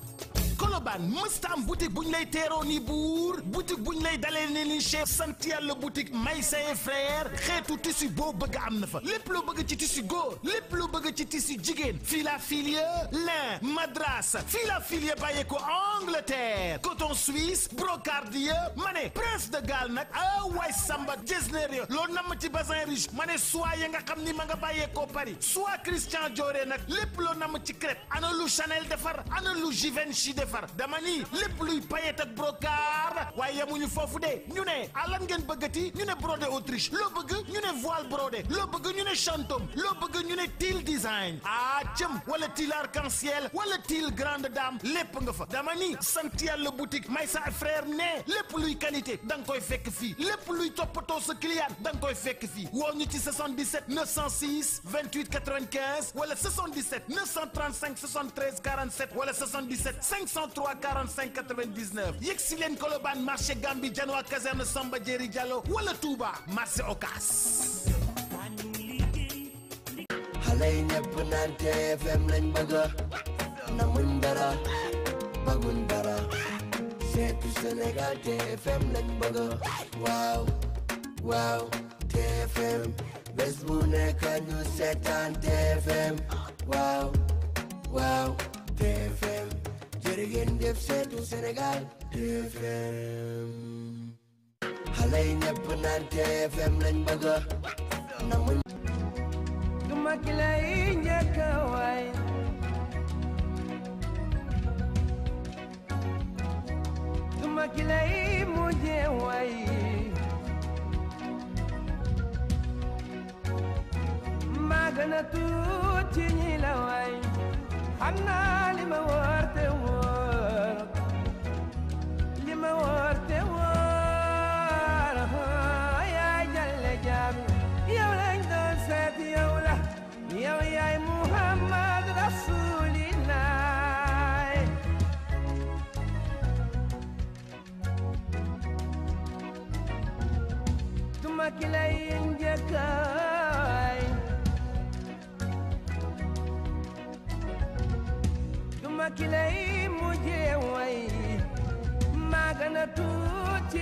Colobane mësta am boutique bu ñu lay teeroo ni buur boutique bu ñu lay dalee ne ni chef sant yàlla boutique may say frère xeetu tissu boo bëgg am na fa lépp loo bëgg ci tissu góor lép loo bëgg ci tissu jigéen fii la filière lin madras fii la filière bàyyee ko Angleterre coton suisse brocardie ma ne prince de Galles nag ah waay samba jesner yo loolu nam ci bazin riche ma ne soit nga xam ni ma nga bàyyee ko Paris soit Christian Dior nag lépp loo nam ci crêpe ana lu Chanel defar ana lu Givenchy defar dama ni lépp luy paillettes ak brocart waaye yemuñu foofu de ñu ne alan ngeen bëggati ñu ne brodé Autriche loo bëgg ñu ne voile brodé loo bëgg ñu ne chantôme loo bëgg ñu ne til design ah cëm wala til arc en wala til grande dame lépp nga fa dama ni sant yàlla boutique may sa frère ne lépp luy qualité da nga koy fekk fii lépp luy toppatoo sa client da nga koy fekk fii woo ñu ci 77 906 28 95 903 45 99 yegg si leen Colobane marché Gambie Janwa caserne Samba Diéry Diallo wala Touba marché Ocass. xale yi ñëpp TFM lañ bëgg namuñ dara baguñ dara seetu Sénégal TFM lañ bëgg waaw TFM bés bu nekk TFM waaw TFM. jërë ngeen jëf seetu Sénégal TFM xale yi ñëpp naan TFM lañ bëgg na mu du mag lay njëkk waay du mag lay mujjee waay maa gën a la waay xam li ma warte woo ma wóor te wóor yaa jàlle jaam yow lañ doon seet yow la yow yaay Muhammad Rasulillah tuma kilay njëkkaay tuma kilay mujjeeway maa gën a tuut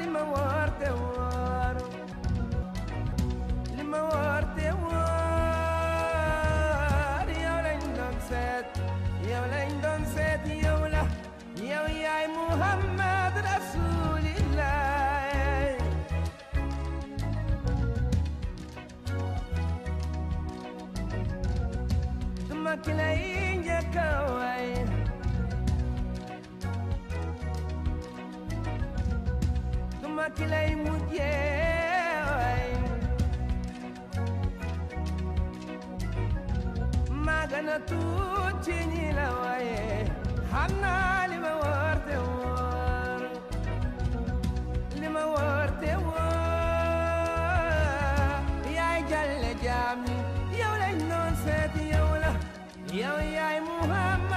li ma woor te woor li ma woor seet yow lañ doon seet yow la yow yaay Muhammad Rasul ma ki lay njëkk a ma ki lay mujjee way maa gën tuut ci ñi waye xam naa li ma wóor te wóor li ma wóor te wóor yaay jàlle jaam ñi yow yaay Muhammad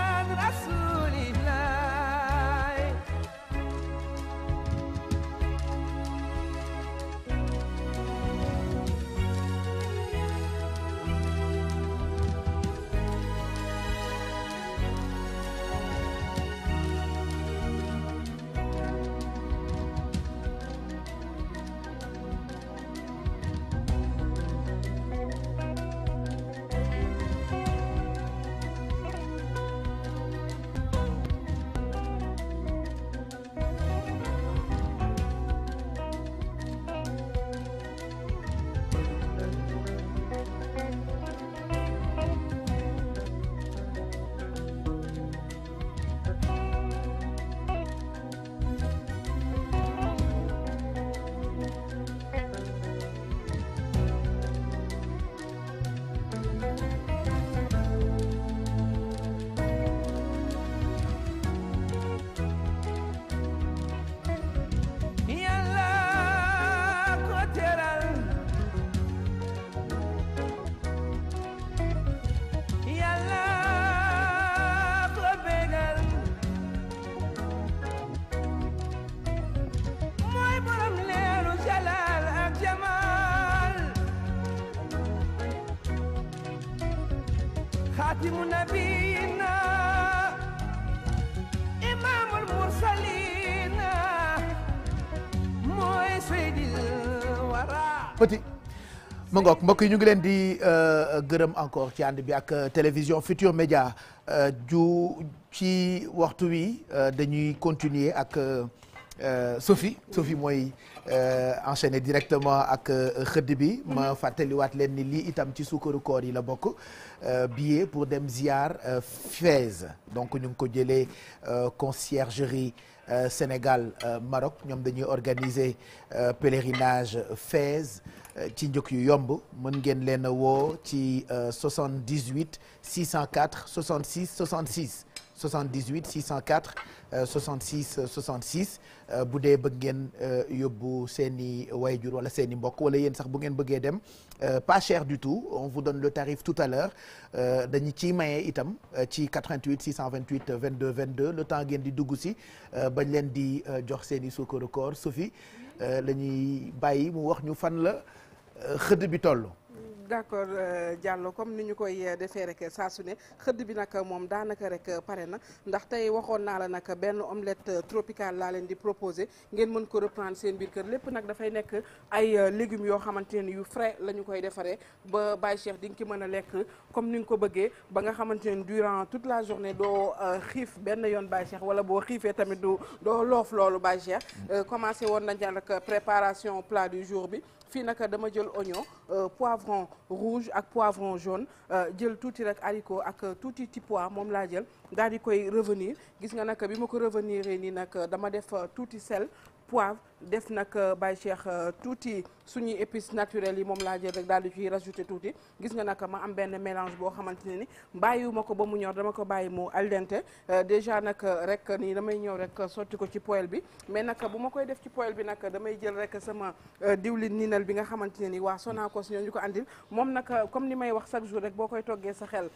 خاتم نبينا إمام المرسلين mooy Seydi Wara petit ma ngoog mbokk yi ñu ngi leen di euh, euh, gërëm encore ci ànd bi ak euh, télévision Futur Média ju ci waxtu wi dañuy continuer ak Sophie sofi mooy Euh, enchaîner directement ak euh, xëdd bi. Mhm. ma fàttaliwaat leen ni lii itam ci sukkaru koor yi la bokk. Euh, billet pour dem ziar Fès donc ñu ko jëlee conciergerie. Euh, Sénégal euh, Maroc ñoom dañuy organiser euh, pèlerinage ci njëkk yu yomb mën ngeen leen a woo ci 78 604 66 66 78 604 66 euh, 66 euh, euh, bu dee bëgg ngeen yóbbu seeni i jur wala seeni mbokk wala yéen sax bu ngeen bëggee dem pas cher du tout on vous donne le tarif tout à l'heure dañu ci maye itam ci 88 628 22 22 le temps ngeen di dugg si bañ leen di jox seeni i sukkaru koor Sophie la ñuy bàyyi mu wax ñu fan la xëdd bi toll d'accord euh, Diallo comme ni ñu koy euh, defee rek saa su ne xëdd bi nag moom daanaka rek euh, pare na ndax tey waxoon naa la nag benn omelette tropicale laa leen di proposer ngeen mën ko reprendre seen biir kër lépp nag dafay nekk ay légumes yoo xamante ne yu frais la ñu koy defaree ba Baye Cheikh di nga ki mën a lekk comme ni nga ko bëggee ba nga xamante ne durant toute la journée doo xiif benn yoon Baye Cheikh wala boo xiifee tamit du doo loof loolu Baye Cheikh commencé woon nañ ak préparation plat jour bi. fii naka dama jël oignon euh, poivron rouge ak poivron jaune euh, jël tuuti rek ariko ak euh, tuuti petit pois moom laa jël daal di koy revenir gis nga naka bi ma ko revenir nii nag dama def tuuti sel poivre def nag euh, Baye Cheikh euh, tuuti suñuy épice naturel yi moom laa jël rek daal di ciy rajouté tuuti gis nga nag ma am benn mélange boo xamante ne ni bàyyiwuma ko ba mu ñor dama ko bàyyi mu al dente euh, déjà nag rek nii damay ñëw rek sotti ko ci poêle bi mais nag bu ma koy def ci poêle bi nag damay jël rek sama diwlin ninal bi nga xamante ne ni waa Sonacos ñoo ñu ko andil moom nag comme ni may wax chaque jour rek boo koy toggee sa xel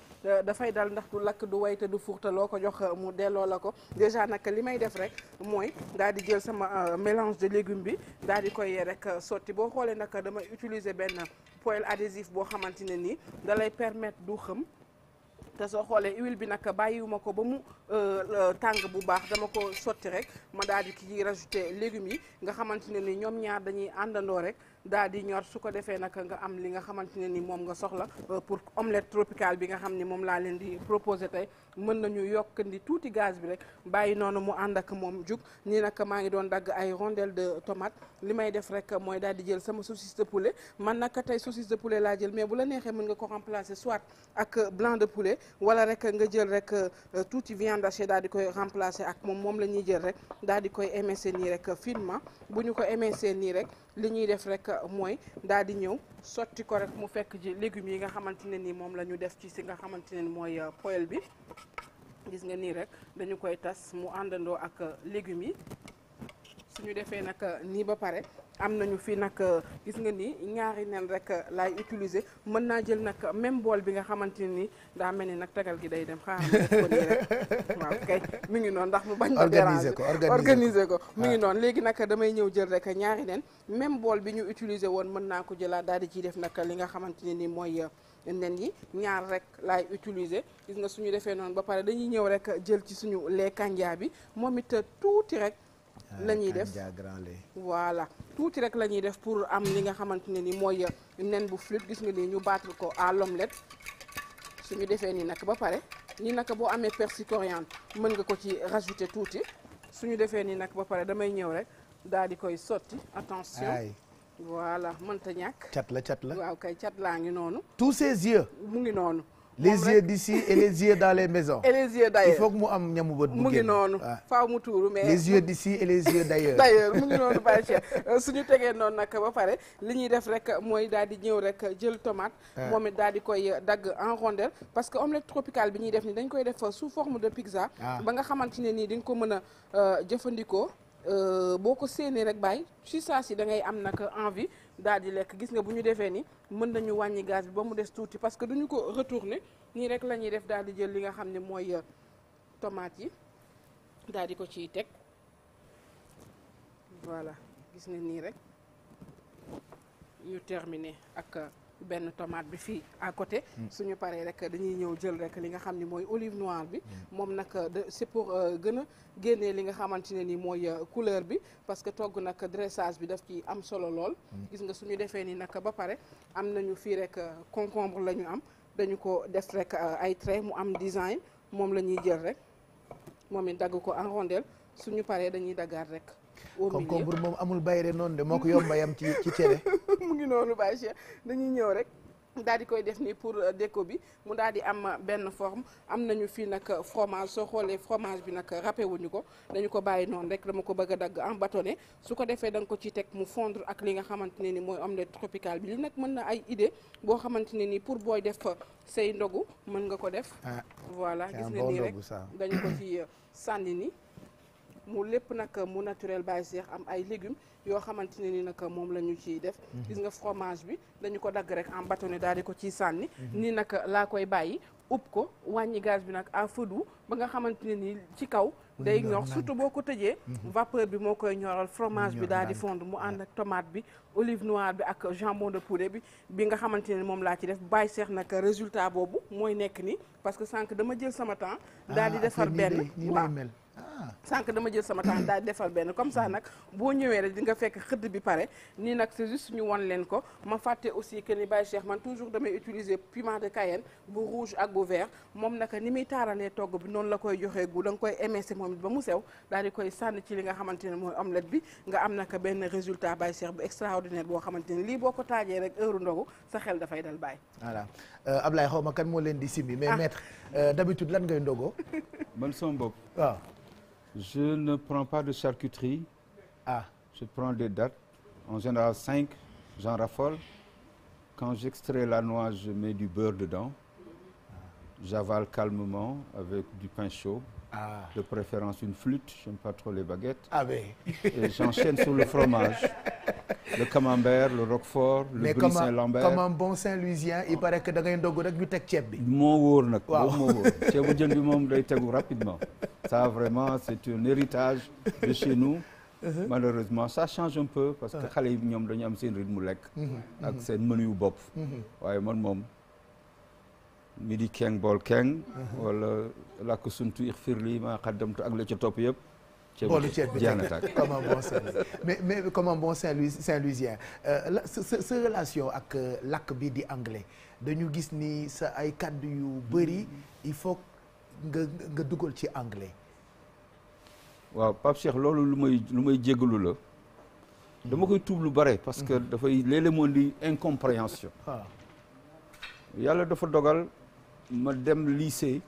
dafay dal ndax du lakk du wayte du fuurte loo ko jox mu delloo la ko déjà nag li may def rek mooy daal sama mélange légume bi daal di koy rek sotti boo xoolee nag dama utiliser benn poêle adhésif boo xamante ne nii dalay lay permettre du xëm te soo xoolee huile bi nag bàyyiwuma ko ba mu euh, euh, tàng bu baax dama ko sotti rek ma daal di ki rajouter légumes yi nga xamante ne nii ñoom ñaar dañuy àndandoo rek daal di ñor su ko defee nag nga am li nga xamante ne nii moom nga soxla euh, pour omelette tropicale bi nga xam ni moom laa leen di proposer tey mën nañu yokkandi tuuti gaz bi rek bàyyi noonu mu ànd ak moom jug nii nag maa ngi doon dagg ay rondelle de tomate li may def rek mooy dal di jël sama saucisse de poulet man nag tey saucisse de poulet laa jël mais bu la neexee mën nga ko remplacer soit ak blanc de poulet wala rek nga jël rek euh, tuuti viande hachée daal di koy remplacer ak moom moom la ñuy jël rek daal di koy émincer nii rek finement bu ñu ko émincer nii rek li ñuy def rek mooy daal di ñëw sotti ko rek mu fekk ji légumes yi nga xamante ne ni moom la ñu def ci si nga xamante ne ni mooy euh, poêle bi gis nga nii rek dañu koy tas mu àndandoo ak euh, légumes yi ñu defee nag euh, nii ba pare am nañu fi nag euh, gis nga nii ñaari nen rek laay utiliser mën naa jël nag même bool bi nga xamante ne nii daa mel ni nag tagal gi day dem xaaral ko nii mi ngi noonu ndax mu bañ a déranger ko organiser ko mu ngi ah. noonu léegi nag damay ñëw jël rek ñaari nen même bool bi ñu utiliser woon mën naa ko jëlaat daal di ciy def nag li nga xamante ne nii mooy nen yi ñaar rek laay utiliser gis nga ñu defee noonu ba pare dañuy ñëw rek jël ci suñu lait kànjaa bi moom it tuuti rek ah, la ñuy def voilà tuuti rek la ñuy def pour am li nga xamante ne ni mooy nen bu fluide gis nga nii ñu battre ko à l'omelette ñu defee nii nag ba pare nii nag boo amee persil coriandre mën nga ko ci rajouter tuuti su ñu defee nii nag ba pare damay ñëw rek daal di koy sotti attention Aïe. voilà mënta ñàkk. cat la cat la waaw kay cat laa ngi noonu. tous ses yeux. mu ngi noonu. les yeux d'ici et les yeux les maisons. et les yeux d'ailleurs mu am ñamu bët. mu ngi noonu ah. faaw mu tuuru mais. les yeux d'ici et les euh, tegee noonu nag ba pare li ñuy def rek mooy daal di ñëw rek jël tomate. Ah. moom it daal di koy dagg en rondelle. parce que omelette tropicale bi ñuy def ni dañ koy def sous forme de pizza. Ah. ba nga xamante ne nii di ko mën a euh, jëfandikoo. Euh, boo ko séenee rek bàyyi ci saa si da ngay am nag envie daal di lekk gis nga bu ñu defee ni mën nañu wàññi gaz bi ba mu des tuuti parce que duñu ko retourner nii rek la ñuy def daal di jël li nga xam ne mooy euh, tomate yi daal ko ciy teg voilà gis nga nii rek ñu terminer ak. Euh, benn tomate bi fii à côté. Mm. suñu paree rek dañuy ñëw jël rek li nga xam ni mooy olive noire bi. Mm. moom nag c'est pour euh, gën a génnee li nga xamante ne ni mooy euh, couleur bi parce que togg nag dressage bi daf ci am solo lool. Mm. gis nga suñu defee ni nag ba pare am nañu fii rek euh, concombre la ñu am dañu ko def rek ay trait mu am design moom la ñuy jël rek moom it dagg ko en rondelle suñu paree dañuy daggaat rek. concombre moom amul bayre noonu de moo ko yomba yam ci ci cere mu ngi noonu Baye Cheikh ñëw rek daal koy def nii pour euh, déco bi mu daal di am euh, benn forme am nañu fii nag euh, fromage soo xoolee fromage bi nag râpé ko dañu ko bàyyi noonu rek dama ko bëgg a dagg en bâtonnet su ko defee da nga ko ci teg mu fondre ak li nga xamante ne ni mooy am omelette tropicale bi li nag mën na ay idée boo xamante ne nii pour booy def fa say ndogu mën nga ko def ah, voilà gis nga nii rek dañu ko ci sànni ni mu lépp nag mu naturel bàyyi seex am ay légumes yoo xamante ne ni nag moom la ñu ciy def mhm. gis nga fromage bi dañu ko dagg rek en bâtonnet daal di ko ciy sànni mhm. ni nag laa koy bàyyi upp ko wàññi gaz bi nag à feu ba nga xamante ne ni ci kaw day ñor surtout boo ko tëjee mhm. vapeur bi moo koy ñoral fromage bi daal di fond mu ànd ak tomate bi olive noire bi ak jambon de poulet bi bi nga xamante ne moom laa ci def bàyyi seex nag résultat boobu mooy nekk ni parce que sànq dama jël sama temps ah, daal di defar benn waaw sànq dama jël sama temps daal defal benn comme ça nag boo ñëwee rek di nga fekk xëdd bi pare nii nag c'est juste ñu wan leen ko ma fàtte aussi que ni Baye Cheikh man toujours damay utiliser piment de Cayenne bu rouge ak bu vert moom nag ni muy taaralee togg bi noonu la koy joxee gu da nga koy émincé moom ba mu sew daal di koy sànni ci li nga xamante ne mooy omelette bi nga am naka benn résultat Baye Cheikh bu extraordinaire boo xamante ne lii boo ko taajee rek heure ndogu sa xel dafay dal bàyyi voilà euh, Ablaye xaw ma kan moo leen di simbi mais ah. maître euh, d'habitude lan ngay ndogoo man sama bopp waaw Je ne prends pas de charcuterie. Ah, je prends des dates. En général, 5, j'en raffole. Quand j'extrais la noix, je mets du beurre dedans. J'avale calmement avec du pain chaud. Ah. De préférence une flûte, j'aime pas trop les baguettes. Ah ben. Et j'enchaîne sur le fromage. Le camembert, le roquefort, le brie Saint-Lambert. Mais comme un bon Saint-Louisien, il paraît que da ngay ndogg rek ñu teg ceeb bi. moo wóor nag. waaw boobu moo wóor ceebu jën bi moom day tegu rapidement. Ça vraiment c'est un héritage de chez nous. Uh-huh. malheureusement ça change un peu parce que uh-huh. xale yi ñoom dañu am seen rythme lekk. Mm-hmm. ak seen menu yu bopp. Mm-hmm. waaye man moom. mi di keng bool keng wala làkk suntu ix firli maa xaddamtu ak la ca topp yëpp boolu ceeb bi comme un bon saint mais mais comme un bon Saint-Louis saint euh, relation ak euh, làkk bi di anglais dañu gis ni sa ay kàddu yu bëri mm-hmm. il faut nga nga dugal ci anglais waaw Pape Cheikh loolu lu may lu may jégalu la dama koy tuub lu bare parce que mm-hmm. dafay léeg-léeg moo di ah. yàlla dafa dogal ma dem lycée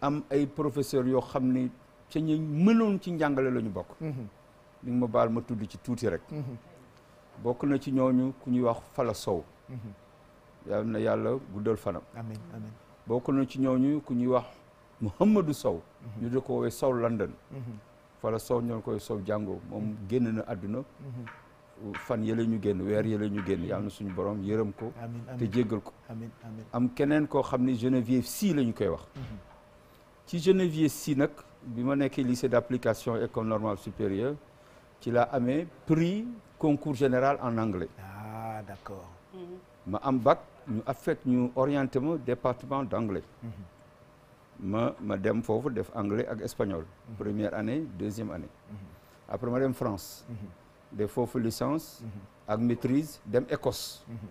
am ay professeur yoo xam ni ca ñu mënoon ci njàngale la ñu bokk li mhm. nga ma baal ma tudd ci tuuti rek mhm. bokk na ci ñooñu ku ñuy wax Fala Sow mhm. yal na yàlla guddal fanam amiin bokk na ci ñooñu ku ñuy wax Mouhamadou Sow ñu di ko woowee Sow London Fala Sow ñoo koy Sow jàngoo moom génn na àdduna fan yële ñu génn weer yële ñu génn yàlla na suñu borom yërëm ko te jéggal ko am keneen koo xam ne Geneviève si la ñu koy wax mhm. ci Geneviève si nag bi ma nekkee lycée d'application école normale supérieure ci laa amee prix concours général en anglais ah d'accord mhm. ma am bac ñu affecte ñu orienté ma département d'anglais mhm. ma ma dem foofu def anglais ak espagnol première année deuxième année après ma dem France de foofu licence mhm. ak maîtrise dem Écosse mhm.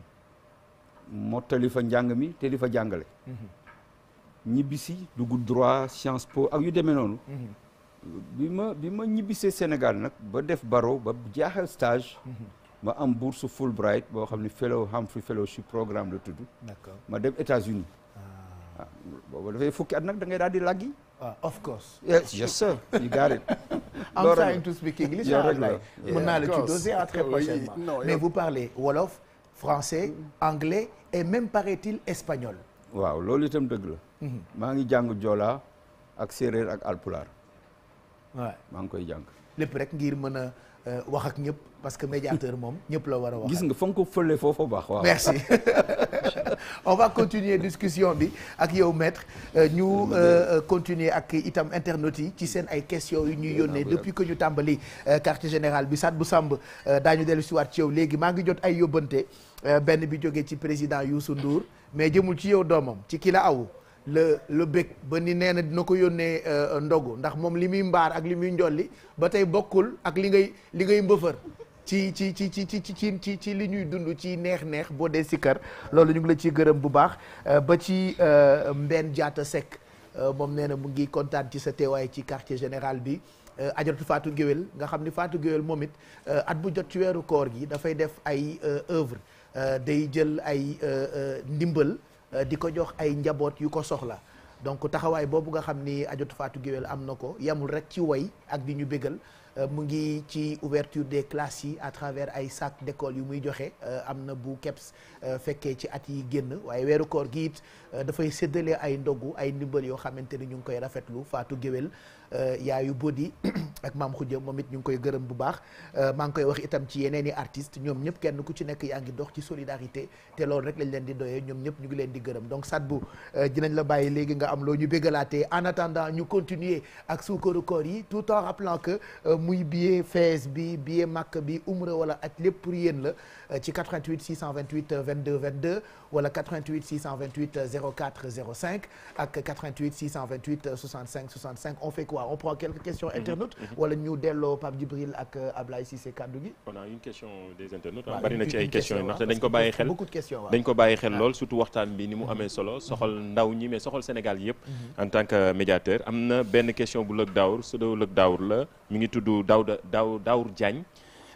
mottali fa njàng mi te di fa jàngale mhm. ñibbisi dugg droit Sciences Po ak yu demee noonu bi ma ñibbisee Sénégal nag ba def barreau ba jaaxal stage ma am bourse Fulbright boo xam ne fellow Humphrey fellowship programme la tudd ma dem États-Unis waaw ah. ah, dafay fukki at nag dangay ngay daal di làggi ah, yes yes sir you got I'm trying to speak English. mën naa la tutoyer à très prochainement. mais vous parlez wolof français mm. anglais et même paraît-il waaw loolu itam dëgg la. Mm-hmm. maa ngi jàng Joola ak séeréer ak alpulaar. waaw maa ngi koy jàng. lépp rek ngir mën a euh, wax ak ñëpp parce que médiateur moom ñëpp la war a wax. gis nga fa nga ko fële foofu baax waaw. on va continuer discussion bi ak yow maître euh, ñu euh, euh, continuer ak itam internautes yi ci seen ay questions yu ñuy yónnee depuis que ñu tàmbali quartier général bi bu sàmb daañu dellu si waat ci yow léegi maa ngi jot ay yóbbante benn bi jógee ci président yu Ndour mais jëmul ci yow doomam ci ki la awu le le bëgg ba ni nee na dina ko yónnee ndogu ndax moom li muy mbaar ak li muy njolli ba tey bokkul ak li ngay li ngay mbëfër ci ci ci ci ci ci ci li ñuy dund ci neex-neex boo dee sikkar loolu ñu ngi la ciy gërëm bu baax euh, ba ci euh, mbenn jaata Seck euh, moom nee na mu ngi kontaan ci sa teewaay ci quartier général bi ajaratu faatu géwél nga xam ni faatu géwél moom it at bu jot ci weeru koor gi dafay def ay œuvre day jël ay ndimbal di ko jox ay njaboot yu ko soxla donc taxawaay boobu nga xam ni ajaratu Fatou Guewel am na ko yamul rek ci woy ak di ñu bégal Euh, mu ngi ci ouverture des classes yi à travers ay sacs d'école yu muy joxe euh, am na bu keps euh, fekkee ci at yi génn waaye weeru koor gi it Euh, dafay séddale ay ndogu ay ndimbal yoo xamante ni ñu ngi koy rafet lu faatu Géwél euh, yaayu Bodi ak maam Khoudia moom it ñu ngi koy gërëm bu baax euh, maa ngi koy wax itam ci yeneen i artistes ñoom ñëpp kenn ku ci nekk yaa ngi dox ci solidarité te loolu rek lañ leen di doyee ñoom ñëpp ñu ngi leen di gërëm donc Sadbou dinañ la bàyyi léegi nga am loo ñu bégalaatee en attendant ñu continuer ak suukaru koor yi tout temps rappelant que muy billet fees bi billet màkk bi umra wala ak lépp pour yéen la ci 88 628 22 22 wala 88 628 04 05 ak 88 628 65 65 on fait quoi on prend quelques questions mhm. internautes. Mhm. wala ñu delloo Pape Djibril ak euh, Ablaye Cissé kaddu gi. on a une question des internautes. waaw bari na ci ay questions ndaxte dañ ko bàyyi xel. Ah. lool surtout waxtaan bi ni mu mhm. amee solo soxal ndaw ñi mais soxal Sénégal yëpp. en tant que médiateur am na benn question bu lëg daawur su dee lëg daawur la mi ngi tudd Daouda Daawur Diagne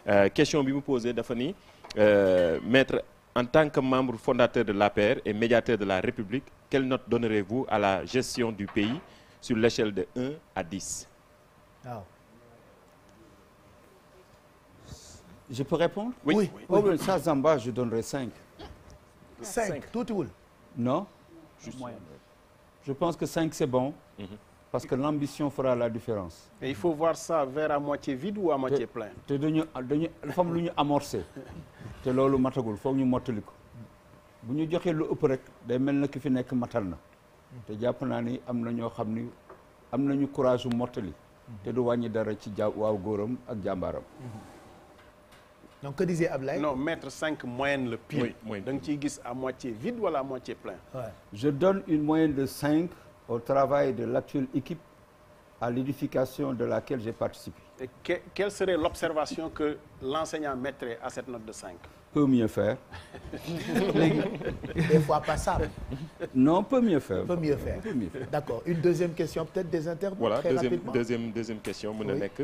euh, question bi mu posé dafa ni euh, maître. en tant que membre fondateur de l'APR et médiateur de la République, quelle note donnerez-vous à la gestion du pays sur l'échelle de 1 à 10 ah. Je peux répondre Oui. oui. oui. Oh, ça, je donnerai 5. pense que 5, c'est bon. Mm Parce que l'ambition fera la différence. Et il faut voir ça vers à moitié vide ou à moitié plein. Nous avons amorcé. te loolu matagul foog ñu mottali ko bu ñu joxee lu ëpp rek day mel na ki fi nekk matal na te jàpp naa ni am na ñoo xam ni am nañu courage su mottali te du wàññi dara ci ja waaw góoram ak jàmbaaram donc que disait Ablaye non cinq moyenne le pire da nga ciy gis à moitié vide wala à moitié plein je donne une moyenne de cinq au travail de l'actuelle équipe à l'édification de laquelle j'ai participé que, quelle serait l'observation que l'enseignant mettrait à cette note de cinq Peut mieux faire. des fois passable. Non, peut mieux faire. Peut D'accord. Une deuxième question, peut-être des internautes voilà, très deuxième, rapidement. deuxième, deuxième question, mon oui. que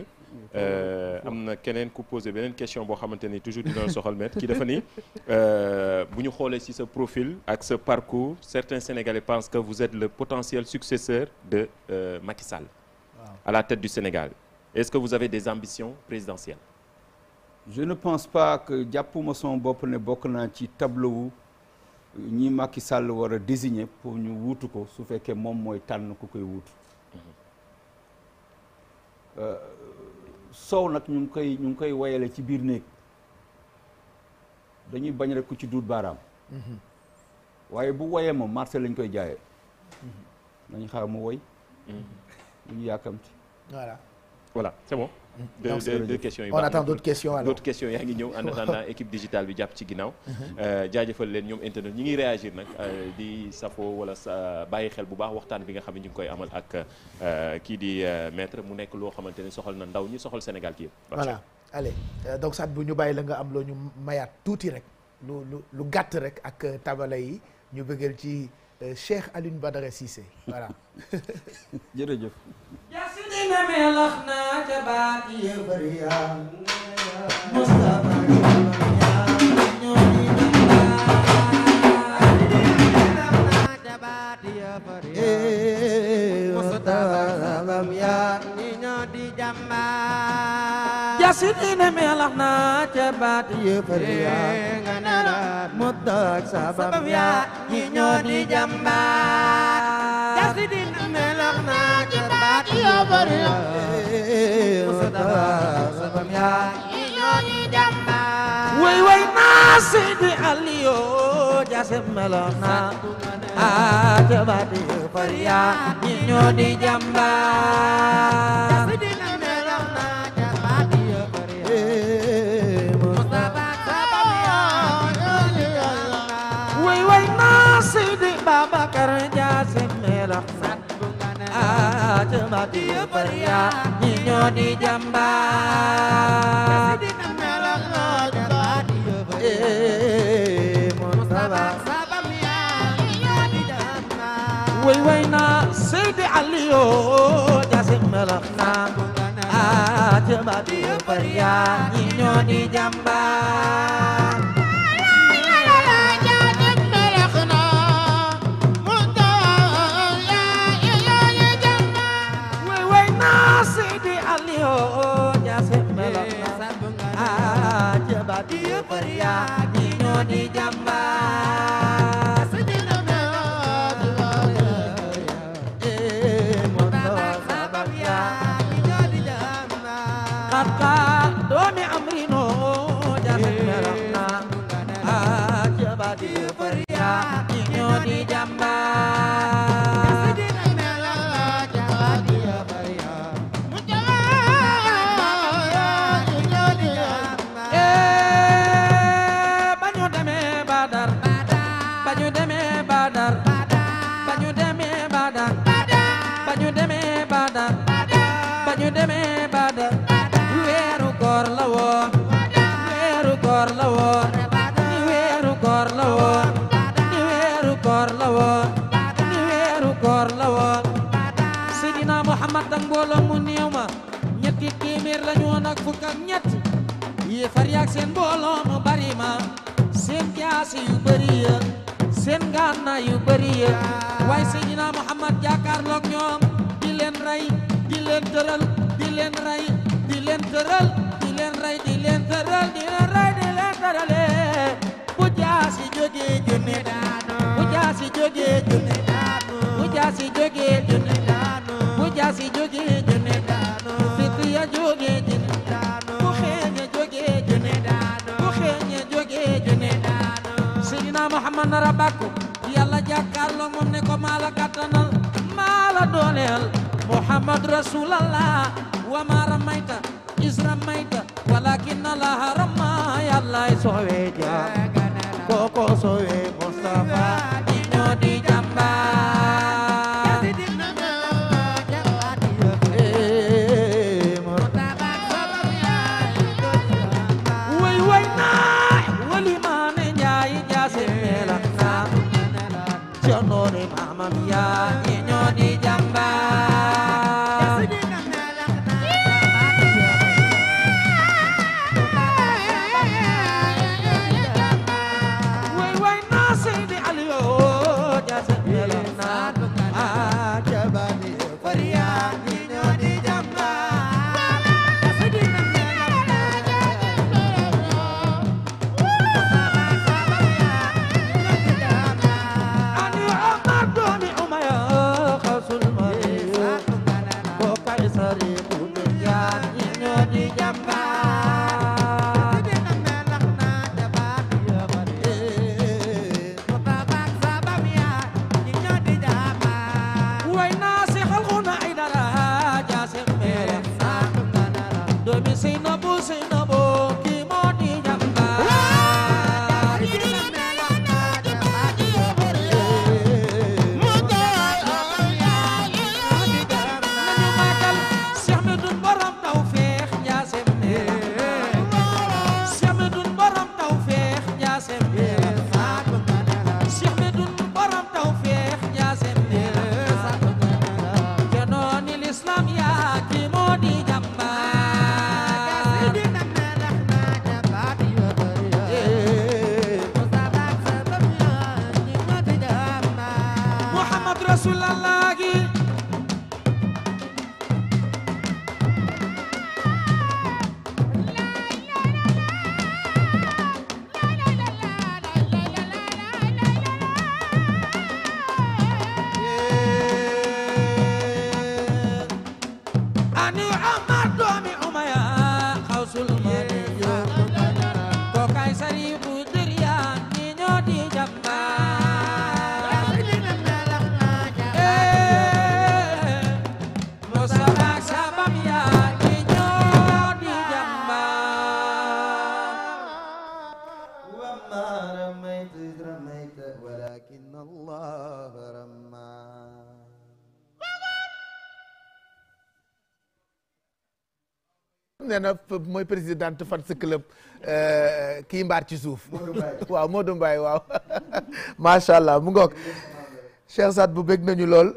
euh, am na keneen ku posé beneen question boo xamante ni toujours dina soxal maître ki dafa ni euh, bu ñu xoolee si sa profil ak sa parcours certains Sénégalais pensent que vous êtes le potentiel successeur de euh, Macky Sall. Wow. à la tête du Sénégal. est-ce que vous avez des ambitions présidentielles je ne pense pas que jàppuma sama bopp ne bokk naa ci tableau wu euh, ñi Macky Sall war a pour ñu wuutu ko su fekkee moom mooy tànn ku koy wuutu mm-hmm. euh, soow nag ñu ngi koy ñu ngi koy wayale ci biir néeg dañuy bañ rekk ku ci duut baaraam mm-hmm. waaye bu woyee ma marché lañ koy jaayee dañ mm-hmm. xaar mu woy lu ñu yàkkamti voilà c'est bon. Mm-hmm. deux deux, deux questions yu baax on attend d'autres questions alors d'autres questions yaa ngi ñëw en attendant équipe digitale bi jàpp ci ginnaaw. Mm-hmm. Euh, jaajëfal leen ñoom internet ñi ngi réagir nag euh, di safoo wala bàyyi xel bu baax waxtaan bi nga xam ne ñu ngi koy amal ak euh, kii di maître mu nekk loo xamante ne soxal na ndaw ñi soxal Sénégal kii voilà allez donc saat bu ñu bàyyi la nga am loo ñu mayaat tuuti rek lu lu lu gàtt rek ak tabala yi ñu bëggal ci. Euh, Cheikh Alioune Badara Cissé voilà. jërëjëf. Mustafa lam ya ni ñoo di jàmbaar الكاسدين ملحنا جبات يفريا مدك سبب يا ينو دي جنبا كاسدين ملحنا جبات يفريا مدك سبب يا ينو دي جنبا وي وي ناسدي عليو جاسم ملحنا جبات يفريا ينو دي جنبا Bakar Jaasim melax ah cuma dia pria nyinyo di jambar way way na Seydi Aliyo oh, oh, Jaasim melax na ah cuma dia pria nyinyo di jambar pria ñi ñoo di jàmbaar waaye Seydina Muhammad jàkkaarloog ñoom di leen rey di leen tëral di leen rey di leen tëral di leen rey di leen tëral di leen rey di leen tërale bu jaasi jógee junne daanu bu jaasi jógee junne daanu bu jaasi jógee junne Muhammad Rasulallah wa ma ramaita is ramaita walakin Allah rama yàlla soowe ja nee na mooy présidente fans club euh, kii mbaar ci suuf. waaw Modou Mbaye waaw macha allah mu ngook Cheikh Saad bu bég nañu lool.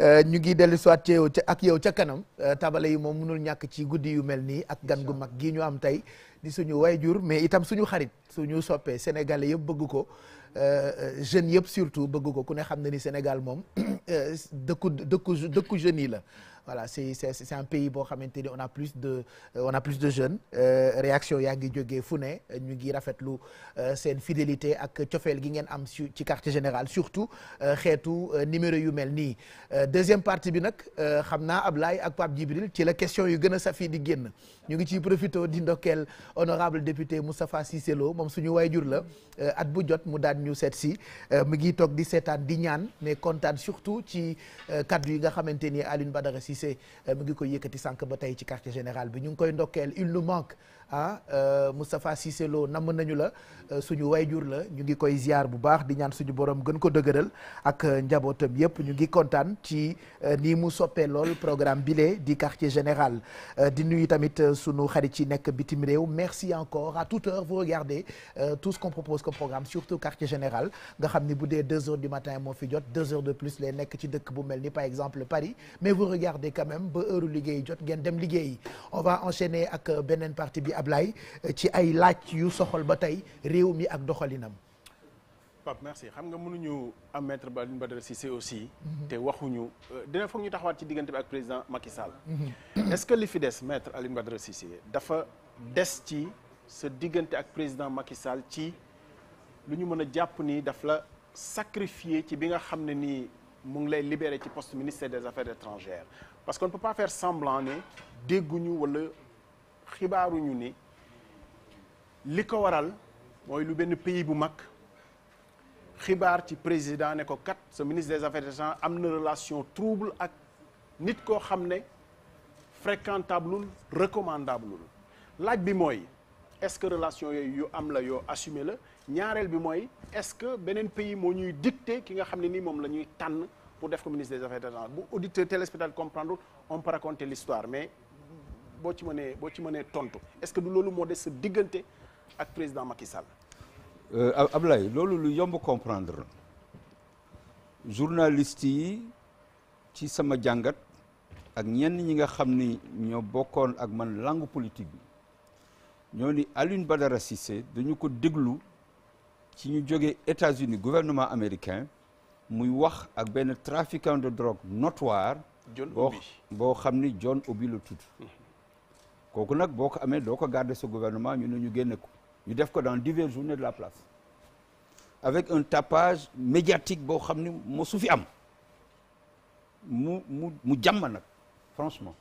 Euh, ñu ngi dellu soit ci yow ca ak yow ca kanam euh, tabale yi moom mënul ñàkk ci guddi yu mel nii ak gan gu mag gii ñu am tey di suñu way jur mais itam suñu xarit suñu soppee sénégalais yëpp bëgg ko jeunes yëpp surtout bëgg ko ku ne xam na ni Sénégal moom dëkku dëkku dëkku jeunes yi la voilà c'est c'est c'est un pays boo xamante ni on a plus de euh, on a plus de jeunes euh, réaction yaa ngi jógee fu ne ñu ngi rafetlu euh, seen fidélité ak cofeel gi ngeen am ci quartier général surtout xeetu numéro yu mel nii deuxième partie bi nag xam naa ab Ablaye ak Pape Djibril ci la question yu gën a safi di génn ñu ngi ciy profité di ndokkeel honorable député Moustapha Cissé Lo moom suñu waajur la euh, at bu jot mu daan ñu seet si euh, mi ngi toog di seetaan di ñaan mais kontaan surtout ci euh, kaddu yi nga xamante ni Alioune Badara Cissé mu ngi koy yëkkati sànq ba tey ci quartier général bi ñu ngi koy ndokkeel il nous manque ah euh, Moustapha Cissé Lo namm nañu la euh, suñu way jur la ñu ngi koy ziar bu baax di ñaan suñu borom gën ko dëgëral ak euh, njabootam yëpp ñu ngi kontaan ci nii mu soppee lool programme bile di quartier général di nuyu tamit suñu xarit ci nekk bitim réew merci encore à toute heure vous regardez tout ce qu'on propose comme programme surtout quartier général nga xam ni bu dee deux heures du matin moo fi jot deux heures de plus lay nekk ci dëkk bu mel ni par exemple Paris mais vous regardez quand même liggéey jot ngeen dem liggéey on partie bi Ablaye euh, ci ay laaj yu soxal ba tey réew mi ak doxalinam. Pape merci xam nga mënuñu am maître Alioune Badara Cissé aussi. Mhm. te waxuñu euh, dina foog ñu taxawaat ci diggante bi ak président Macky Sall. Mhm. est-ce que li fi des maître Alioune Badara Cissé dafa des ci sa diggante ak président Macky ci lu ñu mën a jàpp nii daf la sacrifier ci bi nga xam ne nii mu ngi lay libéré ci post ministère des affaires étrangères parce qu'on ne peut pas faire semblant ne dégguñu wala. xibaaruñu ni li ko waral mooy lu benn pays bu mag xibaar ci président ne ko kat sa ministre des affaires étrangères am na relation trouble ak nit koo xam ne fréquentable recommandable laaj bi mooy est-ce que relation yooyu yu am la yoo assumé la ñaareel bi mooy est-ce que beneen pays moo ñuy dicté ki nga xam ne nii moom la ñuy tànn pour def ko ministre des affaires étrangères bu auditeur téléspectateur comprendre on peut raconter l'histoire mais boo ci mënee boo ci mënee tontu est-ce que du loolu moo des sa diggante ak président Macky Sall. Euh, Ablaye loolu lu yomb comprendre journaliste yi ci sama jàngat ak ñenn ñi nga xam ni ñoo bokkoon ak man langue politique bi ñoo ni Alioune Badara Cissé dañu ko déglu ci ñu jógee États-Unis gouvernement américain muy wax ak benn trafiquant de drogue notoire boo xam ni John Obi la tudd mm-hmm. kooku nag boo ko amee doo ko garder sa gouvernement ñu ne ñu génne ko ñu def ko dans diverses journées de la place avec un tapage médiatique boo xam ni moo fi am mu mu mu jàmm nag franchement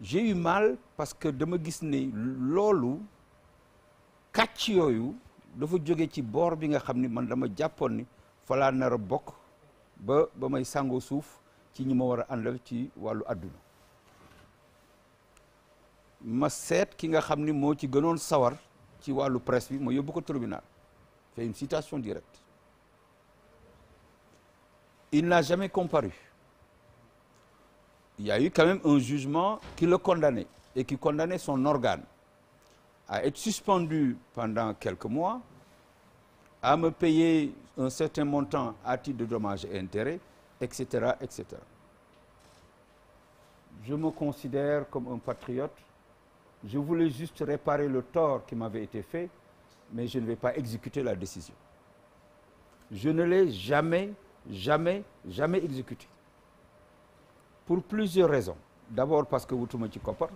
j'ai mal parce que dama gis ni loolu kàcc yooyu dafa jóge ci boor bi nga xam ni man dama jàppoon ni falaa nar a bokk ba ba may sangoo suuf ci ñi ma war a àndal ci wàllu àdduna ma seet ki nga xam ni moo ci gënoon sawar ci wàllu presse bi moo yóbbu ko tribunal fait une citation directe il n'a jamais comparu y a eu quand même un jugement qui le condamnait et qui condamnait son organe à être suspendu pendant quelques mois à me payer un certain montant à titre de dommages et intérêts etc etc je me considère comme un patriote je voulais juste réparer le tort ki m'avait été fait, mais je ne vais pas exécuter la décision. Je ne l'ai jamais, jamais, jamais exécutée. Pour plusieurs raisons. D'abord parce que wutuma ci koppar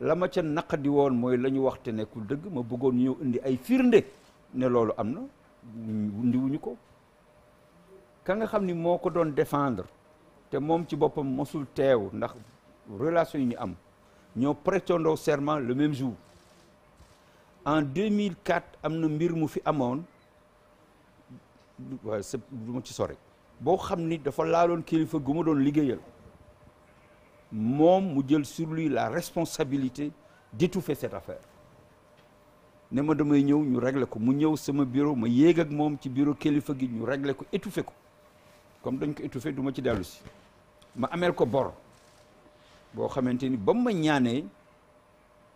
la ma ca di woon mooy la ñu wax te nekkul dëgg ma bëggoon ñëw indi ay firnde ne loolu am na ndiwuñu ko ka nga xam ni moo ko doon défendre te moom ci boppam mosul teew ndax relation yi ñu am ñoo prêtendoo serment le même jour en 2004 am na mbir mu fi amoon waaw ma ci sore boo xam ni dafa laaloon kilifa gu ma doon liggéeyal moom mu jël sur la responsabilité d'étouffer cette affaire ne ma damay ñëw ñu régler ko mu ñëw sama bureau ma yéeg ak moom ci bureau kilifa gi ñu régler ko étouffer ko comme dañ ko étouffer duma ci dellu si ma ameel ko bor boo xamante ni ba mu ma ñaanee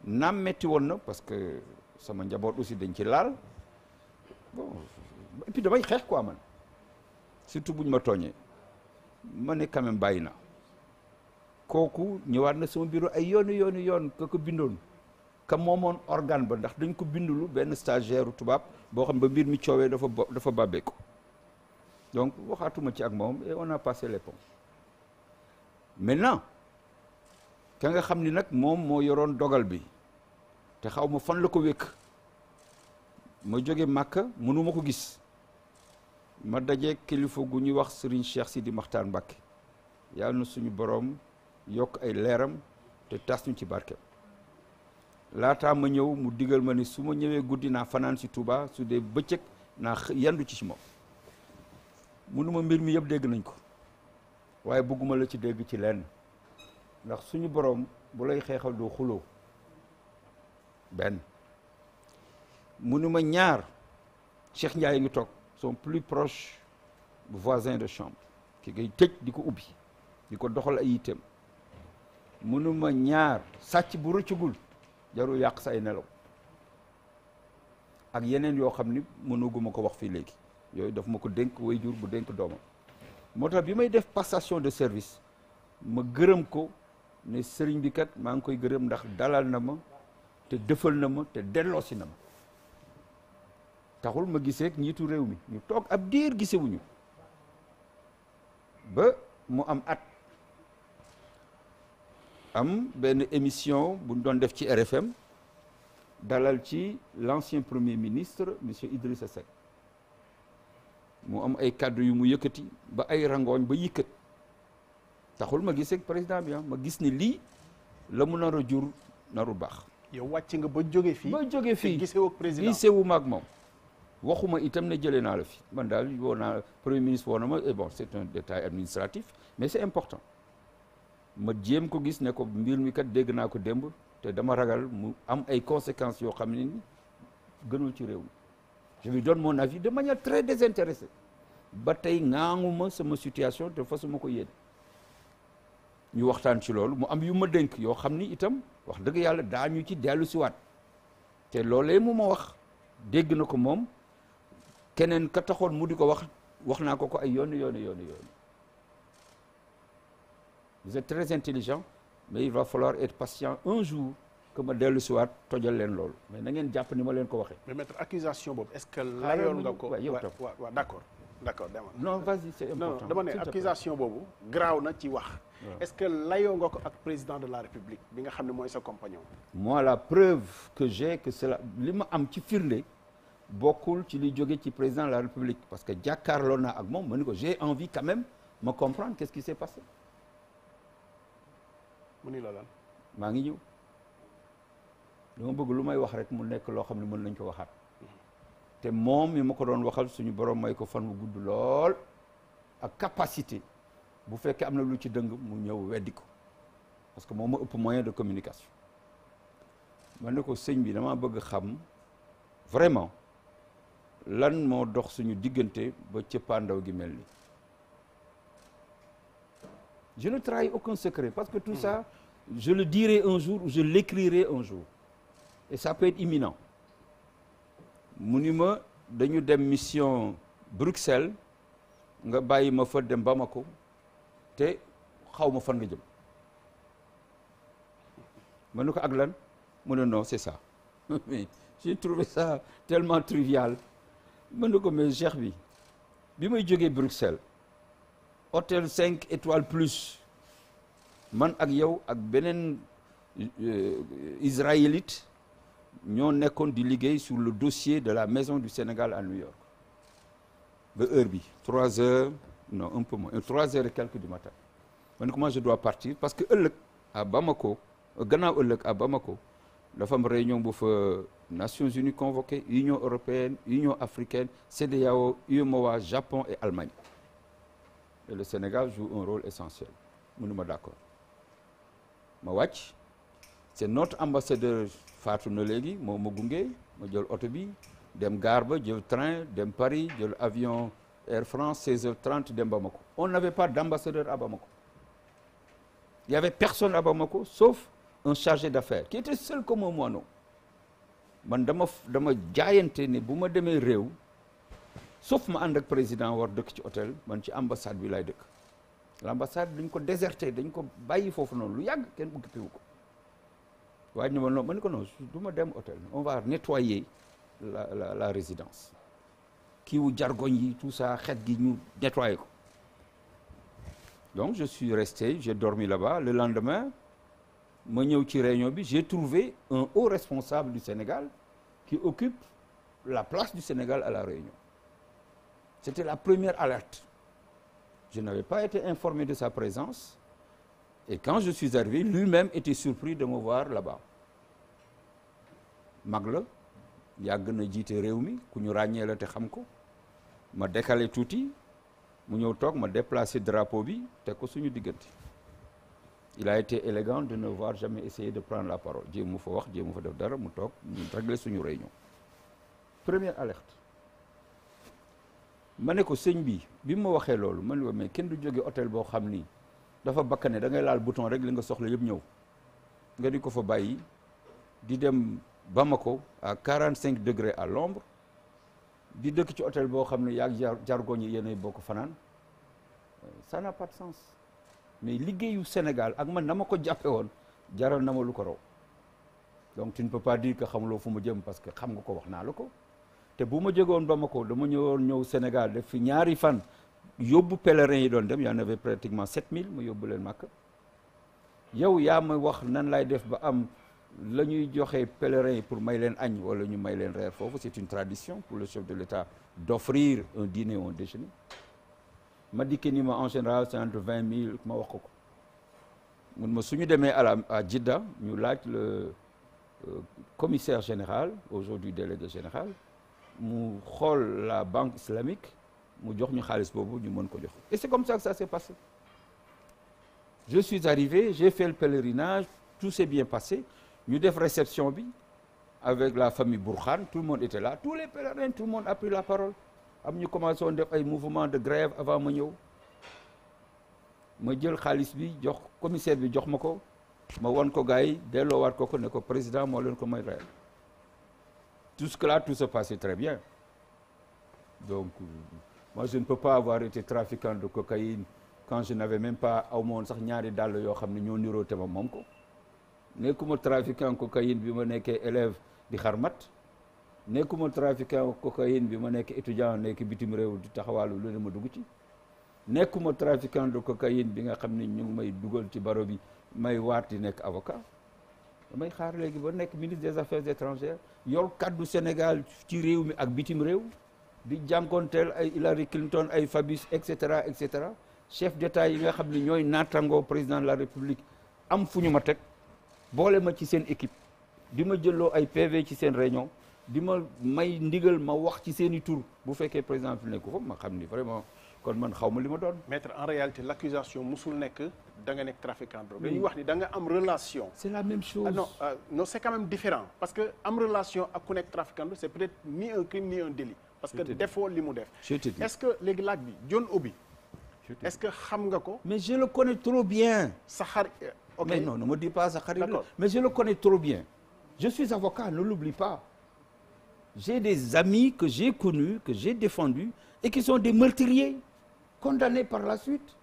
naam metti woon na parce que sama njaboot aussi dañ ci laal bon et puis damay xeex ko aman surtout buñ ma tooñee ma ne quand même bàyyi na kooku ñëwaat na sama bureau ay yoon yoonu yoon ka ko bindoon ka moomoon organe ba ndax dañ ko bindulu benn stagiaire tubaab boo xam ba biir mi coowee dafa dafa bàbbee donc waxaatuma ci ak moom et on a passé les ponts ka nga xam ni nag moom moo yoroon dogal bi te xaw ma fan la ko wékk ma jóge màkk mënuma ko gis ma daje kilifa gu ñuy wax sëriñ si di maxtaan Mbàkke yàlla na suñu boroom yokk ay leeram te tas ñu ci barke laataa ma ñëw mu digal ma ni su ma ñëwee guddi naa fanaan si Touba su dee bëccëg naa yandu ci si moom mënuma mbir mi yëpp dégg nañ ko waaye bëgguma la ci dégg ci lenn ndax suñu boroom bu lay xeexal doo xuloo benn mënuma ñaar Cheikh Ndiaye ngi toog son plus proche voisin de chambre ki ngay tëj di ko ubbi di ko doxal ay itam munuma ñaar sàcc bu rëccagul jarul yàq sa ay nelaw ak yeneen yoo xam ni mënuguma ko wax fii léegi yooyu daf ma ko dénk way jur bu dénk doomam moo tax bi may def passation de service ma gërëm ko ne sëriñ bi kat maa ngi koy gërëm ndax dalal na ma te dëfal na ma te delloosi na ma taxul ma giseek ak njiitu réew mi ñu toog ab diir gisewuñu ba mu am at am benn émission bu ñu doon def ci RFM dalal ci l'ancien premier ministre monsieur Idrissa Seck mu am ay kàddu yu mu yëkkati ba ay rangooñ ba yëkkat taxul ma gisee président bi ah, ma gis ni lii la mu nar a jur naru baax. yow wàcc nga ba jóge fii ba jóge fii gisee wu ak président gisee wu ma ak moom. waxuma itam ne jëlee naa la fi man daal woo naa premier ministre woo na ma bon c' est un détail administratif mais c' est important ma jéem ko gis ne ko mbir mi kat dégg naa ko démb te dama ragal mu am ay conséquences yoo xam ne gënul ci réew mi je lui donne mon avis de manière très désintéressée ba tey ngaanguma sama situation te fasuma ko yéene ñu waxtaan ci loolu mu am yu ma dénk yoo xam ni itam wax dëgg yàlla daañu ci dellu siwaat te loolee mu ma wax dégg na ko moom keneen ka taxoon mu di ko wax wax naa ko ko ay yoon yoon yoon yoon vous êtes très intelligent mais il va falloir être patient un jour que ma dellu siwaat tojal leen loolu mais na jàpp ni ma leen ko waxee. mais maître accusation boobu est-ce que. layoon nga y c'est important non dama ne accusation boobu garaaw na ci wax. est-ce que layo nga ko ak président de la république bi nga xam ne mooy sa compagnon. moi la preuve que j'ai que cela li ma am ci firnde bokkul ci li jóge ci président de la république parce que jàkkaarloo na ak mom ma ko j'ai envie quand même ma comprendre qu'est-ce qui s'est passé. mu ni la lan. maa ngi ñëw lo bëgg lu may wax rek mu nekk loo xam ne mën nañ ko waxaat te moom mi ma ko doon waxal suñu borom may ko fan wu gudd lool ak capacité. bu fekkee am na lu ci dëng mu ñëw weddi parce que moom ma ëpp moyen de communication ma ne ko sëñ bi dama bëgg xam vraiment lan moo dox suñu diggante ba cëppaandaw gi mel ni je ne trahis aucun secret parce que tout ça je le dirai un jour ou je l'écrirai un jour et ça peut être imminent mu ni ma dañu dem mission Bruxelles nga bàyyi ma fa dem Bamako te xaw ma fan la jëm ma ne ko ak lan mu ne non c'est ça mais j'ai trouvé ça tellement trivial ma ne ko mais cheikh bi bi may jógee Bruxelles hôtel cinq étoiles plus man ak yow ak beneen euh, israélite ñoo nekkoon di liggéey sur le dossier de la maison du Sénégal à New York ba heure bi trois heures non un peu moins trois heures et quelques du matin ma ne ko je dois partir parce que ëllëg à Bamako gannaaw ëllëg à Bamako dafa am réunion bu fa Nations Unies convoqué Union européenne Union africaine CEDEAO UEMOA Japon et Allemagne et le Sénégal joue un rôle essentiel mënuma d'accord ma wàcc c'est notre ambassadeur faatu na léegi moo ma gunge ma jël oto bi dem gaar ba jël train dem Paris jël avion Air France, 16h30 de Bamako. On n'avait pas d'ambassadeur à Bamako. ma n'y avait personne ma ko sauf un chargé d'affaires, qui était seul comme un moineau. man dama dama jaayante ne bu ma demee réew sauf ma ànd ak président war dëkk ci hôtel man ci ambassade bi laay dëkk l' ambassade dañ ko déserté dañ ko bàyyi foofu noonu lu yàgg kenn occupé wu ko waaye ñu ma noonu ma ne ko du ma dem hôtel on va nettoyer la la la résidence kiiwu jargoñ yi tout ça xet gi ñu nettoyé ko donc je suis resté j'ai dormi là-bas le lendemain ma ñëw ci réunion bi j'ai trouvé un haut responsable du Sénégal qui occupe la place du Sénégal à la Réunion c'était la première alerte je n'avais pas été informé de sa présence et quand je suis arrivé lui-même était surpris de me voir là-bas mag la yàgg na jiite réew mi ku ñu ràññee la te xam ko ma décalé tuuti mu ñëw toog ma déplacé drapeau bi te ko suñu diggante il a été élégant de ne jamais essayer de prendre la parole jéemu fa wax jéemu fa def dara mu toog ñu réglé suñu réunion première alerte ma ne ko sëñ bi bi ma waxee loolu ma ne ko mais kenn du jóge hôtel boo xam ni dafa bakkane ne ngay laal bouton rek li nga soxla yëpp ñëw nga di ko fa bàyyi di dem ko Bamako à 45 degrés à l'ombre di dëkk ci hôtel boo xam ne yaa ngi jargoñ yi yéenay bokk fanaan euh, ça n'a pas sens mais liggéeyu Sénégal ak man na ma ko jàppe woon jaral na ma lu ko raw donc tu ne peux pas dire que xamuloo fu ma jëm parce que xam nga ko wax naa la ko te bu ma jógoon Bamako dama ñëwoon ñëw Sénégal def fi ñaari fan yóbbu pèlerins yi doon dem y en avait pratiquement 7000 ma yóbbu leen màkk yow yaa ma wax nan laay def ba am la ñuy joxe pèlerins yi pour may leen añ wala ñu may leen reer foofu c'est une tradition pour le chef de l'État d'offrir un dîner ou un déjeuner ma dikkee ni ma en général c'est entre vingt mille ma wax ko ko ma suñu demee à la à Jeddah ñu laaj le euh, commissaire général aujourd'hui délégué général mu xool la banque islamique mu jox ñu xaalis boobu ñu mën ko jox et c'est comme ça que ça s'est passé je suis arrivé j'ai fait le pèlerinage tout s'est bien passé ñu def réception bi avec la famille Bourkhane tout le monde était là tout les pèlerins tout le monde a pris la parole am ñu commencé woon def ay mouvement de grève avant ma ñëw ma jël xaalis bi jox commissaire bi jox ma ko ma wan ko gars yi delloowaat ko ko ne ko président moo leen ko may reyal jusque là tout se passait très bien donc euh, moi je ne peux pas avoir été trafiquant de cocaïne quand je n'avais même pas aw ma woon sax ñaari dàll yoo xam ne ñoo niroo te ma moom ko nekkuma trafiquant cocaïne bi ma nekkee élève di xarmat nekkuma trafiquant cocaïne bi ma nekk étudiant nekk bitim réew di taxawaalu lu ne ma dugg ci nekkuma trafiquant de cocaïne bi nga xam ne ñu may dugal ci baro bi may waat di nekk avocat may xaar léegi ba nekk ministre des affaires étrangères yor kaddu Sénégal ci réew mi ak bitim réew di jànkoonteel ay Hillary Clinton ay Fabius et cetera et cetera chef d'état yi nga xam ni ñooy naatangoo président de la république am fu ñu ma teg boole ma ci seen équipe di ma jëloo ay PV ci seen réunion di ma may ndigal ma wax ci seen i tur bu fekkee président fi nekk ko ma xam ni vraiment kon man xaw ma li ma doon. maître en réalité l' accusation musul nekk da nga nekk trafiquant de drogue. dañuy wax ni da nga am relation. c' la même chose ah non euh, quand même différent parce que am relation ak ku nekk trafiquant c' est peut être ni un crime ni un délit. parce que defoo li mu def. est ce que léegi laaj bi John est ce que xam nga ko. mais je le connais sa xar ok mais non ne me dis pas sa xarit la mais je le connais trop bien je suis avocat ne l'oublie pas j'ai des amis que j'ai connus que j'ai défendus et qui sont des meurtriers condamnés par la suite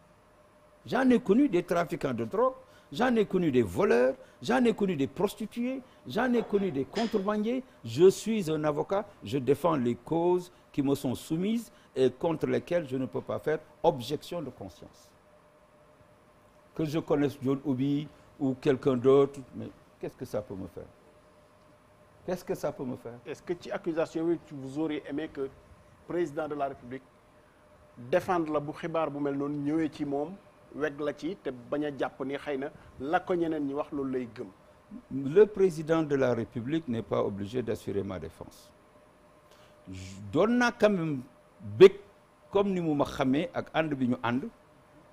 j'en ai connu des trafiquants de drogue j'en ai connu des voleurs j'en ai connu des prostituées j'en ai connu des contrebandiers je suis un avocat je défends les causes qui me sont soumises et contre lesquelles je ne peux pas faire objection de conscience que je connaisse John Obi ou quelqu'un d'autre mais qu'est-ce que ça peut me faire ce que ça peut me faire ce que ci accusation bi vous auriez aimé que président de la République défendre la bu xibaar bu mel noonu ñëwee ci moom weg la ci te bañ a jàpp ni xëy na la ko ñeneen ñi wax loolu lay gëm le président de la République n'est pas obligé d'assurer ma défense doon naa quand même bëgg comme ni mu ma xamee ak ànd bi ñu ànd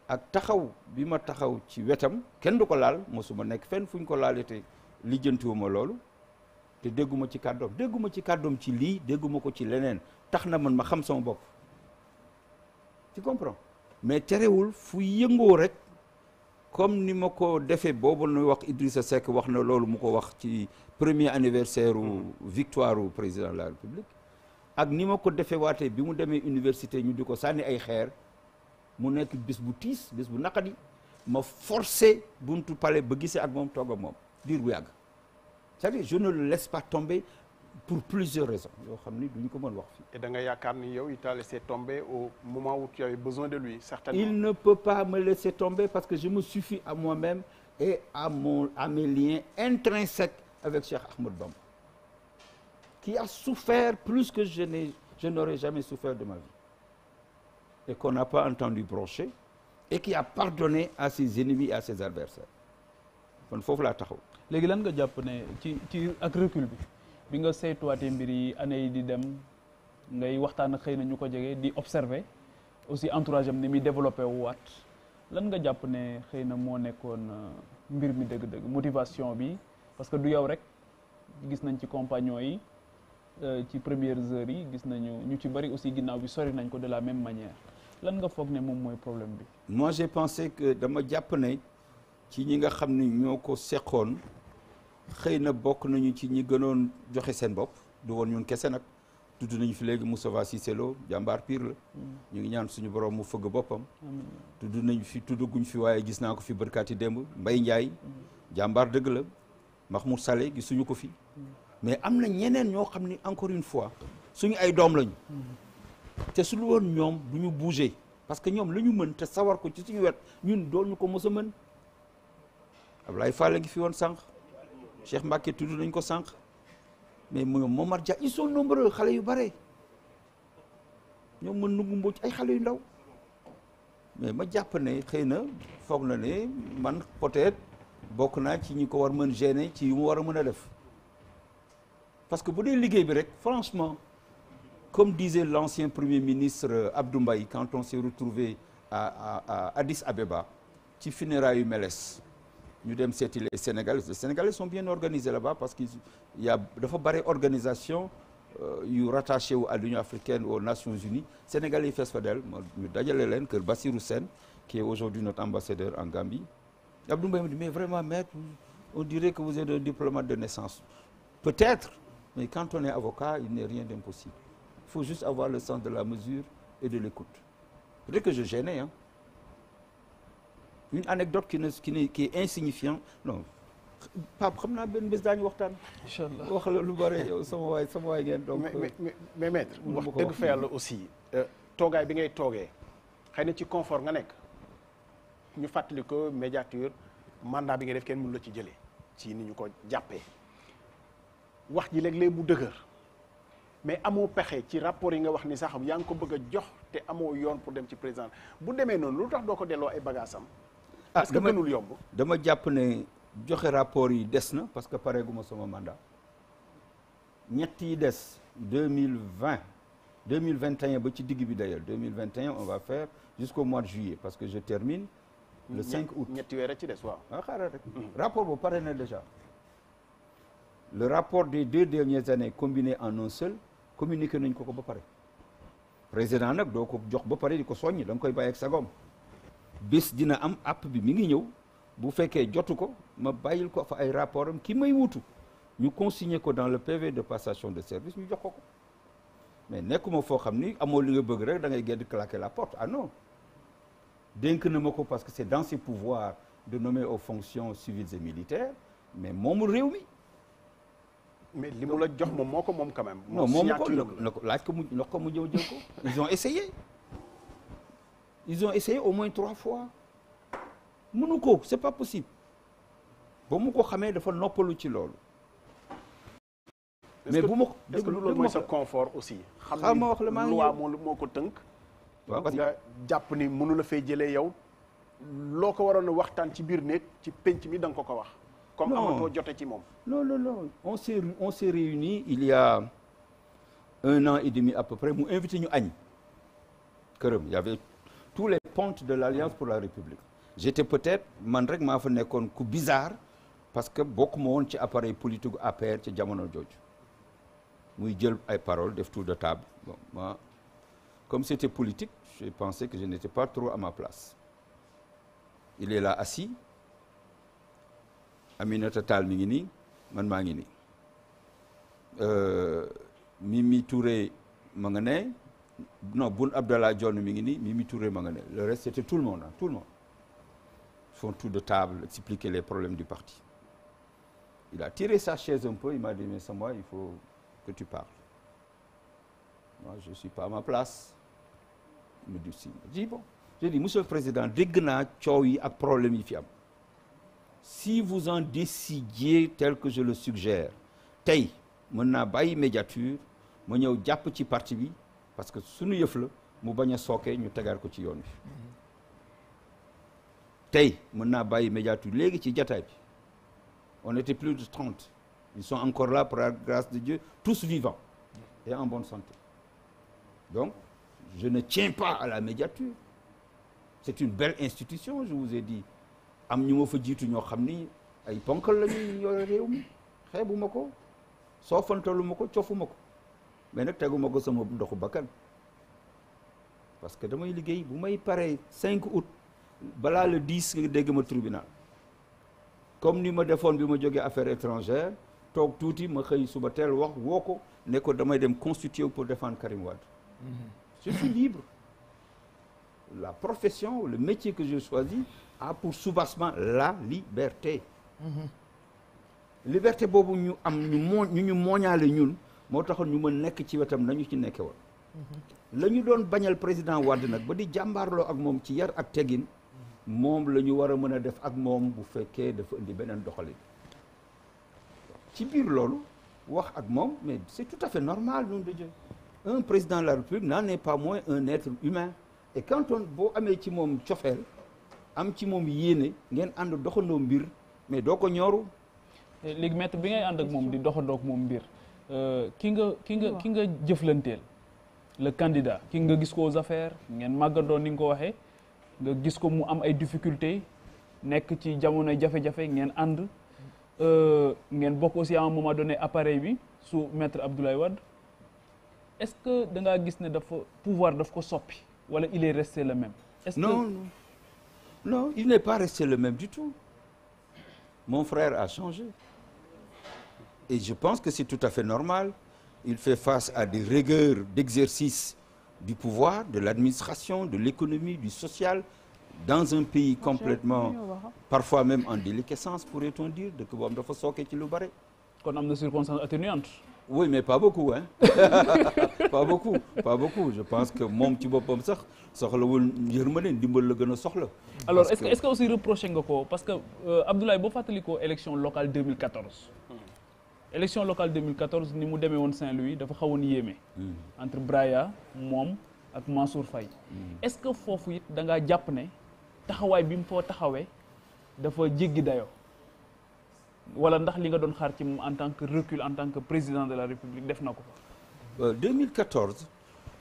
ak taxaw bi ma taxaw ci wetam kenn du ko laal mosuma nekk fenn fu ñu ko laalee te lijjantiwuma loolu te dégguma ci kàddoom dégguma ci kàddoom ci lii dégguma ko ci leneen tax na man ma xam sama bopp tu comprends mais terewul fu yëngoo rek comme ni ma ko defee boobu nu wax Idrissa Seck wax na loolu mu ko wax ci premier anniversaire u hmm. victoire wu président de la République ak ni ma ko defee waatee bi mu demee université ñu di ko sànni ay xeer mu nekk bés bu tiis bés bu naqadi ma forcé buntu palais ba gisee ak moom toog ak moom diir bu yàgg c'est-à-dire je ne le laisse pas tomber pour plusieurs raisons yoo xam ni duñu ko mën wax fii. et da nga yaakaar ni yow il t'a laissé tomber au moment où tu avais besoin de lui certainement. il ne peut pas me laisser tomber parce que je me suffis à moi-même et à mon à mes liens intrinsèques avec Cheikh Ahmed Bamba qui a souffert plus que je n'ai je n'aurais jamais souffert de ma vie. et qu'on n'a pas entendu brocher et qui a pardonné à ses ennemis et à ses kon foofu laa taxaw. léegi lan nga jàpp ne ci ci ak recul bi bi nga saytuwaatee mbir yi année yi di dem ngay waxtaan xëy na ñu ko jege di observer aussi entourage ni muy développé wu lan nga jàpp ne xëy na moo nekkoon euh, mbir mi dëgg-dëgg motivation bi parce que du yow rek gis nañ ci compagnon yi. Euh, ci premières heures yi gis nañu ñu ci bari aussi ginnaaw bi sori nañ ko de la même manière lan nga foog ne moom mooy problème bi. moi j'ai pensé que dama jàpp ne ci ñi nga xam ni ñoo ko seqoon xëy na bokk nañu ci ñi gënoon joxe seen bopp du woon ñun kese nag tudd nañu fi léegi Moustapha Cissé Lo jàmbaar pire la. Mm. ñu ngi ñaan suñu borom mu fëgg boppam. tudd nañu fi tuddaguñ fi waaye gis naa ko fi barkaati démb mbay Ndiaye. Mm. jàmbaar dëgg la Mahmoud Saleh suñu ko fi. Mm. mais am na ñeneen ñoo xam ni encore une fois suñu ay doom lañu. te su lu woon ñoom du ñu bouger parce que ñoom la ñu mën te sawar ko ci suñu wet ñun doon ñu ko mos a mën Ablaye Fall a ngi fi woon sànq Cheikh Mbacke tudd nañ ko sànq mais ma Momar Dia ils sont nombreux xale yu bare ñoom mën nu nangu ci ay xale yu ndaw mais ma jàpp ne xëy na foog na ne man peut-être bokk naa ci ñi ko war mën gêner ci yu mu war a mën a def parce que bu dee liggéey bi rek franchement comme disait l'ancien Premier ministre euh, Abdou Mbaye quand on s'est retrouvé à, à, à Addis Abeba ci funérailles yu Mélès ñu dem seeti les Sénégalais les Sénégalais sont bien organisés là parce que y a dafa bare organisation euh, yu rattaché wu à l'Union africaine aux Nations unies Sénégalais yi fees fa del ñu dajale leen kër Bassirou Sène qui est aujourd'hui notre ambassadeur en Gambie Abdou Mbaye me mais vraiment maître on dirait que vous êtes un diplomate de naissance peut-être mais quand on est avocat il Il faut juste avoir le sens de la mesure et de l'écoute. Peut-être que je gênais. Hein. Une anecdote qui, ne, qui, ne, qui xam naa benn bés daañu waxtaan. incha allah wax lu bare yow sama waay sama waay ngeen donc. mais mais mais wax dëgg fa yàlla aussi. Euh, toogaay bi ngay toogee xëy na ci confort nga nekk ñu fàttali ko médiature mandat bi ngay def kenn mun la ci jëlee ci ni ñu ko jàppee wax ji léeg-léeg mu dëgër. mais amoo pexe ci rapport yi nga wax ni sax yaa ngi ko bëgg jox te amoo yoon pour dem ci président bu demee noonu lu tax doo ko delloo ay bagages am. Ah, que mënul yomb. dama jàpp ne joxe rapport yi des na parce que pareeguma sama mandat ñett yi des deux mille vingt deux mille vingt et ba ci digg bi dayal deux mille vingt et un on va faire jusqu'au mois de juillet parce que je termine. le 5 août ñetti weer ci des waaw. ah xaaral rek mm-hmm. rapport boobu pare na déjà. le rapport des deux dernières années combiné en un seul. communiqué nañ ko ko ba pare président nag doo ko jox ba pare di ko soññ da nga koy bàyyi ak sagoom bis dina am app bi mi ngi ñëw bu fekkee jotu ko ma bàyyil ko fa ay rapport am ki may wutu ñu consigner ko dans le PV de passation de service ñu jox ko ko mais nekkuma foo xam ni amoo li nga bëgg rek da ngay gën di la porte ah non dénk na ma ko parce que c'est dans ses pouvoirs de nommer aux fonctions civiles et militaires mais moomul réew mi mais li mu la jox moom moo ko moom quand même. non moom ko la laaj ko mu ndox ko mu jëw jël ko. ils ont essayé ils ont essayé au moins trois fois mënu ko c'est pas possible ba mu ko xamee dafa noppalu ci loolu. mais bu ma ko lu ce mooy sa confort aussi. xam ma wax la maa ngi loi moo ko tënk. waaw nga jàpp ni mënu la fee jëlee yow. loo ko waroon a waxtaan ci biir néeg ci penc mi da nga ko ko wax. comme amatoo jote ci moom non non on on s'est réunis il y a un an et demi à peu près mu invité ñu añ këram y avait tous les pontes de l'Alliance pour la République j'étais peut-être man rek maa fa nekkoon ku bizarre parce que bokkuma woon ci appareil politique APR ci jamono jooju muy jël ay paroles def tour de table bon moi comme c'était politique j'ai pensé que je n'étais pas trop à ma place il est là assis Aminata Tall mi ngi nii man maa ngi nii euh, Mimi Touré ma nga ne non Boun Abdallah Dionne mi ngi nii Mimi Touré ma nga ne le reste c'était tout le monde ah tout le monde ils font de table expliquer les problèmes du parti il a tiré sa chaise un peu i m'a dit mais Samba il faut que tu parles moi je suis pas à ma place il si je dis bon monsieur président dégg naa coow yi ak problème yi fi am si vous en décidiez tel que je le suggère tey mën naa bàyyi médiature ma ñëw jàpp ci parti bi parce que suñu yëf la mu bañ a sooke ñu tegal ko ci yoon bi tey mën naa bàyyi médiature léegi ci jataay bi on était plus de trente ils sont encore là par la grâce de Dieu tous vivants et en bonne santé donc je ne tiens pas à la médiature c'est une belle institution je vous ai dit am ñu ma fa jiitu ñoo xam ni ay ponkal la ñuy yore réew xeebu ma ko soofantalu ma ko cofu ma ko mais nag teguma ko sama ndoxu bakkan parce que damay liggéey bu may paree cinq aut balaa le 10 nga dégg ma tribunal comme ni ma defoon bi ma jógee affaire étrangère toog tuuti ma xëy suba teel wax woo ko ne damay dem constituer pour défendre Karim Wade. Mhm. je suis libre la profession le métier que j'ai choisi a pour soubassement la liberté mhm. liberté boobu ñu am ñu moo ñu ñu mooñaale ñun moo taxoon ñu mën nekk ci wetam nañu ci nekke woon mhm. la doon bañal président Wade nag ba di jàmbaarloo ak moom ci yar ak tegin moom lañu war a mën a def ak moom bu fekkee dafa indi beneen doxalin ci biir loolu wax ak moom mais c'est tout à fait normal nom de Dieu président la République n'en ne pas moins un être humain et quand boo amee ci moom cofeel am ci moom yéene ngeen ànd doxandoo mbir mais doo ko ñooru eh, léegi maître bi ngay ànd ak moom di doxandoog moom mbir euh, ki nga ki nga ki nga jëflanteel le candidat ki nga gis ko aux ngeen màggandoo ni nga ko waxee nga gis ko mu am ay difficultés nekk ci jamono jafe-jafe ngeen ànd euh, ngeen bokk aussi à un moment donné appareil bi su maître Abdoulaye Wade est-ce que da ngaa gis ne dafa pouvoir daf ko soppi wala il est resté le même. Non, il n'est pas resté le même du tout. Mon frère a changé. Et je pense que c'est tout à fait normal. Il fait face à des rigueurs d'exercice du pouvoir, de l'administration, de l'économie, du social, dans un pays complètement, parfois même en déliquescence, pourrait-on dire, de que dafa sooke ci lu bare. kon am na circonstance atténuante. oui mais pas beaucoup hein pas beaucoup pas beaucoup je pense que moom ci boppam sax soxlawul yërmande ndimbal la gën a soxla. alors est-ce que est-ce que aussi reproché nga ko parce que euh, Abdoulaye boo fàttalikoo élection locale 2014. Hmm. élection locale 2014 ni mu demee woon Saint-Louis dafa xawoon yéeme. Hmm. entre Braya moom ak Mansour Faye. Hmm. est-ce que foofu it da ngaa jàpp ne taxawaay bi mu foo taxawee dafa jéggi dayoo. wala ndax li nga doon xaar ci moom en tant que recul en tant que président de la république def na ko fa 2014 euh,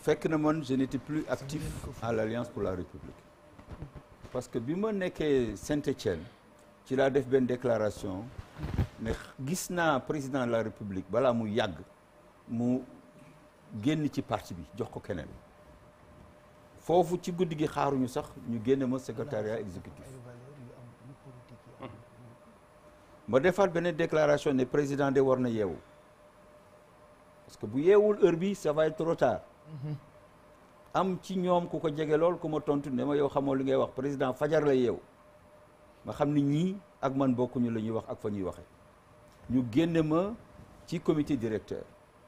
fekk na man je n'étais plus actif à l'alliance pour la république parce que bi ma nekkee Saint-Étienne ci laa def benn déclaration ne gis naa président de la république balaa mu yàgg mu génn ci parti bi jox ko keneen foofu ci guddi gi xaaruñu sax ñu génne ma secrétariat exécutif ma defaat beneen déclaration ne président de war na yeewu parce que bu yeewul heure bi ça va être trop mm-hmm. am ci ñoom ku ko jege lool ku ma tontu ne ma yow xamoo li ngay wax président fajar la yeewu ma xam ni ñii ak man bokkuñu la ñuy wax ak fa ñuy waxe ñu génne ma ci comité directeur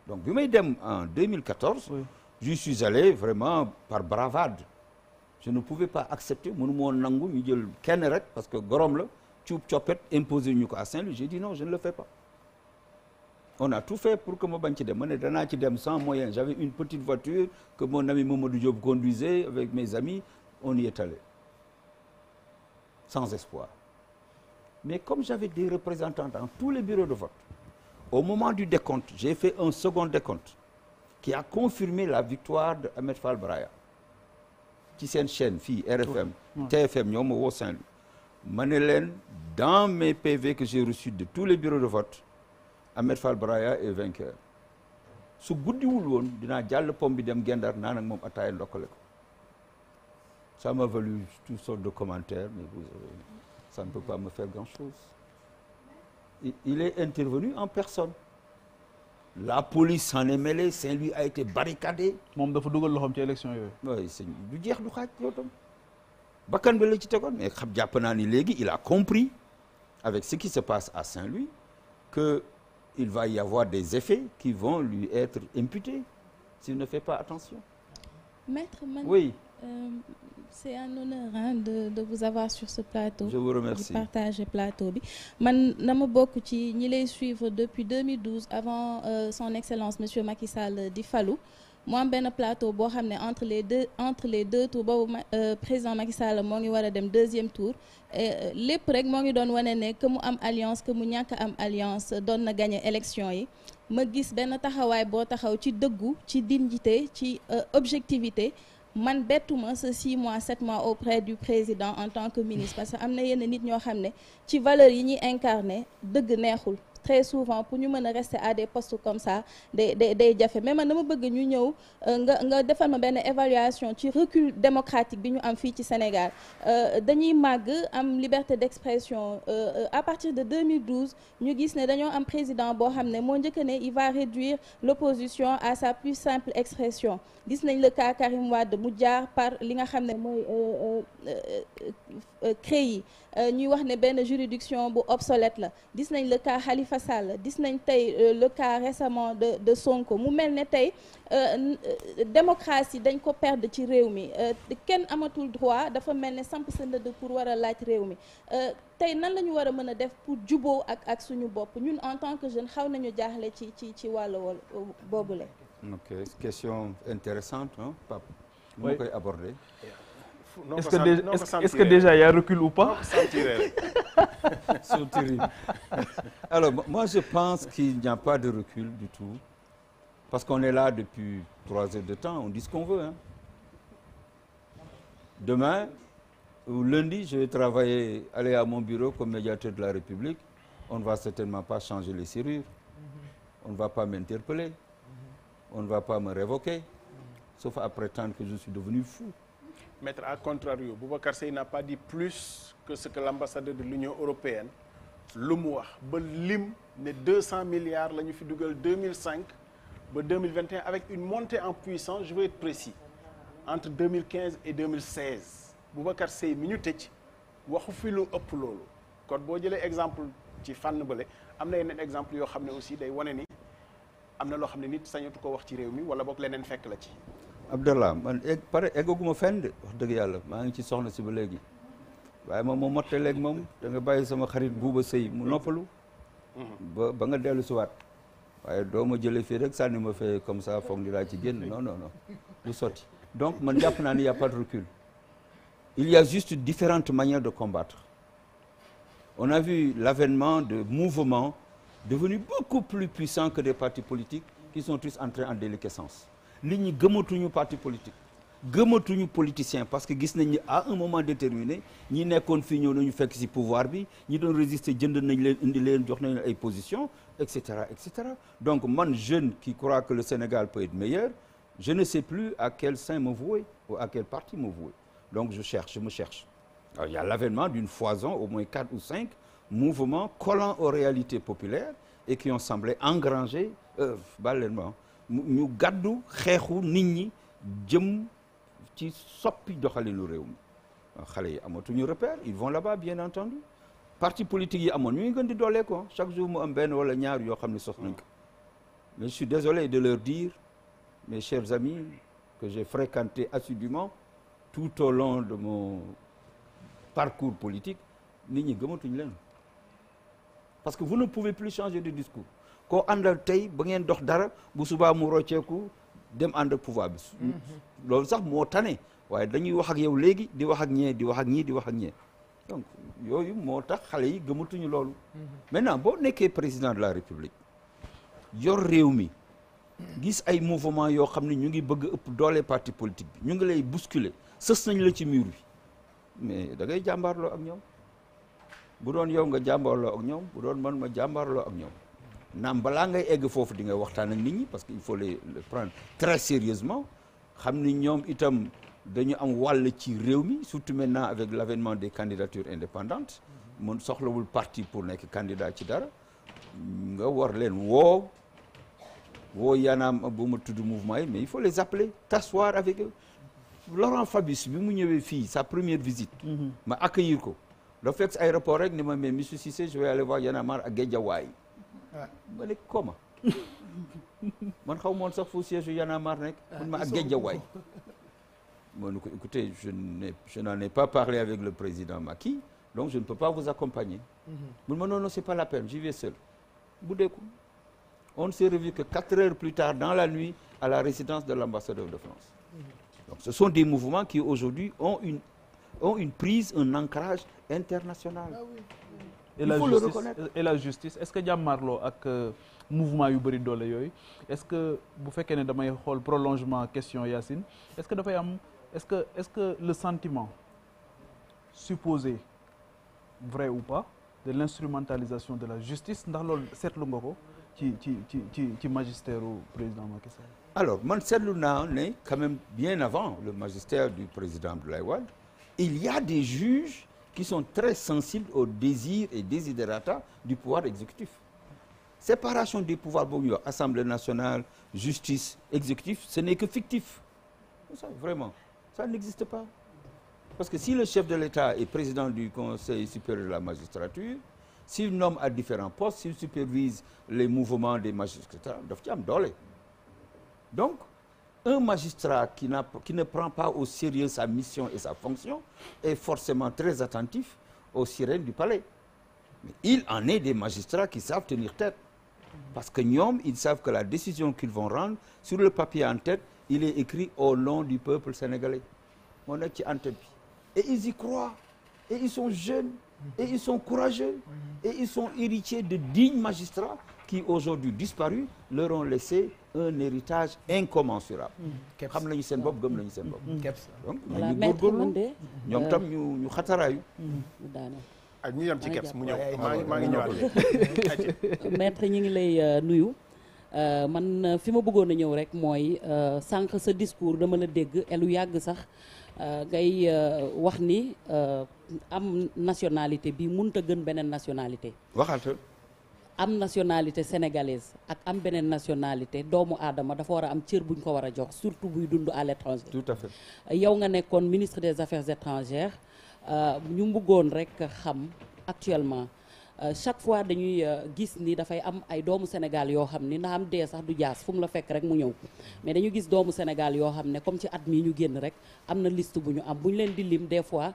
donc bi may dem en 2014 je suis allé vraiment par bravade je ne pouvais pas accepter mënu moo nangu ñu jël kenn rek parce que gorom la cuub coppet imposé ñu ko à Saint-Louis j'ai dit non je ne le fais pas on a tout fait pour que ma bañ ci dem ma ne danaa ci dem sans moyen j'avais une petite voiture que mon ami Mamadou Diop conduisait avec mes amis on y est allé sans espoir mais comme j'avais des représentants dans tous les bureaux de vote au moment du décompte j'ai fait un second décompte qui a confirmé la victoire de Ahmed Fall Braya ci seen chaîne fii RFM TFM ñoo ma Saint-Louis ma ne leen dans mes PV que j'ai reçus de tous les bureaux de vote Ahmed Fall Braya est vainqueur su guddiwul woon dinaa jàll pom bi dem Gendar naan ak moom ataaya ndokkale ko ça m'a valu toutes sortes de commentaires mais vous avez ça ne peut pas me faire grand-chose il est intervenu en personne la police s'en est mêlée Saint-Louis a été barricadé moom dafa dugal loxoom ci élection yooyu oui sëñ du jeex du xaaj yow bakkan bi la ci tegoon mais xam jàpp naa ni léegi il a compris avec ce qui se passe à Saint-Louis que il va y avoir des effets qui vont lui être imputés s'il ne fait pas attention. Maître Man, oui. Euh, c'est un honneur de de vous avoir sur ce plateau. Je vous bi man dama bokk ci ñi lay suivre depuis 2012 avant euh, son excellence monsieur Macky Sall di falu. mu am benn plateau boo xam ne entre les deux entre les deux tours boobu euh, président Macky Sall moo ngi war a dem deuxième tour euh, lépp rek moo ngi doon wane ne que mu am alliance que mu ñàkk am alliance doon na gagné élection yi ma gis benn taxawaay boo taxaw ci dëggu ci dignité ci euh, objectivité man bettuma ce six mois sept mois auprès du président en tant que ministre parce que am na yenn nit ñoo xam ne ci valeur yi ñuy incarné dëgg neexul très souvent pour ñu mën a rester à des postes comme ça day day day jafe mais man na ma bëgg ñu ñëw euh, nga nga defal ma benn évaluation ci recul démocratique bi ñu am fii ci Sénégal euh, dañuy màgg am liberté d'expression euh, à partir de 2012 ñu gis ne dañoo am président boo xam ne moo njëkk ne il va réduire l'opposition à sa plus simple expression gis nañ le cas Karim Wade mu jaar par li nga xam ne mooy CREI yi euh, ñuy wax ne benn juridiction bu obsolète la gis nañ le cas Khalifa Sall gis nañ tey euh, le cas récemment de de Sonko mu mel ne tey euh, démocratie dañ ko perdre ci réew mi kenn amatul droit dafa mel ne samp sa ndëdd pour war a laaj réew mi tey nan la ñu war a mën a def pour juboo ak ak suñu bopp ñun en tant que jeune xaw nañu jaaxle ci ci ci wàll boobule. ok question intéressante hein Pape. oui koy aborder. est ce que est ce que déjà y a recul ou pas. alors moi je pense qu'il n'y a pas de recul du tout parce qu'on est là depuis trois heures de temps on dit ce qu'on veut hein. demain ou lundi je vais travailler aller à mon bureau comme médiateur de la République on ne va certainement pas changer les serrures mm-hmm. on ne va pas m'interpeller mm-hmm. on ne va pas me révoquer sauf à prétendre que je suis devenu fou. Maître, à contrario, Boubacar Seye n'a pas di plus que ce que l'ambassadeur de l'Union européenne lu mu wax ba lim ne 200 milliards la ñu fi dugal 2005 ba 2021 avec une montée en puissance je veux être précis entre 2015 et 2016 Boubacar Seye mi ñu tëj waxu fi lu ëpp loolu kon boo jëlee exemple ci fànn bële am na yeneen exemple yoo xam ne aussi day wane ni am na loo xam ne nit sañatu ko wax ci réew mi wala boog leneen fekk la ci Abdallah man egg pare ma fenn wax dëgg yàlla maa ngi ci soxna si ba léegi waaye moom moo motte léegi moom da bàyyi sama xarit buuba sëy mu noppalu ba ba nga dellu si waat waaye doo ma jëlee fii rek sànni ma fee comme ça foog ni laa ci génn non non non du sotti donc man jàpp naa ni y' a pas de recul il y juste différentes manières de combattre on a vu l'avènement de mouvements devenus beaucoup plus puissants que des partis politiques qui sont tous entrés en déliquescence nit ñi gëmatuñu parti politique gëmatuñu politicien parce que gis nañ ni à un moment déterminé ñi nekkoon fii ñëw nañu fekk ci pouvoir bi ñi doon résister jënd nañ leen indi leen jox nañ ay position et cetera et cetera donc man jeune qui croit que le Sénégal peut être meilleur je ne sais plus à quel saint me vouer parti me donc je cherche je me cherche alors il y a au moins quatre ou cinq mouvements collants aux réalités populaires et qui ont semblé engranger euh, ñu gàddu xeexu nit ñi jëm ci soppi doxalinu réew mi xale yi amatuñu repère ils vont là-bas bien entendu parti politique yi amoon ñu gën di doolee ko chaque jour mu am benn wala ñaar yoo xam ne sos nañ ko mais je suis désolé de leur dire mes chers amis que j'ai fréquenté assidûment tout au long de mon parcours politique nit ñi gëmatuñ leen parce que vous ne pouvez plus changer de discours koo àndal tey ba ngeen dox dara bu subaa mu rocceeku dem ànd ak pouvoir bi. Mm-hmm. loolu sax moo tane waaye dañuy wax ak yow léegi di wax ak ñee di wax ak ñii di wax ak ñee donc yooyu moo tax xale yi gëmatuñu loolu. Mm-hmm. maintenant boo nekkee président de la république yor réew mi gis ay mouvement yoo xam ne ñu ngi bëgg ëpp doole parti politique bi ñu ngi lay bousculer sës nañ la ci mur bi mais da ngay jàmbaarloo ak ñoom bu doon yow nga jàmbaarloo ak ñoom bu doon man ma jàmbaarloo ak ñoom. naam balaa ngay egg foofu di nga waxtaan ak nit parce que il faut le prendre très sérieusement xam ni ñoom itam dañu am wàll ci réew mi surtout maintenant avec l'avènement des candidatures indépendantes mun soxlawul parti pour nekk candidat ci dara nga war leen woo woo yaanaam bu ma tudd mouvement yi mais il faut les appeler t'asseoir avec eux Laurent Fabius mi mu ñëwee fii sa première visite mhm. ma accueillir ko dafa fekk aéroport rek ni ma mais monsieur Cissé je w aller voir Y'en a marre ak Ah. ma ne kooma man xaw moon sax fu siège yu Y'en a marre nekk ah, man ma ak Guédiawaye ma ne ko écoutez je n'ai je n'en ai pas parlé avec le président Macky donc je ne peux pas vous accompagner mhm. mun ma non non c'est pas la peine j'y vais seul bu deeku on ne s'est revu que quatre heures plus tard dans la nuit à la résidence de l'ambassadeur de France mhm. donc ce sont des mouvements qui aujourd'hui ont une ont une prise un ancrage international ah oui. et la justice et la justice est-ce que ak euh, mouvement yu bëri doole yooyu est-ce que bu fekkee ne damay xool prolongement question Yacine est-ce que dafay am est-ce que est-ce que le sentiment supposé vrai ou pas de l'instrumentalisation de la justice ndax loolu seetlu nga ko ci ci ci ci ci magistère président Macky Sall alors man seetlu naa ne quand même bien avant le magistère du président Abdoulaye Wade il y a des juges qui sont très sensibles aux désirs et desiderata du pouvoir exécutif séparation des pouvoirs boobu ñuy wax assemblée nationale justice exécutif ce n'est que fictif ça vraiment ça n'existe pas parce que si le chef de l'État est président du conseil supérieur de la magistrature s'il nomme à différents postes s'il supervise les mouvements des magistrats daf ci am doole donc un magistrat qui n'a qui ne prend pas au sérieux sa mission et sa fonction est forcément très attentif aux sirènes du palais mais il en est des magistrats qui savent tenir tête parce que ñoom ils savent que la décision qu'ils vont rendre sur le papier en tête il est écrit au nom du peuple sénégalais moo nekk ci en tête bi et ils y croient et ils sont jeunes et ils sont courageux et ils sont héritiers de dignes magistrats qui aujourd'hui disparus leur ont laissé un héritage incommensurable. Mm, xam nañu seen bopp gëm nañu seen bopp. Mm, donc nañu góorgóorlu ñoom tam ñu euh, ñu xataraayu. Mm. ak ci keps mu ñëw maa ngi ñëwaat ñu ngi lay euh, nuyu euh, man fi ma bëggoon a ñëw rek mooy sànq sa discours dama la dégg elu yàgg sax ngay wax ni am nationalité bi mënut a gën beneen nationalité. waxaatal. am nationalité sénégalaise ak am beneen nationalité doomu aadama dafa war a am cër ñu ko war a jox surtout buy dund à l'étranger. yow nga nekkoon ministre des affaires étrangères euh, ñu buggoon rek xam actuellement euh, chaque fois dañuy euh, gis ni dafay am ay doomu Sénégal yoo xam ni ndax am dee sax du jaas fu mu la fekk rek mu ñëw mais dañu gis doomu Sénégal yoo xam ne comme ci at mii ñu génn rek am na liste bu ñu am bu ñu leen di lim des fois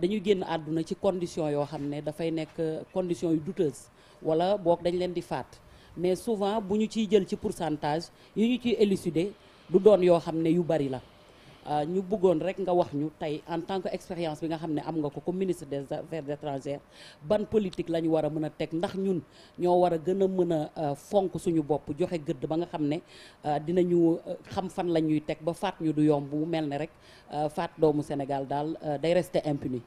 dañuy génn àdduna ci condition yoo xam ne dafay nekk condition yu douteuse wala boog dañ leen di faat mais souvent bu ñu ciy jël ci pourcentage yu ñu ciy élucider du doon yoo xam ne yu bari la euh, ñu bëggoon rek nga wax ñu tey en tant que expérience bi nga xam ne am nga ko comme ministre des affaires étrangères ban politique la ñu war a mën a teg ndax ñun ñoo war a gën a mën a euh, fonk suñu bopp joxe gëdd ba nga xam ne euh, dinañu xam fan la ñuy teg ba faat ñu du yomb bu mel ne rek faat doomu Sénégal daal day reste impuni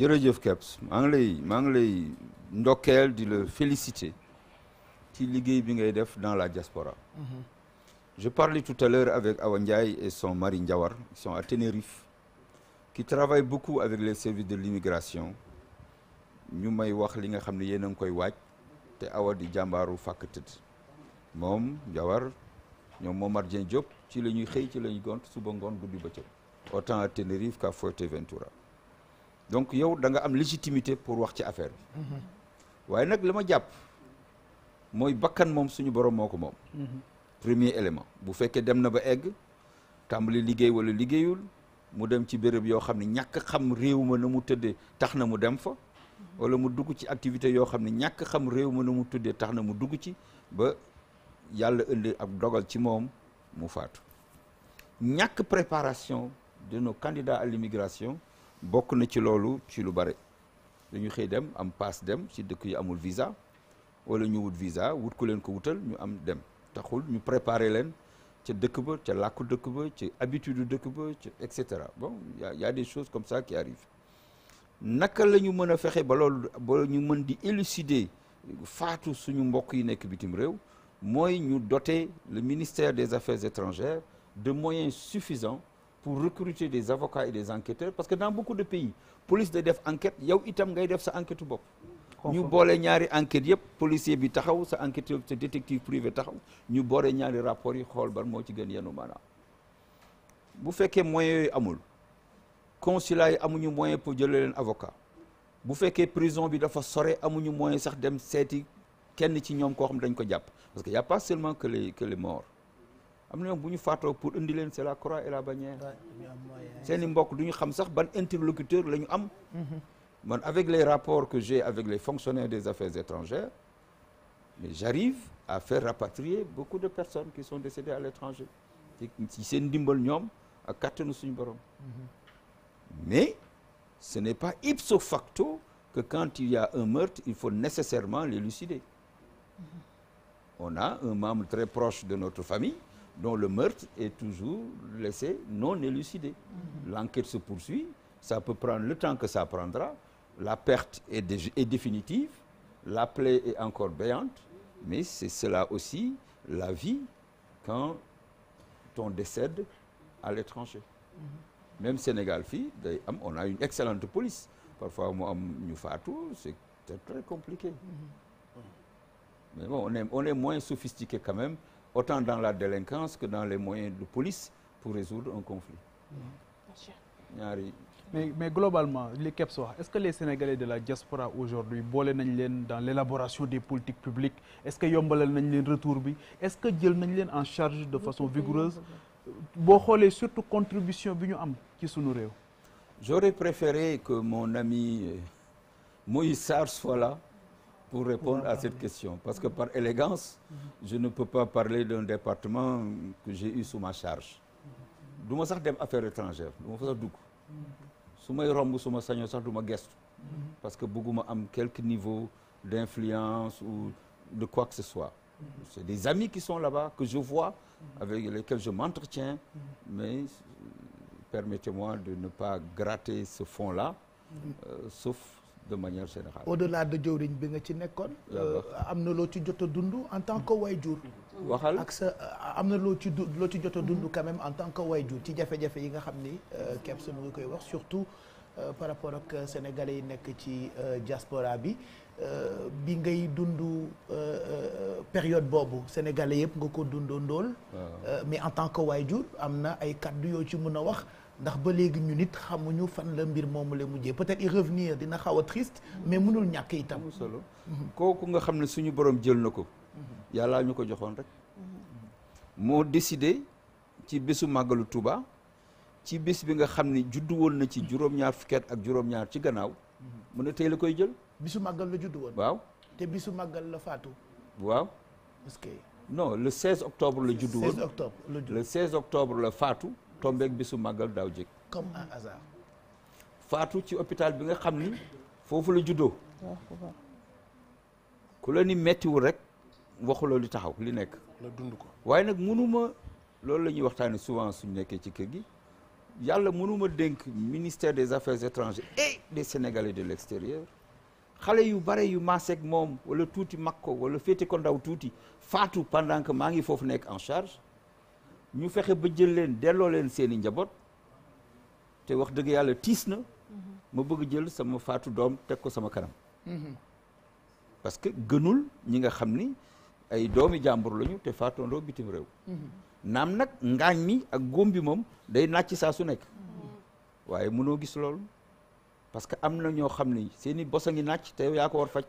jërëjëf Kebs maa ngi lay maa ngi lay ndokkeel di la féliciter ci liggéey bi ngay def dans la diaspora mhm. je parlais tout à l'heure avec Awa Ndiaye et son mari Ndiawar ils sont à Tenerife qui travaillent beaucoup avec les services de l'immigration ñu may wax li nga xam ne yéen a ngi koy waaj te Awa di jàmbaaru fàkk tëdd moom Ndiawar ñoom Momar Dieng Diop ci la ñuy xëy ci la ñuy gont suba ngoon guddi bëccëg autant à Tenerife qu'à Fuerteventura donc yow da nga am légitimité pour wax ci affaire bi mm-hmm. waaye nag li ma jàpp mooy bakkan moom suñu borom moo ko moom mm-hmm. premier élément bu fekkee dem na ba egg tàmbali liggéey wala liggéeyul mu dem ci béréb yoo xam ne ñàkk xam réew ma na mu tëddee tax na mu dem fa wala mu dugg ci activité yoo xam ne ñàkk xam réew ma na mu tëddee tax na mu dugg ci ba yàlla ënd ab dogal ci moom mu faatu ñàkk préparation de nos candidats à l'immigration bokk na ci loolu ci lu bare dañu xëy dem am paas dem ci dëkk yu amul visa wala ñu wut visa wut ku leen ko wutal ñu am dem taxul ñu préparer leen ca dëkk ba ca làkku dëkk ba ca habitude dëkk ba ca et cetera bon y a des choses comme ça qui arrivent naka la ñu mën a fexe ba loolu ba ñu mën di élucider faatu suñu mbokk yi nekk bitim réew mooy ñu doter le ministère des affaires étrangères de moyens suffisants pour recruter des avocats et des enquêteurs parce que dans beaucoup de pays police day def enquête yow itam ngay def sa enquête bopp ñu boole ñaari enquête yëpp policier bi taxaw sa enquête yëpp sa détective privé taxaw ñu boole ñaari rapport yi xool ban moo ci gën yenu maanaam bu fekkee moyens yooyu amul consulat yi amuñu moyen pour jëlee leen avocat bu fekkee prison bi dafa sore amuñu moyen sax dem seeti kenn ci ñoom koo xam dañ ko jàpp parce que y a pas seulement que les am na ñoom bu ñu faatoo pour indi leen c'est la croix et la bannière seeni mbokk du ñu xam sax ban interlocuteur la ñu am mm-hmm. man avec les rapports que j'ai avec les fonctionnaires des affaires étrangères mais j'arrive à faire rapatrier beaucoup de personnes qui sont décédées à l'étranger ci seen ndimbal ñoom ak kàttanu suñu borom mm-hmm. mais ce n'est pas ipso facto que quand il y a un meurtre il faut nécessairement l'élucider mm-hmm. on a un membre très proche de notre famille dont le meurtre est toujours laissé non élucidé. Mmh. L'enquête se poursuit, ça peut prendre le temps que ça prendra, la perte est, dé est définitive, la plaie est encore béante, mais c'est cela aussi la vie quand on décède à l'étranger. Mmh. Même Sénégal fii day am on a une excellente police parfois mu am ñu faatu c'est très compliqué. Mmh. Mais bon on est on est moins sophistiqué quand même. autant dans la délinquance que dans les moyens de police pour résoudre un conflit. ñaari. mais mais globalement li KEPS wax est-ce que les Sénégalais de la diaspora aujourd'hui boole nañ leen dans l'élaboration des politiques publiques est-ce que yombalal nañ leen retour bi est-ce que jël nañ leen en charge de façon vigoureuse boo xoolee surtout contribution bi ñu am ci sunu réew. j'aurais préféré que mon ami euh, Moïse Sarr soit là. pour répondre voilà. à cette question. Parce que par élégance, je ne peux pas parler d'un département que j'ai eu sous ma charge. du ma sax dem affaire étrangère du ma fa sax dugg su may romb su ma sañoo sax du ma gestu parce que bëgguma am quelque niveau d'influence ou de quoi que ce soit c'est des amis qui sont là-bas que je vois avec lesquels je m'entretiens mais permettez-moi de ne pas gratter ce fond-là euh, sauf de manière générale. au-delà de jëwriñ bi nga ci nekkoon. Euh, am na loo ci jot a dund en tant que waajur. waxal ak sa euh, am na loo ci du loo ci jot a dund quand en tant que waajur ci jafe-jafe yi nga xam ni euh, Kebs mu ngi koy wax surtout par rapport ak sénégalais yi nekk ci diaspora bi bi ngay dund période boobu sénégalais yëpp nga ko dundoo ndóol. mais en tant que waajur am na ay kaddu yoo ci mën a wax. ndax ba léegi ñu nit xamuñu fan la mbir moomu la mujjee peut-être y revenir dina xaw a triste mais mënul ñàkk itam solo mhm. kooku nga xam ne suñu borom jël na ko mhm. yàlla ñu ko joxoon rek mhm. moo décidé ci bésu màggalu tubaa ci bés bi nga xam ne juddu woon na ci juróom-ñaar fukki ak juróom-ñaar ci gannaaw mu ne tey la koy jël bisu màggal la juddu woon waaw te bisu màggal la faatu waaw parce que non le 16 octobre la juddu woon le 16 octobre la faatu tombeek su màggal daaw jég comme un ah, hasard faatu ci hôpital bi nga xam ni foofu la juddoo ku la ni mettiwul rek waxuloo li taxaw li nekk la dund ko waaye nag mënuma loolu la ñuy waxtaane souvent suñ nekkee ci kër gi yàlla mënuma dénk ministère des affaires étrangères et des sénégalais de l'extérieur xale yu bare yu maaseeg moom wala tuuti mag ko wala féete ko ndaw tuuti faatu pendant maa ngi foofu nekk en charge ñu fexe ba jël leen delloo leen seeni njaboot te wax dëgg yàlla tiis na ma bëgg jël sama faatu doom teg ko sama kanam parce que gënul ñi nga xam ni ay doomi jàmbur lañu te faatoondoo bitim réew naam nag ngaañ mi ak góom bi moom day nàcc saa su nekk waaye mënoo gis loolu parce que am na ñoo xam ni seeni bos a ngi nàcc te yaa ko war faj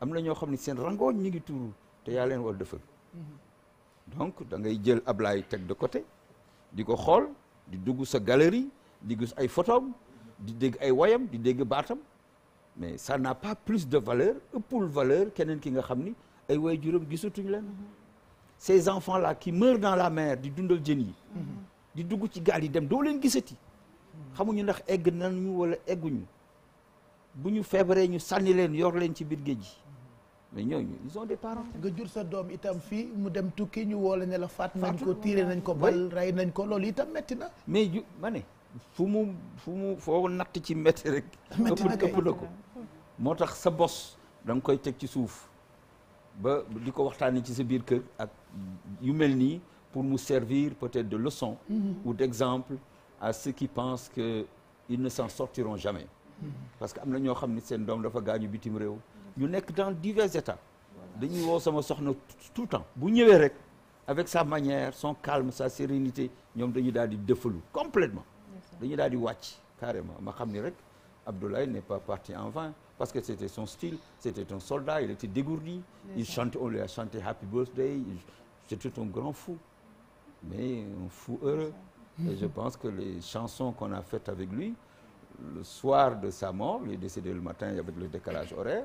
am na ñoo xam ni seen rangoon ñi ngi tuuru te yaa leen war dëfal donc da ngay jël Ablaye teg de côté di ko xool di dugg sa galerie di gis ay photom di dégg ay wayam di dégg baatam mais ça n'a pas plus de valeur ëppul valeur keneen ki nga xam ni ay way juróom gisatuñ leen ces enfants là qui meurent dans la mer di dundal jën yi di dugg ci gaal yi dem doo leen gisati xamuñu ndax egg nañu wala egguñu bu ñu feebaree ñu sànni leen yor leen ci biir géej gi mais ñooñu ils ont des nga jur sa doom itam fii mu dem tukki ñu woo la ne la faat nañ ko tiire nañ ko bal rey nañ ko loolu itam metti na. mais ju ma fu mu fu mu foo natt ci metti rek. metti na ëpp na ko moo tax sa bos da nga koy teg ci suuf ba di ko waxtaanee ci sa biir kër ak yu mel nii pour mu servir peut-être de leçon. Mhm. ou d'exemple à ceux qui pensent que ils ne s'en sortiront jamais. Mhm. parce que am na ñoo xam ne seen doom dafa gaañu bitim réew. ñu nekk dans divers états dañuy woo sama soxna tout temps bu ñëwee rek avec sa manière son calme sa sérénité ñoom dañu daal di defalu complètement dañu daal di wàcc carrément ma xam ni rek Abdoulaye n'est pas parti en vain parce que c'était son style c'était un soldat il était dégourdi il chante on lui a chanté happy birthday c'était un grand fou mais un fou heureux et je pense que les chansons qu'on a faites avec lui le soir de sa mort il est décédé le matin le décalage horaire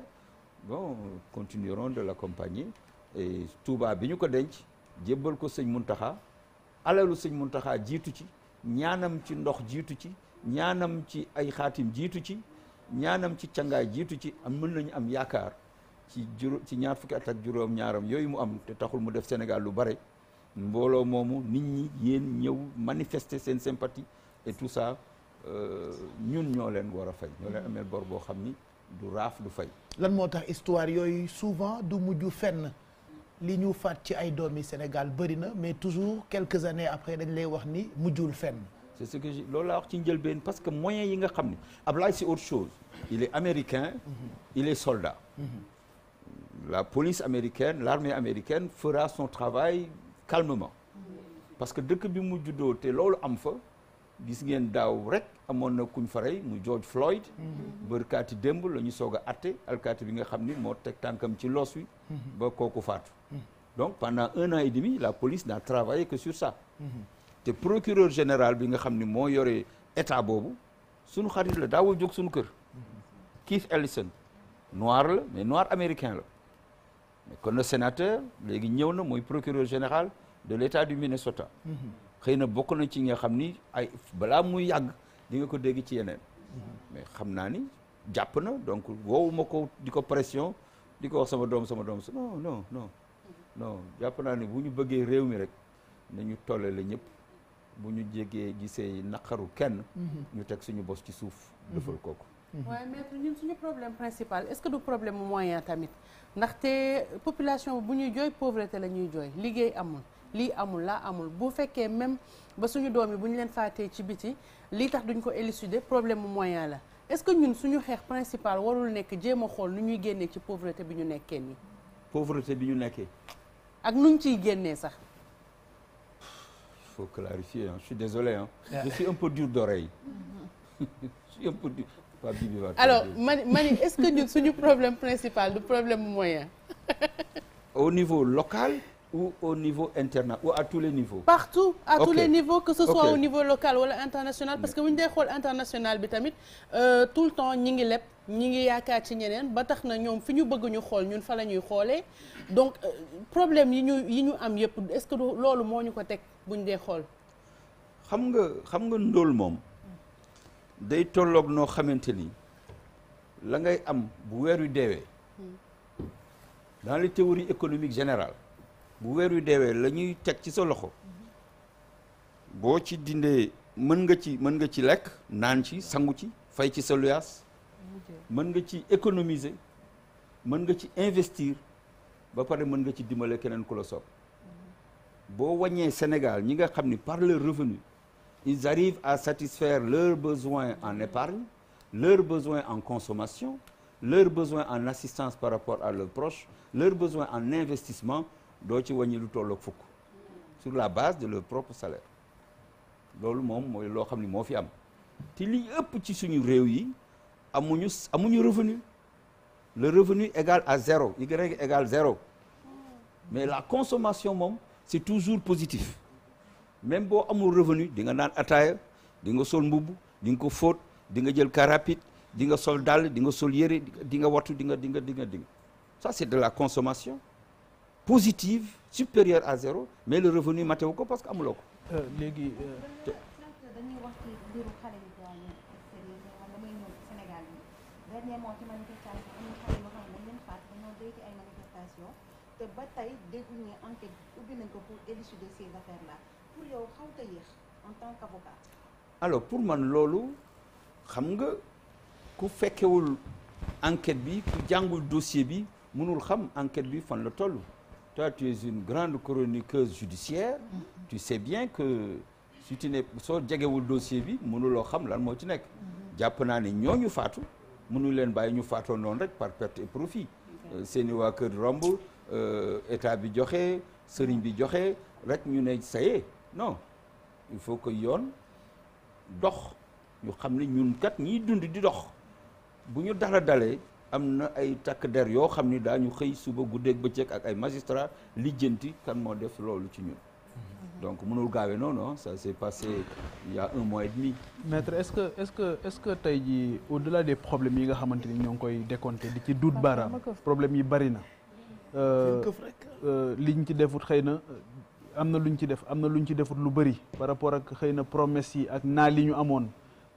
bon continuerons de l'accompagner et Touba bi ñu ko denc jébbal ko sëñ taxa alalu sëñ Muntaxa jiitu ci ñaanam ci ndox jiitu ci ñaanam ci ay xaatim jiitu ci ñaanam ci cangaay jiitu ci am mën nañu am yaakaar ci juróom ci ñaar fukki at ak juróom ñaaram yooyu mu am te taxul mu def Sénégal lu bare mbooloo moomu nit ñi yéen ñëw manifester seen sympathie e tout ça euh, ñun ñoo leen war a fay ñoo leen ameel bor boo xam ni du raaf du fay. lan moo tax histoire yooyu souvent du mujj fenn li ñu faat ci ay doomi Sénégal bëri na mais toujours quelques années après dañ lay wax ni mujjul fenn. c'est ce que loolu laa wax ci njëlbeen parce que moyen yi nga xam ne Ablaye c'est autre chose il est américain. Mhm. il est soldat. Mhm. la police américaine l'armée américaine fera son travail calmement. Mhm. parce que dëkk bi mujj juddoo te loolu am fa. gis ngeen daaw rek amoon na kuñ faray mu George Floyd mm-hmm. bërkaati démb la ñu soog a atte alkaati bi nga xam ni moo teg tànkam ci loos wi mm-hmm. ba kooku faatu mm-hmm. donc pendant un an et la police n'a travaillé que sur ça te procureur général bi nga xam ni moo yore état boobu sunu xarit la daawul jóg suñu kër Keith Ellison noir la mais noir américain la kon le sénateur léegi ñëw na mooy procureur général de l'état du Minnesota xëy na bokk na ci nga xam ni ay balaa muy yàgg di nga ko dégg ci yeneen. mais xam naa ni jàpp na donc woowu ko di ko pression di ko wax sama doom sama doom non no non non jàpp naa ni bu ñu bëggee réew mi rek nañu tolle la ñëpp bu ñu jégee gisee naqaru kenn. ñu teg suñu bos ci suuf. defal mhm. kooku. waaye mhm. maître ñun suñu problème principal est-ce que du problème moyen tamit ndaxte population bu ñuy jooy pauvreté la ñuy jooy liggéey amul. lii amul laa amul bu fekkee même ba suñu doom yi bu ñu leen faatee ci biti lii tax duñ ko élucider problème mu moyen la est-ce que ñun suñu xeex principal warul nekk jéem a xool nu ñuy génnee ci pauvreté bi ñu nekkee nii. pauvreté bi ñu nekkee. ak nu ñu ciy génnee sax. faut clarifier hein. je suis désolé hein. je suis un peu dur d'oreille. je suis un suñu problème principal du problème moyen. au niveau local. ou au niveau interne ou à tous les niveaux. partout à tous les niveaux que ce soit okay. au niveau local wala international parce que bu ñu dee xool international bi tamit euh, tout le temps ñi ngi leb ñi ngi yaakaar ci ñeneen ba tax na ñoom fi ñu bëgg ñu xool ñun fa la ñuy xoolee donc euh, problème yi ñu yi ñu am yëpp est-ce que loolu moo ñu ko teg bu ñu dee xool. xam nga xam nga ndóol moom day tolloog noo xamante ni la ngay am bu weer wi deewee hmm. dans les théories économiques générales. bu weer wi deewee la ñuy teg ci sa loxo boo ci dindee mën nga ci mën nga ci lekk naan ci sangu ci fay ci sa luyaas mën nga ci économiser mën nga ci investir ba pare mën nga ci dimbale keneen ku la soob boo waññee Sénégal ñi nga xam ni par leur revenu ils arrivent à satisfaire leurs besoin en épargne leur besoins en consommation leurs besoins en assistance par rapport à leurs proches leur besoins en investissement doo ci wàññi lu tolloog fukk sur la base de leur propre salaire loolu moom mooy loo xam ni moo fi am te li ëpp ci suñu réew yi amuñu amuñu revenu le revenu égal à zéro Y égal zéro mais la consommation moom c'est toujours positif même boo amul revenu di nga naan ataaya di nga sol mbubb di nga ko fóot di nga jël car rapide di nga sol dàll di nga sol yére di wattu di nga di nga di nga di nga ça c'est de la consommation positive supérieure à zéro mais le revenu matewu ko parce que amuloo ko. Euh, léegi. Euh, dañuy te ba tey dégguñu enquête ubbi nañ ko pour élucider ces affaires là pour yow xaw ta yéex en tant qu'avocat. alors pour man loolu xam nga ku fekkewul enquête bi ku jàngul dossier bi mënul xam enquête bi fan la toll. toi tu es une grande chroniqueuse judiciaire tu sais bien que si tu ne soo jegewul dossier bi mënuloo xam lan moo ci nekk jàpp naa ne ñooñu faatu mënu leen bàyyi ñu faatoo noonu rek par perte et profit euh, seeni waa kër romb euh, état bi joxe sëriñ bi joxe rek ñu ne saye non il faut que yoon dox ñu xam ne ñun kat ñiy dund di dox bu ñu dara dalee am na ay takk der yoo xam ni daañu xëy suba guddeeg bëccëg ak ay magistrat lijjanti kan moo def loolu ci ñun. donc mënul gaawee noonu ah, ça s'est passé il a un mois et demi. est-ce que est-ce que est-ce que tey jii au-delà des problèmes yi nga xamante ni ñoo ngi koy décompté di ci duut ah, baaraam problème yi bari na. Euh, euh, liñ ci defut xëy na euh, am na lu ñu ci def am na lu ñu ci defut lu bari. par rapport ak xëy na promesse yi ak naa li ñu amoon.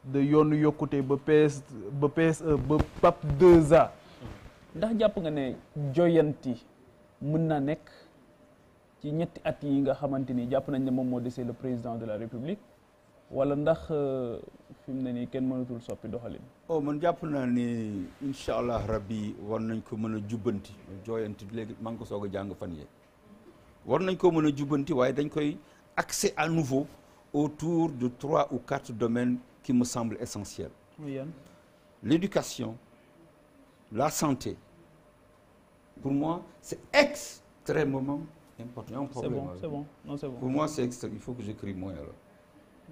de yoonu yokkute ba PS ba PAP 2A. ndax jàpp nga ne joyanti mën na nekk ci ñetti at yi nga xamante ni jàpp nañ ne moom moo desee le président de la république wala ndax euh, fi mu ne nii kenn mënatul soppi doxalin. oh man jàpp naa ni incha allah rabbi war nañ ko mën a jubbanti joyanti léegi maa ngi ko soog a jàng fan yee war nañ ko mën a jubbanti waaye dañ koy accès à nouveau autour de trois ou quatre domaines. qui me semble essentielle l'éducation la santé pour moi c'est extrêmement important un problème bon, c'est bon. Non, c'est bon. pour moi c'est extré... il faut que j'écris moins alors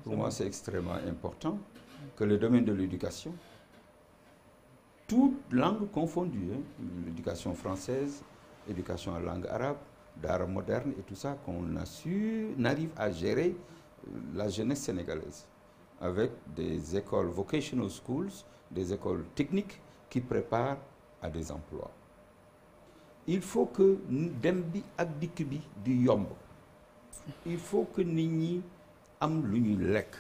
pour moi bon. c'est extrêmement important que le domaine de l'éducation toutes langues confondues l'éducation française éducation en langue arabe d'art moderne et tout ça qu'on a su on arrive à gérer euh, la jeunesse sénégalaise avec des écoles vocational schools, des écoles techniques qui préparent à des emplois. Il faut que dem bi ak dikk bi di yomb il faut que nit ñi am lu ñuy lekk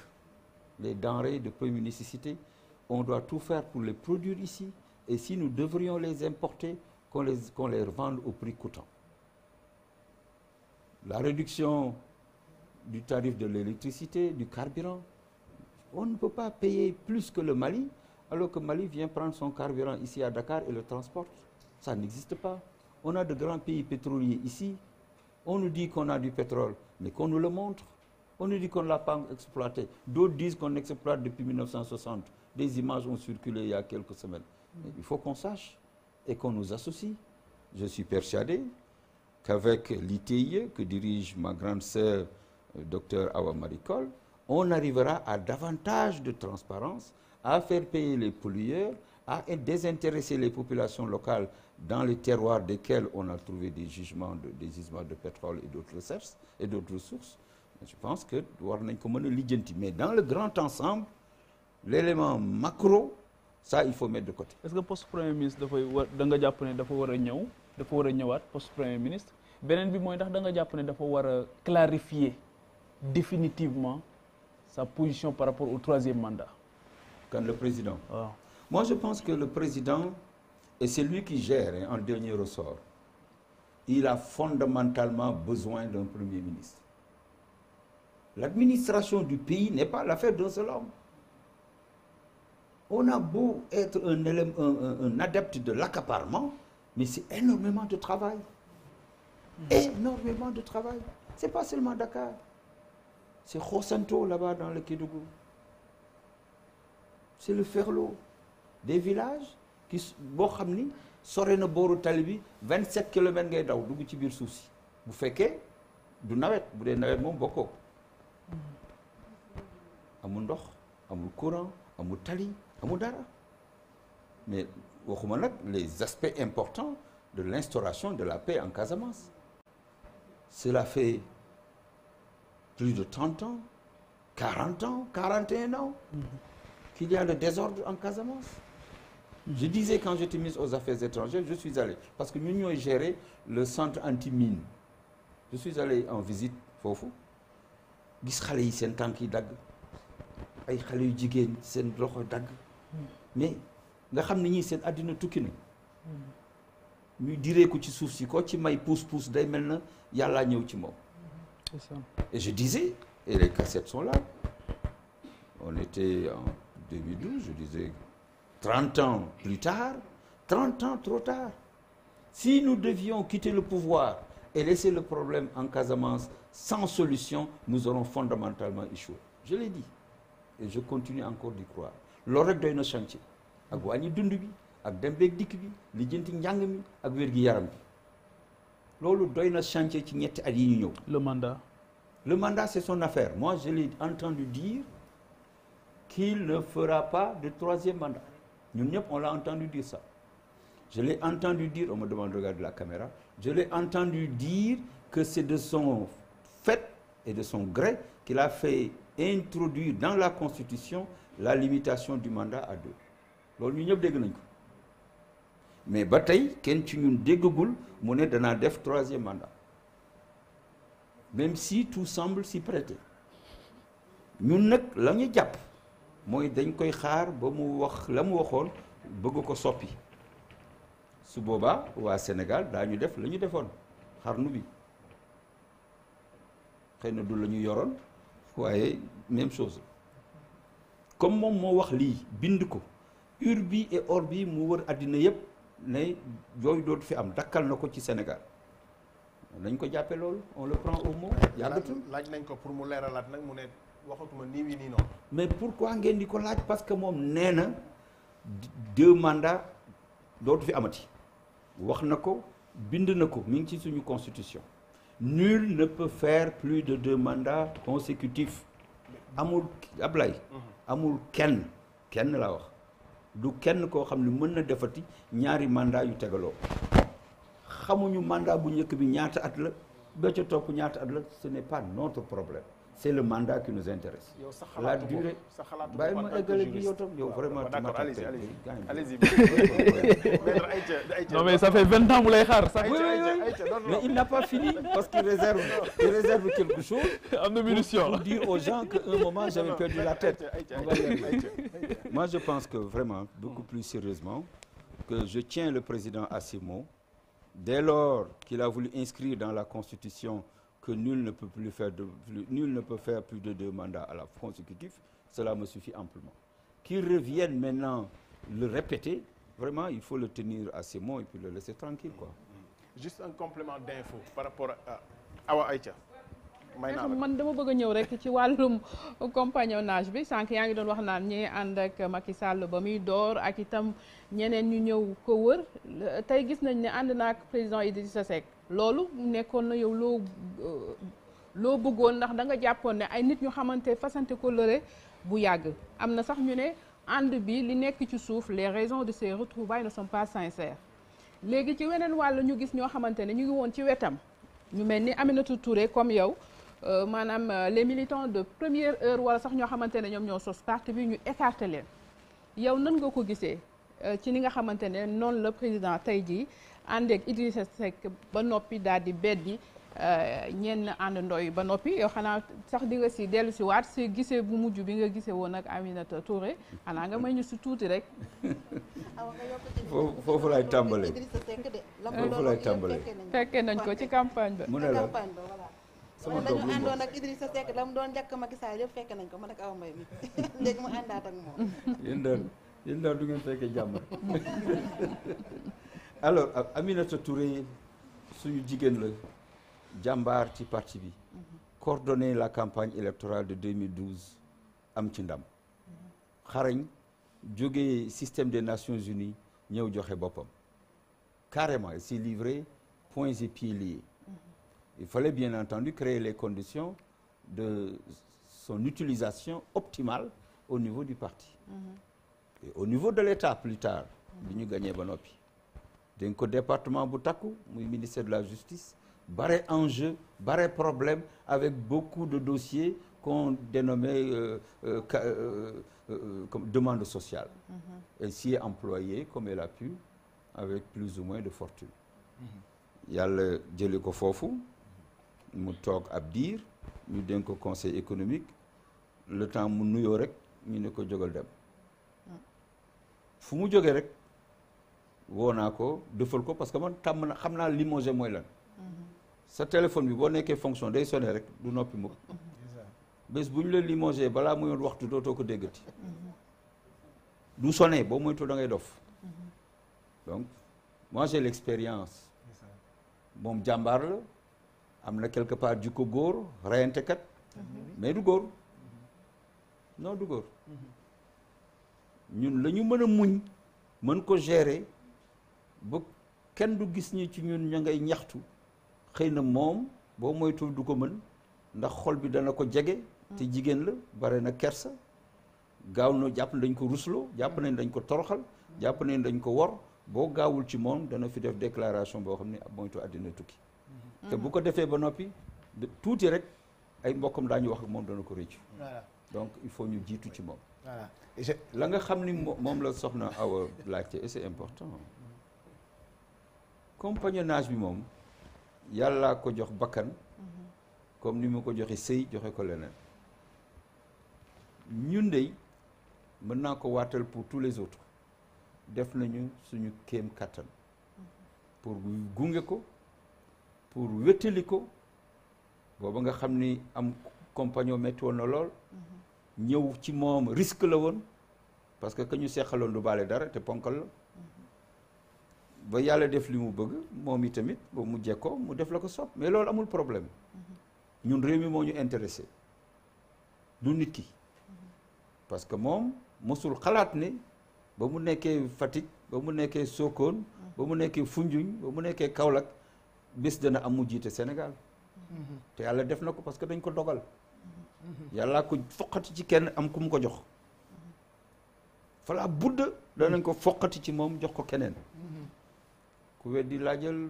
les denrées de première nécessité on doit tout faire pour les produire ici et si nous devrions les importer qu'on les qu'on au prix coûtant la réduction du tarif de l'électricité du carburant on ne peut pas payer plus que le Mali, alors que Mali vient prendre son carburant ici à Dakar et le transporte. Ça n'existe pas. On a de grands pays pétroliers ici. On nous dit qu'on a du pétrole, mais qu'on nous le montre. On nous dit qu'on ne l'a pas exploité. D'autres disent qu'on exploite depuis 1960. Des images ont circulé il y a quelques semaines. Mais il faut qu'on sache et qu'on nous associe. Je suis persuadé qu'avec l'ITIE, que dirige ma grande sœur, euh, Dr Awa Maricol, on arrivera à davantage de transparence, à faire payer les pollueurs, à désintéresser les populations locales dans les terroirs desquels on a trouvé des jugements de, des gisements de pétrole et d'autres ressources et d'autres ressources. Je pense que war nañ ko mën a lijjanti mais dans le grand ensemble l'élément macro ça il faut mettre de côté. est-ce que poste premier ministre dafay war da nga jàpp ne dafa war a ñëw dafa war a ñëwaat poste premier ministre beneen bi mooy ndax da nga jàpp ne dafa war a clarifier définitivement. sa position par rapport au troisième mandat Quand le président ah. Moi, je pense que le président, et c'est lui qui gère hein, en dernier ressort, il a fondamentalement besoin d'un premier ministre. L'administration du pays n'est pas l'affaire d'un seul homme. On a beau être un, élème, un, un, un adepte de l'accaparement, mais c'est énormément de travail. Hmm. Énormément de travail. Ce n'est pas seulement Dakar. C'est Rosanto là-bas dans le Kédougou. C'est le Ferlo. Des villages qui, boo xam ni sore na booru talibi vingt 27 kilomètres ngay daw dugg ci biir suuf si bu fekkee du nawet bu dee nawet moom bokkoo amul ndox amul courant amul tali amul dara mais ma nag les aspects important de l'instauration de la paix en Casamance cela fait plus de 30 ans, 40 ans, 41 ans, mm -hmm. qu'il y a le désordre en Casamance. Mm -hmm. Je mm-hmm. disais quand j'étais ministre aux Affaires étrangères, je suis allé, parce que l'Union gérait le centre anti-mine. Je suis allé en visite foofu gis xale yi seen tànk yi dagg ay xale yu jigéen seen loxo dagg mm-hmm. mais nga xam ni ñii seen àddina tukki na mm-hmm. ñu direeku ci suuf si ko ci may puus puus day mel na yàllaa ñëw ci moom Et je disais, et les cassettes sont là, on était en 2012, je disais, 30 ans plus tard, 30 ans trop tard. Si nous devions quitter le pouvoir et laisser le problème en Casamance sans solution, nous aurons fondamentalement échoué. Je l'ai dit. Et je continue encore d'y croire. loolu rek doy na chantier ak wàññi dund bi ak dem beeg dikk bi lijjanti njàng mi ak wér yaram bi loolu doy na chantier ci ñetti at yi ñu ñëw. le mandat. le mandat c'est son affaire moi je l'ai entendu dire qu'il ne fera pas de troisième mandat ñun ñëpp on l'a entendu dire ça je l'ai entendu dire on me demande de la caméra je l'ai entendu dire que c'est de son fait et de son gré qu'il a fait introduire dans la constitution la limitation du mandat à deux loolu ñu ñëpp dégg nañ ko. mais ba tey kenn ci ñun déggagul mu ne danaa def troisième mandat même si tout semble s'y prêter ñun nag lañu jàpp mooy dañ koy xaar ba mu wax la mu waxoon bëgg ko soppi su boobaa waa Sénégal daañu def la ñu defoon xarnu bi xëy na du la ñu yoroon waaye même chose comme moom moo wax lii bind ko urbi et orbi mu wër àddina yépp ne yooyu dootu fi am dakkal na ko ci Sénégal nañ ko jàppe loolu on le prend au mot yàggatul laaj nañ ko pour mu leeralaat nag mu ne waxatuma nii wii nii noonu mais pourquoi ngeen di ko laaj parce que moom nee na deux mandats dootu fi amati wax na ko bind na ko mu ngi ci suñu constitution nul ne fair faire plus de deux mandats consécutifs amul Ablaye mhm. amul kenn kenn laa wax du kenn koo xam ni mën na defati ñaari mandat yu tegaloo xamuñu mandat bu njëkk bi ñaata at la ba ca topp ñaata at la ce n'est pas notre problème c'est le mandat qui nous intéresse. la durée bàyyi ma eggale bi yow tam yow vraiment. d'accord allez-y allez-y non mais ça fait vingt ans mu lay xaar sax. oui mais il n'a pas fini parce qu'il réserve il réserve quelque chose. am na munition pour dire aux gens que un moment j'avais perdu la tête. moi je pense que vraiment beaucoup plus sérieusement que je tiens le président à ses mots dès lors qu'il a voulu inscrire dans la constitution. que nul ne peut plus faire de plus, nul ne peut faire plus de deux mandats à la consécutif cela me suffit amplement qu'il revienne maintenant le répéter vraiment il faut le tenir à ses mots et puis le laisser tranquille quoi juste un complément d'info par rapport à Awa Aïcha man dama bëgg a ñëw rek ci wàllum compagnonnage bi sànq yaa ngi doon wax naan ñee ànd ak Macky Sall ba muy door ak itam ñeneen ñu ñëw ko wër tey gis nañ ne ànd na ak président Idrissa Seck loolu nekkoon na yow loo euh, loo bëggoon ndax da nga jàppoon ne ay nit ñu xamante fasante ko lëre bu yàgg am na sax ñu ne ànd bi li nekk ci suuf les raisons de se ces retrouvailles na sont pas sincères léegi ci weneen wàll ñu gis ñoo xamante ne ñu ngi woon ci wetam ñu mel ni Aminata Touré comme yow euh, maanaam euh, les militants de première heure wala sax ñoo xamante ne ñoom ñoo sos parti bi ñu écarté leen yow nan nga ko gisee ci ni nga xamante ne noonu la président tey jii àndeek Idrissa Seck ba noppi daal di beddi euh, ñenn àndandoo yi ba noppi yow xanaa sax di nga si dellu si waat si gisee bu mujj bi nga gisee woon ak Aminata Touré xanaa nga may ñu si tuuti rek. foofu foofu laay tàmbalee foofu laay tàmbalee. fekkee nañ ko ci campagne ba. mu ne la sama doom dañu àndoon ak Idrissa a la mu doon njëkk Macky saa yëpp fekke nañ ko man ak Awa Mbaye mi léegi mu àndaat ak moom. yéen daal du ngeen fekkee jàmm. alors Aminata Touré suñu jigéen la jàmbaar ci parti bi coordonner la campagne électorale de 2012 am ci ndam xarañ jógee système de Nations Unies ñëw joxe boppam carrément il s'est livré poings et pieds liés il fallait bien entendu créer les conditions de son utilisation optimale au niveau du parti mhm. au niveau de l'État plus tard bi ñu gañee ba noppi dénk ko département bu takku muy ministère de la justice bare enjeu bare problème avec beaucoup de dossiers qu'on dénommait euh, euh, euh, euh comme demande sociale mm -hmm. elle s'y est employée comme elle a pu avec plus ou moins de fortune mm-hmm. yàlla jële ko foofu mu toog ab diir ñu dénk ko conseil économique le temps mu nuyoo rek ñu ne ko jógal dem mm. fu mu jógee rek woo naa ko defal ko parce que man tàmm na xam naa limogé mooy lan. sa téléphone bi boo nekkee fonction day sonné rek du noppi mu. bés bu ñu la limogé balaa muy woon waxtu dootoo ko déggati. du sonné boo moytu da ngay dof. donc moi j'ai l'expérience. moom jàmbaar la am na quelque part ko góor reyante kat. mais du góor. non du góor. ñun la ñu mën a muñ mën ko gérer. bu kenn du gis ñi ci ñun ñu ngay ñaxtu xëy na moom boo moytuwul du ko mën ndax xol bi dana ko jege mm. te jigéen la bare na kersa gaaw na jàpp ne dañ ko rusloo jàpp nañ dañ ko toroxal jàpp nañ dañ ko wor boo gaawul ci moom dana fi def déclaration boo xam ne moytu àddina tukki mm-hmm. te bu ko defee ba noppi tuuti rek ay mbokkam daañu wax moom dana ko rëccu donc il faut ñu jiitu ci moom la nga xam ni moom la soxna awa laajte et c'est important compagnonnage bi moom yàlla ko jox bakkan mhm. comme ni ma ko joxe sëy joxe ko leneen ñun dey mën naa ko waatal pour tous les autres def nañu suñu kéem kàttan mhm. pour gunge ko pour wéttali ko booba nga xam ni am compagnon métti woon na lool mhm. ñëw ci moom risque la woon parce que que ñu seqaloon du baale dara te ponkal la ba yàlla def li mu bëgg moom i tamit ba mu jekkoo mu def la ko sopp mais loolu amul problème mhm. ñun réew mi moo ñu intéressé du nit ki mhm. parce que moom mosul xalaat ne ba mu nekkee Fatick ba mu nekkee sookoon mhm. ba mu nekkee funjuñ ba mu nekkee Kaolack bés dana am mu jiite Sénégal te yàlla def na ko parce que dañ ko dogal yàlla ko foqati ci kenn am ku mu ko jox fala budda danañ ko foqati ci moom jox ko keneen ku weddi laajal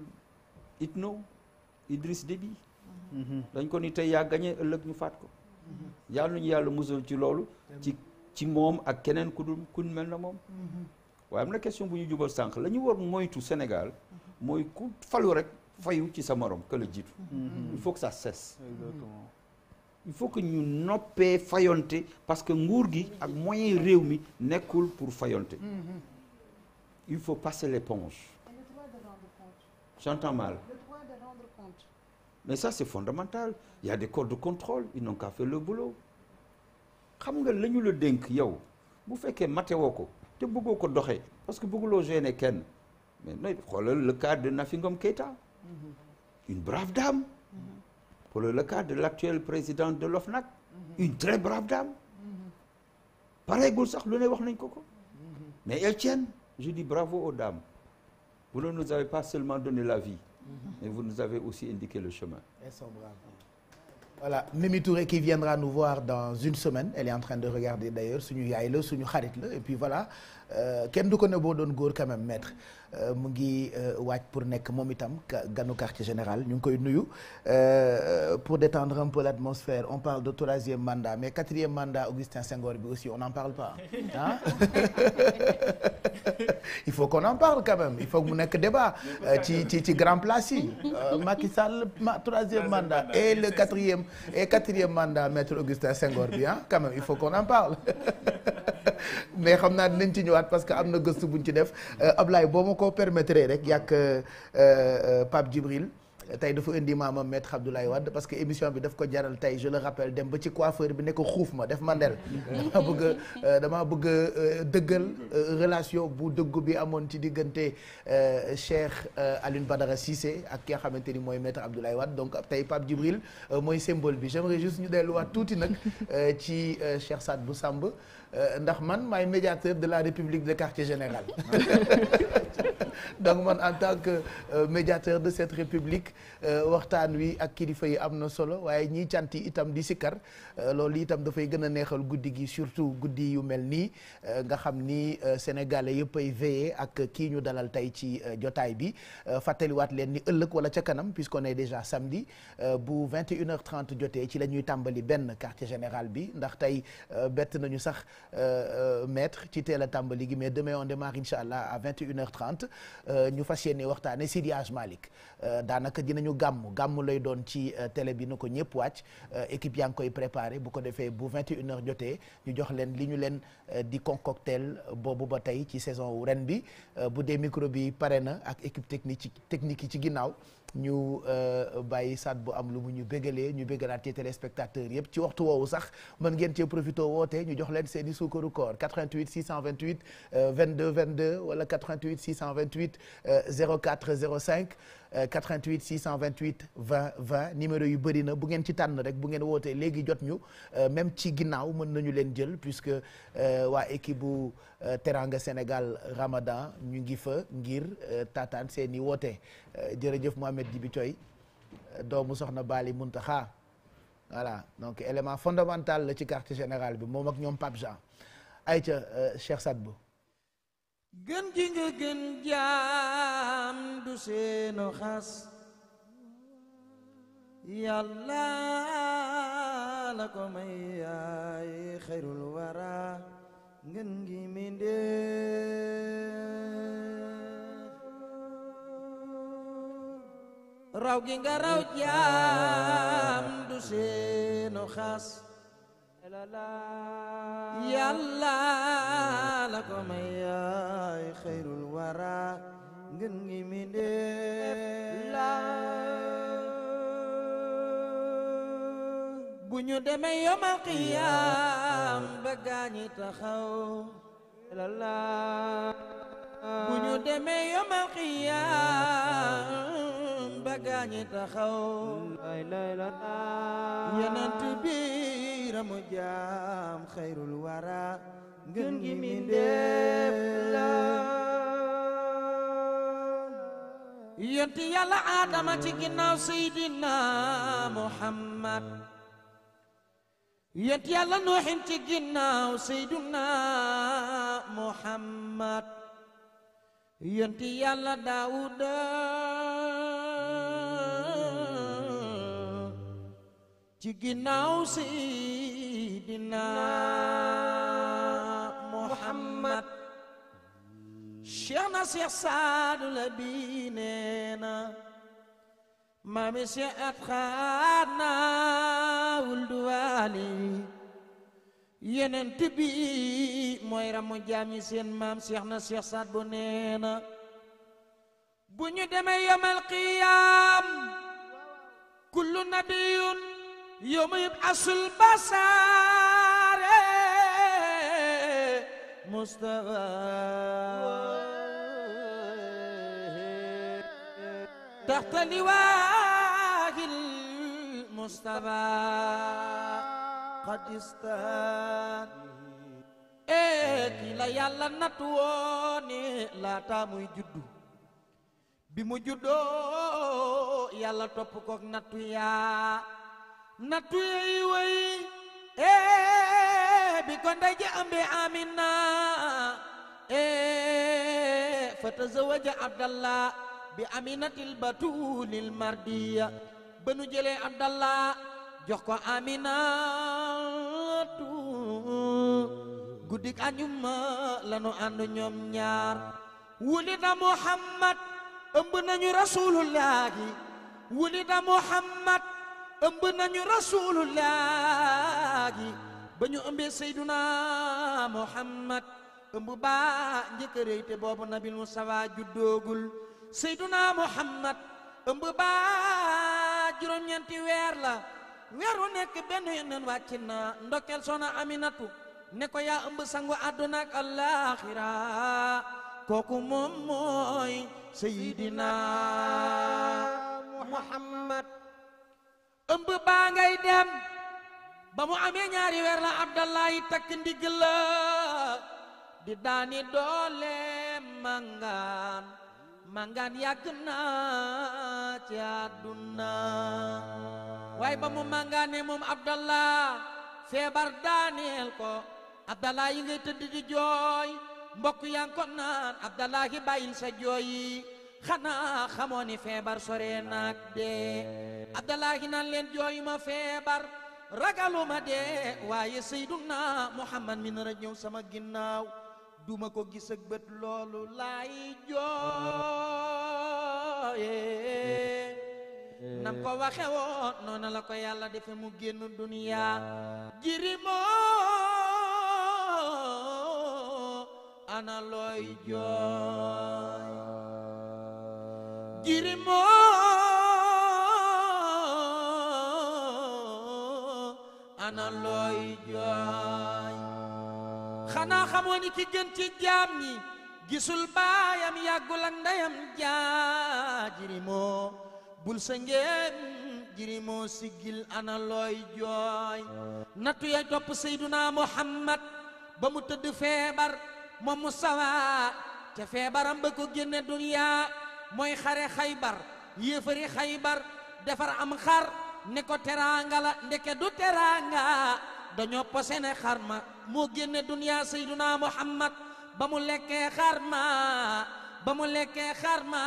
Itno Idriss Déby mhm. dañ ko ni tey yaa gagné ëllëg ñu faat ko mhm. yàlla nañu yàlla musal ci loolu ci ci moom ak keneen ku dul mel na moom mhm. waaye am na question bu ñu jubal sànq lañu ñu war moytu Sénégal mooy ku falu rek fayu ci sa moroom que la jiitu il faut que ñu noppee fayonte parce que nguur gi ak moyen réew mi nekkul pour fayonte il faut passer l'éponge J'entends mal. Le point de rendre Mais ça, c'est fondamental. Il y a de contrôle, ils n'ont qu'à faire le boulot. xam nga la ñu la dénk yow bu fekkee matewoo ko te bëggoo ko doxee parce que bëgguloo gêner kenn mais nooy xoolal le cas de Nafi Ngom Keïta mm-hmm. une brave dame pour mm-hmm. le cas de l'actuel président de l'OFNAC mm-hmm. une très brave dame pareegul sax lu ne wax nañ ko ko mais elle tient je dis bravo aux dames vous ne nous avez pas seulement donné la vie, mais vous nous avez aussi indiqué le chemin. Elles sont braves. voilà Mimi Touré qui viendra nous voir dans une semaine elle est en train de regarder d'ailleurs suñu yaay la suñu xarit la et puis voilà Euh, kenn du ko ne boo doon góor quand même maître euh, mu ngi euh, waaj pour nekk moom itam ganu quartier général ñu ngi koy nuyu pour détendre un peu l'atmosphère on parle de troisième mandat mais quatrième mandat Augustin Senghor bi aussi on n'en parle pas il faut qu'on en parle quand il faut que mu nekk débat ci ci ci grand place yi Macky Sall troisième mandat et le quatrième et quatrième mandat maître Augustin Senghor bi ah quand il faut qu'on en parle mais xam naa ñëwaat parce que am na gëstu buñ ci def euh, Ablaye boo ma ko permettre rek yàq euh, euh, Pape Djibril tey dafa indi maamam maître Abdoulaye Wade parce que émission bi daf ko jaral tey je le rappelle dem ba ci coiffeur bi ne ko xuuf ma def ma ndel damaa bëgg damaa bëgg dëggal relation bu dëggu bi amoon ci diggante Cheikh Alioune Badara Cissé ak ki nga xamante ni mooy maître Abdoulaye waat donc tey Pape Djibril mooy symbole bi j'aimerais juste ñu delluwaat tuuti nag ci Cheikh bu Samb Euh, ndax man may médiateur de la république de quartier général donc man en tant que euh, médiateur de cette république euh, waxtaan wi ak kilifa yi am na solo waaye ñiy cant itam di sikkar loolu itam dafay gën a neexal guddi gi surtout guddi yu mel nii nga xam ni sénégalais yëpp ay veillé ak kii ñu dalal tey ci jotaay bi fàttaliwaat leen ni ëllëg wala ca kanam puisqu'on est déjà samedi bu 21h30 jotee ci la ñuy tàmbali benn quartier général bi ndax tey bett nañu sax. Euh, euh, maître ci teel a tàmbali gi mais demain on démarre incha allah à 21h30 euh, ñu fas yéene waxtaane Seydi Hadj Malick Euh, daanaka dinañu gàmm gàmm lay doon ci euh, télé bi na ko ñëpp wàcc euh, équipe yaa ngi koy préparé bu ko defee bu 21 heures jotee ñu jox leen li ñu leen di concoctel boobu ba tey ci saison wu ren bi bu dee micro bi pare na ak équipe technique technique yi ci ginnaaw ñu bàyyi sat bu am lu mu ñu bégalee ñu bégalaat ci téléspectateurs yëpp ci waxtu woowu sax mën ngeen cee profité woote ñu jox leen seen i suukaru koor 88 628 22 22 wala 88 628 04 05 88 628 20 20 numéro yu bëri na bu ngeen ci tànn rek bu ngeen wootee léegi jot ñu euh, même ci ginnaaw mën nañu leen jël puisque euh, waa équipe bu euh, Teranga Sénégal Ramadan ñu ngi fa ngir tataan seen i woote jërëjëf Mohamed Djibi Thioy doomu soxna Bali Muntaxa voilà donc élément fondamental la ci quartier général bi moom ak ñoom Pape Jean ayca Cheikh Sadbou gën gi nga gën jaam du seenu xas yàlla la ko may yaay xayrul wara ngën gi mindéef raw gi nga raw jaam du seenu xas yàlla la ko may yaay xayrul wara ngën ngi mi dee bu ñu demee yomal qiyaam ba gaañi taxaw bu ñu demee yomal qiyaam ba gaañi taxaw lay lay la yenant bi ramu jaam xayrul wara ngën gi mindeef la yonti yàlla aadama ci ginnaaw seydina muhammad yonti yàlla nuuxin ci ginnaaw seydina muhammad yonti yàlla daawuda ci ginnaaw Seydina Muhammad Cheikh na Cheikh Saadu Labi nee na maami Cheikh at xaat naawul duwaali yenent bi mooy ramu jaam yi seen maam Cheikh na Cheikh Saad bu nee na bu ñu demee yomal qiyaam يوم يبعث البصر مصطفى تحت لواء المصطفى قد استهان kii la yàlla natt woon ni laataa muy juddu bi mu juddoo yàlla topp kook nattu yaa nattu yey way ee bi ko ndaje ambe amina ee fa tazawaja abdallah bi aminatil batulil mardiya ba nu jëlee abdallah jox ko aminatu guddik añuma lanu ànd ñoom ñaar wulida muhammad ëmb nañu rasulullahi wulida muhammad ëmb nañu rasulullah gi ba ñu ëmbee sayduna muhammad ëmb baa njëkkëréy te boobu nabil mustafa juddoogul sayduna muhammad ëmb baa juróom-ñeenti weer la weer wu nekk benn yeneen wàcc na ndokkeel soxna aminatu ne ko yaa ëmb sangu àdduna ak allaaxira kooku moom mooy saydina muhammad ëmb baa ngay dem ba mu amee ñaari weer la Abdallahi takk ndigg la di daani doole mangaan mangaan yàgg naa ci àdduna waaye ba mu mangaane moom Abdallah feebar daaneel ko Abdallahi ngay tëdd di jooy mbokk yaa naan Abdallahi bàyyil sa jooy xanaa xamoo ni feebar sore naag dee Abdallahi naan leen jooyuma feebar ragaluma dee waaye sayduna Muhammad mi nar a ñëw sama ginnaaw duma ko gis ak bët loolu laay jooyee nam ko waxe noona la ko yàlla defe mu génn duniyaa jirimoo ana looy jooy girme ana looy jooy xanaa xamoo ni ki ci jaam gisul baayam yàggul ak ndeyam jirimoo bul sa jirimoo siggil ana looy jooy nattu ya topp seyduna muhammad ba mu tëdd feebar moom sawa te feebaram ba ko génne duniyaa mooy xare xaybar yéefari xaybar defar am xar ne ko teraanga la ndeke du teraanga dañoo posé ne xar ma moo génne duniyaa sayduna muhammad ba mu lekkee xar ma ba mu lekkee xar ma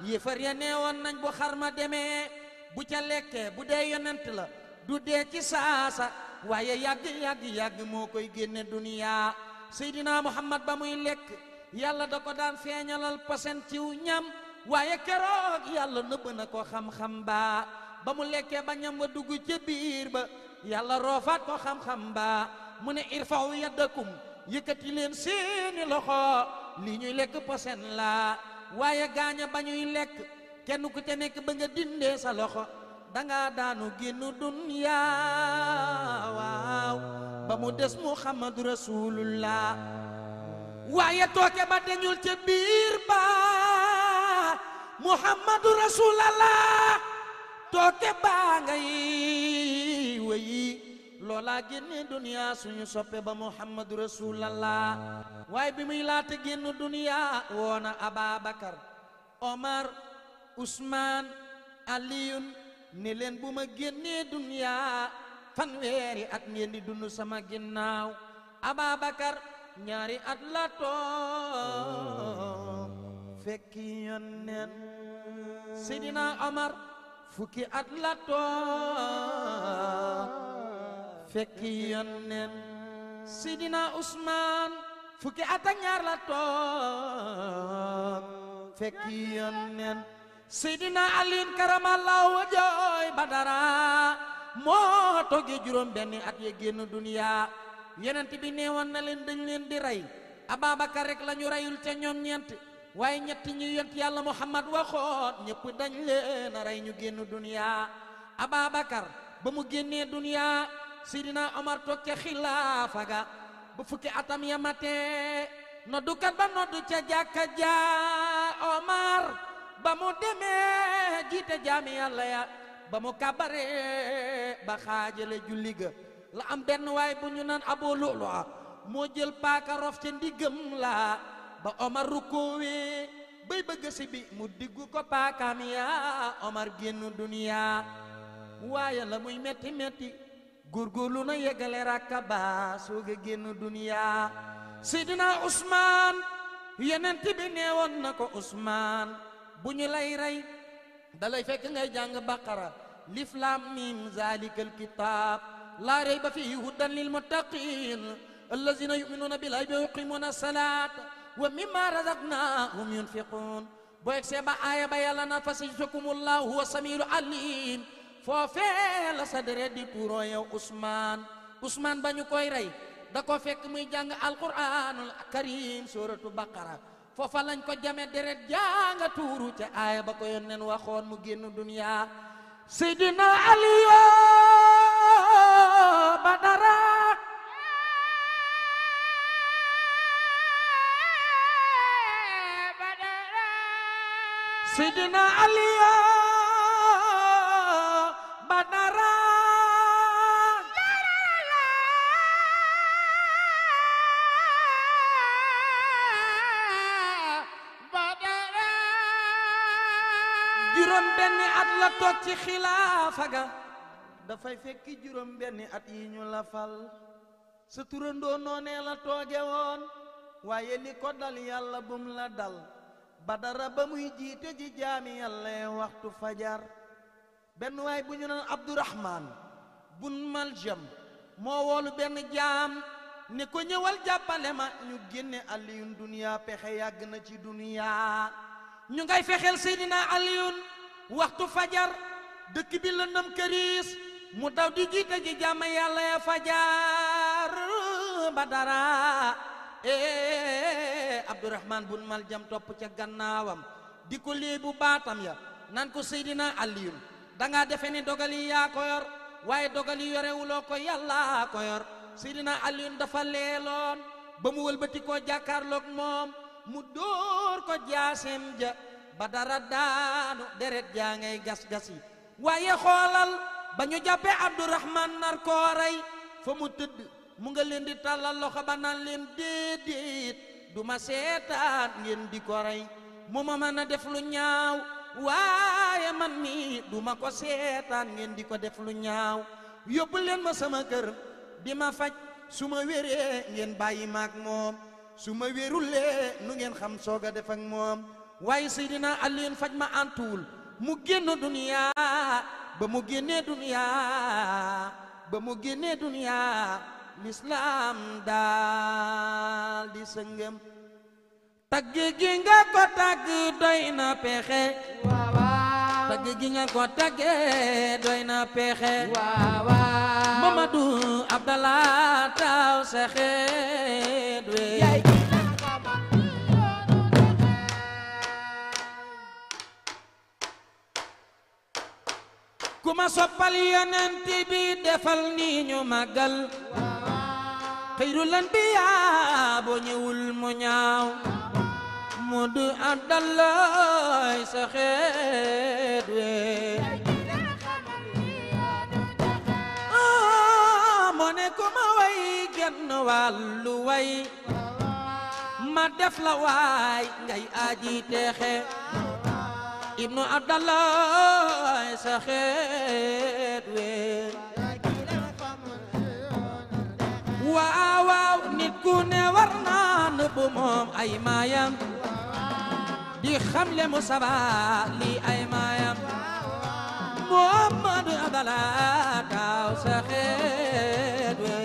yéefar ya nee woon nañ bu xar ma demee bu ca lekkee bu dee yonent la du dee ci saasa waaye yàgg yàgg yàgg moo koy génne duniyaa sayduna muhammad ba muy lekk yàlla da ko daan feeñalal posen ciw ñam waaye keroog yàlla nëbb na ko xam-xam baa ba mu lekkee ba ñam wa dugg ca biir ba yàlla roofaat ko xam-xam baa mu ne irfaw yaddakum yëkkati leen seeni loxo li ñuy lekk posen laa waaye gaaña ba ñuy lekk kenn ku ca nekk ba nga dindee sa loxo danga daanu génn dunya waaw ba mu des muhammadu rasulullah waaye tooke ba dañul ca biir baa muhammadu rasulallah tooke baa ngay wéyi loola génne duniya suñu soppe ba muhammadu rasulallah waaye bi muy laata génn duniya woona ababakar omar usmaan aliyun ne leen bu ma génnee duniya fanweeri at ngeen di dund sama ginnaaw ababakar ñaari at la fekki yonneen Seydina Omar fukki at la toog fekki yonneen Seydina Ousmane fukki at ak ñaar la toog fekki moo toggee juróom benni at ya génn duniyaa yenent bi neewoon na leen dañ leen di rey Ababacar rek la reyul ca ñoom ñeent waaye ñett ñi yont yàlla muhammad waxoon ñépp dañ leen a rey ñu génn duniyaa ababakar ba mu génnee duniyaa sidina omar toog ca xilaafa ga ba fukki atam ya matee noddukat ba noddu ca jàkka ja omar ba mu demee jiite jaami yàlla ya ba mu kabaree ba xaajale julli ga la am benn waay bu ñu naan aboo lulu moo jël paaka rof ca ndiggam la ba omar rukkoowe bay bëgg si bi mu diggu ko paakaam yaa omar génn duniyaa waaye la muy metti metti góorgóorlu na yeggale rakka ba soog a génn duniyaa seydina usmaan yeneen bi neewoon na ko usmaan bu ñu lay rey dalay fekk ngay jàng baqara lif laam miim kitaab laa rayba fiihi hudan lil muttaqiin allazina yuminuuna bil-ghaybi wa yuqiimuuna salaata wa mimma razaqnahum yunfiqun boo egsee ba aaya ba yàlla na fa sayajzikumullahu huwa samiilu alim foofee la sa deret di tuuroo yow Ousmane Ousmane ba ñu koy rey da ko fekk muy jàng alquranul karim suratu baqara foofa lañ ko jame deret janga tuuru ca aaya ba ko yónneen waxoon mu génn duniya seydina aliyo badara sidina aliya banara juróom benni at la toog ci xilaafa dafay fekki juróom benni at yi ñu la fal sa turandoo noonee la tooge woon waaye li ko dal yàlla bum la dal ba dara ba muy jiite ji jaami yàlla waxtu fajar benn waay bu ñu naan abdurahmaan bun maljam moo woolu benn jaam ne ko ñëwal jàppale ma ñu génne aliyun duniyaa pexe yàgg na ci duniyaa ñu ngay fexeel seydina aliyun waxtu fajar dëkk bi lëndëm këriis mu daw di jiite ji jaami yàlla fajar badara ee eh, eh, eh, abdourahman bun jam topp ca gannaawam di ko lii bu baatam ya nan ko seydina aliyun danga defe ni dogal yi waaye dogal yorewuloo ko yàlla ko yor seydina aliyun dafa leeloon ba mu wëlbatikoo koo jàkkaarloog moom mu dóor ko jaaseem ja ba dara daanu deret jaa ngay gas-gas yi waaye xoolal ba ñu jàppee abdourahman nar koo fa mu tëdd mu nga leen di tàllal loxo ba naan leen déedéet du ma seetaat ngeen di ko rey mu ma mën a def lu ñaaw waaye man mi du ma ko seetaan ngeen di ko def lu ñaaw yóbbu leen ma sama kër bi ma faj su ma wéree ngeen bàyyi maak moom su ma wérulee nu ngeen xam soog a def ak moom waaye Seydina Alioune faj ma antuwul mu génn mu génnee duniyaa ba mu génnee duniyaa lislaam daal di tagg gi nga ko tagg doy na pexe waawaaw tagg gi nga ko taw sa we ku ma soppal yonent bi defal nii ñu màggal xayrul anbiyaa boo ñëwul mu ñaaw mu du àddalaay sa xeet wee ah, moo ne ku ma way genn wàllu way ma def la waay ngay aji teexe ibnu àddalaay sa xeet wee waaw waaw nit ku ne war naa nëbbu ay maayam di xamle mu sabaa lii ay maayam Muhammadu Abdala kaaw sa xeet we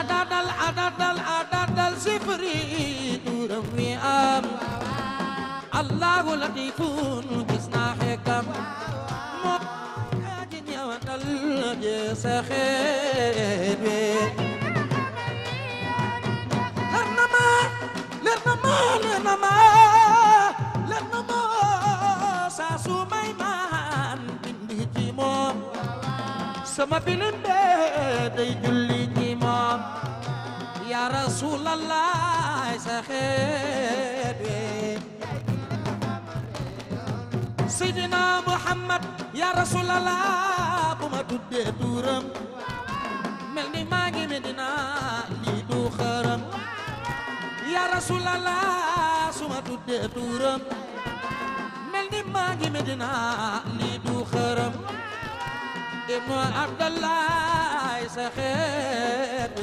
adadal adadal adadal sifri turam wi am Allahu latifun gis naa xekkam sa xeet wi leer na ma leer na ma leer na ma leer na ma saa su may maan bindi ci moom sama bilim be day julli ci moom yaa rasulallah sa xeet wi Seydina Muhammad ya Rasulallah bu ma tuddee mel ni maa ngi Medina lii du xaram ya Rasulallah su ma tuddee mel ni maa ngi Medina lii du xaram ibnu Abdallah sa xeet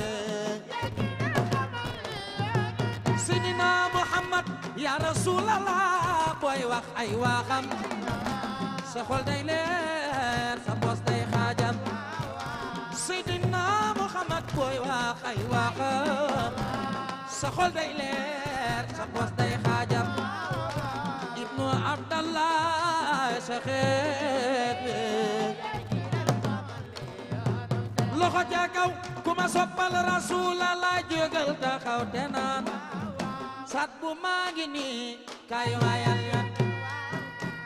yaa rasuulallah booy wax ay waxam sa xol day leer sa bos day xaajam seydina muhammad booy wax ay waxam sa xol day leer sa bos day xaajam ibnu abdallah sa xeet loxo ja kaw ku ma soppal rasuulallah jógal taxaw te naan sat bu maa ngi nii kay waayal yoon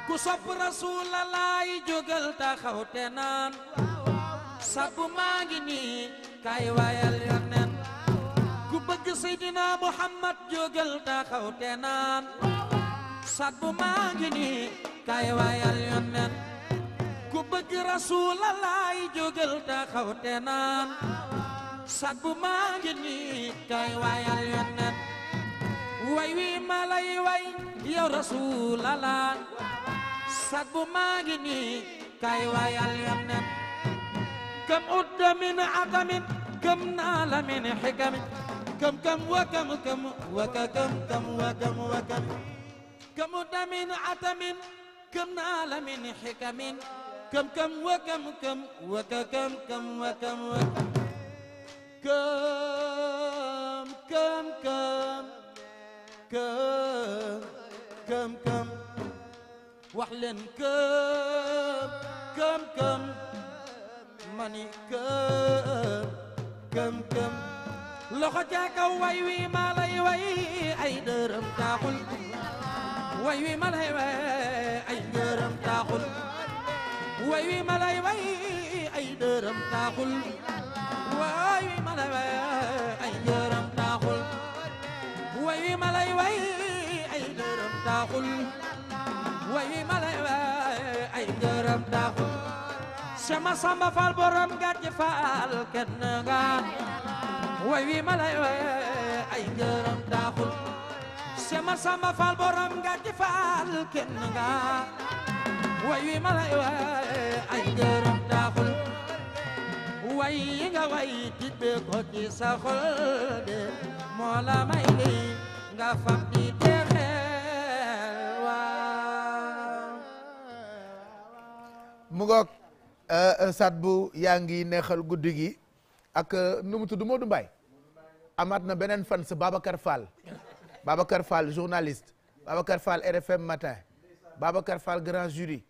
ku sopp rasuulallaahi jógal taxaw te sat bu maa ngi nii kay waayal yoon nen ku bëgg seydina muhammad jógal taxaw te sat bu maa ngi nii kay waayal yoon nen ku bëgg rasuulallaahi jógal taxaw te sat bu maa ngi nii kay waayal yoon nen way wi ma way yow rasulallah sat bu maa ngi kay wayal yam nen kam udda min atamin kam naala min xikamin kam kam wa kam kam wa ka kam wa kam wa kam kam udda min atamin kam naala min xikamin kam wa kam kam wa ka kam wa kam wa kam kam këm këm këm wax leen këm këm këm mani këm këm këm loxo ca kaw way wi ma lay way ay dërëm taaxul way wi ma lay way ay dërëm taaxul way wi ma lay way ay dërëm taaxul way wi ma lay way ay dërëm lay way ay dërëm daaxul way ma lay ay dërëm daaxul way wi ma lay way ay dërëm daaxul way wi ma lay way ay dërëm daaxul way yi nga way tibbee ko ci sa xol de moo may lii nga mu ngoog euh, euh, sat bu yaa ngi neexal guddi gi ak euh, nu mu tudd Modou amaat na beneen fan sa Babacar Fall Babacar Fall journaliste Babacar Fall RFM matin Babacar Fall grand jury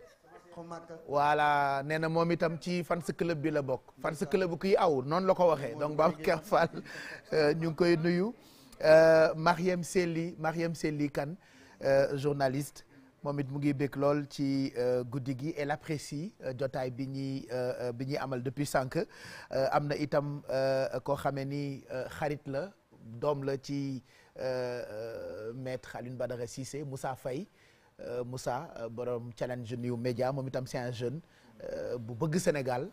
voilà nee moom itam ci fan fans club bi la bokk fans club bu kii aw noonu la ko waxee donc Babacar Fall ñu ngi koy nuyu Euh, Mariam Selli Mariam Selli Kane euh, journaliste moom it mu ngi bëgg lool ci euh, guddi gi elle apprécie jotaay bi ñuy bi ñuy amal depuis cinq am na itam koo xamee ni xarit la doom la ci maître Alioune Badara Cissé Moussa Faye Moussa borom challenge new média moom itam c'est un jeune bu bëgg Sénégal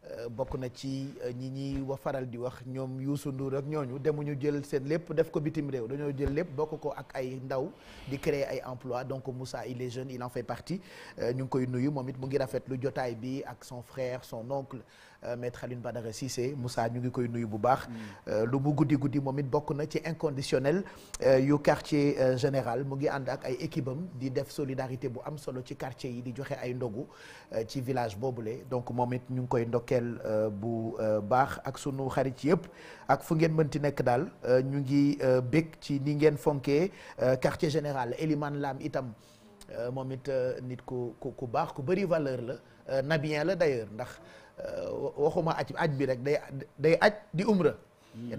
Euh, bokk na ci euh, ñi ñi wa faral di wax ñoom yuusu Youssou Ndour ak ñooñu demuñu jël seen lépp def ko bitim réew dañoo jël lépp bokk ko ak ay ndaw di créer ay emploi donc Moussa il est jeune il en fait partie euh, ñu ngi koy nuyu moom it mu ngi rafetlu jotaay bi ak son frère son oncle Euh, maître Alioune Badara Cissé Moussa ñu ngi koy nuyu bu baax. Mm. Euh, lu mu guddi guddi moom it bokk na ci inconditionnel euh, yu quartier général mu ngi ànd ak ay équipe di def solidarité bu am solo ci quartier yi di joxe ay ndogu ci village boobule donc moom it ñu ngi koy ndokkeel bu baax ak sunu xarit yëpp ak fu ngeen mënti nekk daal ñu ngi bég ci ni ngeen fonkee quartier général Elimane Lam itam. moom it nit ku ku ku baax ku bëri valeur la nabien la dayeur ndax Euh, waxuma aj aj bi rek day day aj di umra yenn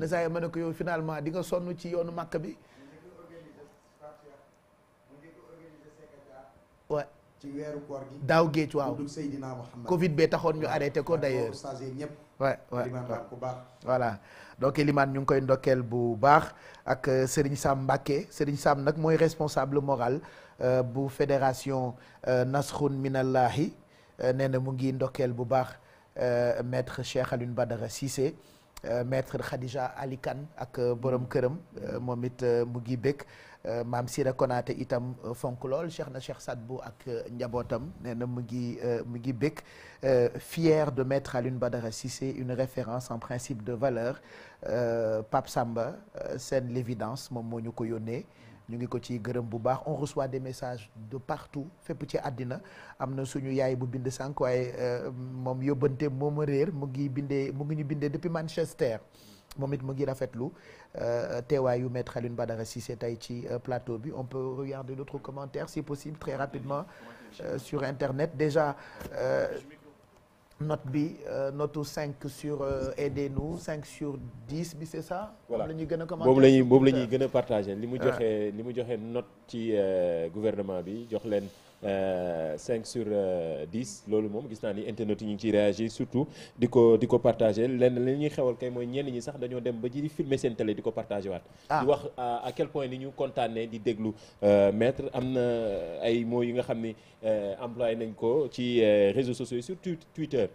di nga sonn ci yoonu màkk bi daaw géej waaw Covid bee taxoon ñu arrêté ko d'ailleurs ñëpp wa ku baax voilà donc Elimane ñu ngi koy ndokkeel bu baax ak euh, sëriñ Sam Mbacké sëriñ Sam nag mooy responsable moral euh, bu fédération Nasrun Minallahi nee mu ngi ndokkeel bu baax Euh, maître Cheikh Alioune Badara Cissé euh, maître Khadija Ali Kane ak euh, borom këram moom it mu ngi bëgg maam Sira Konaté itam fonk lool Cheikh na Cheikh Sadbu ak njabootam nee na mu ngi mu ngi bëgg fier de maître Alioune Badara Cissé une référence en principe de valeur Pape Samba seen l'évidence moom moo ñu ko yónnee. ñu ngi ko ci gërëm bu baax on reçoit des messages de partout fépp ci àddina am na suñu yaay bu bind sànq waaye euh, moom yóbbante moom a réer mu ngi bindee mu ngi ñu bindee depuis Manchester moom it mu ngi rafetlu euh, teewaayu maître Alioune Badara Cissé tey ci euh, plateau bi on peut regarder d'autres commentaires si possible très rapidement sur internet déjà note bi euh, notu 5 sur euh, aidez-nous 5 sur 10 bi c'est ça. la ñuy gën a commenté boobu la ñuy boobu la ñuy gën a partagé. li mu joxe li mu joxe note ci euh, gouvernement bi jox leen. Euh, cinq sur euh, dix loolu moom gis naa ni internet yi ñu ci ciy surtout di ko di ko partagé lenn li ñuy xewal kay mooy ñenn ñi sax dañoo dem ba ji di filmer seen télé di ko partagé waat ah. di wax à quel point ni ñu kontaanee di déglu euh, maître am na ay mots yi nga xam ni employé nañ ko ci réseaux sociaux surtout Twitter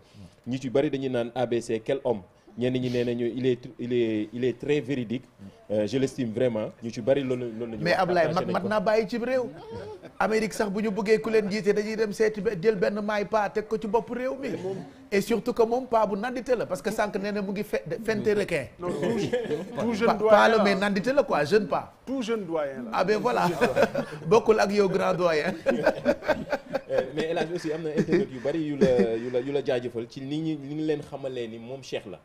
ñi hmm. ci bari dañuy naan ABC quel homme ñenn ñi nee nañu il est il est il est très véridique euh, je l'estime vraiment ñu ci bari loolu loolu la ñu mais Ablaye mag mat naa bàyyi ci réew Amérique sax bu ñu bëggee ku leen jiite dañuy dem seet jël benn maay paa teg ko ci boppu réew mi et surtout que moom paa bu nandite la parce que sànq nee na mu ngi fe fente requin tout jeune doyen paa la mais nandite la quoi jeune pas tout jeune doyen la ah ben voilà bokkul ak yow grand doyen euh, mais El Hadj aussi am na internet yu bari yu la yu la yu la jaajëfal ci ni ñu ni leen xamalee ni moom Cheikh la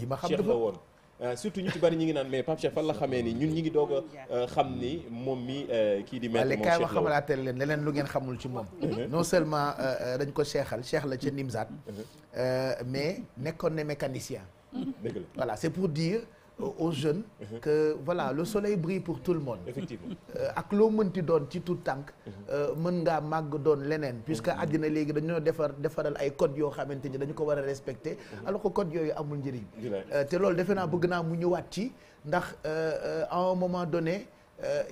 yi ma xam la woon euh, surtout ñu ci bari ñu ngi naan mais Pape Cheikh fan la xamee ni ñun ñi ngi doog a euh, xam ni moom mi euh, kii di mel moom Cheikh la ma xamalaatal leen leneen lu ngeen xamul ci moom mm-hmm. Mm-hmm. non seulement dañ ko seexal Cheikh la ca Nimzaat mm-hmm. mais nekkoon ne mécanicien dëgg c'est pour dire aux jeune que voilà le soleil brille pour tout le monde effectivement euh, ak loo mënti doon ci tout tànk euh, mën ngaa màgg doon leneen puisque mhm. àddina léegi dañoo defar defaral ay code yoo xamante ni dañu ko war a respecter mhm. alors que code yooyu amul njëriñ euh, te loolu defe naa bëgg naa mu ñu ñëwaat ci ndax à un moment donné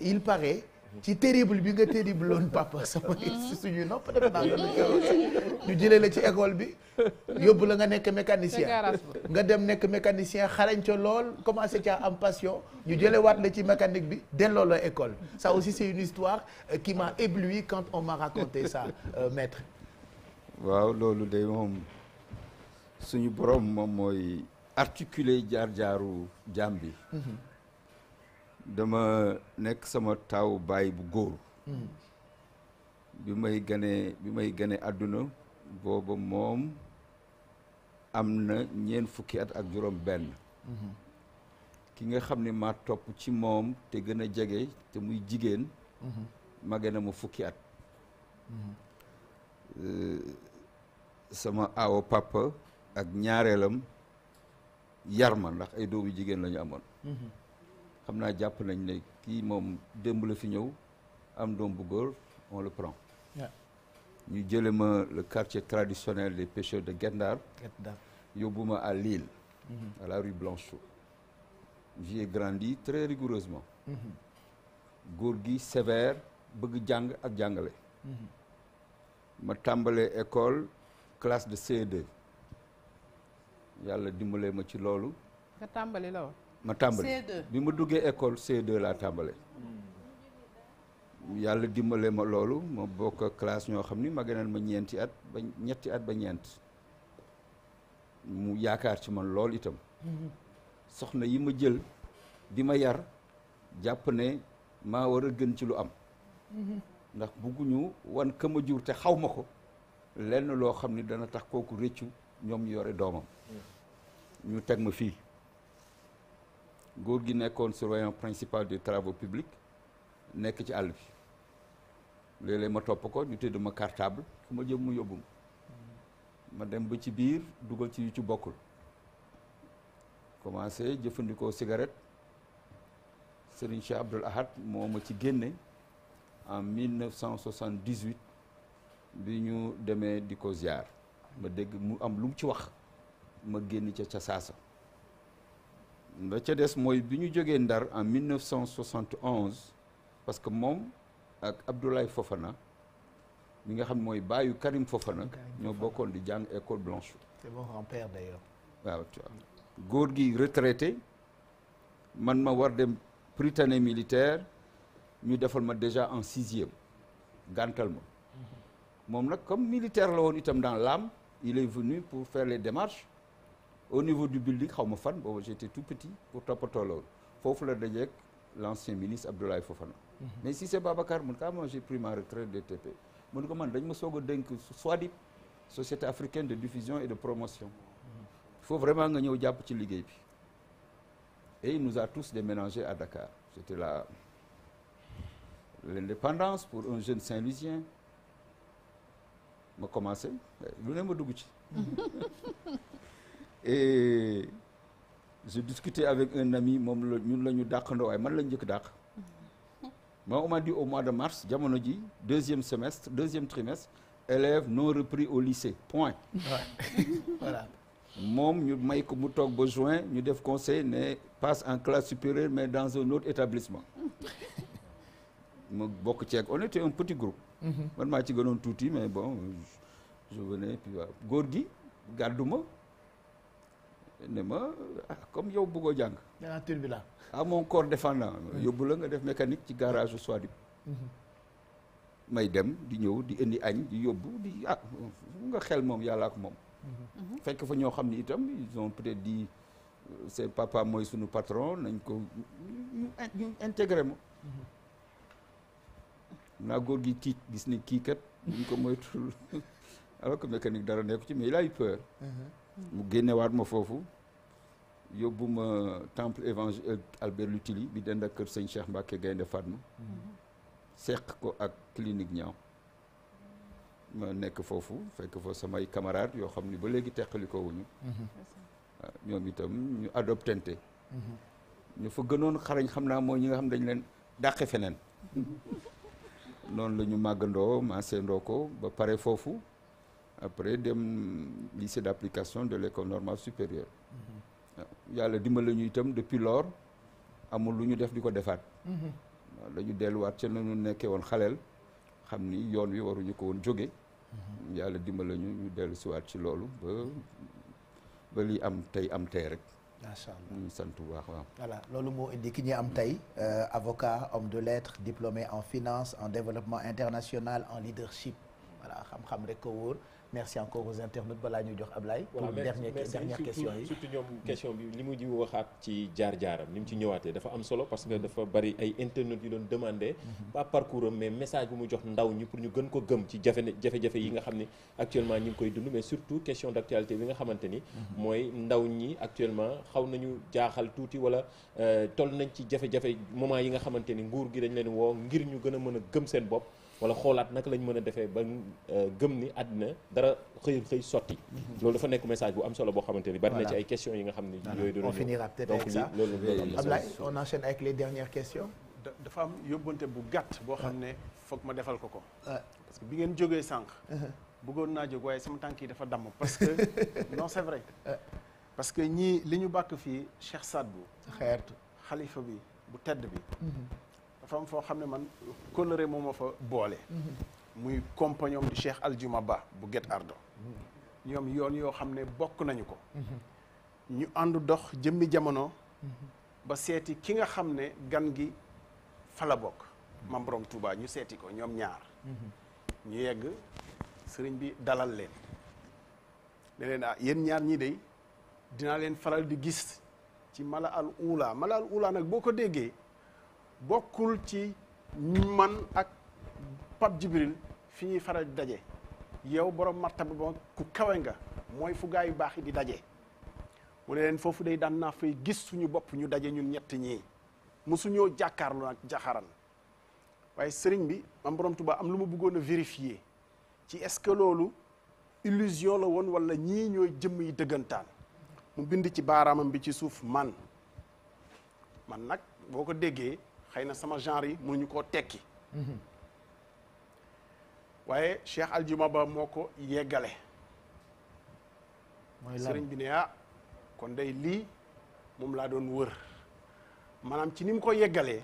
il paraît ci terrible bi nga terrible loon papa sama si suñuy nopp def naa ñu jëlee la ci école bi yóbbu la nga nekk mécanicien nga dem nekk mécanicien xarañ ca lool commencé ca am passion ñu jëlee waat la ci mécanique bi delloo la école ça aussi c'est une histoire euh, qui m'a ébloui quand on m'a raconté ça euh, maître waaw loolu day moom suñu borom moom mooy articuler jaar-jaaru jaam bi mhm. dama nekk sama taaw baay bu góor hmm. bi may ganee may gane àdduna booba moom am na ñeent fukki at ak juróom benn hmm. ki nga xam ni ma topp ci moom te gën a jege te muy jigéen hmm. mage na ma fukki at sama aawo papa ak ñaareelam yar ma ndax ay doomu jigéen lañu amoon xam naa jàpp nañ ne kii moom démb la fi ñëw am doom bu góor on le prend ñu jële ma le quartier traditionnel des pêcheurs de Guet-Ndar yóbbu ma à Lille mm-hmm. à la rue Blanchot j'y grandi très rigoureusement mm-hmm. góor gi sévère bëgg jàng ak jàngale mm-hmm. ma tàmbalee école classe de CE2 yàlla dimbalee ma ci loolu nga tàmbali la ma tàmbali bi ma duggee école C2 laa tàmbale yàlla dimbale ma loolu ma bokk classe ñoo xam ni ma gënal ma ñeenti at ba ñetti at ba ñeent mu yaakaar ci man lool itam soxna yi ma jël di ma yar jàpp ne maa war a gën ci lu am ndax bugguñu wan ka jur te xaw ma ko lenn loo xam ni dana tax kooku rëccu ñoom ñu yore doomam mm. ñu teg ma fii góor gi nekkoon surveillant principal des travaux publics nekk ci àll bi léeg-léeg ma topp ko ñu tëdd ma cartable fu ma jëm mu yóbbu ma dem ba ci biir dugal ci yu ci bokkul commencé jëfandikoo cigarette Serigne Cheikh Abdoul Ahad moo ma ci génne en 1978 bi ñu demee di ko ziar ma dégg mu am lu mu ci wax ma génn ca ca saasa ba ca des mooy bi ñu jógee Ndar en 1971 parce que moom ak Abdoulaye na mi nga xam mooy baayu Karim nag ñoo bokkoon di jàng école Blanche. c'est mon grand-père waaw góor gi retraité man ma war dem Prytanée militaire ñu defal ma déjà en sixième gàntal ma mhm. moom nag comme militaire la woon itam dans l'âme il est venu pour faire les démarches au niveau du building xaw ma fan boobu j'étais tout petit pour toppatoo loolu foofu la dajeek l'ancien ministre Abdoulaye Fofana. Mhm. mais si c'est Babacar mun kaa man j'ai pris ma retraite de TP mun ko man dañ ma soog a dénk SOADIP société africaine de diffusion et de promotion foo faut vraiment nga ñëw jàpp ci liggéey bi et il nous a tous déménagés à Dakar c'était la l'indépendance pour un jeune Saint-Louisien ma commencé lu ma dugg ci et je discutais avec un ami moom la ñun la ñu dàqandoo waaye man la ñu njëkk dàq moom on m'a au mois de mars jamono ji deuxième semestre deuxième trimestre élèves non repris au lycée point voilà moom ñu may ko mu toog ba juin ñu def conseil ne passe en classe supérieure mais dans un autre établissement ma bokk ceeg on était un petit groupe mhm. man maa ci gënoon tuuti mais bon je venais puis waaw góor gi ne ma ah comme yow bëggoo jàng. ah turbulent. ah mon corps défendant. yóbbu la nga def mécanique ci garage su Soadib. Mm-hmm. may dem di ñëw di indi añ di yóbbu di ah nga xel moom yàlla ak moom. Mm-hmm. Mm-hmm. fekk fa ñoo xam ni itam ils ont peut-être dit euh, c'est papa mooy sunu patron nañ ko ñu ñu intégré gi tiit gis ni kii kat. ñu ko moytul alors que mécanique dara nekku ci mais il peur. mu génnewaat ma foofu yóbbu ma temple évangile euh, Albert Lutili bi dend ak kër sëñ Cheikh Mbacke Gaynde Fatma seq ko ak clinique ñaaw ma nekk foofu fekk fa samay camarades yoo xam ni ba léegi teqali ko wuñu mm-hmm. ñoom itam ñu adoptante mm-hmm. ñu fa gënoon xarañ xam naa mooy ñi nga xam dañ leen dàqe feneen noonu la ñu màggandoo maasendoo ko ba pare foofu après dem lycée d'application de l'école normale supérieure mhm. ah, yàlla dimbali ñu itam depuis lors amul lu ñu def di ko defaat waaw mhm. ah, dañu delluwaat ca nañu nekkee woon xaleel xam ni yoon wi waruñu ko woon jóge mhm. yàlla dimbali ñu ñu dellu siwaat ci loolu ba ba li am tey am tey rek macha allah ñu sant loolu moo indi ki ñu am tey euh, avocat homme de lettres diplômé en finance en développement international en leadership voilà xam-xam rek ko wóor. merci encore aux internautes balaa ñuy jox Ablaye. pour dernière dernière question yi surtout ñoom question bi li mu ji waxaat ci jaar-jaaram ni mu ci ñëwaatee dafa am solo parce que dafa bari ay internautes yu doon demandé. Mhm. pas parcours am mais message bu mu jox ndaw ñi pour ñu gën ko gëm ci jafe-jafe yi nga xam ni actuellement ñu ngi koy dund mais surtout question d'actualité bi nga xamante ni. Mhm. mooy ndaw ñi actuellement xaw nañu jaaxal tuuti wala euh, toll nañ ci jafe-jafe moment yi nga xamante ni nguur gi dañ leen woo ngir ñu gën a mën a gëm seen bopp. wala xoolaat naka lañ mën a defee ba euh, gëm ni àddina dara xëy xëy sotti mhm. loolu dafa nekk message bu am solo boo xamante ni bari ci ay questions yi nga xam ne yooyu doon on finira peut-être avec ça donc loolu Ablaye dafa am yóbbante bu gàtt boo xam ne foog ma defal ko ko parce que bi ngeen jógee sànq uh-huh. bëggoon naa jóg waaye sama tànk yi dafa damm parce que non c'est vrai parce que ñii li ñu bàkk fii Cheikh Sadbou xeertu xalifa bi bu tedd bi mm-hmm. fam foo xam ne man kóllëre moom ma fa boole muy compagnon di Cheikh Aljuma Ba bu Guet Ardo ñoom yoon yoo xam ne bokk nañu ko ñu ànd dox jëmmi jamono ba seeti ki nga xam ne gan gi fala bokk mam borom Touba ñu seeti ko ñoom ñaar ñu yegg sëriñ bi dalal leen ne leen ah yéen ñaar ñii dey dinaa leen faral di gis ci mala al ula mala al ula nag boo ko déggee bokkul ci man ak Pape Djibril fi ñuy faral di daje yow borom martaba ba ku kawe nga mooy fu yu baax yi di daje mu ne leen foofu day daan naa fay gis suñu bopp ñu daje ñun ñett ñii mosuñoo jàkkaarloo ak jaxaran waaye sëriñ bi am borom Tuubaa am lu ma bëggoon a vérifier ci est-ce que loolu illusion la woon wala ñii ñooy jëmm yi dëggantaan mu bind ci baaraamam bi ci suuf man man nag boo ko déggee xëy na sama genre yi ñu koo tekki waaye Cheikh Aljuma Ba moo ko yeggale sëriñ bi ne ah kon day lii moom laa doon wër maanaam ci ni mu ko yeggalee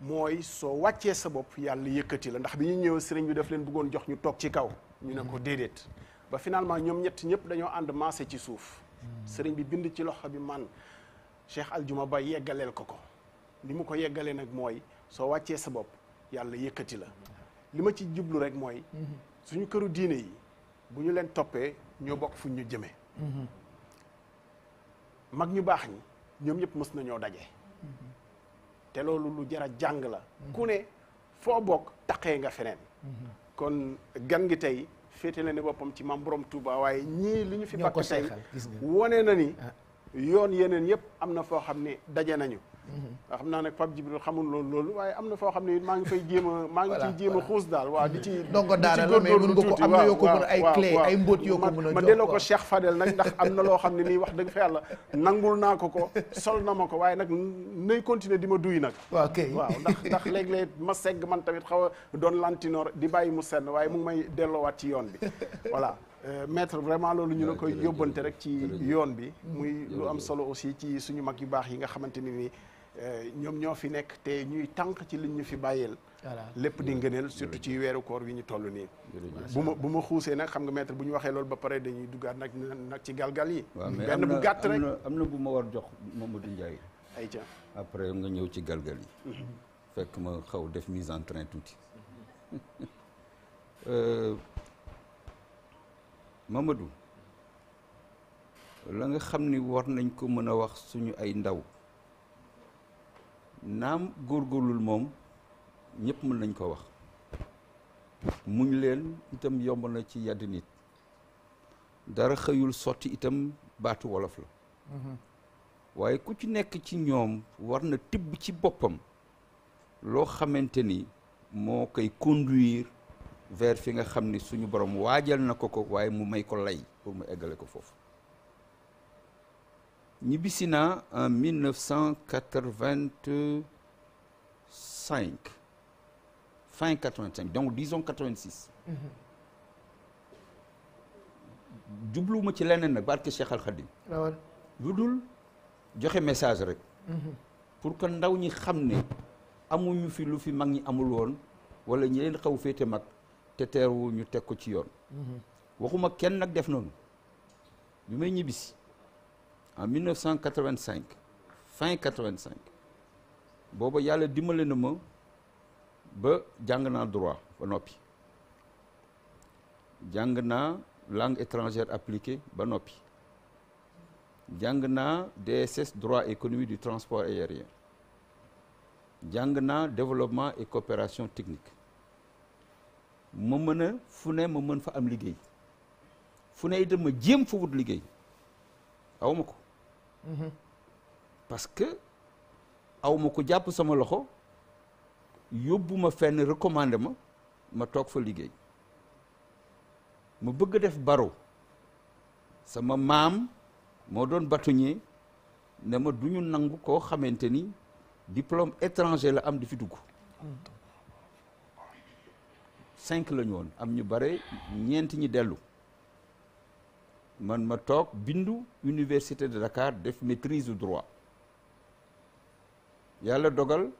mooy soo wàccee sa bopp yàlla yëkkati la ndax bi ñu ñëw sëriñ bi def leen buggoon jox ñu toog ci kaw ñu ne ko mm-hmm. déedéet ba finalement ñoom ñett ñëpp dañoo ànd maase ci suuf mm-hmm. sëriñ bi bind ci loxo bi man Cheikh Aljuma ba yeggaleel ko ko li ma ko yeggalee nag mooy soo wàccee sa bopp yàlla yëkkati la li ma ci jublu rek mooy suñu këru diine yi bu ñu leen toppee ñoo bokk fu ñu jëmee mag ñu baax ñi ñoom ñëpp mës nañoo daje te loolu lu jar a jàng la ku ne foo bokk taqee nga feneen kon gan gi tey féete na ne boppam ci maam borom Touba waaye ñii li ñu fi bakk tey wane na ni ah, yoon yeneen yëpp am na foo xam ne daje nañu mhm. waa xam naa nag Pape Djibril xamul loolu loolu waaye am na foo xam ne maa ngi fay jéem a maa ngi ciy jéem a xuus daal waa di ci dongo daara la mais mën nga ay clé yoo ma delloo ko Cheikh Fadel nag ndax am na loo xam ne nii wax dëgg fa yàlla nangul naa ko ko sol na ma ko waaye nag nay continuer di ma duy nag waaw kay waaw ndax ndax léeg-léeg ma segg man tamit xaw a doon lantinoor di bàyyi mu senn waaye mu ngi may delloowaat ci yoon bi voilà Euh, maître vraiment loolu ñu la koy yóbbante rek ci yoon bi mm-hmm. muy lu am solo aussi ci suñu mag yu baax yi nga xamante ni ni euh, ñoom ñoo fi nekk te ñuy tanq ci liñ ñu fi bàyyeel lépp di ngëneel surtout ci weeru koor wi ñu toll nii bu ma bu ma xuusee nag xam nga maître bu ñu waxee loolu ba pare dañuy duggaat nag nag ci galgal yi benn bu gàtt rek am na bu ma war jox Mamadou Ndiaye ay ca après nga ñëw ci galgal yi mm-hmm. fekk ma xaw def mise en train tuuti mm-hmm. euh, Mamadou la nga xam ni war nañ ko mën a wax suñu ay ndaw naam góorgóorlul moom ñëpp mën nañ ko wax muñ leen itam yomb na ci yàdd nit dara xëyul sotti itam baatu wolof la mhm. waaye ku ci nekk ci ñoom war na tibb ci boppam loo xamante ni moo koy conduire vers fi nga xam ni suñu borom waajal na ko ko waaye mu may ko lay pour mu eggale ko foofu ñibbisi naa en 1985 fin 85 donc disons 86. Mm-hmm. jubluwuma ci leneen nag barke Cheikh Al Khadim. waaw ah lu dul joxe message rek. Mm-hmm. pour que ndaw ñi xam ne amuñu fi lu fi mag ñi amul woon wala ñi leen xaw féete mag. te teerwul ñu teg ko ci yoon mhm. waxuma kenn nag def noonu bi may ñibbisi en 1985 fin 85 booba yàlla dimbale na ma ba jàng naa droit ba noppi jàng naa langue étrangère appliquée ba noppi jàng naa DSS droit économique du transport aérien jàng naa développement et coopération technique ma mën a fu ne ma mën fa am liggéey fu ne itam ma jéem fa wut liggéey awma ko mhm. parce que awma ko jàpp sama loxo yóbbu ma fenn recommandé ma ma toog fa liggéey ma bëgg a def baro sama maam moo doon bâtonnier ne ma du ñu nangu koo xamante ni diplôme étranger la am di fi dugg mhm. cinq la ñu woon am ñu bare ñeent ñi dellu man ma toog bindu université de Dakar def maîtrise du droit yàlla dogal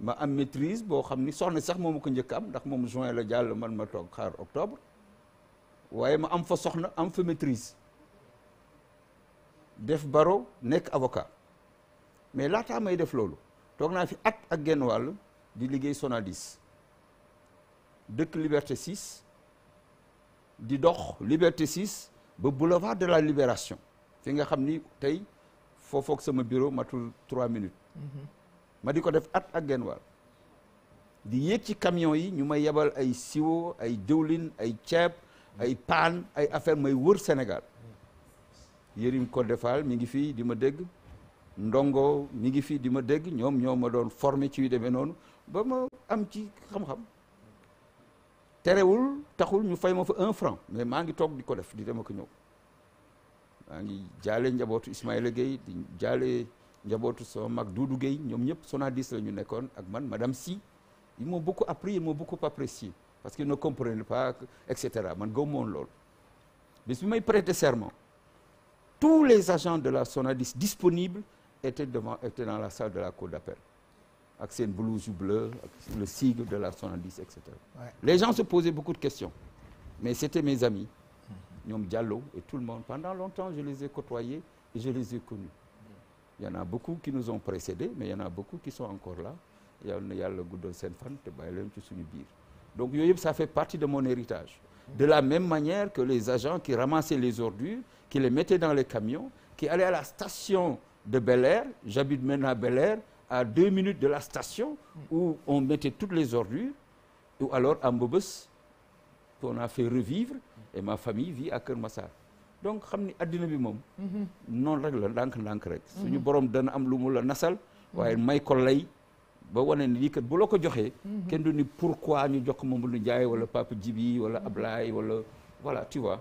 ma am maîtrise boo xam ni soxna sax moom ko njëkk am ndax moom juin la jàll man ma toog xaar octobre waaye ma am fa soxna am fa maîtrise def baro nekk avocat mais laataa may def loolu toog naa fi at ak genn wàll di liggéey Sonadis dëkk Liberté 6 di dox Liberté 6 ba boulevard de la Libération fi nga xam ni tey foofook sama bureau matul trois minutes mhm. ma di ko def at ak genn di yéeg ci camion yi ñu ma yebal ay siwo ay diwlin ay ceeb ay paan ay affaire may wër Sénégal Yérim Codé Fall mi ngi fii di ma dégg Ndongo mi ngi fii di ma dégg ñoom ñoo ma doon formé ci yu noonu ba ma am ci xam-xam terewul taxul ñu fay ma fa un franc mais maa ngi toog di ko def di dem ak ñëw maa ngi jaale njabootu Ismaïla Gueye di jaale njabootu sama mag Doudou Gueye ñoom ñëpp Sonadis la ñu nekkoon ak man madame Sy ils m'ont beaucoup appris ils m'ont beaucoup apprécié parce qu'ils ne comprenaient pa et cetera man gaw moon loolu bis bi may prêter serment tous les agents de la Sonadis disponibles étaient devant étaient dans la salle de la cour d'appel avec ses blouses bleues, avec le sigle de la 70, etc. Ouais. Les gens se posaient beaucoup de questions. Mais c'était mes amis, Nyom Diallo et tout le monde. Pendant longtemps, je les ai côtoyés et je les ai connus. Il y en a beaucoup qui nous ont précédés, mais il y a beaucoup qui sont encore là. Il y a le Goudon Senfan, Donc, ça fait partie de mon héritage. De la même manière que les agents qui ramassaient les ordures, qui les mettaient dans les camions, qui allaient à la station de Bel Air, j'habite maintenant à à deux minutes de la station où on mettait toutes les ordures, ou alors à Mbobes, qu'on a fait revivre, et ma famille vit à Kër Massar. donc xam ni addina bi moom. noonu rek la ndànk-ndànk rek. Mhm. suñu borom dana am lu mu la nasal. waaye mhm. may ko lay ba wane ni lii kat bu la ko joxee. Mhm. kenn du ni pourquoi ñu jox ko Mamadou Ndiaye wala Papa Djibi wala Ablaye wala voilà tu vois.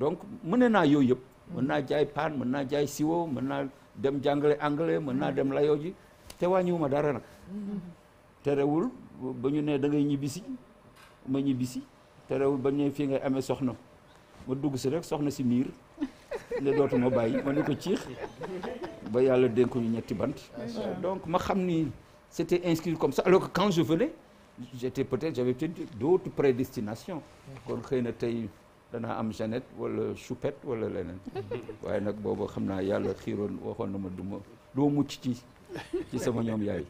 donc mën naa yooyu yëpp. mën naa jaay paan mën naa jaay siwo mën naa dem jàngale anglais mën naa dem layoo ji te wàññiwuma dara nag terewul ba ñu nee da ngay ñibbisi ma ñibbisi terewul ba ñu ne fii ngay amee soxna ma dugg si rek soxna si miir ne dootuma bàyyi ma ni ko ciix ba yàlla dénkuñu ñetti bant donc ma xam ni c'était inscrit comme sa alors que quand je venais j'étais peut-être j'avais kon xëy na tey danaa am Jeannette wala Choupette wala leneen waaye nag boobu xam naa yàlla xiiroon waxoon na ma du ma mucc ci ci sama ñoom yaay.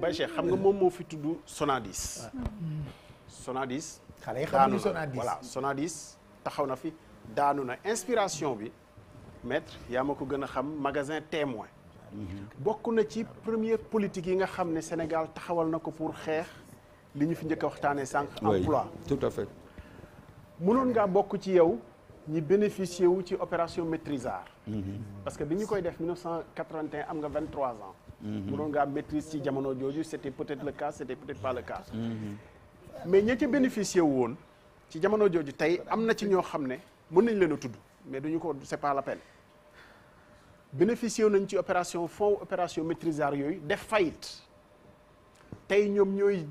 Baye Cheikh xam nga moom moo fi tudd Sonadis. Sonadis. xale voilà Sonadis taxaw na fi daanu na inspiration bi maître yaa ma ko gën a xam magasin témoin. bokk na ci première politique yi nga xam ne Sénégal taxawal na ko pour xeex li ñu fi njëkk a waxtaanee sànq. emploi tout à fait. mënoon ngaa bokk ci yow ñi bénéficier wu ci opération maîtrisard. Mm-hmm. parce que bi ñu koy def 1981 am nga 23 ans. Mm-hmm. mënoon ngaa maîtrise ci jamono jooju c' était peut être le cas c' était peut être pas le cas. Mm-hmm. mais ña ca bénéficier woon ci jamono jooju tey am na ci ñoo xam ne mun nañ leen a tudd mais duñu ko c' est pas la peine bénéficier wu nañ ci opération fonds opération maîtrisard yooyu def fayit tey ñoom ñooy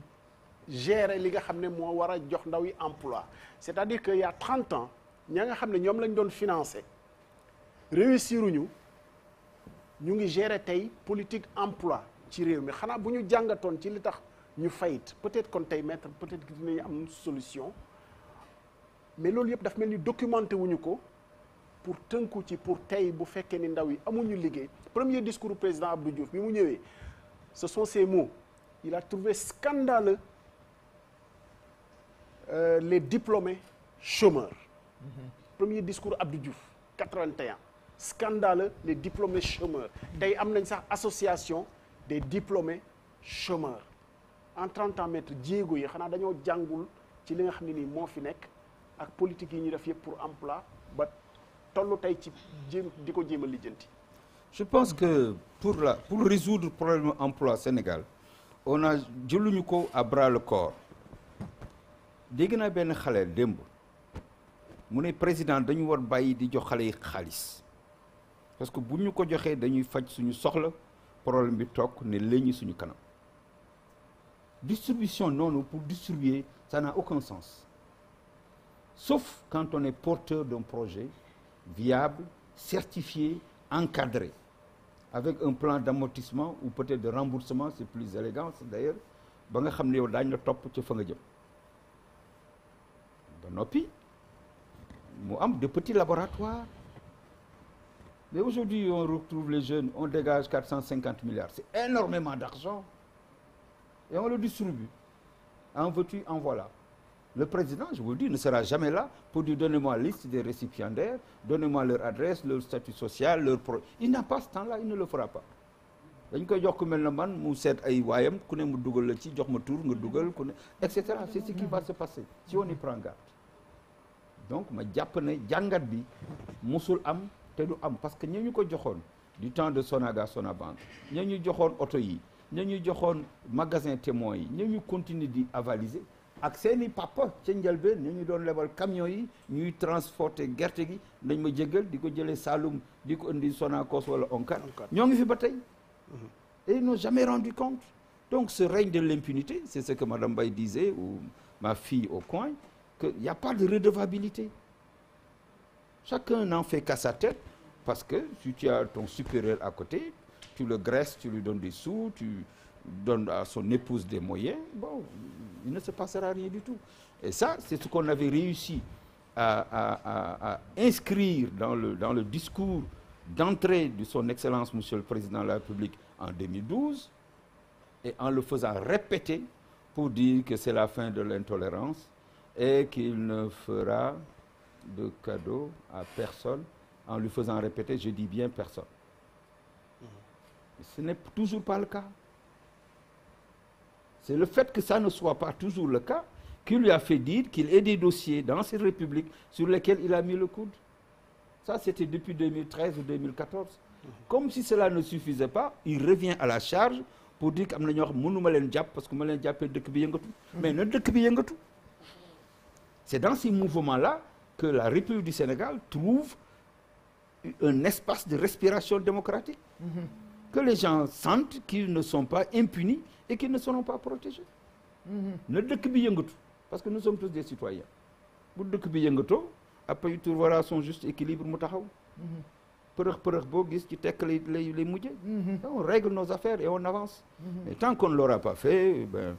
gérer li nga xam ne moo war a jox ndaw yi emploi c' est à dire que y' a ans ña nga xam ne ñoom lañ doon financé. réussiruñu ñu ngi gérer tey politique emploi ci réew mi xanaa bu ñu jàngatoon ci li tax ñu fayt peut-être kon tey maître peut-être que dinañu am solution mais loolu yëpp daf mel ni documenté wuñu ko pour tënku ci pour tey bu fekkee ni ndaw yi amuñu liggéey premier discours président Abdou Diouf bi mu ñëwee ce sont ces mots il a trouvé scandaleux euh, les diplômés chômeurs. Mm -hmm. premier discours Abdou Diouf 81. scandaleux les diplômés chômeurs tey am nañ sax association des diplômés chômeurs en 30 ans jéego yi xanaa dañoo jàngul ci li nga xam ne nii moo fi nekk ak politique yi ñuy def yëpp pour emploi ba tollu tey ci jéem di ko jéem a lijjanti. je pense que pour la pour résoudre problème emploi Sénégal on a jëluñu ko à bras le corps dégg naa benn xale démb mu ne président dañu war bàyyi di jox xale yi xaalis. parce que bu ñu ko joxee dañuy faj suñu soxla problème bi toog ne léñi suñu kanam distribution noonu pour distribuer ça n'a aucun sens sauf quand on est porteur d'un projet viable certifié encadré avec un plan d'amortissement ou peut-être de remboursement c'est plus élégant d'ailleurs ba nga xam ne yow daañ la topp ca fa nga jëm ba noppi mu am de petits laboratoires mais aujourd'hui on retrouve les jeunes on dégage quatre cent cinquante milliards c'est énormément d'argent et on le distribue en veux en voilà le président je vous le dis ne sera jamais là pour dire donnez-moi la liste des récipiendaires donnez-moi leur adresse leur statut social leur pro il n'a pas ce temps-là il ne le fera pas dañ koy jox ku mel na man mu seet ay waayam ku ne mu dugal la ci jox ma tour nga dugal ku ne et cetera c'est ce qui va se passer si on y prend garde donc ma jàpp ne jàngat bi te du am parce que ña ñu ko joxoon du temps de Sonaga Sonabank ña ñu joxoon oto yi ña ñu joxoon magasin témoin yi ña ñu continuer di avaliser ak seen i papa ca njëlbeen ña ñu doon lebal camion yi ñuy transporter gerte gi nañ ma jégal di ko jëlee Saloum di ko indi Sonacos wala ONCAR ñoo ngi fi ba tey mhm. et ils n'ont jamais rendu compte donc ce règne de l'impunité c'est ce que Madame Baye disait ou ma fille au coin que a pas de redevabilité chacun n'en fait qu'à sa tête Parce que si tu as ton supérieur à côté, tu le graisses, tu lui donnes des sous, tu donnes à son épouse des moyens, bon, il ne se passera rien du tout. Et ça, c'est ce qu'on avait réussi à, à, à, à, inscrire dans le, dans le discours d'entrée de son Excellence, Monsieur le Président de la République, en 2012, et en le faisant répéter pour dire que c'est la fin de l'intolérance et qu'il ne fera de cadeau à personne en lui faisant répéter je dis bien personne. Mais ce n'est toujours pas le cas. C'est le fait que ça ne soit pas toujours le cas qui lui a fait dire qu'il ait des dossiers dans cette République sur lesquels il a mis le coude. Ça, c'était depuis 2013 ou 2014. Comme si cela ne suffisait pas, il revient à la charge pour dire qu'am na ñoo xam mënuma leen jàpp parce que ma leen jàppee dëkk bi yëngatu. mais na dëkk bi yëngatu. C'est dans ces mouvements-là que la République du Sénégal trouve un espace de respiration démocratique mm -hmm. que les gens sentent qu'ils ne sont pas impunis et qu'ils ne seront pas protégés mm-hmm. na dëkk bi yëngatu parce que nous sommes tous des citoyens bu dëkk bi yëngatoo après il trouvera son juste équilibre mu taxaw mm-hmm. përëx përëx boo gis ci tekk lay lay lay mujje mm-hmm. on règle nos affaires et on avance mais tant qu'on ne l'aura pas fait ben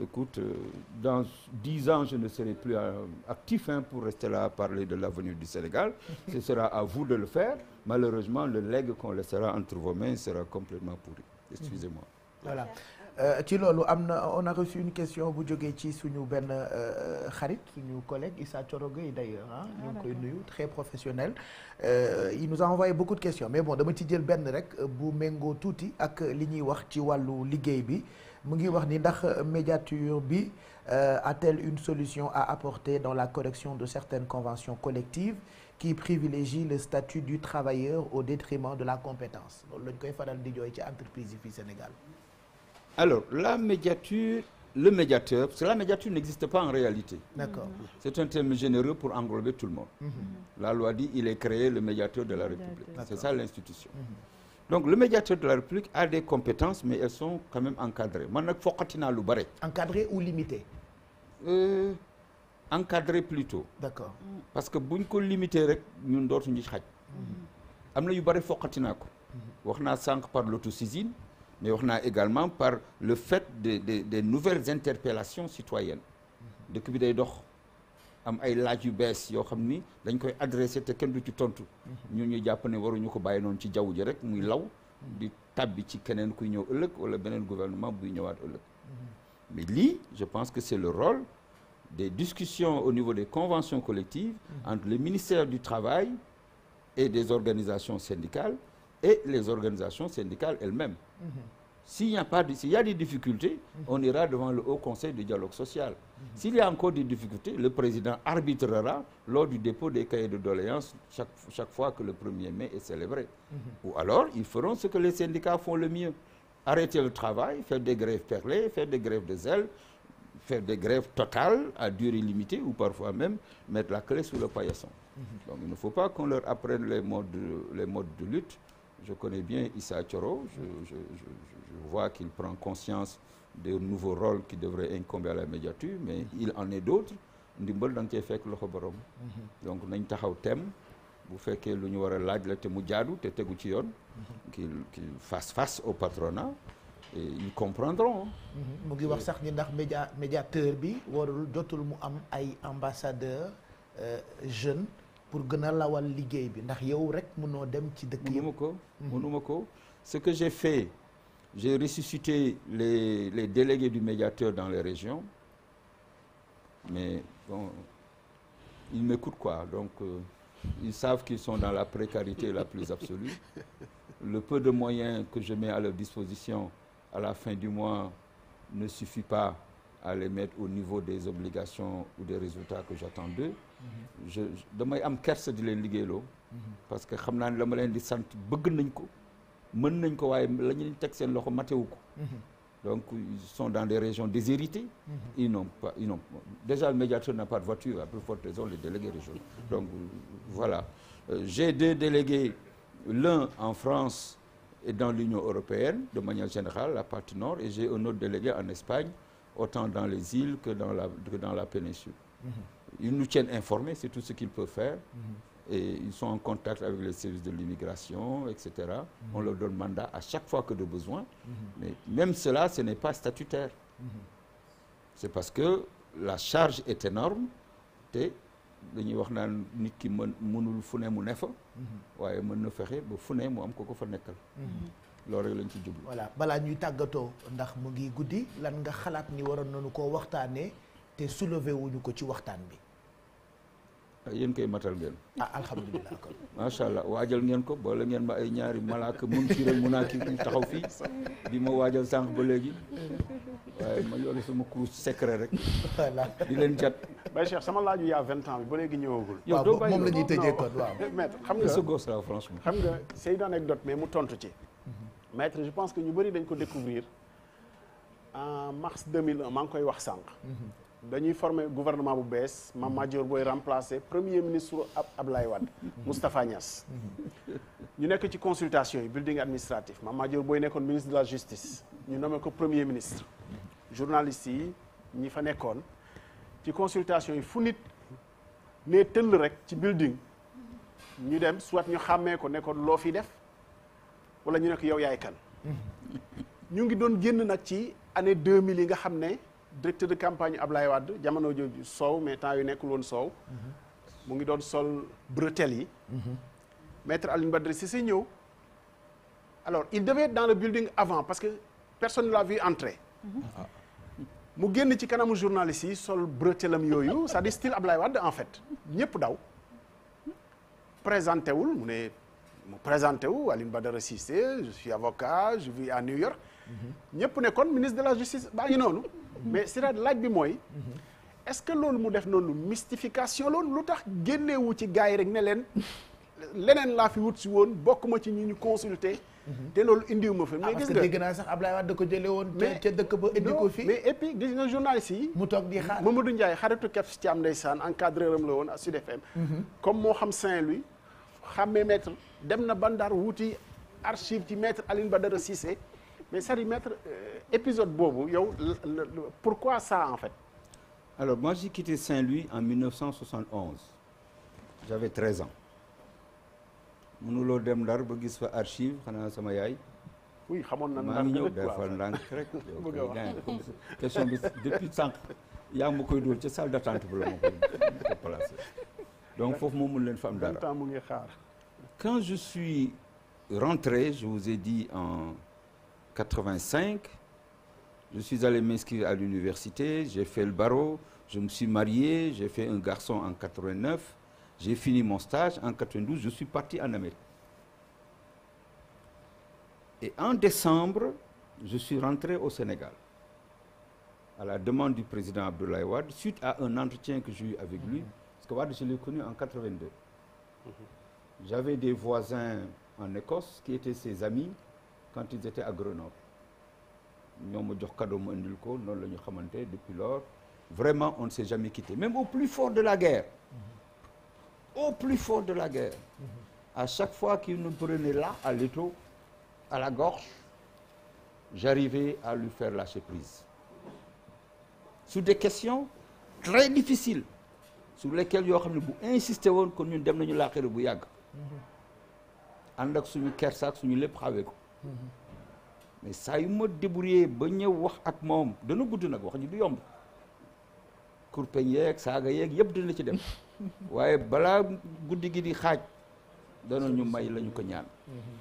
Écoute, euh, dans dix ans, je ne serai plus euh, actif pour rester là à parler de l'avenir du Sénégal. Ce sera à vous de le faire. Malheureusement, le legs qu'on laissera entre vos mains sera complètement pourri. excusez Voilà. Euh, ci loolu am na on a reçu une question bu jógee ci suñu benn euh, xarit suñu collègue Issa Thiorogo yi d'ailleurs ah ñu ngi koy nuyu très professionnel il nous a envoyé beaucoup de questions mais bon dama ci jël benn rek bu méngoo tuuti ak li ñuy wax ci wàllu liggéey bi mu ngi wax ni ndax médiature bi euh, a-t-elle une solution à apporter dans la correction de certaines conventions collectives qui privilégient le statut du travailleur au détriment de la compétence loolu lañ koy faral di jooy ci entreprise yi fii Sénégal alors la médiature médiateur la médiature n'existe pas en réalité d'accord mm-hmm. c'est un terme généreux pour englober tout le monde mm -hmm. la loi dit il est créé le médiateur de la République c'est ça l'institution mm-hmm. donc le médiateur de la République a des compétences mais elles sont quand même encadrées man nag foqati naa lu bare. encadré ou limité. Euh, encadré plutôt. d'accord parce que buñ ko limité rek ñun dootuñu xaj. Mhm. am na yu bare foqati naa ko. Mhm. wax naa sànq par l'autosaisine mais wax naa également par le fait des des des nouvelles interpellations citoyennes mhm. dëkk bi day dox. am ay laaj yu bees yoo xam ni dañ koy adressé te kenn du ci tontu. ñun ñu jàpp ne waruñu ko bàyyi noonu ci jaww ji rek muy law. di tàbbi ci keneen kuy ñëw ëllëg wala beneen gouvernement buy ñëwaat ëllëg. mais lii je pense que c'est le rôle des discussions au niveau des conventions collectives. entre le ministère du travail et des organisations syndicales et les organisations syndicales elles-mêmes. S'il n'y a pas de, s'il y a des difficultés, on ira devant le Haut Conseil du dialogue social. S'il y a encore des difficultés, le président arbitrera lors du dépôt des cahiers de doléances chaque, chaque fois que le 1er mai est célébré. Mhm. Ou alors, ils feront ce que les syndicats font le mieux. Arrêter le travail, faire des grèves perlées, faire des grèves de zèle, faire des grèves totales à durée limitée ou parfois même mettre la clé sous le paillasson. Mhm. Donc il ne faut pas qu'on leur apprenne les modes, les modes de lutte. Je connais bien Issa Thioro, je, je, je, je je vois qu'il prend conscience des nouveaux rôles qui devraient incomber à la médiature mais mhm. il en est d'autres ndimbal da nga cee fekk loxo borom. Mhm. donc nañ taxaw tem bu fekkee lu ñu war a laaj la te mu jaadu te tegu ci yoon. Mhm. qu'il qu'il fasse face au patronat. et ils comprendront. mu ngi wax sax ni ndax média médiateur bi warul jotul mu am ay ambassadeur euh, jeune pour gën a lawal liggéey bi ndax yow rek mënoo dem ci dëkk yi. mënuma ko mënuma ko ce que j'ai fait. j'ai ressuscité les, les délégués du médiateur dans les régions, mais bon, ils m'écoutent quoi. Donc, euh, ils savent qu'ils sont dans la précarité la plus absolue. Le peu de moyens que je mets à leur disposition à la fin du mois ne suffit pas à les mettre au niveau des obligations ou des résultats que j'attends d'eux. Mm-hmm. je damay am kersa di leen liggéeyloo. Mm-hmm. parce que xam naa ne la ma leen di sant bëgg nañ ko. mën nañ ko waaye la ñu teg seen loxo matewu ko mhm. donc ils dans des régions déshéritées mhm. ils n'ont pas déjà le médiateur n'a pas de voiture à plus forte raison délégués régionaux donc voilà euh, j'ai deux délégués l'un en France et dans l'Union européenne de manière générale la partie nord et j'ai un autre délégué en Espagne autant dans les îles que dans la que dans la péninsule mhm. ils nous tiennent informés c'est tout ce qu'ils peuvent faire et ils sont en contact avec les services de l'immigration, etc. Mmh. On leur donne mandat à chaque fois que de besoin. Mm-hmm. Mais même cela, ce n'est pas statutaire. Mmh. C'est parce que la charge est énorme. te dañuy wax naan nit ki mën mënul fu ne mu ne fa. Mm-hmm. waaye mën na fexe ba fu ne mu am ko ko fa nekkal. Mm-hmm. loolu rek lañ ci jublu. voilà balaa ñuy tàggatoo ndax mu ngi guddi lan nga xalaat ni waroon nanu koo waxtaanee te soulever wuñu ko ci waxtaan bi. yéen koy matal ngeen. ah alhamdulilah kon. macha allah waajal ngeen ko boole ngeen ma ay ñaari malaaka mun kiiral mun naa kii taxaw fii di ma waajal sànq ba léegi waaye ma yore sama kurus secret rek. di leen jat. ba Cheikh sama laaju yaa vingt ans bi ba léegi ñëwagul. yow doo bàyyi moom la ñuy tëjee kon waaw. maître nga sa gos la franchement. mais mu tontu ci. Mhm. maître je pense que ñu bëri dañ ko découvrir en mars 2001 maa ngi koy wax sànq. Mhm. dañuy former gouvernement bu bees Mame Madior booy remplacer premier ministre ab Ablaye Wade mhm. Moustapha mhm. ñu nekk ci consultation yi building administratif Mame Madior booy nekkoon ministre de la justice ñu nommé ko premier ministre journalistes yi ñi fa nekkoon ci consultation yi fu nit ne tëll rek ci building ñu dem soit ñu xàmmee ko nekkoon loo fi def wala ñu nekk yow yaay kan mhm. ñu ngi doon génn nag ci année 2000 yi nga xam ne directeur de campagne Ablaye Wade jamono jooju soow mais temps yu nekkul woon soow. mu ngi doon sol bretelles yi. maître Alioune Badara Cissé ñëw. alors il devait être dans le building avant parce que personne ne l'a vu entrer. mu génn ci kanamu journaliste yi sol bretelam yooyu sa à dire style Ablaye Wade en fait ñëpp daw. présenté wul mu ne mu présenté wu Alioune Badara Cissé je suis avocat je vis à New York. ñëpp ne kon ministre de la justice baa ngi noonu. mais Siraj laaj bi mooy. est-ce que loolu mu def noonu mystification loolu lu tax génnewu ci gars yi rek ne leen leneen laa fi wut si woon bokk ma ci ñu ñu consulter. te loolu indiwu ma fa. Ah, mais gis nga dégg naa sax Ablaye Wade ko jëlee woon. mais ca dëkk ba indi ko fii. mais et puis gis nga journaliste yi. mu toog di xaar Mamadou Ndiaye xaritu Kebs Thiam ndeysaan encadreur am la woon à Sud FM. Mhm. comme moo xam Saint-Louis xàmmee maître dem na ba Ndar wuti archive ci maître Aline Badara Cissé. mais Sary maître euh, épisode boobu yow pourquoi ça en fait alors moi j'ai quitté Saint-Louis en 1971 j'avais 13 ans mënuloo dem Ndar ba gis fa archive xanaa sama yaay oui xamoon na maa ngi ñëw defal ndànk rek question bi depuis sànq yaa ma koy dóor ca salle d'attente bu la ma ko placé donc foofu moom mun leen fa am dara mu ngi xaar quand je suis rentré je vous ai dit en 85, je suis allé m'inscrire à l'université, j'ai fait le barreau, je me suis marié, en 89, j'ai fini mon parti en en décembre, je suis au Sénégal à demande du président Abdoulaye Wade suite à un entretien que j'ai eu avec lui. Parce que Wade, je mhm. des voisins en Écosse qui quand ils étaient à Grenoble ñoo ma jox cadeau ma indil ko noonu la ñu xamante depuis lors vraiment on ne s'est jamais quitté même au plus fort de la guerre au plus fort de la guerre à chaque fois qu'il nous prenait là à l'étau à la gorge j'arrivais à lui faire lâcher prise sur des questions très difficiles sur lesquelles yoo xam ne bu insister woon kon ñun dem nañu laaxira bu yàgg ànd ak suñu kersaak suñu lépp xawee ko mais saa ma débrouillé ba ñëw wax ak moom dana gudd nag wax ni du yomb kurpeñ yeeg saaga yeeg yëpp dina ci dem waaye balaa guddi gi di xaaj dana ñu may la ñu ko ñaan mm-hmm.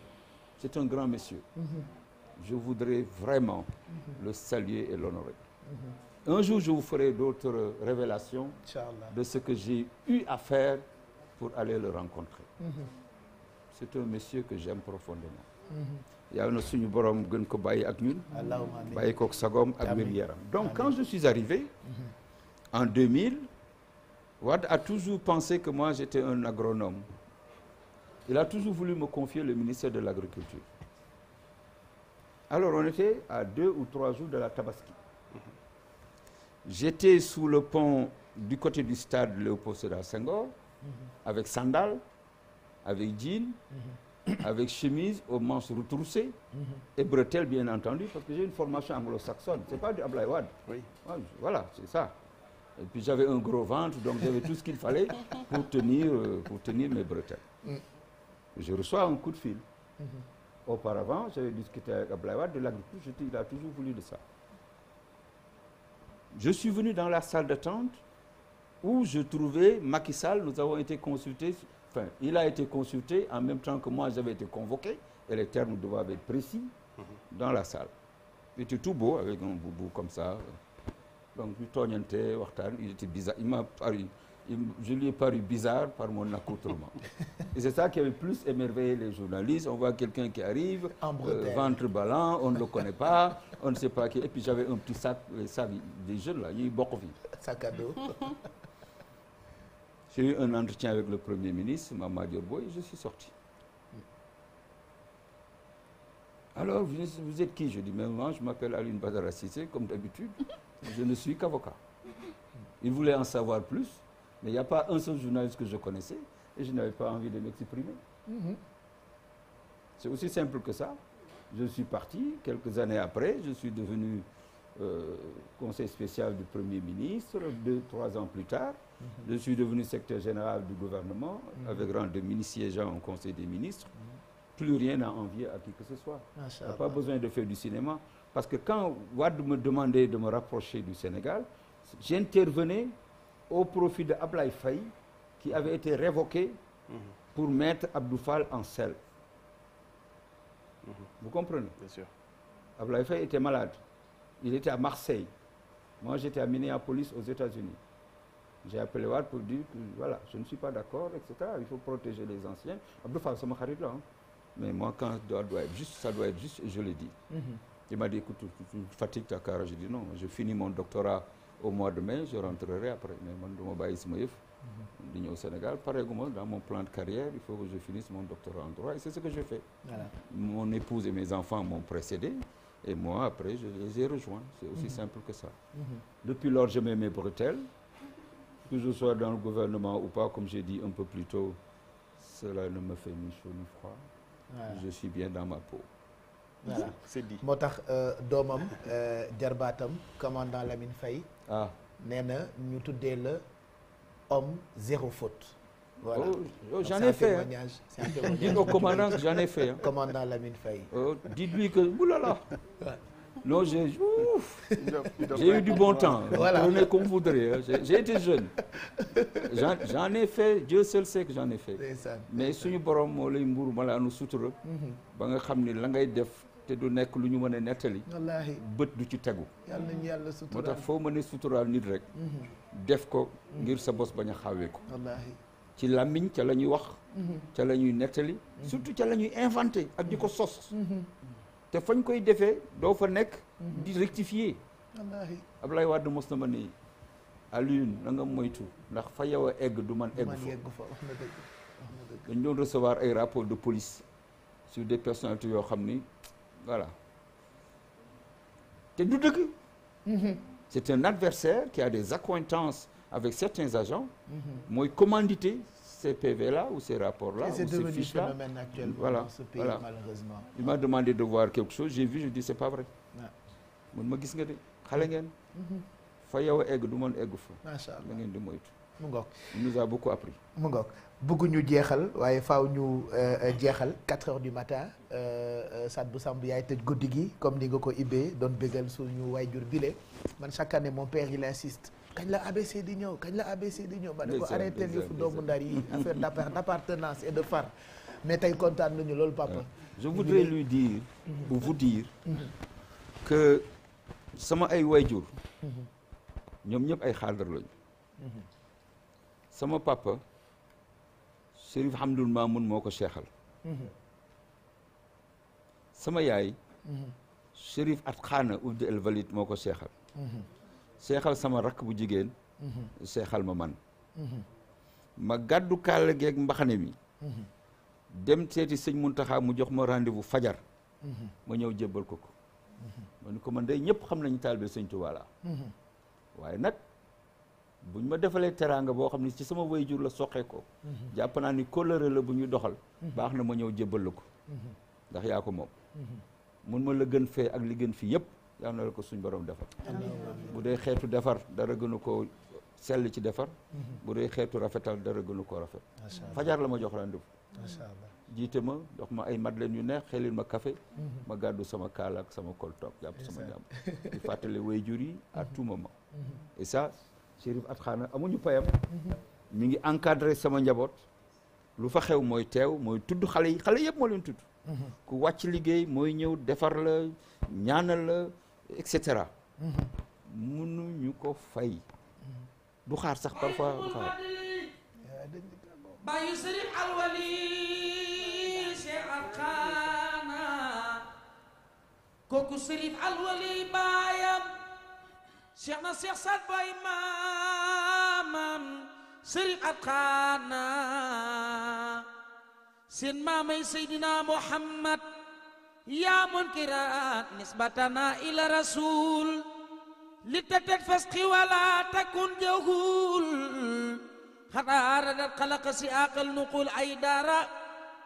c'est un grand monsieur mm-hmm. je voudrais vraiment mm-hmm. le saluer et l'honorer un jour je vous ferai d'autres euh, révélations de ce que j'ai eu à faire pour aller le rencontrer c'est un monsieur que j'aime profondément yàlla na suñu borom gën ko bàyyi ak ñun bàyyi kook sagoom ak wér yaram donc quand je suis arrivé mhm. en 2000 Wade a toujours pensé que moi j'étais un agronome il a toujours voulu me confier le ministère de l'agriculture alors on à deux ou trois jours de la Tabaski mhm. j'étais sous le pont du côté du stade Léopold Sédar mhm. avec sandales avec jeans avec chemise aux manches retroussées et bretelles bien entendu parce que j'ai une formation anglo-saxonne c'est pas du Ablaye Wade oui. voilà c'est ça et puis j'avais un gros ventre donc j'avais tout ce qu'il fallait pour tenir euh, pour tenir mes bretelles mm. je reçois un coup de fil mm-hmm. auparavant j'avais discuté avec Ablaye Wade de l'agriculture il a toujours voulu de ça je suis venu dans la salle d'attente où je trouvais Macky Sall nous avons été consultés Enfin, il a été consulté en même temps que moi, j'avais été convoqué, et les termes devaient être précis mm -hmm. dans la salle. Il était tout beau, avec un boubou comme ça. Donc, il était bizarre. Il m'a paru, il, je lui ai paru bizarre par mon accoutrement. et c'est ça qui avait plus émerveillé les journalistes. On voit quelqu'un qui arrive, en euh, ventre ballant, on ne le connaît pas, on ne sait pas qui. Et puis j'avais un petit sac, les euh, sacs des jeunes là, il y a eu beaucoup de Sac à dos. J'ai eu un entretien avec le Premier ministre, Mama Diorbo, et je suis sorti. Alors, vous, vous êtes qui Je dis, mais moi, je m'appelle Aline Badara Cissé, comme d'habitude. Je ne suis qu'avocat. Il voulait en savoir plus, mais il n'y a pas un seul journaliste que je connaissais, et je n'avais pas envie de m'exprimer. Mm -hmm. C'est aussi simple que ça. Je suis parti, quelques années après, je suis devenu euh, conseil spécial du Premier ministre, deux, trois ans plus tard. Je suis devenu secteur général du gouvernement, mhm. avec rang de ministre siégeant au Conseil des ministres. Plus rien à envier à qui que ce soit. Ah, Il n'y a pas besoin de faire du cinéma. Parce que quand Wad me demandait de me rapprocher du Sénégal, j'intervenais au profit de Ablaï Faye, qui avait été révoqué mhm. pour mettre Abdou Fall en selle. Mhm. Vous comprenez Bien sûr. Ablaï Faye était malade. Il était à Marseille. Moi, j'étais Minneapolis, aux États-Unis. j'ai appelé Wade pour dire que voilà je ne suis pas d'accord et cetera il faut protéger les anciens Abdou Fall sama xarit la mais moi quand ça doit être juste ça doit être juste et je le dis. Mm -hmm. il m'a dit écoute tu, tu, tu fatigues ta carrière je dis non je finis mon doctorat au mois de mai je rentrerai après mais man du ma bàyyi sama yëf. Mm-hmm. di ñëw Sénégal pareeguma dans mon plan de carrière il faut que je finisse mon doctorat en droit et c'est ce que je fais. Voilà. mon épouse et mes enfants m'ont précédé. et moi après je les ai rejoints c'est aussi mm -hmm. simple que ça. Mm -hmm. depuis lors je mets mes bretelles. que je sois dans le gouvernement ou pas, comme j'ai dit un peu plus tôt, cela ne me fait ni chaud froid. Je suis bien dans ma peau. voilà c'est dit moo tax euh, doomam euh, jarbaatam commandant Lamine Faye. ah nee na ñu tuddee la homme zéro faute. voilà oh, oh j'en ai fait c'est Lamine Faye. Oh, dites-lui que oulala. Non, j'ai eu du bon temps. Voilà. Prenez comme vous voudrez. J'ai été jeune. J'en ai fait, Dieu seul sait que j'en ai fait. Mais suñu borom moo lay mbuur ma laa nu sutura. Mhm. ba nga xam ne la ngay def te du nekk lu ñu mën a nettali. wallaahi bët du ci tegu. yàlla nañu yàlla suturaal moo tax foo mënee suturaal nit rek. Mhm. def ko mhm. ngir sa bos bañ a xawee ko. wallaahi ci làmmiñ ca la ñuy wax. ca la ñuy nettali. surtout ca la ñuy inventé ak di ko sos. te fañ koy defee doo fa nekk mhm. di rectifier wallaahi Ablaye Wade mos na ma ni Alioune na nga moytu ndax fa yow a egg du man egg fa dañ doon recevoir ay rapport de police sur des personnalités yoo xam ni voilà te du dëgg mhm. c'est un adversaire qui a des accointances avec certains agents mhm. mooy commandité ces PV-là ou ces rapports-là ou ces fiches-là. voilà, Il m'a demandé de voir quelque chose, j'ai vu, je dis c'est pas vrai. mun ma gis nga de xale ngeen. Mhm. fa yow egg du mën egg fa. macha allah la ngeen di moytu. mu ngoog nous a beaucoup appris. mu ngoog bëgguñu jeexal waaye faw ñu euh, euh, jeexal 4 heures du matin euh, Sadbou Samb yaay tëj guddi gi comme ni nga ko ibbee doon bégal suñu waayjur bile man chaque année mon père il insiste. kañ la ABC di ñëw kañ la ABC di ñëw. ma ne ko arrêté yëfu doomu ndar yi affaire d' et de far mais tey kontaan nañu loolu papa. je voudrais lui dire. pour mhm. vous dire. Mhm. que sama ay wayjur. Mhm. ñoom ñëpp ay xaadar lañu. sama papa Chérif Hamdoul Mamoun moo ko seexal. sama yaay. Chérif at xaana Ould El Valid moo ko seexal. seexal sama rakk bu jigéen mhm. seexal ma man mhm. ma gàddu kaala geeg mbaxane mi mhm. dem seeti sëñ Muntaxa mu jox ma rendez-vous fajar ma ñëw jébbal ko ko ma ni ko ma day ñëpp xam nañu taalibe sëñ Tuubaa la waaye nag buñ ma defalee teraanga boo xam ne ci sama waajur la soqee ko jàpp naa ni kóllëre la bu ñuy doxal baax na ma ñëw jébbal la ko ndax yaa ko moom mun ma la gën fee ak li gën fii yëpp yal na la ko suñ borom defar bu dee xeetu defar dara gënu koo sell ci defar bu dee xeetu rafetal dara gënu koo rafet fajar la ma jox rendez-vous macha jiite ma jox ma ay madeleine yu neex xelil ma café mhm. ma gàddu sama kaala ak sama kol toog jàpp sama jàmm yi à mhm. tout moment mhm. et ça Chérif Atkhana amuñu payam ngi encadré sama njaboot lu fa xew mooy teew mooy tudd xale yi xale yëpp moo leen tudd ku wàcc liggéey mooy ñëw defar la ñaanal la et cetera. mënuñu ko fay. du xaar sax parfois du xaar. bàyyi Sëriñ Alwali Cheikh Alkaana kooku Sëriñ Alwali baayam Cheikh na Cheikh Saad Baye maamam Sëriñ Alkaana seen maamay Seydina Muhammad يا منكرات نسبتنا إلى رسول لتتفسخ ولا تكن جهول خطا أردت خلق سياق النقول أي دار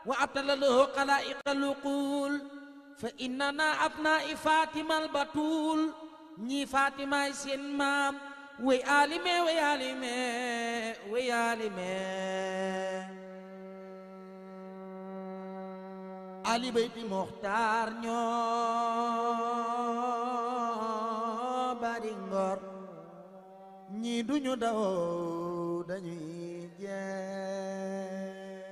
وأبطل له خلائق الوقول فإننا أبناء فاطمة البطول ñi Fatima ay seen maam way alime way alime way alime ali bayti muxtaar ñoo bari ngor ñii duñu daw dañuy jeex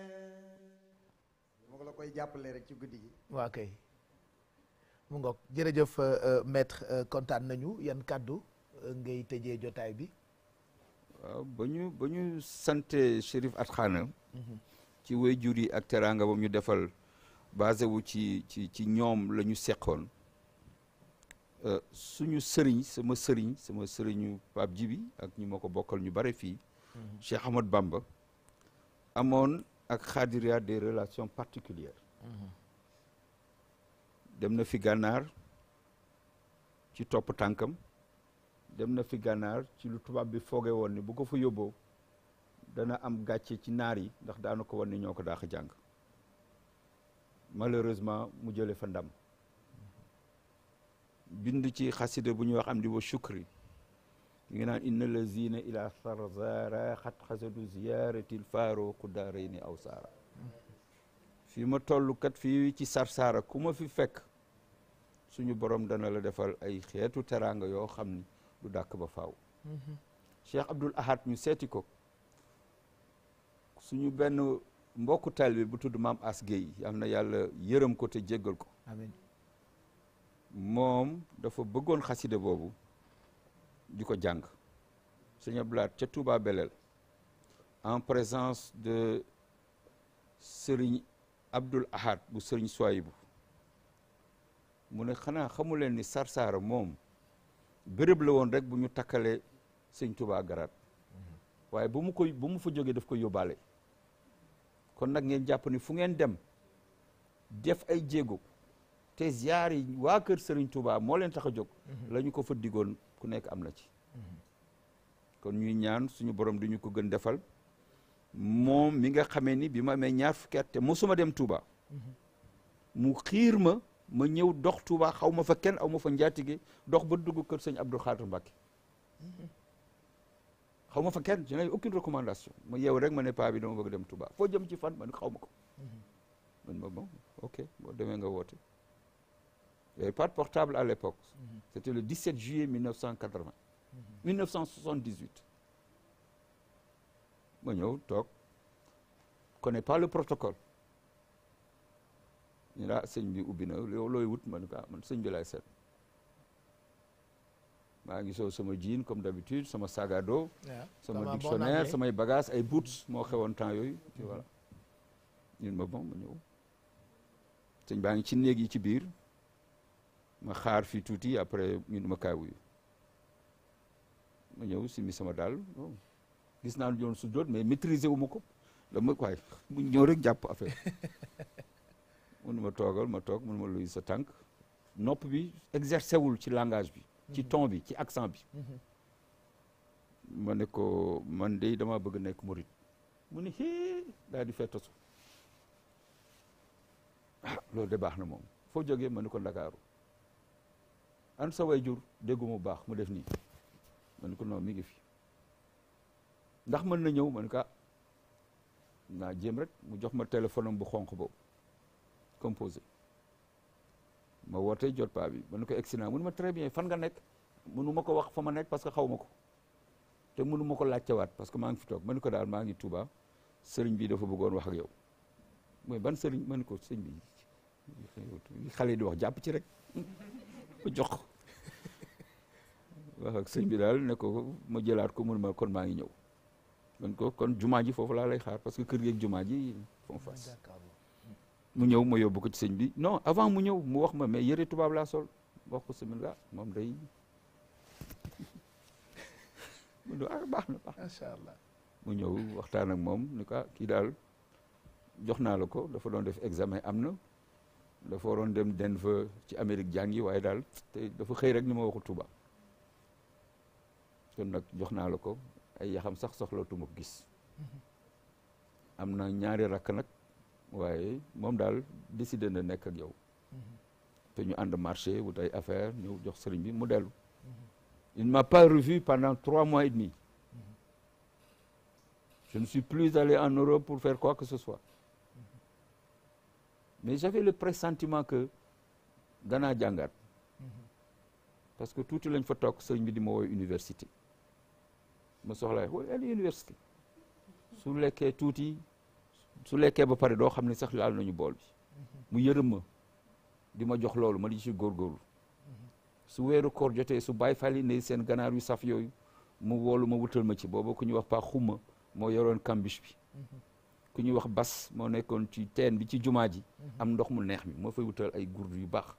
ma ko la koy jàppale rek ci guddi gi waa kay mu ngoog jërëjëf euh, euh, maître euh, kontaan nañu yan kàddu ngay tëjee jotaay bi waaw ba ñu ba ñu sante Chérif Atkhana mhm. ci wéy jur yi ak teraanga bam ñu defal basé wu ci ci ci ñoom la ñu seqoon euh, suñu sëriñ sama sëriñ sama sëriñu Pape Djibi ak ñi ma ko bokkal ñu bare fii mhm. Cheikh Ahmad Bamba amoon ak Khadira des relation particulier mhm. dem na fi gànnaar ci topp tànkam dem na fi gànnaar ci lu tubaab bi fooge woon ni bu ko fa yóbboo dana am gàcce ci naar yi ndax daana ko wan ni ñoo ko daax a jàng malheureusement mu jële fa ndam bind ci xasida bu ñu wax am di wa shukri li nga naan inna lazina ila sarzara xat xasadu ziyaratil faaruqu daarayni aw saara fii ma toll kat fii ci sarsaara ku ma fi fekk suñu borom dana la defal ay xeetu teraanga yoo xam ni du dàkk ba faaw mhm. Cheikh Abdoul Ahad mi seeti ko suñu benn mbokk mbokku bi bu tudd maam As Guèye yal na yàlla yërëm ko te jéggal ko amiin moom dafa bëggoon xaside boobu di ko jàng sëñ Abdoulaye ca Touba Belel en présence de Serigne Abdoul Ahad bu Serigne Soyibu mu ne xanaa xamu leen ni Sarsara moom béréb la woon rek bu ñu takkalee sëñ Touba Garaat mhm. waaye bu mu ko bu mu fa jógee daf ko yóbbaale kon nag ngeen jàpp ni fu ngeen dem def ay jéego te ziar yi waa kër sëriñ Touba moo leen tax a jóg. Mhm. lañu ko fa diggoon ku nekk am na ci. Mhm. kon ñuy ñaan suñu borom du ñu ko gën defal moom mi nga xamee ni bi ma amee ñaar fukki at te mosuma dem Touba. Mhm. mu xiir ma ma ñëw dox Touba xaw ma fa kenn aw ma fa njaatige dox ba dugg kër sëñ Abdou Khadre Mbacké. xaw ma fa kenn je n'ai aucune recommandation ma yeew rek ma ne paa bi dama bëgg dem Touba foo jëm ci fan man xaw ma ko mhm. man ma bon ok boo demee nga woote il y avait pas de portable à l'époque mhm. c'était le 17 juillet 1980 mhm. ma ñëw toog connais pas le protocole ñu la sëñ bi ubbi na yow looy wut man ka ah, man sëñ bi laay seet maa ngi sol sama jean comme d'habitude sama sac à dos sama dictionnaire samay bagage ay boots moo xewoon temps yooyu voilà ñun ma bon ma ñëw ngi ci néeg ci biir ma xaar fii tuuti après ñun ma kaay ma ñëw si mi sama daal gis naa joon su jot mais maîtriser wu ma ko dama waaye mu ñëw rek jàpp affaire mun ma toogal ma toog mun ma luy sa tànk nopp bi exercé ci langage bi ci ton bi ci accent bi mhm. ma ne ko man de dama bëgg nekk murit mu ne hee daal di fettosu ah loolu de baax na moom foo jógee ma ne ko ndakaaru an sa way jur déggu mu baax mu def nii ma ko non mi ngi fi ndax mën na ñëw ma ka ko ah rek mu jox ma téléphone bu xonq boobu composé ma wootee jot paa bi ma ne ko accident mu ne ma très bien fan nga nekk mënu ma ko wax fa ma nekk parce que xaw ma ko te mënu ma ko waat parce que maa ngi fi toog ma ko daal maa ngi Touba bi dafa bëggoon wax ak yow mooy ban sëriñ ma ne ko sëriñ bi xale di wax jàpp ci rek ko jox wax ak bi daal ne ko ma jëlaat ko mu ma kon maa ngi ñëw man ko kon jumaa ji foofu laa lay xaar parce que kër geek ak jumaa ji fon face mu ñëw ma yóbbu ko ci sëñ bi non avant mu ñëw mu wax ma mais yëre tubaab laa sol wax ko bismillah moom day mu ah, baax na mu ñëw waxtaan ak moom ni ko ah, kii daal jox naa la ko dafa doon def examen am na dafa waroon dem Denver ci Amérique jàngi waaye daal te dafa xëy rek ni ma waxu tuba kon nag jox naa la ko ay yaxam sax soxla tu ma gis mhm. am na ñaari rakk nag waaye moom daal décidé na nekk ak yow. Mhm. te ñu ànd marché wut ay affaire ñëw jox sëriñ bi mu dellu. Mhm. il ne m'a pas revu pendant trois mois et demi. Mhm. je ne suis plus allé en Europe pour fair quoi que ce soit. mais j'avais le pressentiment que danaa jàngaat. parce que tuuti lañ fa toog sëriñ bi di ma woo université. ma soxlaay wala université. su lekkee tuuti. su lekkee ba pare doo xam ne sax laal nañu bool bi mu yërëm ma di ma jox loolu ma di ci góorgóorlu su weeru koor jotee su bàyyi fali ne seen ganaar yu saf yooyu mu woolu ma wutal ma ci booba ku ñuy wax paa xuma moo yoroon kambish bi ku ñuy wax bas moo nekkoon ci teen bi ci jumaa ji am ndox mu neex mi moo fay wutal ay gurdu yu baax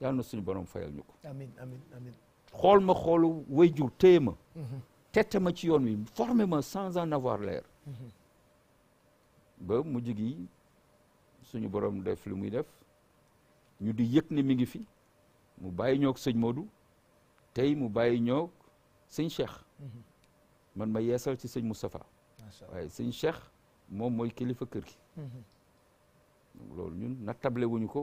yàlla na suñu borom fayal ñu ko amiin xool ma xoolu way jur téye ma tette ma ci yoon wi formé ma sans en avoir l'air ba mu mujj gi suñu borom def lu muy def ñu di yëg ne mi ngi fi mu bàyyi ñook sëñ Modou tey mu bàyyi ñoog sëñ Cheikh mhm. man ma yeesal ci sëñ Moustapha waaye sëñ Cheikh moom mooy kilifa kër gi mhm. loolu ñun nattable wuñu ko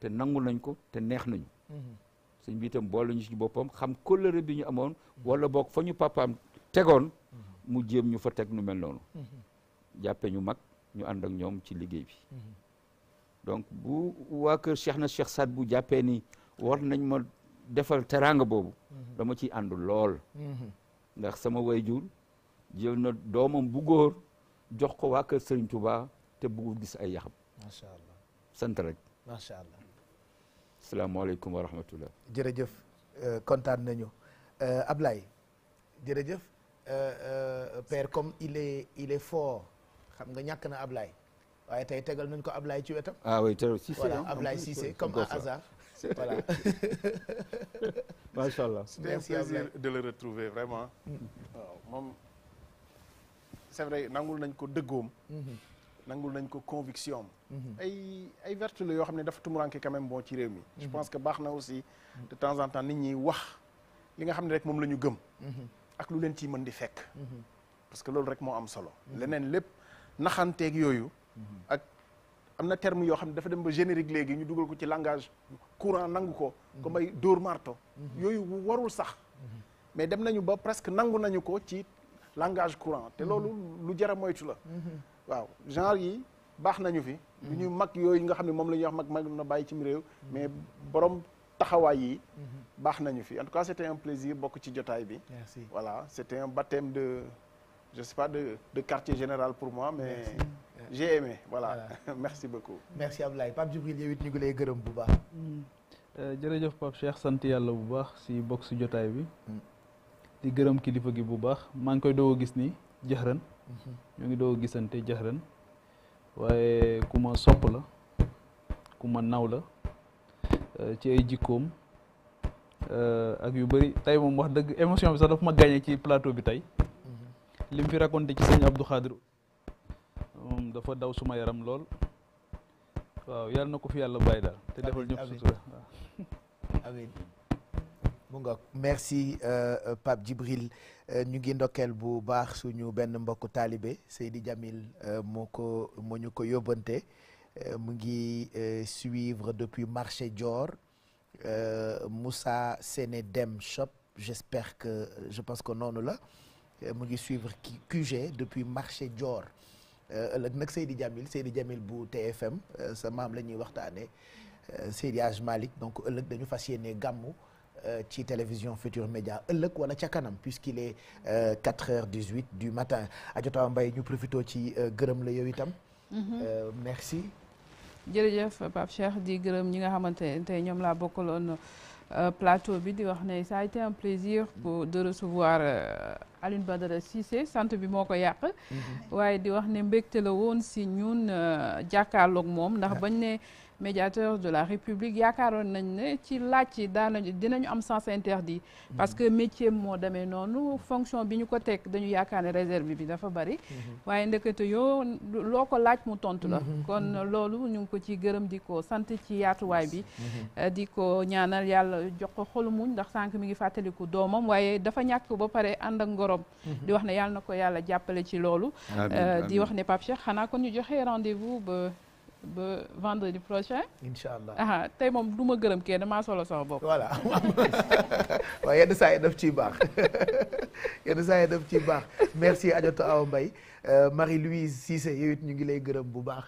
te nangu nañ ko te neex nañu mhm. sëñ bi itam boole ñu ci boppam xam kóllëre bi ñu amoon wala bokk fa ñu papaam tegoon mu jéem ñu fa teg nu mel noonu jàppe ñu mag ñu ànd ak ñoom ci liggéey bi mhm. donc bu waa kër Cheikh na Cheikh Saad bu jàppee ni war nañ ma defal teraanga boobu mhm. dama ciy ànd lool mhm. ndax sama jur jël na doomam bu góor jox ko waa kër Serigne Touba te bëggul gis ay yaxam macha allah sant rek macha allah salaamaaleykum wa jërëjëf euh, kontaan nañu euh, Ablaye jërëjëf euh, père comme il est il est fort xam nga ñàkk na Ablaye waaye tey tegal nañ ko Ablaye ci wetam. ah oui tegal Cissé voilà Ablaye Cissé comme un hasard voilà. macha allah merci plaisir de le vraiment. waaw mm-hmm. oh, moom c'est vrai nangul nañ ko dëggoom. Mm-hmm. nangul nañ ko conviction am. Mm-hmm. ay ay vertu la yoo xam ne dafa tumuranke quand même bon ci réew mi. je pense que baax na aussi de temps en temps nit ñi wax li nga xam ne rek moom la ñu gëm. ak lu leen ciy mën di fekk. parce que loolu rek moo am solo. leneen lépp. naxanteeg yooyu ak am na terme yoo xam ne dafa dem ba générique léegi ñu dugal ko ci langage courant nangu ko comme may dóor marto yooyu warul sax mais dem nañu ba presque nangu nañu ko ci langage courant te loolu lu jar moytu la waaw genre yi baax nañu fi lu ñuy mag yooyu nga xam ne moom la ñuy wax mag mag na bàyyi ci réew mais borom taxawaay yi baax nañu fi en tout cas c'était un plaisir bokk ci jotaay bi voilà c'était un baptême je de de général pour moi mais merci. merci beaucoup merci Abdoulaye Pape Djibril yow it ñu ngi lay gërëm bu baax mm. euh, jërëjëf Pape Cheikh sant yàlla bu baax si bokk si jotaay bi mm. di gërëm kilifa gi bu baax maa ngi koy doo gis ni jaxran mm-hmm. ñoo ngi doo gisante jaxran waaye ku ma sopp la ku naw la euh, ci ay jikkoom euh, ak yu bari tey moom wax dëgg émotion bi sax dafa ma gagné ci plateau bi tey li mu fi raconté ci sëñ Abdou Khadre dafa daw suma yaram lool waaw yàlla na ko fi yàlla bàyyi daal te defal ñëpp sutura amiin mu nga merci euh, euh, Pape Djibril euh, ñu ngi ndokkeel bu baax suñu benn mbokku taalibe Seydi Jamil euh, moo ko moo ñu ko yóbbante mu ngi suivre depuis marché joor euh, Moussa Dem Shop j'espère que je pense que noonu la Euh, mu ngi suivre QG depuis marché Dior euh, ëllëg nag Seydi Djamil Seydi Djamil bu TFM euh, sa maam la ñuy waxtaanee Seydi Hadj Malick donc ëllëg dañu fas yéenee gàmmu ci télévision Futur Média ëllëg wala ca kanam puisqu'il est 4 heures 18 du matin Adjata Mbaye ñu profité ci gërëm la yow itam. Mhm. merci. jërëjëf Pape Cheikh di gërëm ñi nga xamante ne ñoom laa bokkaloon. Euh, plateau bi di wax na ça a été un plaisir pour de recevoir euh, Alioune Badara Cissé sant bi moo ko yàq mhm. waaye di wax ne mbégte la woon si ñun euh, jàkkaarloog moom ndax bañ ne médiateur de la République yaakaaroon nañ ne ci laaj yi daanañu dinañu am sens interdit mhm. parce que métier moo demee noonu fonction bi ñu ko teg dañu yaakaar ne réserve bi dafa bari mhm. waaye ndekete yoo loo ko laaj mu tontu la mhm. kon loolu ñu ngi ko ci gërëm di ko sant ci yaatuwaay bi eh, di ko ñaanal yàlla jox ko xolu muñ ndax sànq mi ngi fàttaliku doomam waaye dafa ñàkk ba pare ànd ak ngorom di wax ne yàlla na ko yàlla jàppale ci loolu eh, di wax ne Pape Cheikh ba vendredi prochain. incha allah aha tey moom du ma gërëm kenn maa solo sama bopp. voilà waaw yenn saa yi daf ciy baax yenn saa yi daf ciy baax merci Adjatou aw mbay euh, Marie-Louise Cissé yow it ñu ngi lay gërëm bu baax.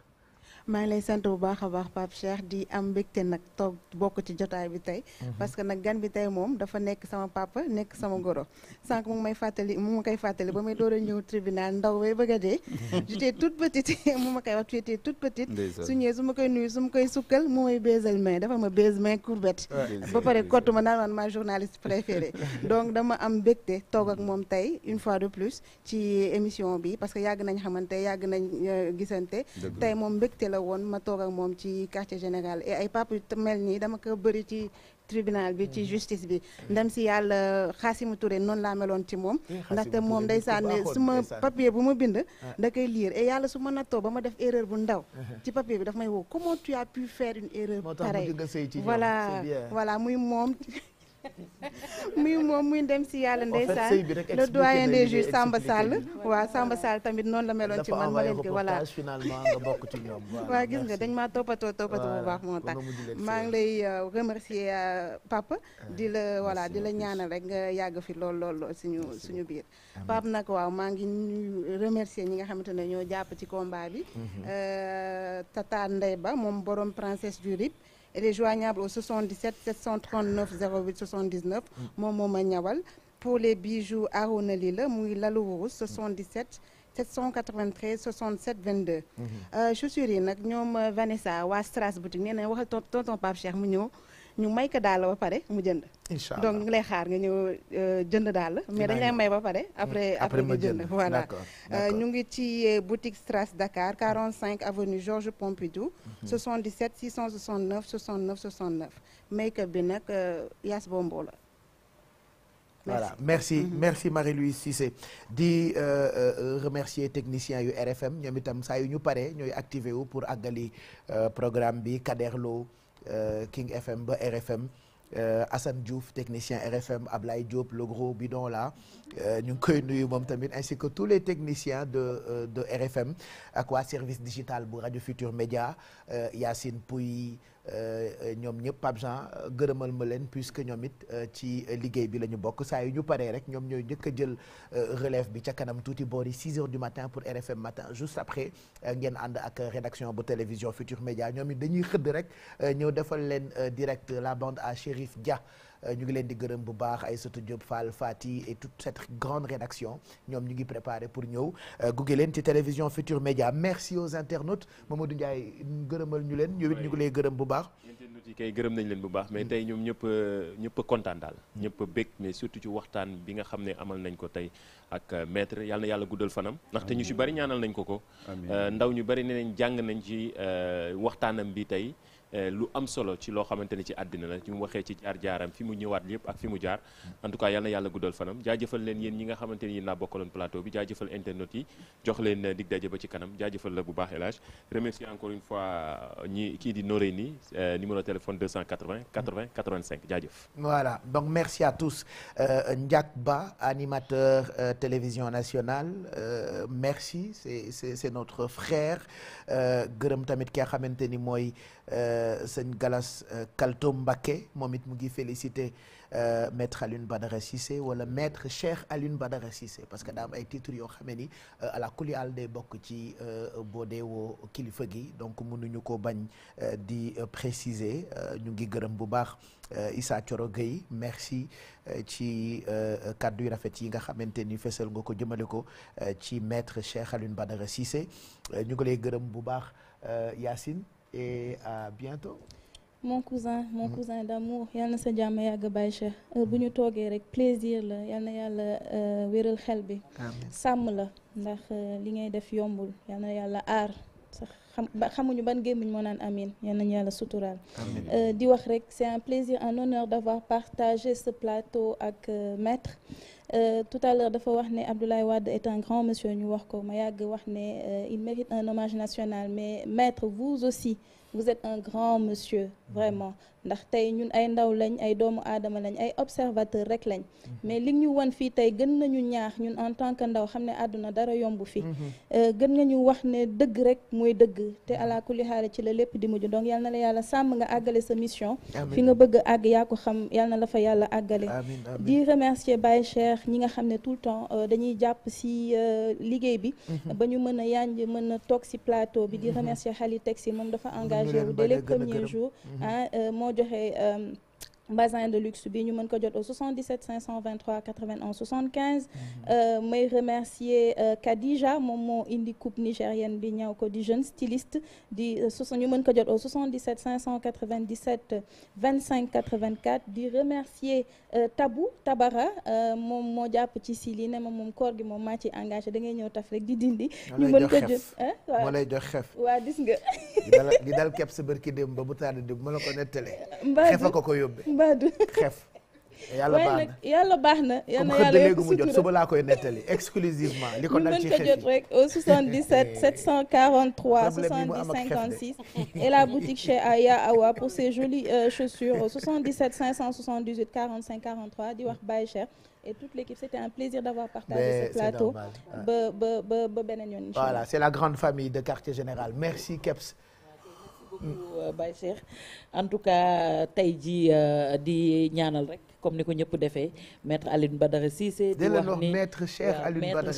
maa ngi lay sant bu baax a baax Pape Cheikh di am mbégte nag toog bokk ci jotaay bi tey. Mhm. parce que nag gan bi tey moom dafa nekk sama papa nekk sama goro sànq mu ngi may fàttali mu ma koy fàttali ba may door a ñëw tribunal ndaw bay bëgg a dee. Mhm. j'étais toute petite mu ma koy wax j'étais toute petite. su ñëwee su ma koy nuyu su ma koy sukkal mu may baisal main dafa ma baise main courbette. ba pare kottu ma naan man ma journaliste préférée donc dama am mbégte toog ak moom tey une fois de plus ci émission bi parce que yàgg nañ xamante yàgg nañ euh, gisante. tey moom mbégte la la woon ma toog ak moom ci quartier général et ay papa mel nii dama ko bëri ci tribunal bi ci mhm. justice bi ndem si yàlla Xaasimu Touré noonu laa meloon ci moom ndaxte moom ndeysaan su ma papier bu ma bind ah. da kay liir et yàlla su ma nattoo ba ma def erreur bu ndaw ah. ci papier bi daf may woo comment tu as pu faire une erreur pareille voilà voilà muy moom muy moom muy dem si yàlla ndeysaan le doyen des juges Samba Sall waaw Samba Sall tamit noonu la meloon ci man ma leen ko voilà finalement gis nga dañ ma toppatoo toppatoo bu baax moo tax maa ngi lay euh, remercier euh, Pape ah, di la voilà di la ñaanal rek nga yàgg fi lool lool suñu suñu biir Pape nag waaw maa ngi remercier ñi nga xamante ne ñoo jàpp ci combat bi mm-hmm. euh, Tata Ndey Ba moom borom princesse du elle est joignable au 77 739 08 79 moom moo ma ñawal pour les bijoux Arona Ly la muy lalu wurus 77 793 67 22 chaussures yi nag ñoom euh, Vanessa waa Stras boutique nee na waxal tonton Pape Cheikh mu ñëw ñu may ko daal ba pare mu jënd inchallah donc ñu ngi lay xaar nga ñëw euh, jënd daal mais dañ lay may ba pare après après nga jënd voilà euh, ñu ngi ci euh, boutique Strass Dakar 45 avenue Georges Pompidou 77 669 69 69 may ko bi nag Yaas Bombo la Merci. Voilà, merci, mm -hmm. merci Marie-Louise Cissé. Di euh, remercier technicien yu RFM, ñoom itam saa yu ñu paree ñooy activer wu pour àggali euh, programme bi Kader Lo Euh, King FM ba RFM euh, Assane Diouf technicien RFM Ablaye Diop le gros bidon là euh, ñu ngi koy nuyu moom tamit ainsi que tous les techniciens de de RFM ak waa service digital bu rajo Futur Média Yacine Pouy Euh, euh, ñoom ñëpp Pape Jean euh, gërëmal ma leen puisque ñoom it ci liggéey bi la ñu bokk saa yu ñu paree rek ñoom ñooy njëkk a jël relève bi ca kanam tuuti boori 6 heures du matin pour RFM matin juste après ngeen ànd ak rédaction bu télévision Futur Média ñoom it dañuy xëdd rek ñëw defal leen direct la bande à Chérif Dia. Euh, ñu ngi leen di gërëm bu baax Aïssatou Diop Fall Fati et toute cette grande rédaction ñoom ñu ngi préparé pour ñëw euh, gunge leen ci télévision future Média merci aux internautes du Ndiaye gërëmal ñu leen ñoom ñu ngi lay gërëm bu baax internautes yi kay gërëm nañ leen bu baax mais tey ñoom ñëpp ñëpp kontaan daal ñëpp a bég mais surtout ci waxtaan bi nga xam ne amal nañ ko tey ak euh, maître yàlla yàlla guddal fanam ndaxte ñu si bari ñaanal nañ ko ko ndaw ñu bari ne nañ jàng nañ ci waxtaanam bi tey Euh, lu am solo ci loo xamante ni ci àddina la ci mu waxee ci jaar-jaaram fi mu ñëwaat yëpp ak fi mu jaar en tout cas yal na yàlla guddal fanam jaajëfal leen yéen ñi nga xamante ni yéen naa bokkaloon plateau bi jaajëfal internet yi jox leen euh, dig daje ci kanam jaajëfal la bu baax El Hadj remercier encore une fois euh, ñi kii di noré ni numéro téléphone 280 80 85 jaajëf voilà donc merci à tous Ndiak Ba animateur télévision nationale merci c'est c'est c'est notre frère gërëm tamit ki nga xamante ni mooy sëñ Galas euh, Kaltoum Mbacké moom it mu ngi félicité euh, maître Alioune Badara Cissé wala maitre Cheikh Alioune Badara Cissé parce que daam ay titres yoo xamee ni euh, ala kulli àll de bokk ci boo dee kilifa gi donc mënuñu ko bañ di préciser ñu ngi gërëm bu baax Issa Thioro Gueye merci ci kàddu yu rafet yi nga xamante ni fesal nga ko jëmale ko ci maître Cheikh Alioune Badara Cissé ñu ngi lay gërëm bu baax Yacine. et à bientôt. mon cousin mon mm -hmm. cousin yal na sa jàmm yàgg Baye Cheikh bu mm-hmm. ñu toogee rek plaisir la yal na yàlla euh, wéral xel bi. sàmm la ndax euh, li ngay def yombul yal na yàlla aar. sax xam xamuñu ban gémmiñ moo naan amiin yal nañu yàlla suturaal euh, di wax rek c'est un plaisir un honneur d'avoir partagé ce plateau ak euh, maître Euh, tout à l'heure dafa wax ne Abdoulaye Wade est un grand monsieur ñu wax ko ma yàgg wax ne euh, il mérite un hommage national mais maître vous aussi vous êtes un grand monsieur vraiment ndax tey ñun ay ndaw lañ ay doomu aadama lañ ay observateur rek lañ mhm. mais li ñu wan fii tey gën nañu ñaax ñun en tant que ndaw xam ne àdduna dara yomb fii mhm. euh, gën nga ñu wax ne dëgg rek mooy dëgg te alaa kulli xaal ci la lépp di mujj donc yal na la yàlla sàmm nga àggale sa mission fi nga bëgg àgg yaa ko xam yal na la fa yàlla àggale di remercier Baye Cheikh ñi nga xam ne tout le temps euh, dañuy jàpp si euh, liggéey bi mhm. ba ñu mën a yanj mën a toog si plateau bi di remercier Khali Taxi moom dafa engagé moo joxe euh, bazin de luxe bi ñu mën ko jot au 77 523 91 75 may remercier euh, Khadija moom moo indi coupe nigérienne bi ñaw ko di jeune styliste di euh, ñu mën ko jot au 77 597 25 84 di remercier Euh, Tabou Tabara euh, moom moo jàpp ci si lii ne ma moom koor gi moom maa ci engagé dangay ñëw taf rek di dindi. ñu mën ko jël waaw moo lay jox xef waaw gis nga. di dal kepp sa bërki dem ba bu tardé dugg ma la ko nettalee. mbaadu xefa ko ko yóbbee yàlla baax yàlla baax na yal na yàlla léegi mu jot suba laa koy nettali exclusivement ko jot rek au 77 743 70 56 et la boutique chez Aya Awa pour ses jolies euh, chaussures au 77 578 di wax Baye Cheikh et toute l'équipe un plaisir d'avoir partagé Mais plateau ba ba ba ba beneen yoon incha allah voilà la grande famille de quartier général merci Keps euh, Baye en tout cas tey ji euh, di ñaanal rek comme ni ko ñëpp defee maître Alioune Badara Cissé. di wax ni maître Cheikh Alioune Badara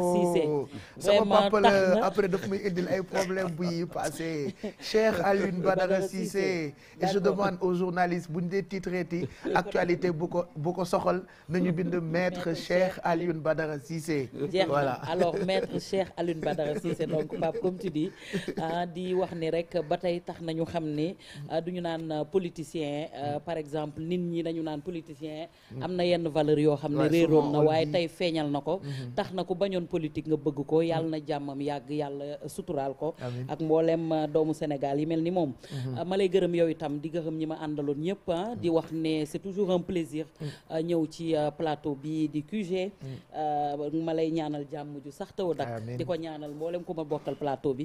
oh, Cissé maître Cheikh tax après daf muy indil ay problème bu yi passé Cheikh Alioune Badara Cissé. et je demande aux journalistes bu ñu dee titré actualité bu ko bu ko soxal nañu bind maître Cheikh Alioune Badara Cissé. voilà alors maître Cheikh Alioune Badara Cissé donc Pape comme tu dis ah, di wax ni rek ba tey tax nañu xam ne ah, du ñu naan politicien ah, par exemple nit ñi dañu naan politicien am na yenn valeur yoo xam ne réeroon na waaye tey feeñal na ko mm-hmm. tax na ku bañoon politique nga bëgg ko yàlla na jàmmam yàgg yàlla suturaal ko ak mbooleem euh, doomu Sénégal yi mel ni moom mm-hmm. euh, ma lay gërëm yow itam di gërëm ñi ma àndaloon ñëpp ah, di mm-hmm. wax ne c'est toujours un plaisir mm. euh, ñëw ci plateau bi di QG mm. ma lay ñaanal jàmm ju sax taw dak di ko ñaanal mboolem ku ma bokkal plateau bi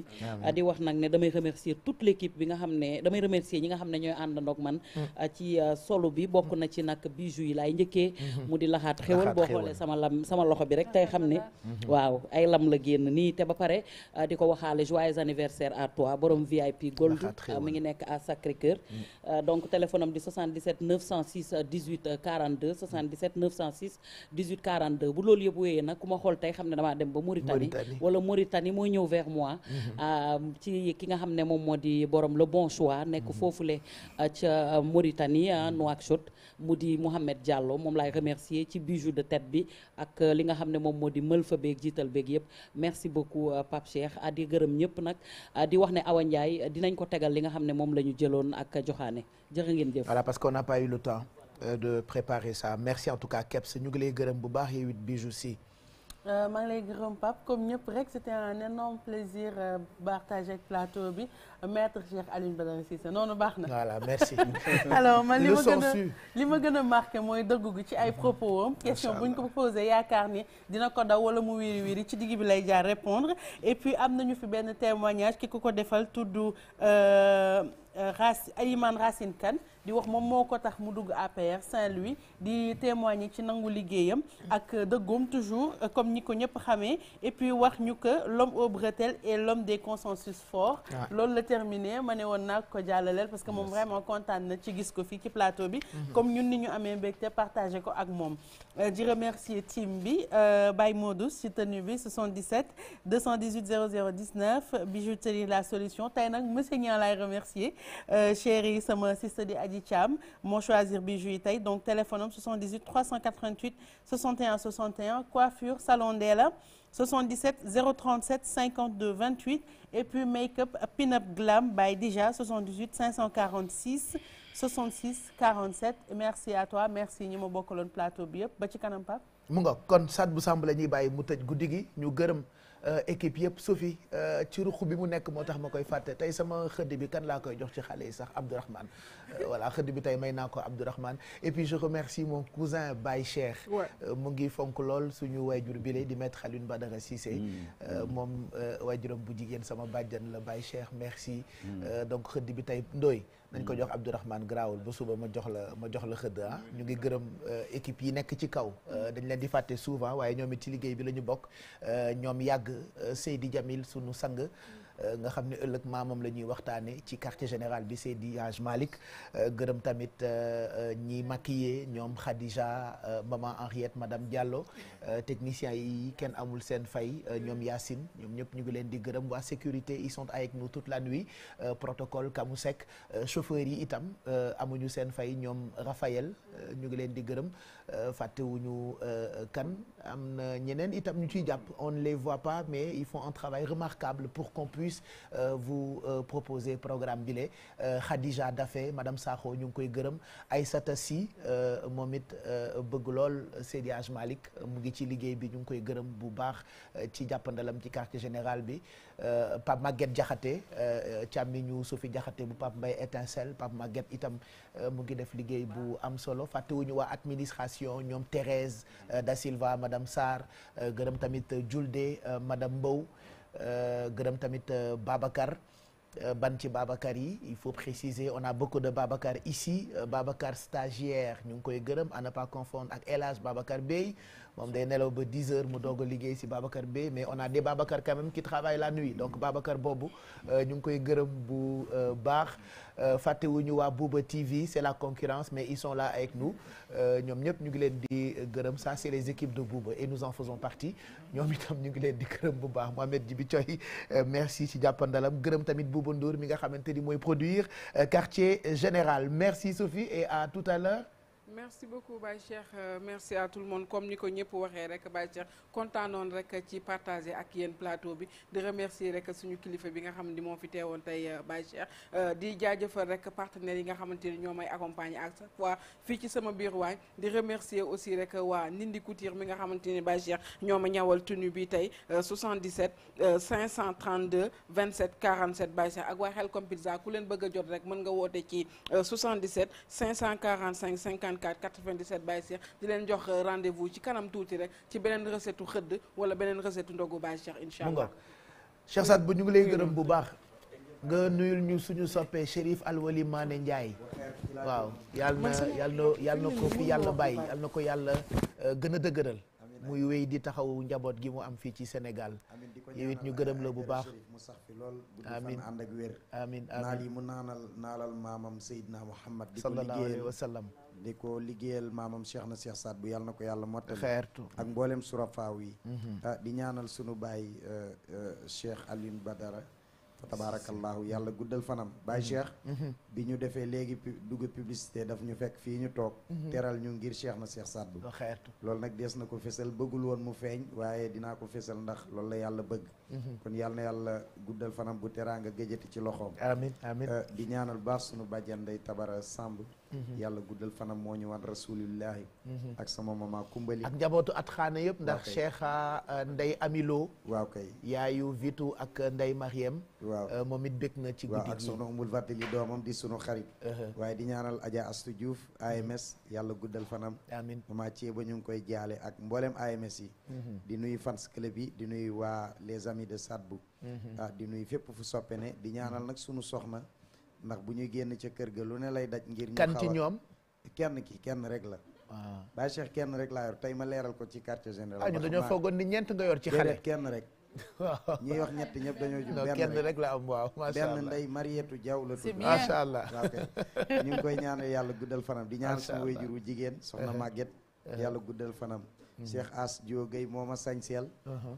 di wax nag ne damay remercier toute l'équipe bi nga xam ne damay remercier ñi nga xam ne ñooy àndandoog man mm. ci solo bi bokk na ci nag bijou yi laay njëkkee mhm. mu di laxaat xewal boo xoolee sama lam sama loxo bi rek tey xam ne mhm. waaw ay lam la génn nii te ba pare ah, di ko waxaale joyeux anniversaire à toi VIP gold ah, mu ngi nekk à Sacré Cœur mm. ah, donc téléphone di 77 906 18 42 77 906 18 42 bu loolu yëpp wéyee nag ku ma xool tey xam ne damaa dem ba Mauritanie wala Mauritanie mooy ñëw vers moi mhm. ci ki nga xam ne moom moo di borom le bon choix nekk foofule ca Mauritanie Nouakchott haute mu di Mouhamed Diallo moom laay remercier ci bijou de tête bi ak euh, li nga xam ne moom moo di mël fa beeg jiital beeg yëpp merci beaucoup euh, pap Cheikh di gërëm ñëpp nag di wax ne Awa Ndiaye dinañ ko tegal li nga xam ne moom la ñu jëloon ak joxaane jërë ngeen jëf. voilà parce qu'on n'a pas eu le temps euh, de préparer ça merci en tout cas Kebs ñu ngi lay gërëm bu baax yow bijou si. Euh, maa ngi lay gërëm Pape comme ñëpp rek c' était un énorme plaisir euh, partager ak plateau bi maitre Cheikh Alioune Badara Cissé noonu baax na. voilà merci. man li ma gën a li mooy dëggu gi ci ay mhm. propos am. question bu ñu ko posé yaakaar ni dina ko daw wala mu wiri wiri ci digg bi lay jaar répondre et puis am nañu fi benn témoignage ki ko ko defal tudd euh, Rac Elimane Racine Kane. di wax moom moo ko tax mu dugg APR Saint-Louis di témoigner ci nangu liggéeyam ak dëggoom toujours euh, comme ni ko ñëpp xamee et puis wax ñu que l'homme aux bretelles et l'homme des consensus forts ah. loolu la terminé ma ne woon naa ko jàllaleel parce que moom vraiment kontaan na ci gis ko fii ci plateau bi mhm. comme ñun ni ñu amee mbégte partagé ko ak moom euh, di remercier team bi euh, Baye Modou ci tenue bi 77 218 0019 bijouterie la solution tey nag monsieur Niang laay remercier chéri sama sista di aji Khady Thiam moo choisir bijoux yi tey donc téléphone am 78 388 61 61 coiffure salon Ndella 77 037 52 28 et puis make-up pin-up glam by Dija 78 546 66 47 merci à toi merci ñi ma bokkaloon plateau bi yëpp ba ci kanam Pape. mu nga kon Sadbou Samb la ñuy bàyyi mu tëj guddi gi ñu Euh, équipe yëpp Sophie euh, ci ruq bi mu nekk moo tax ma koy fàtte tey sama xëdd bi kan laa koy jox ci xale yi sax Abdourahmane euh, voilà xëdd bi tey may naa ko Abdourahmane et puis je moom mon cousin Baye mu ngi fonk lool suñu waajur bi lay di maître Alioune Badara Cissé mm. moom waajuram bu jigéen sama bàjjan la Baye Cheikh merci mm. donc xëdd bi tey Ndoye dañ ko jox Abdourahmane Grawul ba suba ma jox la ma jox la xëdd ah ñu ngi gërëm euh, équipe yi nekk ci kaw euh, dañ leen di fàtte souvent waaye ñoom it ci liggéey bi la ñu bokk euh, ñoom yàgg Seydi Jamil sunu sang nga xam ne ëllëg maamam la ñuy waxtaanee ci quartier général bi Seydi Hadj Malick euh, gërëm tamit euh, euh, ñi maquillé ñoom Khadija maman Henriette madame Diallo technicien yi kenn amul seen fay ñoom Yacine ñoom ñëpp ñu ngi leen di gërëm waa sécurité ils sont avec nous toute la nuit protocole Kamusek chauffeurs yi itam amuñu seen fay ñoom Raphaël ñu ngi leen di gërëm. Euh, fàttewuñu euh, kan am na ñeneen itam ñu ciy jàpp on ne les voit pas mais il font un travail remarquable pour qu'on puisse euh, vous proposer programme bi le Khadija Daffé madame Sakho ñu ngi koy gërëm Aïssata Sy moom it bëgg lool Seydi Hadj mu ngi ci liggéey bi ñu ngi koy gërëm bu baax ci jàppandalam ci quartier général bi Euh, Pape Maguette Diakhaté euh, càmmiñu Sophie Diakhaté bu Pape Mbaye étincelle Pape Maguette itam euh, mu ngi def liggéey bu am solo fàttewuñu waa administration ñoom Thérèse Da Silva madame Sarr gërëm tamit Julde madame Mbow gërëm tamit Babacar ban ci Babacar yi il faut préciser on a beaucoup de Babacar ici Babacar stagiaire ñu ngi koy gërëm à ne pas confondre ak El Hadj Babacar moom day nelaw ba 10 heures mu doog liggéey si Babacar Bey mais on a des Babacar quand même qui la nuit donc Babacar boobu euh, ñu ngi koy gërëm bu euh, baax euh, fàttewuñu waa Bouba TV c'est la concurrence mais ils sont là avec nous ñoom ñëpp ñu ngi leen di gërëm ça c'est les équipes de Bouba et nous en faisons partie ñoom itam ñu ngi leen di gërëm bu baax moo Mohamed Djibi Thioy merci ci jàppandalam gërëm tamit Bouba Ndour mi nga xamante ni mooy produire quartier général merci Sophie et à tout à l'heure merci beaucoup Baye Cheikh euh, merci à moom comme ni ko ñëpp waxee rek Baye Cheikh kontaanoon rek ci partager ak yéen plateau bi di remercier rek suñu kilifa bi nga xam ni moo fi teewoon tey euh, Baye Cheikh euh, di jaajëfal rek partenaires yi nga xamante ni ñoo may accompagner ak chaque fois fii ci sama biir waañ di remercier aussi rek waa Nindi Couture mi nga xamante ni Baye ñoo ma ñawal tuni bi tey 77 532 27 47 Baye Cheikh ak waa Xelcom Pizza ku leen bëgg a jot rek mën nga woote ci 77 545 50 24 97 Baye Cheikh di leen jox rendez-vous ci kanam tuuti rek ci beneen recette xëdd wala beneen recette ndogu Baye Cheikh incha allah Cheikh Saad bu ñu ngi lay gërëm bu baax nga nuyul ñu suñu soppee Chérif Alwali Mané Ndiaye waaw yal na yal na yal na ko fi yàlla bàyyi yal na ko yàlla euh, gën a dëgëral muy wéy di taxaw njaboot gi mu am fii ci Sénégal yow it ñu gërëm la euh, bu baax mu sax fi lool amiin ànd ak wér amiin amiin yi mu naanal naalal maamam Seydina Muhammad sallallahu alayhi wa sallam di ko liggéeyal maamam Cheikh na Cheikh Saad bu yàlla na ko yàlla mottali xeertu ak mboolem surafaaw yi mhm. ah, di ñaanal sunu baay eh, eh, Cheikh Alioune Badara fa tabaarakallaahu yàlla guddal fanam baay mhm. Cheikh mhm. bi ñu defee léegi dugg publicité daf ñu fekk fii ñu toog teral ñu ngir Cheikh na Cheikh Saad bu xeertu loolu nag dees na ko fesal bëggul woon mu feeñ waaye dinaa ko fesal ndax loolu la yàlla bëgg kon yàlla na yàlla guddal fanam bu teraanga gëjëti ci loxoom amiin eh, di ñaanal baax sunu bàjjan day Tabara Samb Mm-hmm. yàlla guddal fanam moo ñu wan rasulillahi mm-hmm. ak sama mama kumbali ak njabootu at xaana yëpp ndax cheikha euh, nday amilo waaw kay yaayu vitu ak nday mariem waaw euh, moom it bég na ci guddi ak soxna umul vattali doomam di sunu xarit uh-huh. waaye di ñaanal aja astu diouf uh-huh. ams yàlla guddal fanam amin mama ceeba ñu ngi koy jaale ak mboolem ams yi mm-hmm. di nuyu fans club yi di nuyu waa les de Sadbou ah di nuyu fépp fu soppe ne di ñaanal nag sunu soxna ndax bu ñuy génn ca kër ga lu ne lay daj ngir ñu kan ci ñoom kenn ki kenn rek la waaw ah. Baye kenn rek laa yor tey ma leeral ko ci quartier général ah ñu dañoo foogoon ni ñeent kenn rek waaw ñuy wax ñett ñëpp dañoo jub benn kenn rek la Jaw la tudd macha allah ñu ngi koy ñaanal yàlla guddal fanam di ñaan suñu wéyjur wu jigéen soxna uh-huh. Maguette uh-huh. yàlla guddal fanam uh-huh. Cheikh As Dio Gueye moo ma sañseel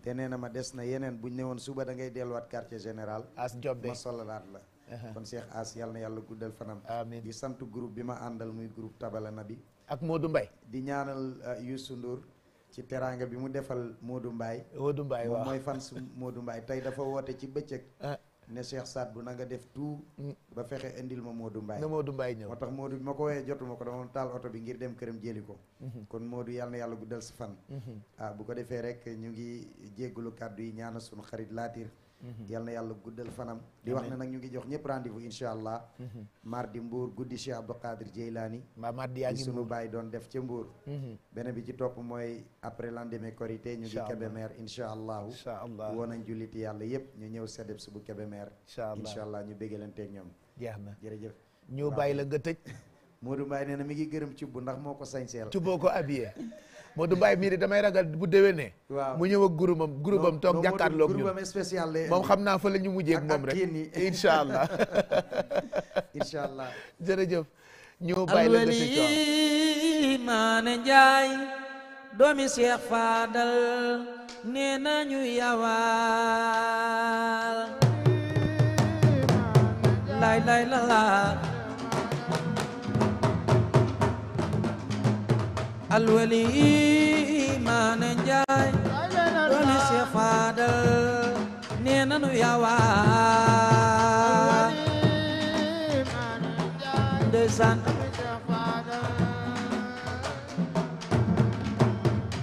te nee ma des na yeneen buñ ne suba da ngay delluwaat quartier général As Diop de ma solalaat la Uh-huh. kon Cheikh As yal na yàlla guddal fanam. di sant groupe bi ma àndal muy groupe Tabala Nabi. ak Modou Mbaye di ñaanal uh, Youssou Ndour ci teraanga bi mu defal Modou Mbaye. Modou Mbaye waaw fan su Modou Mbaye tey dafa woote ci bëccëg. Uh-huh. ne Cheikh Saad bu na nga def tout. Mm. ba fexe indil ma Modou Mbaye. na Modou Mbaye ñëw moo tax Modou bi ma ko woowee jotuma ko dama taal oto bi ngir dem këram jëli ko. Mm-hmm. kon Modou yàlla na yàlla guddal si fan. Mm-hmm. ah bu ko defee rek ñu ngi jéggalu kàddu yi ñaanal sunu xarit Latir. Mhm. yal na yàlla guddal fanam di wax ne nag ñu ngi jox ñëpp rendez-vous incha allah mhm. mardi mbuur guddi Cheikh Abdou Qadir Jeylaani mbaa bàyyi doon def ca mbuur mhm. beneen bi ci topp mooy après lendemain korité ñu ngi Kébémer incha allahu woo nañ julliti yàlla yëpp ñu ñëw seddeb subu Kébémer incha allah ñu béggalanteeg ñoom jeex na jërëjëf ñu bàyyi la nga tëj Modou Mbaye nee na mi ngi gërëm cubb ndax moo ko sañseel cubboo ko habillé Modou Mbaye mii di damay ragal bu déwénee waaw mu ñëw ak groupam toog jàkkaarloog ñun groupam moom xam naa fa la ñu mujjee ak moom rek incha allah incha allah jërëjëf ñëw alwali maane njaay doomi Cheikh Fadal nee nanu yawaa ndeysaan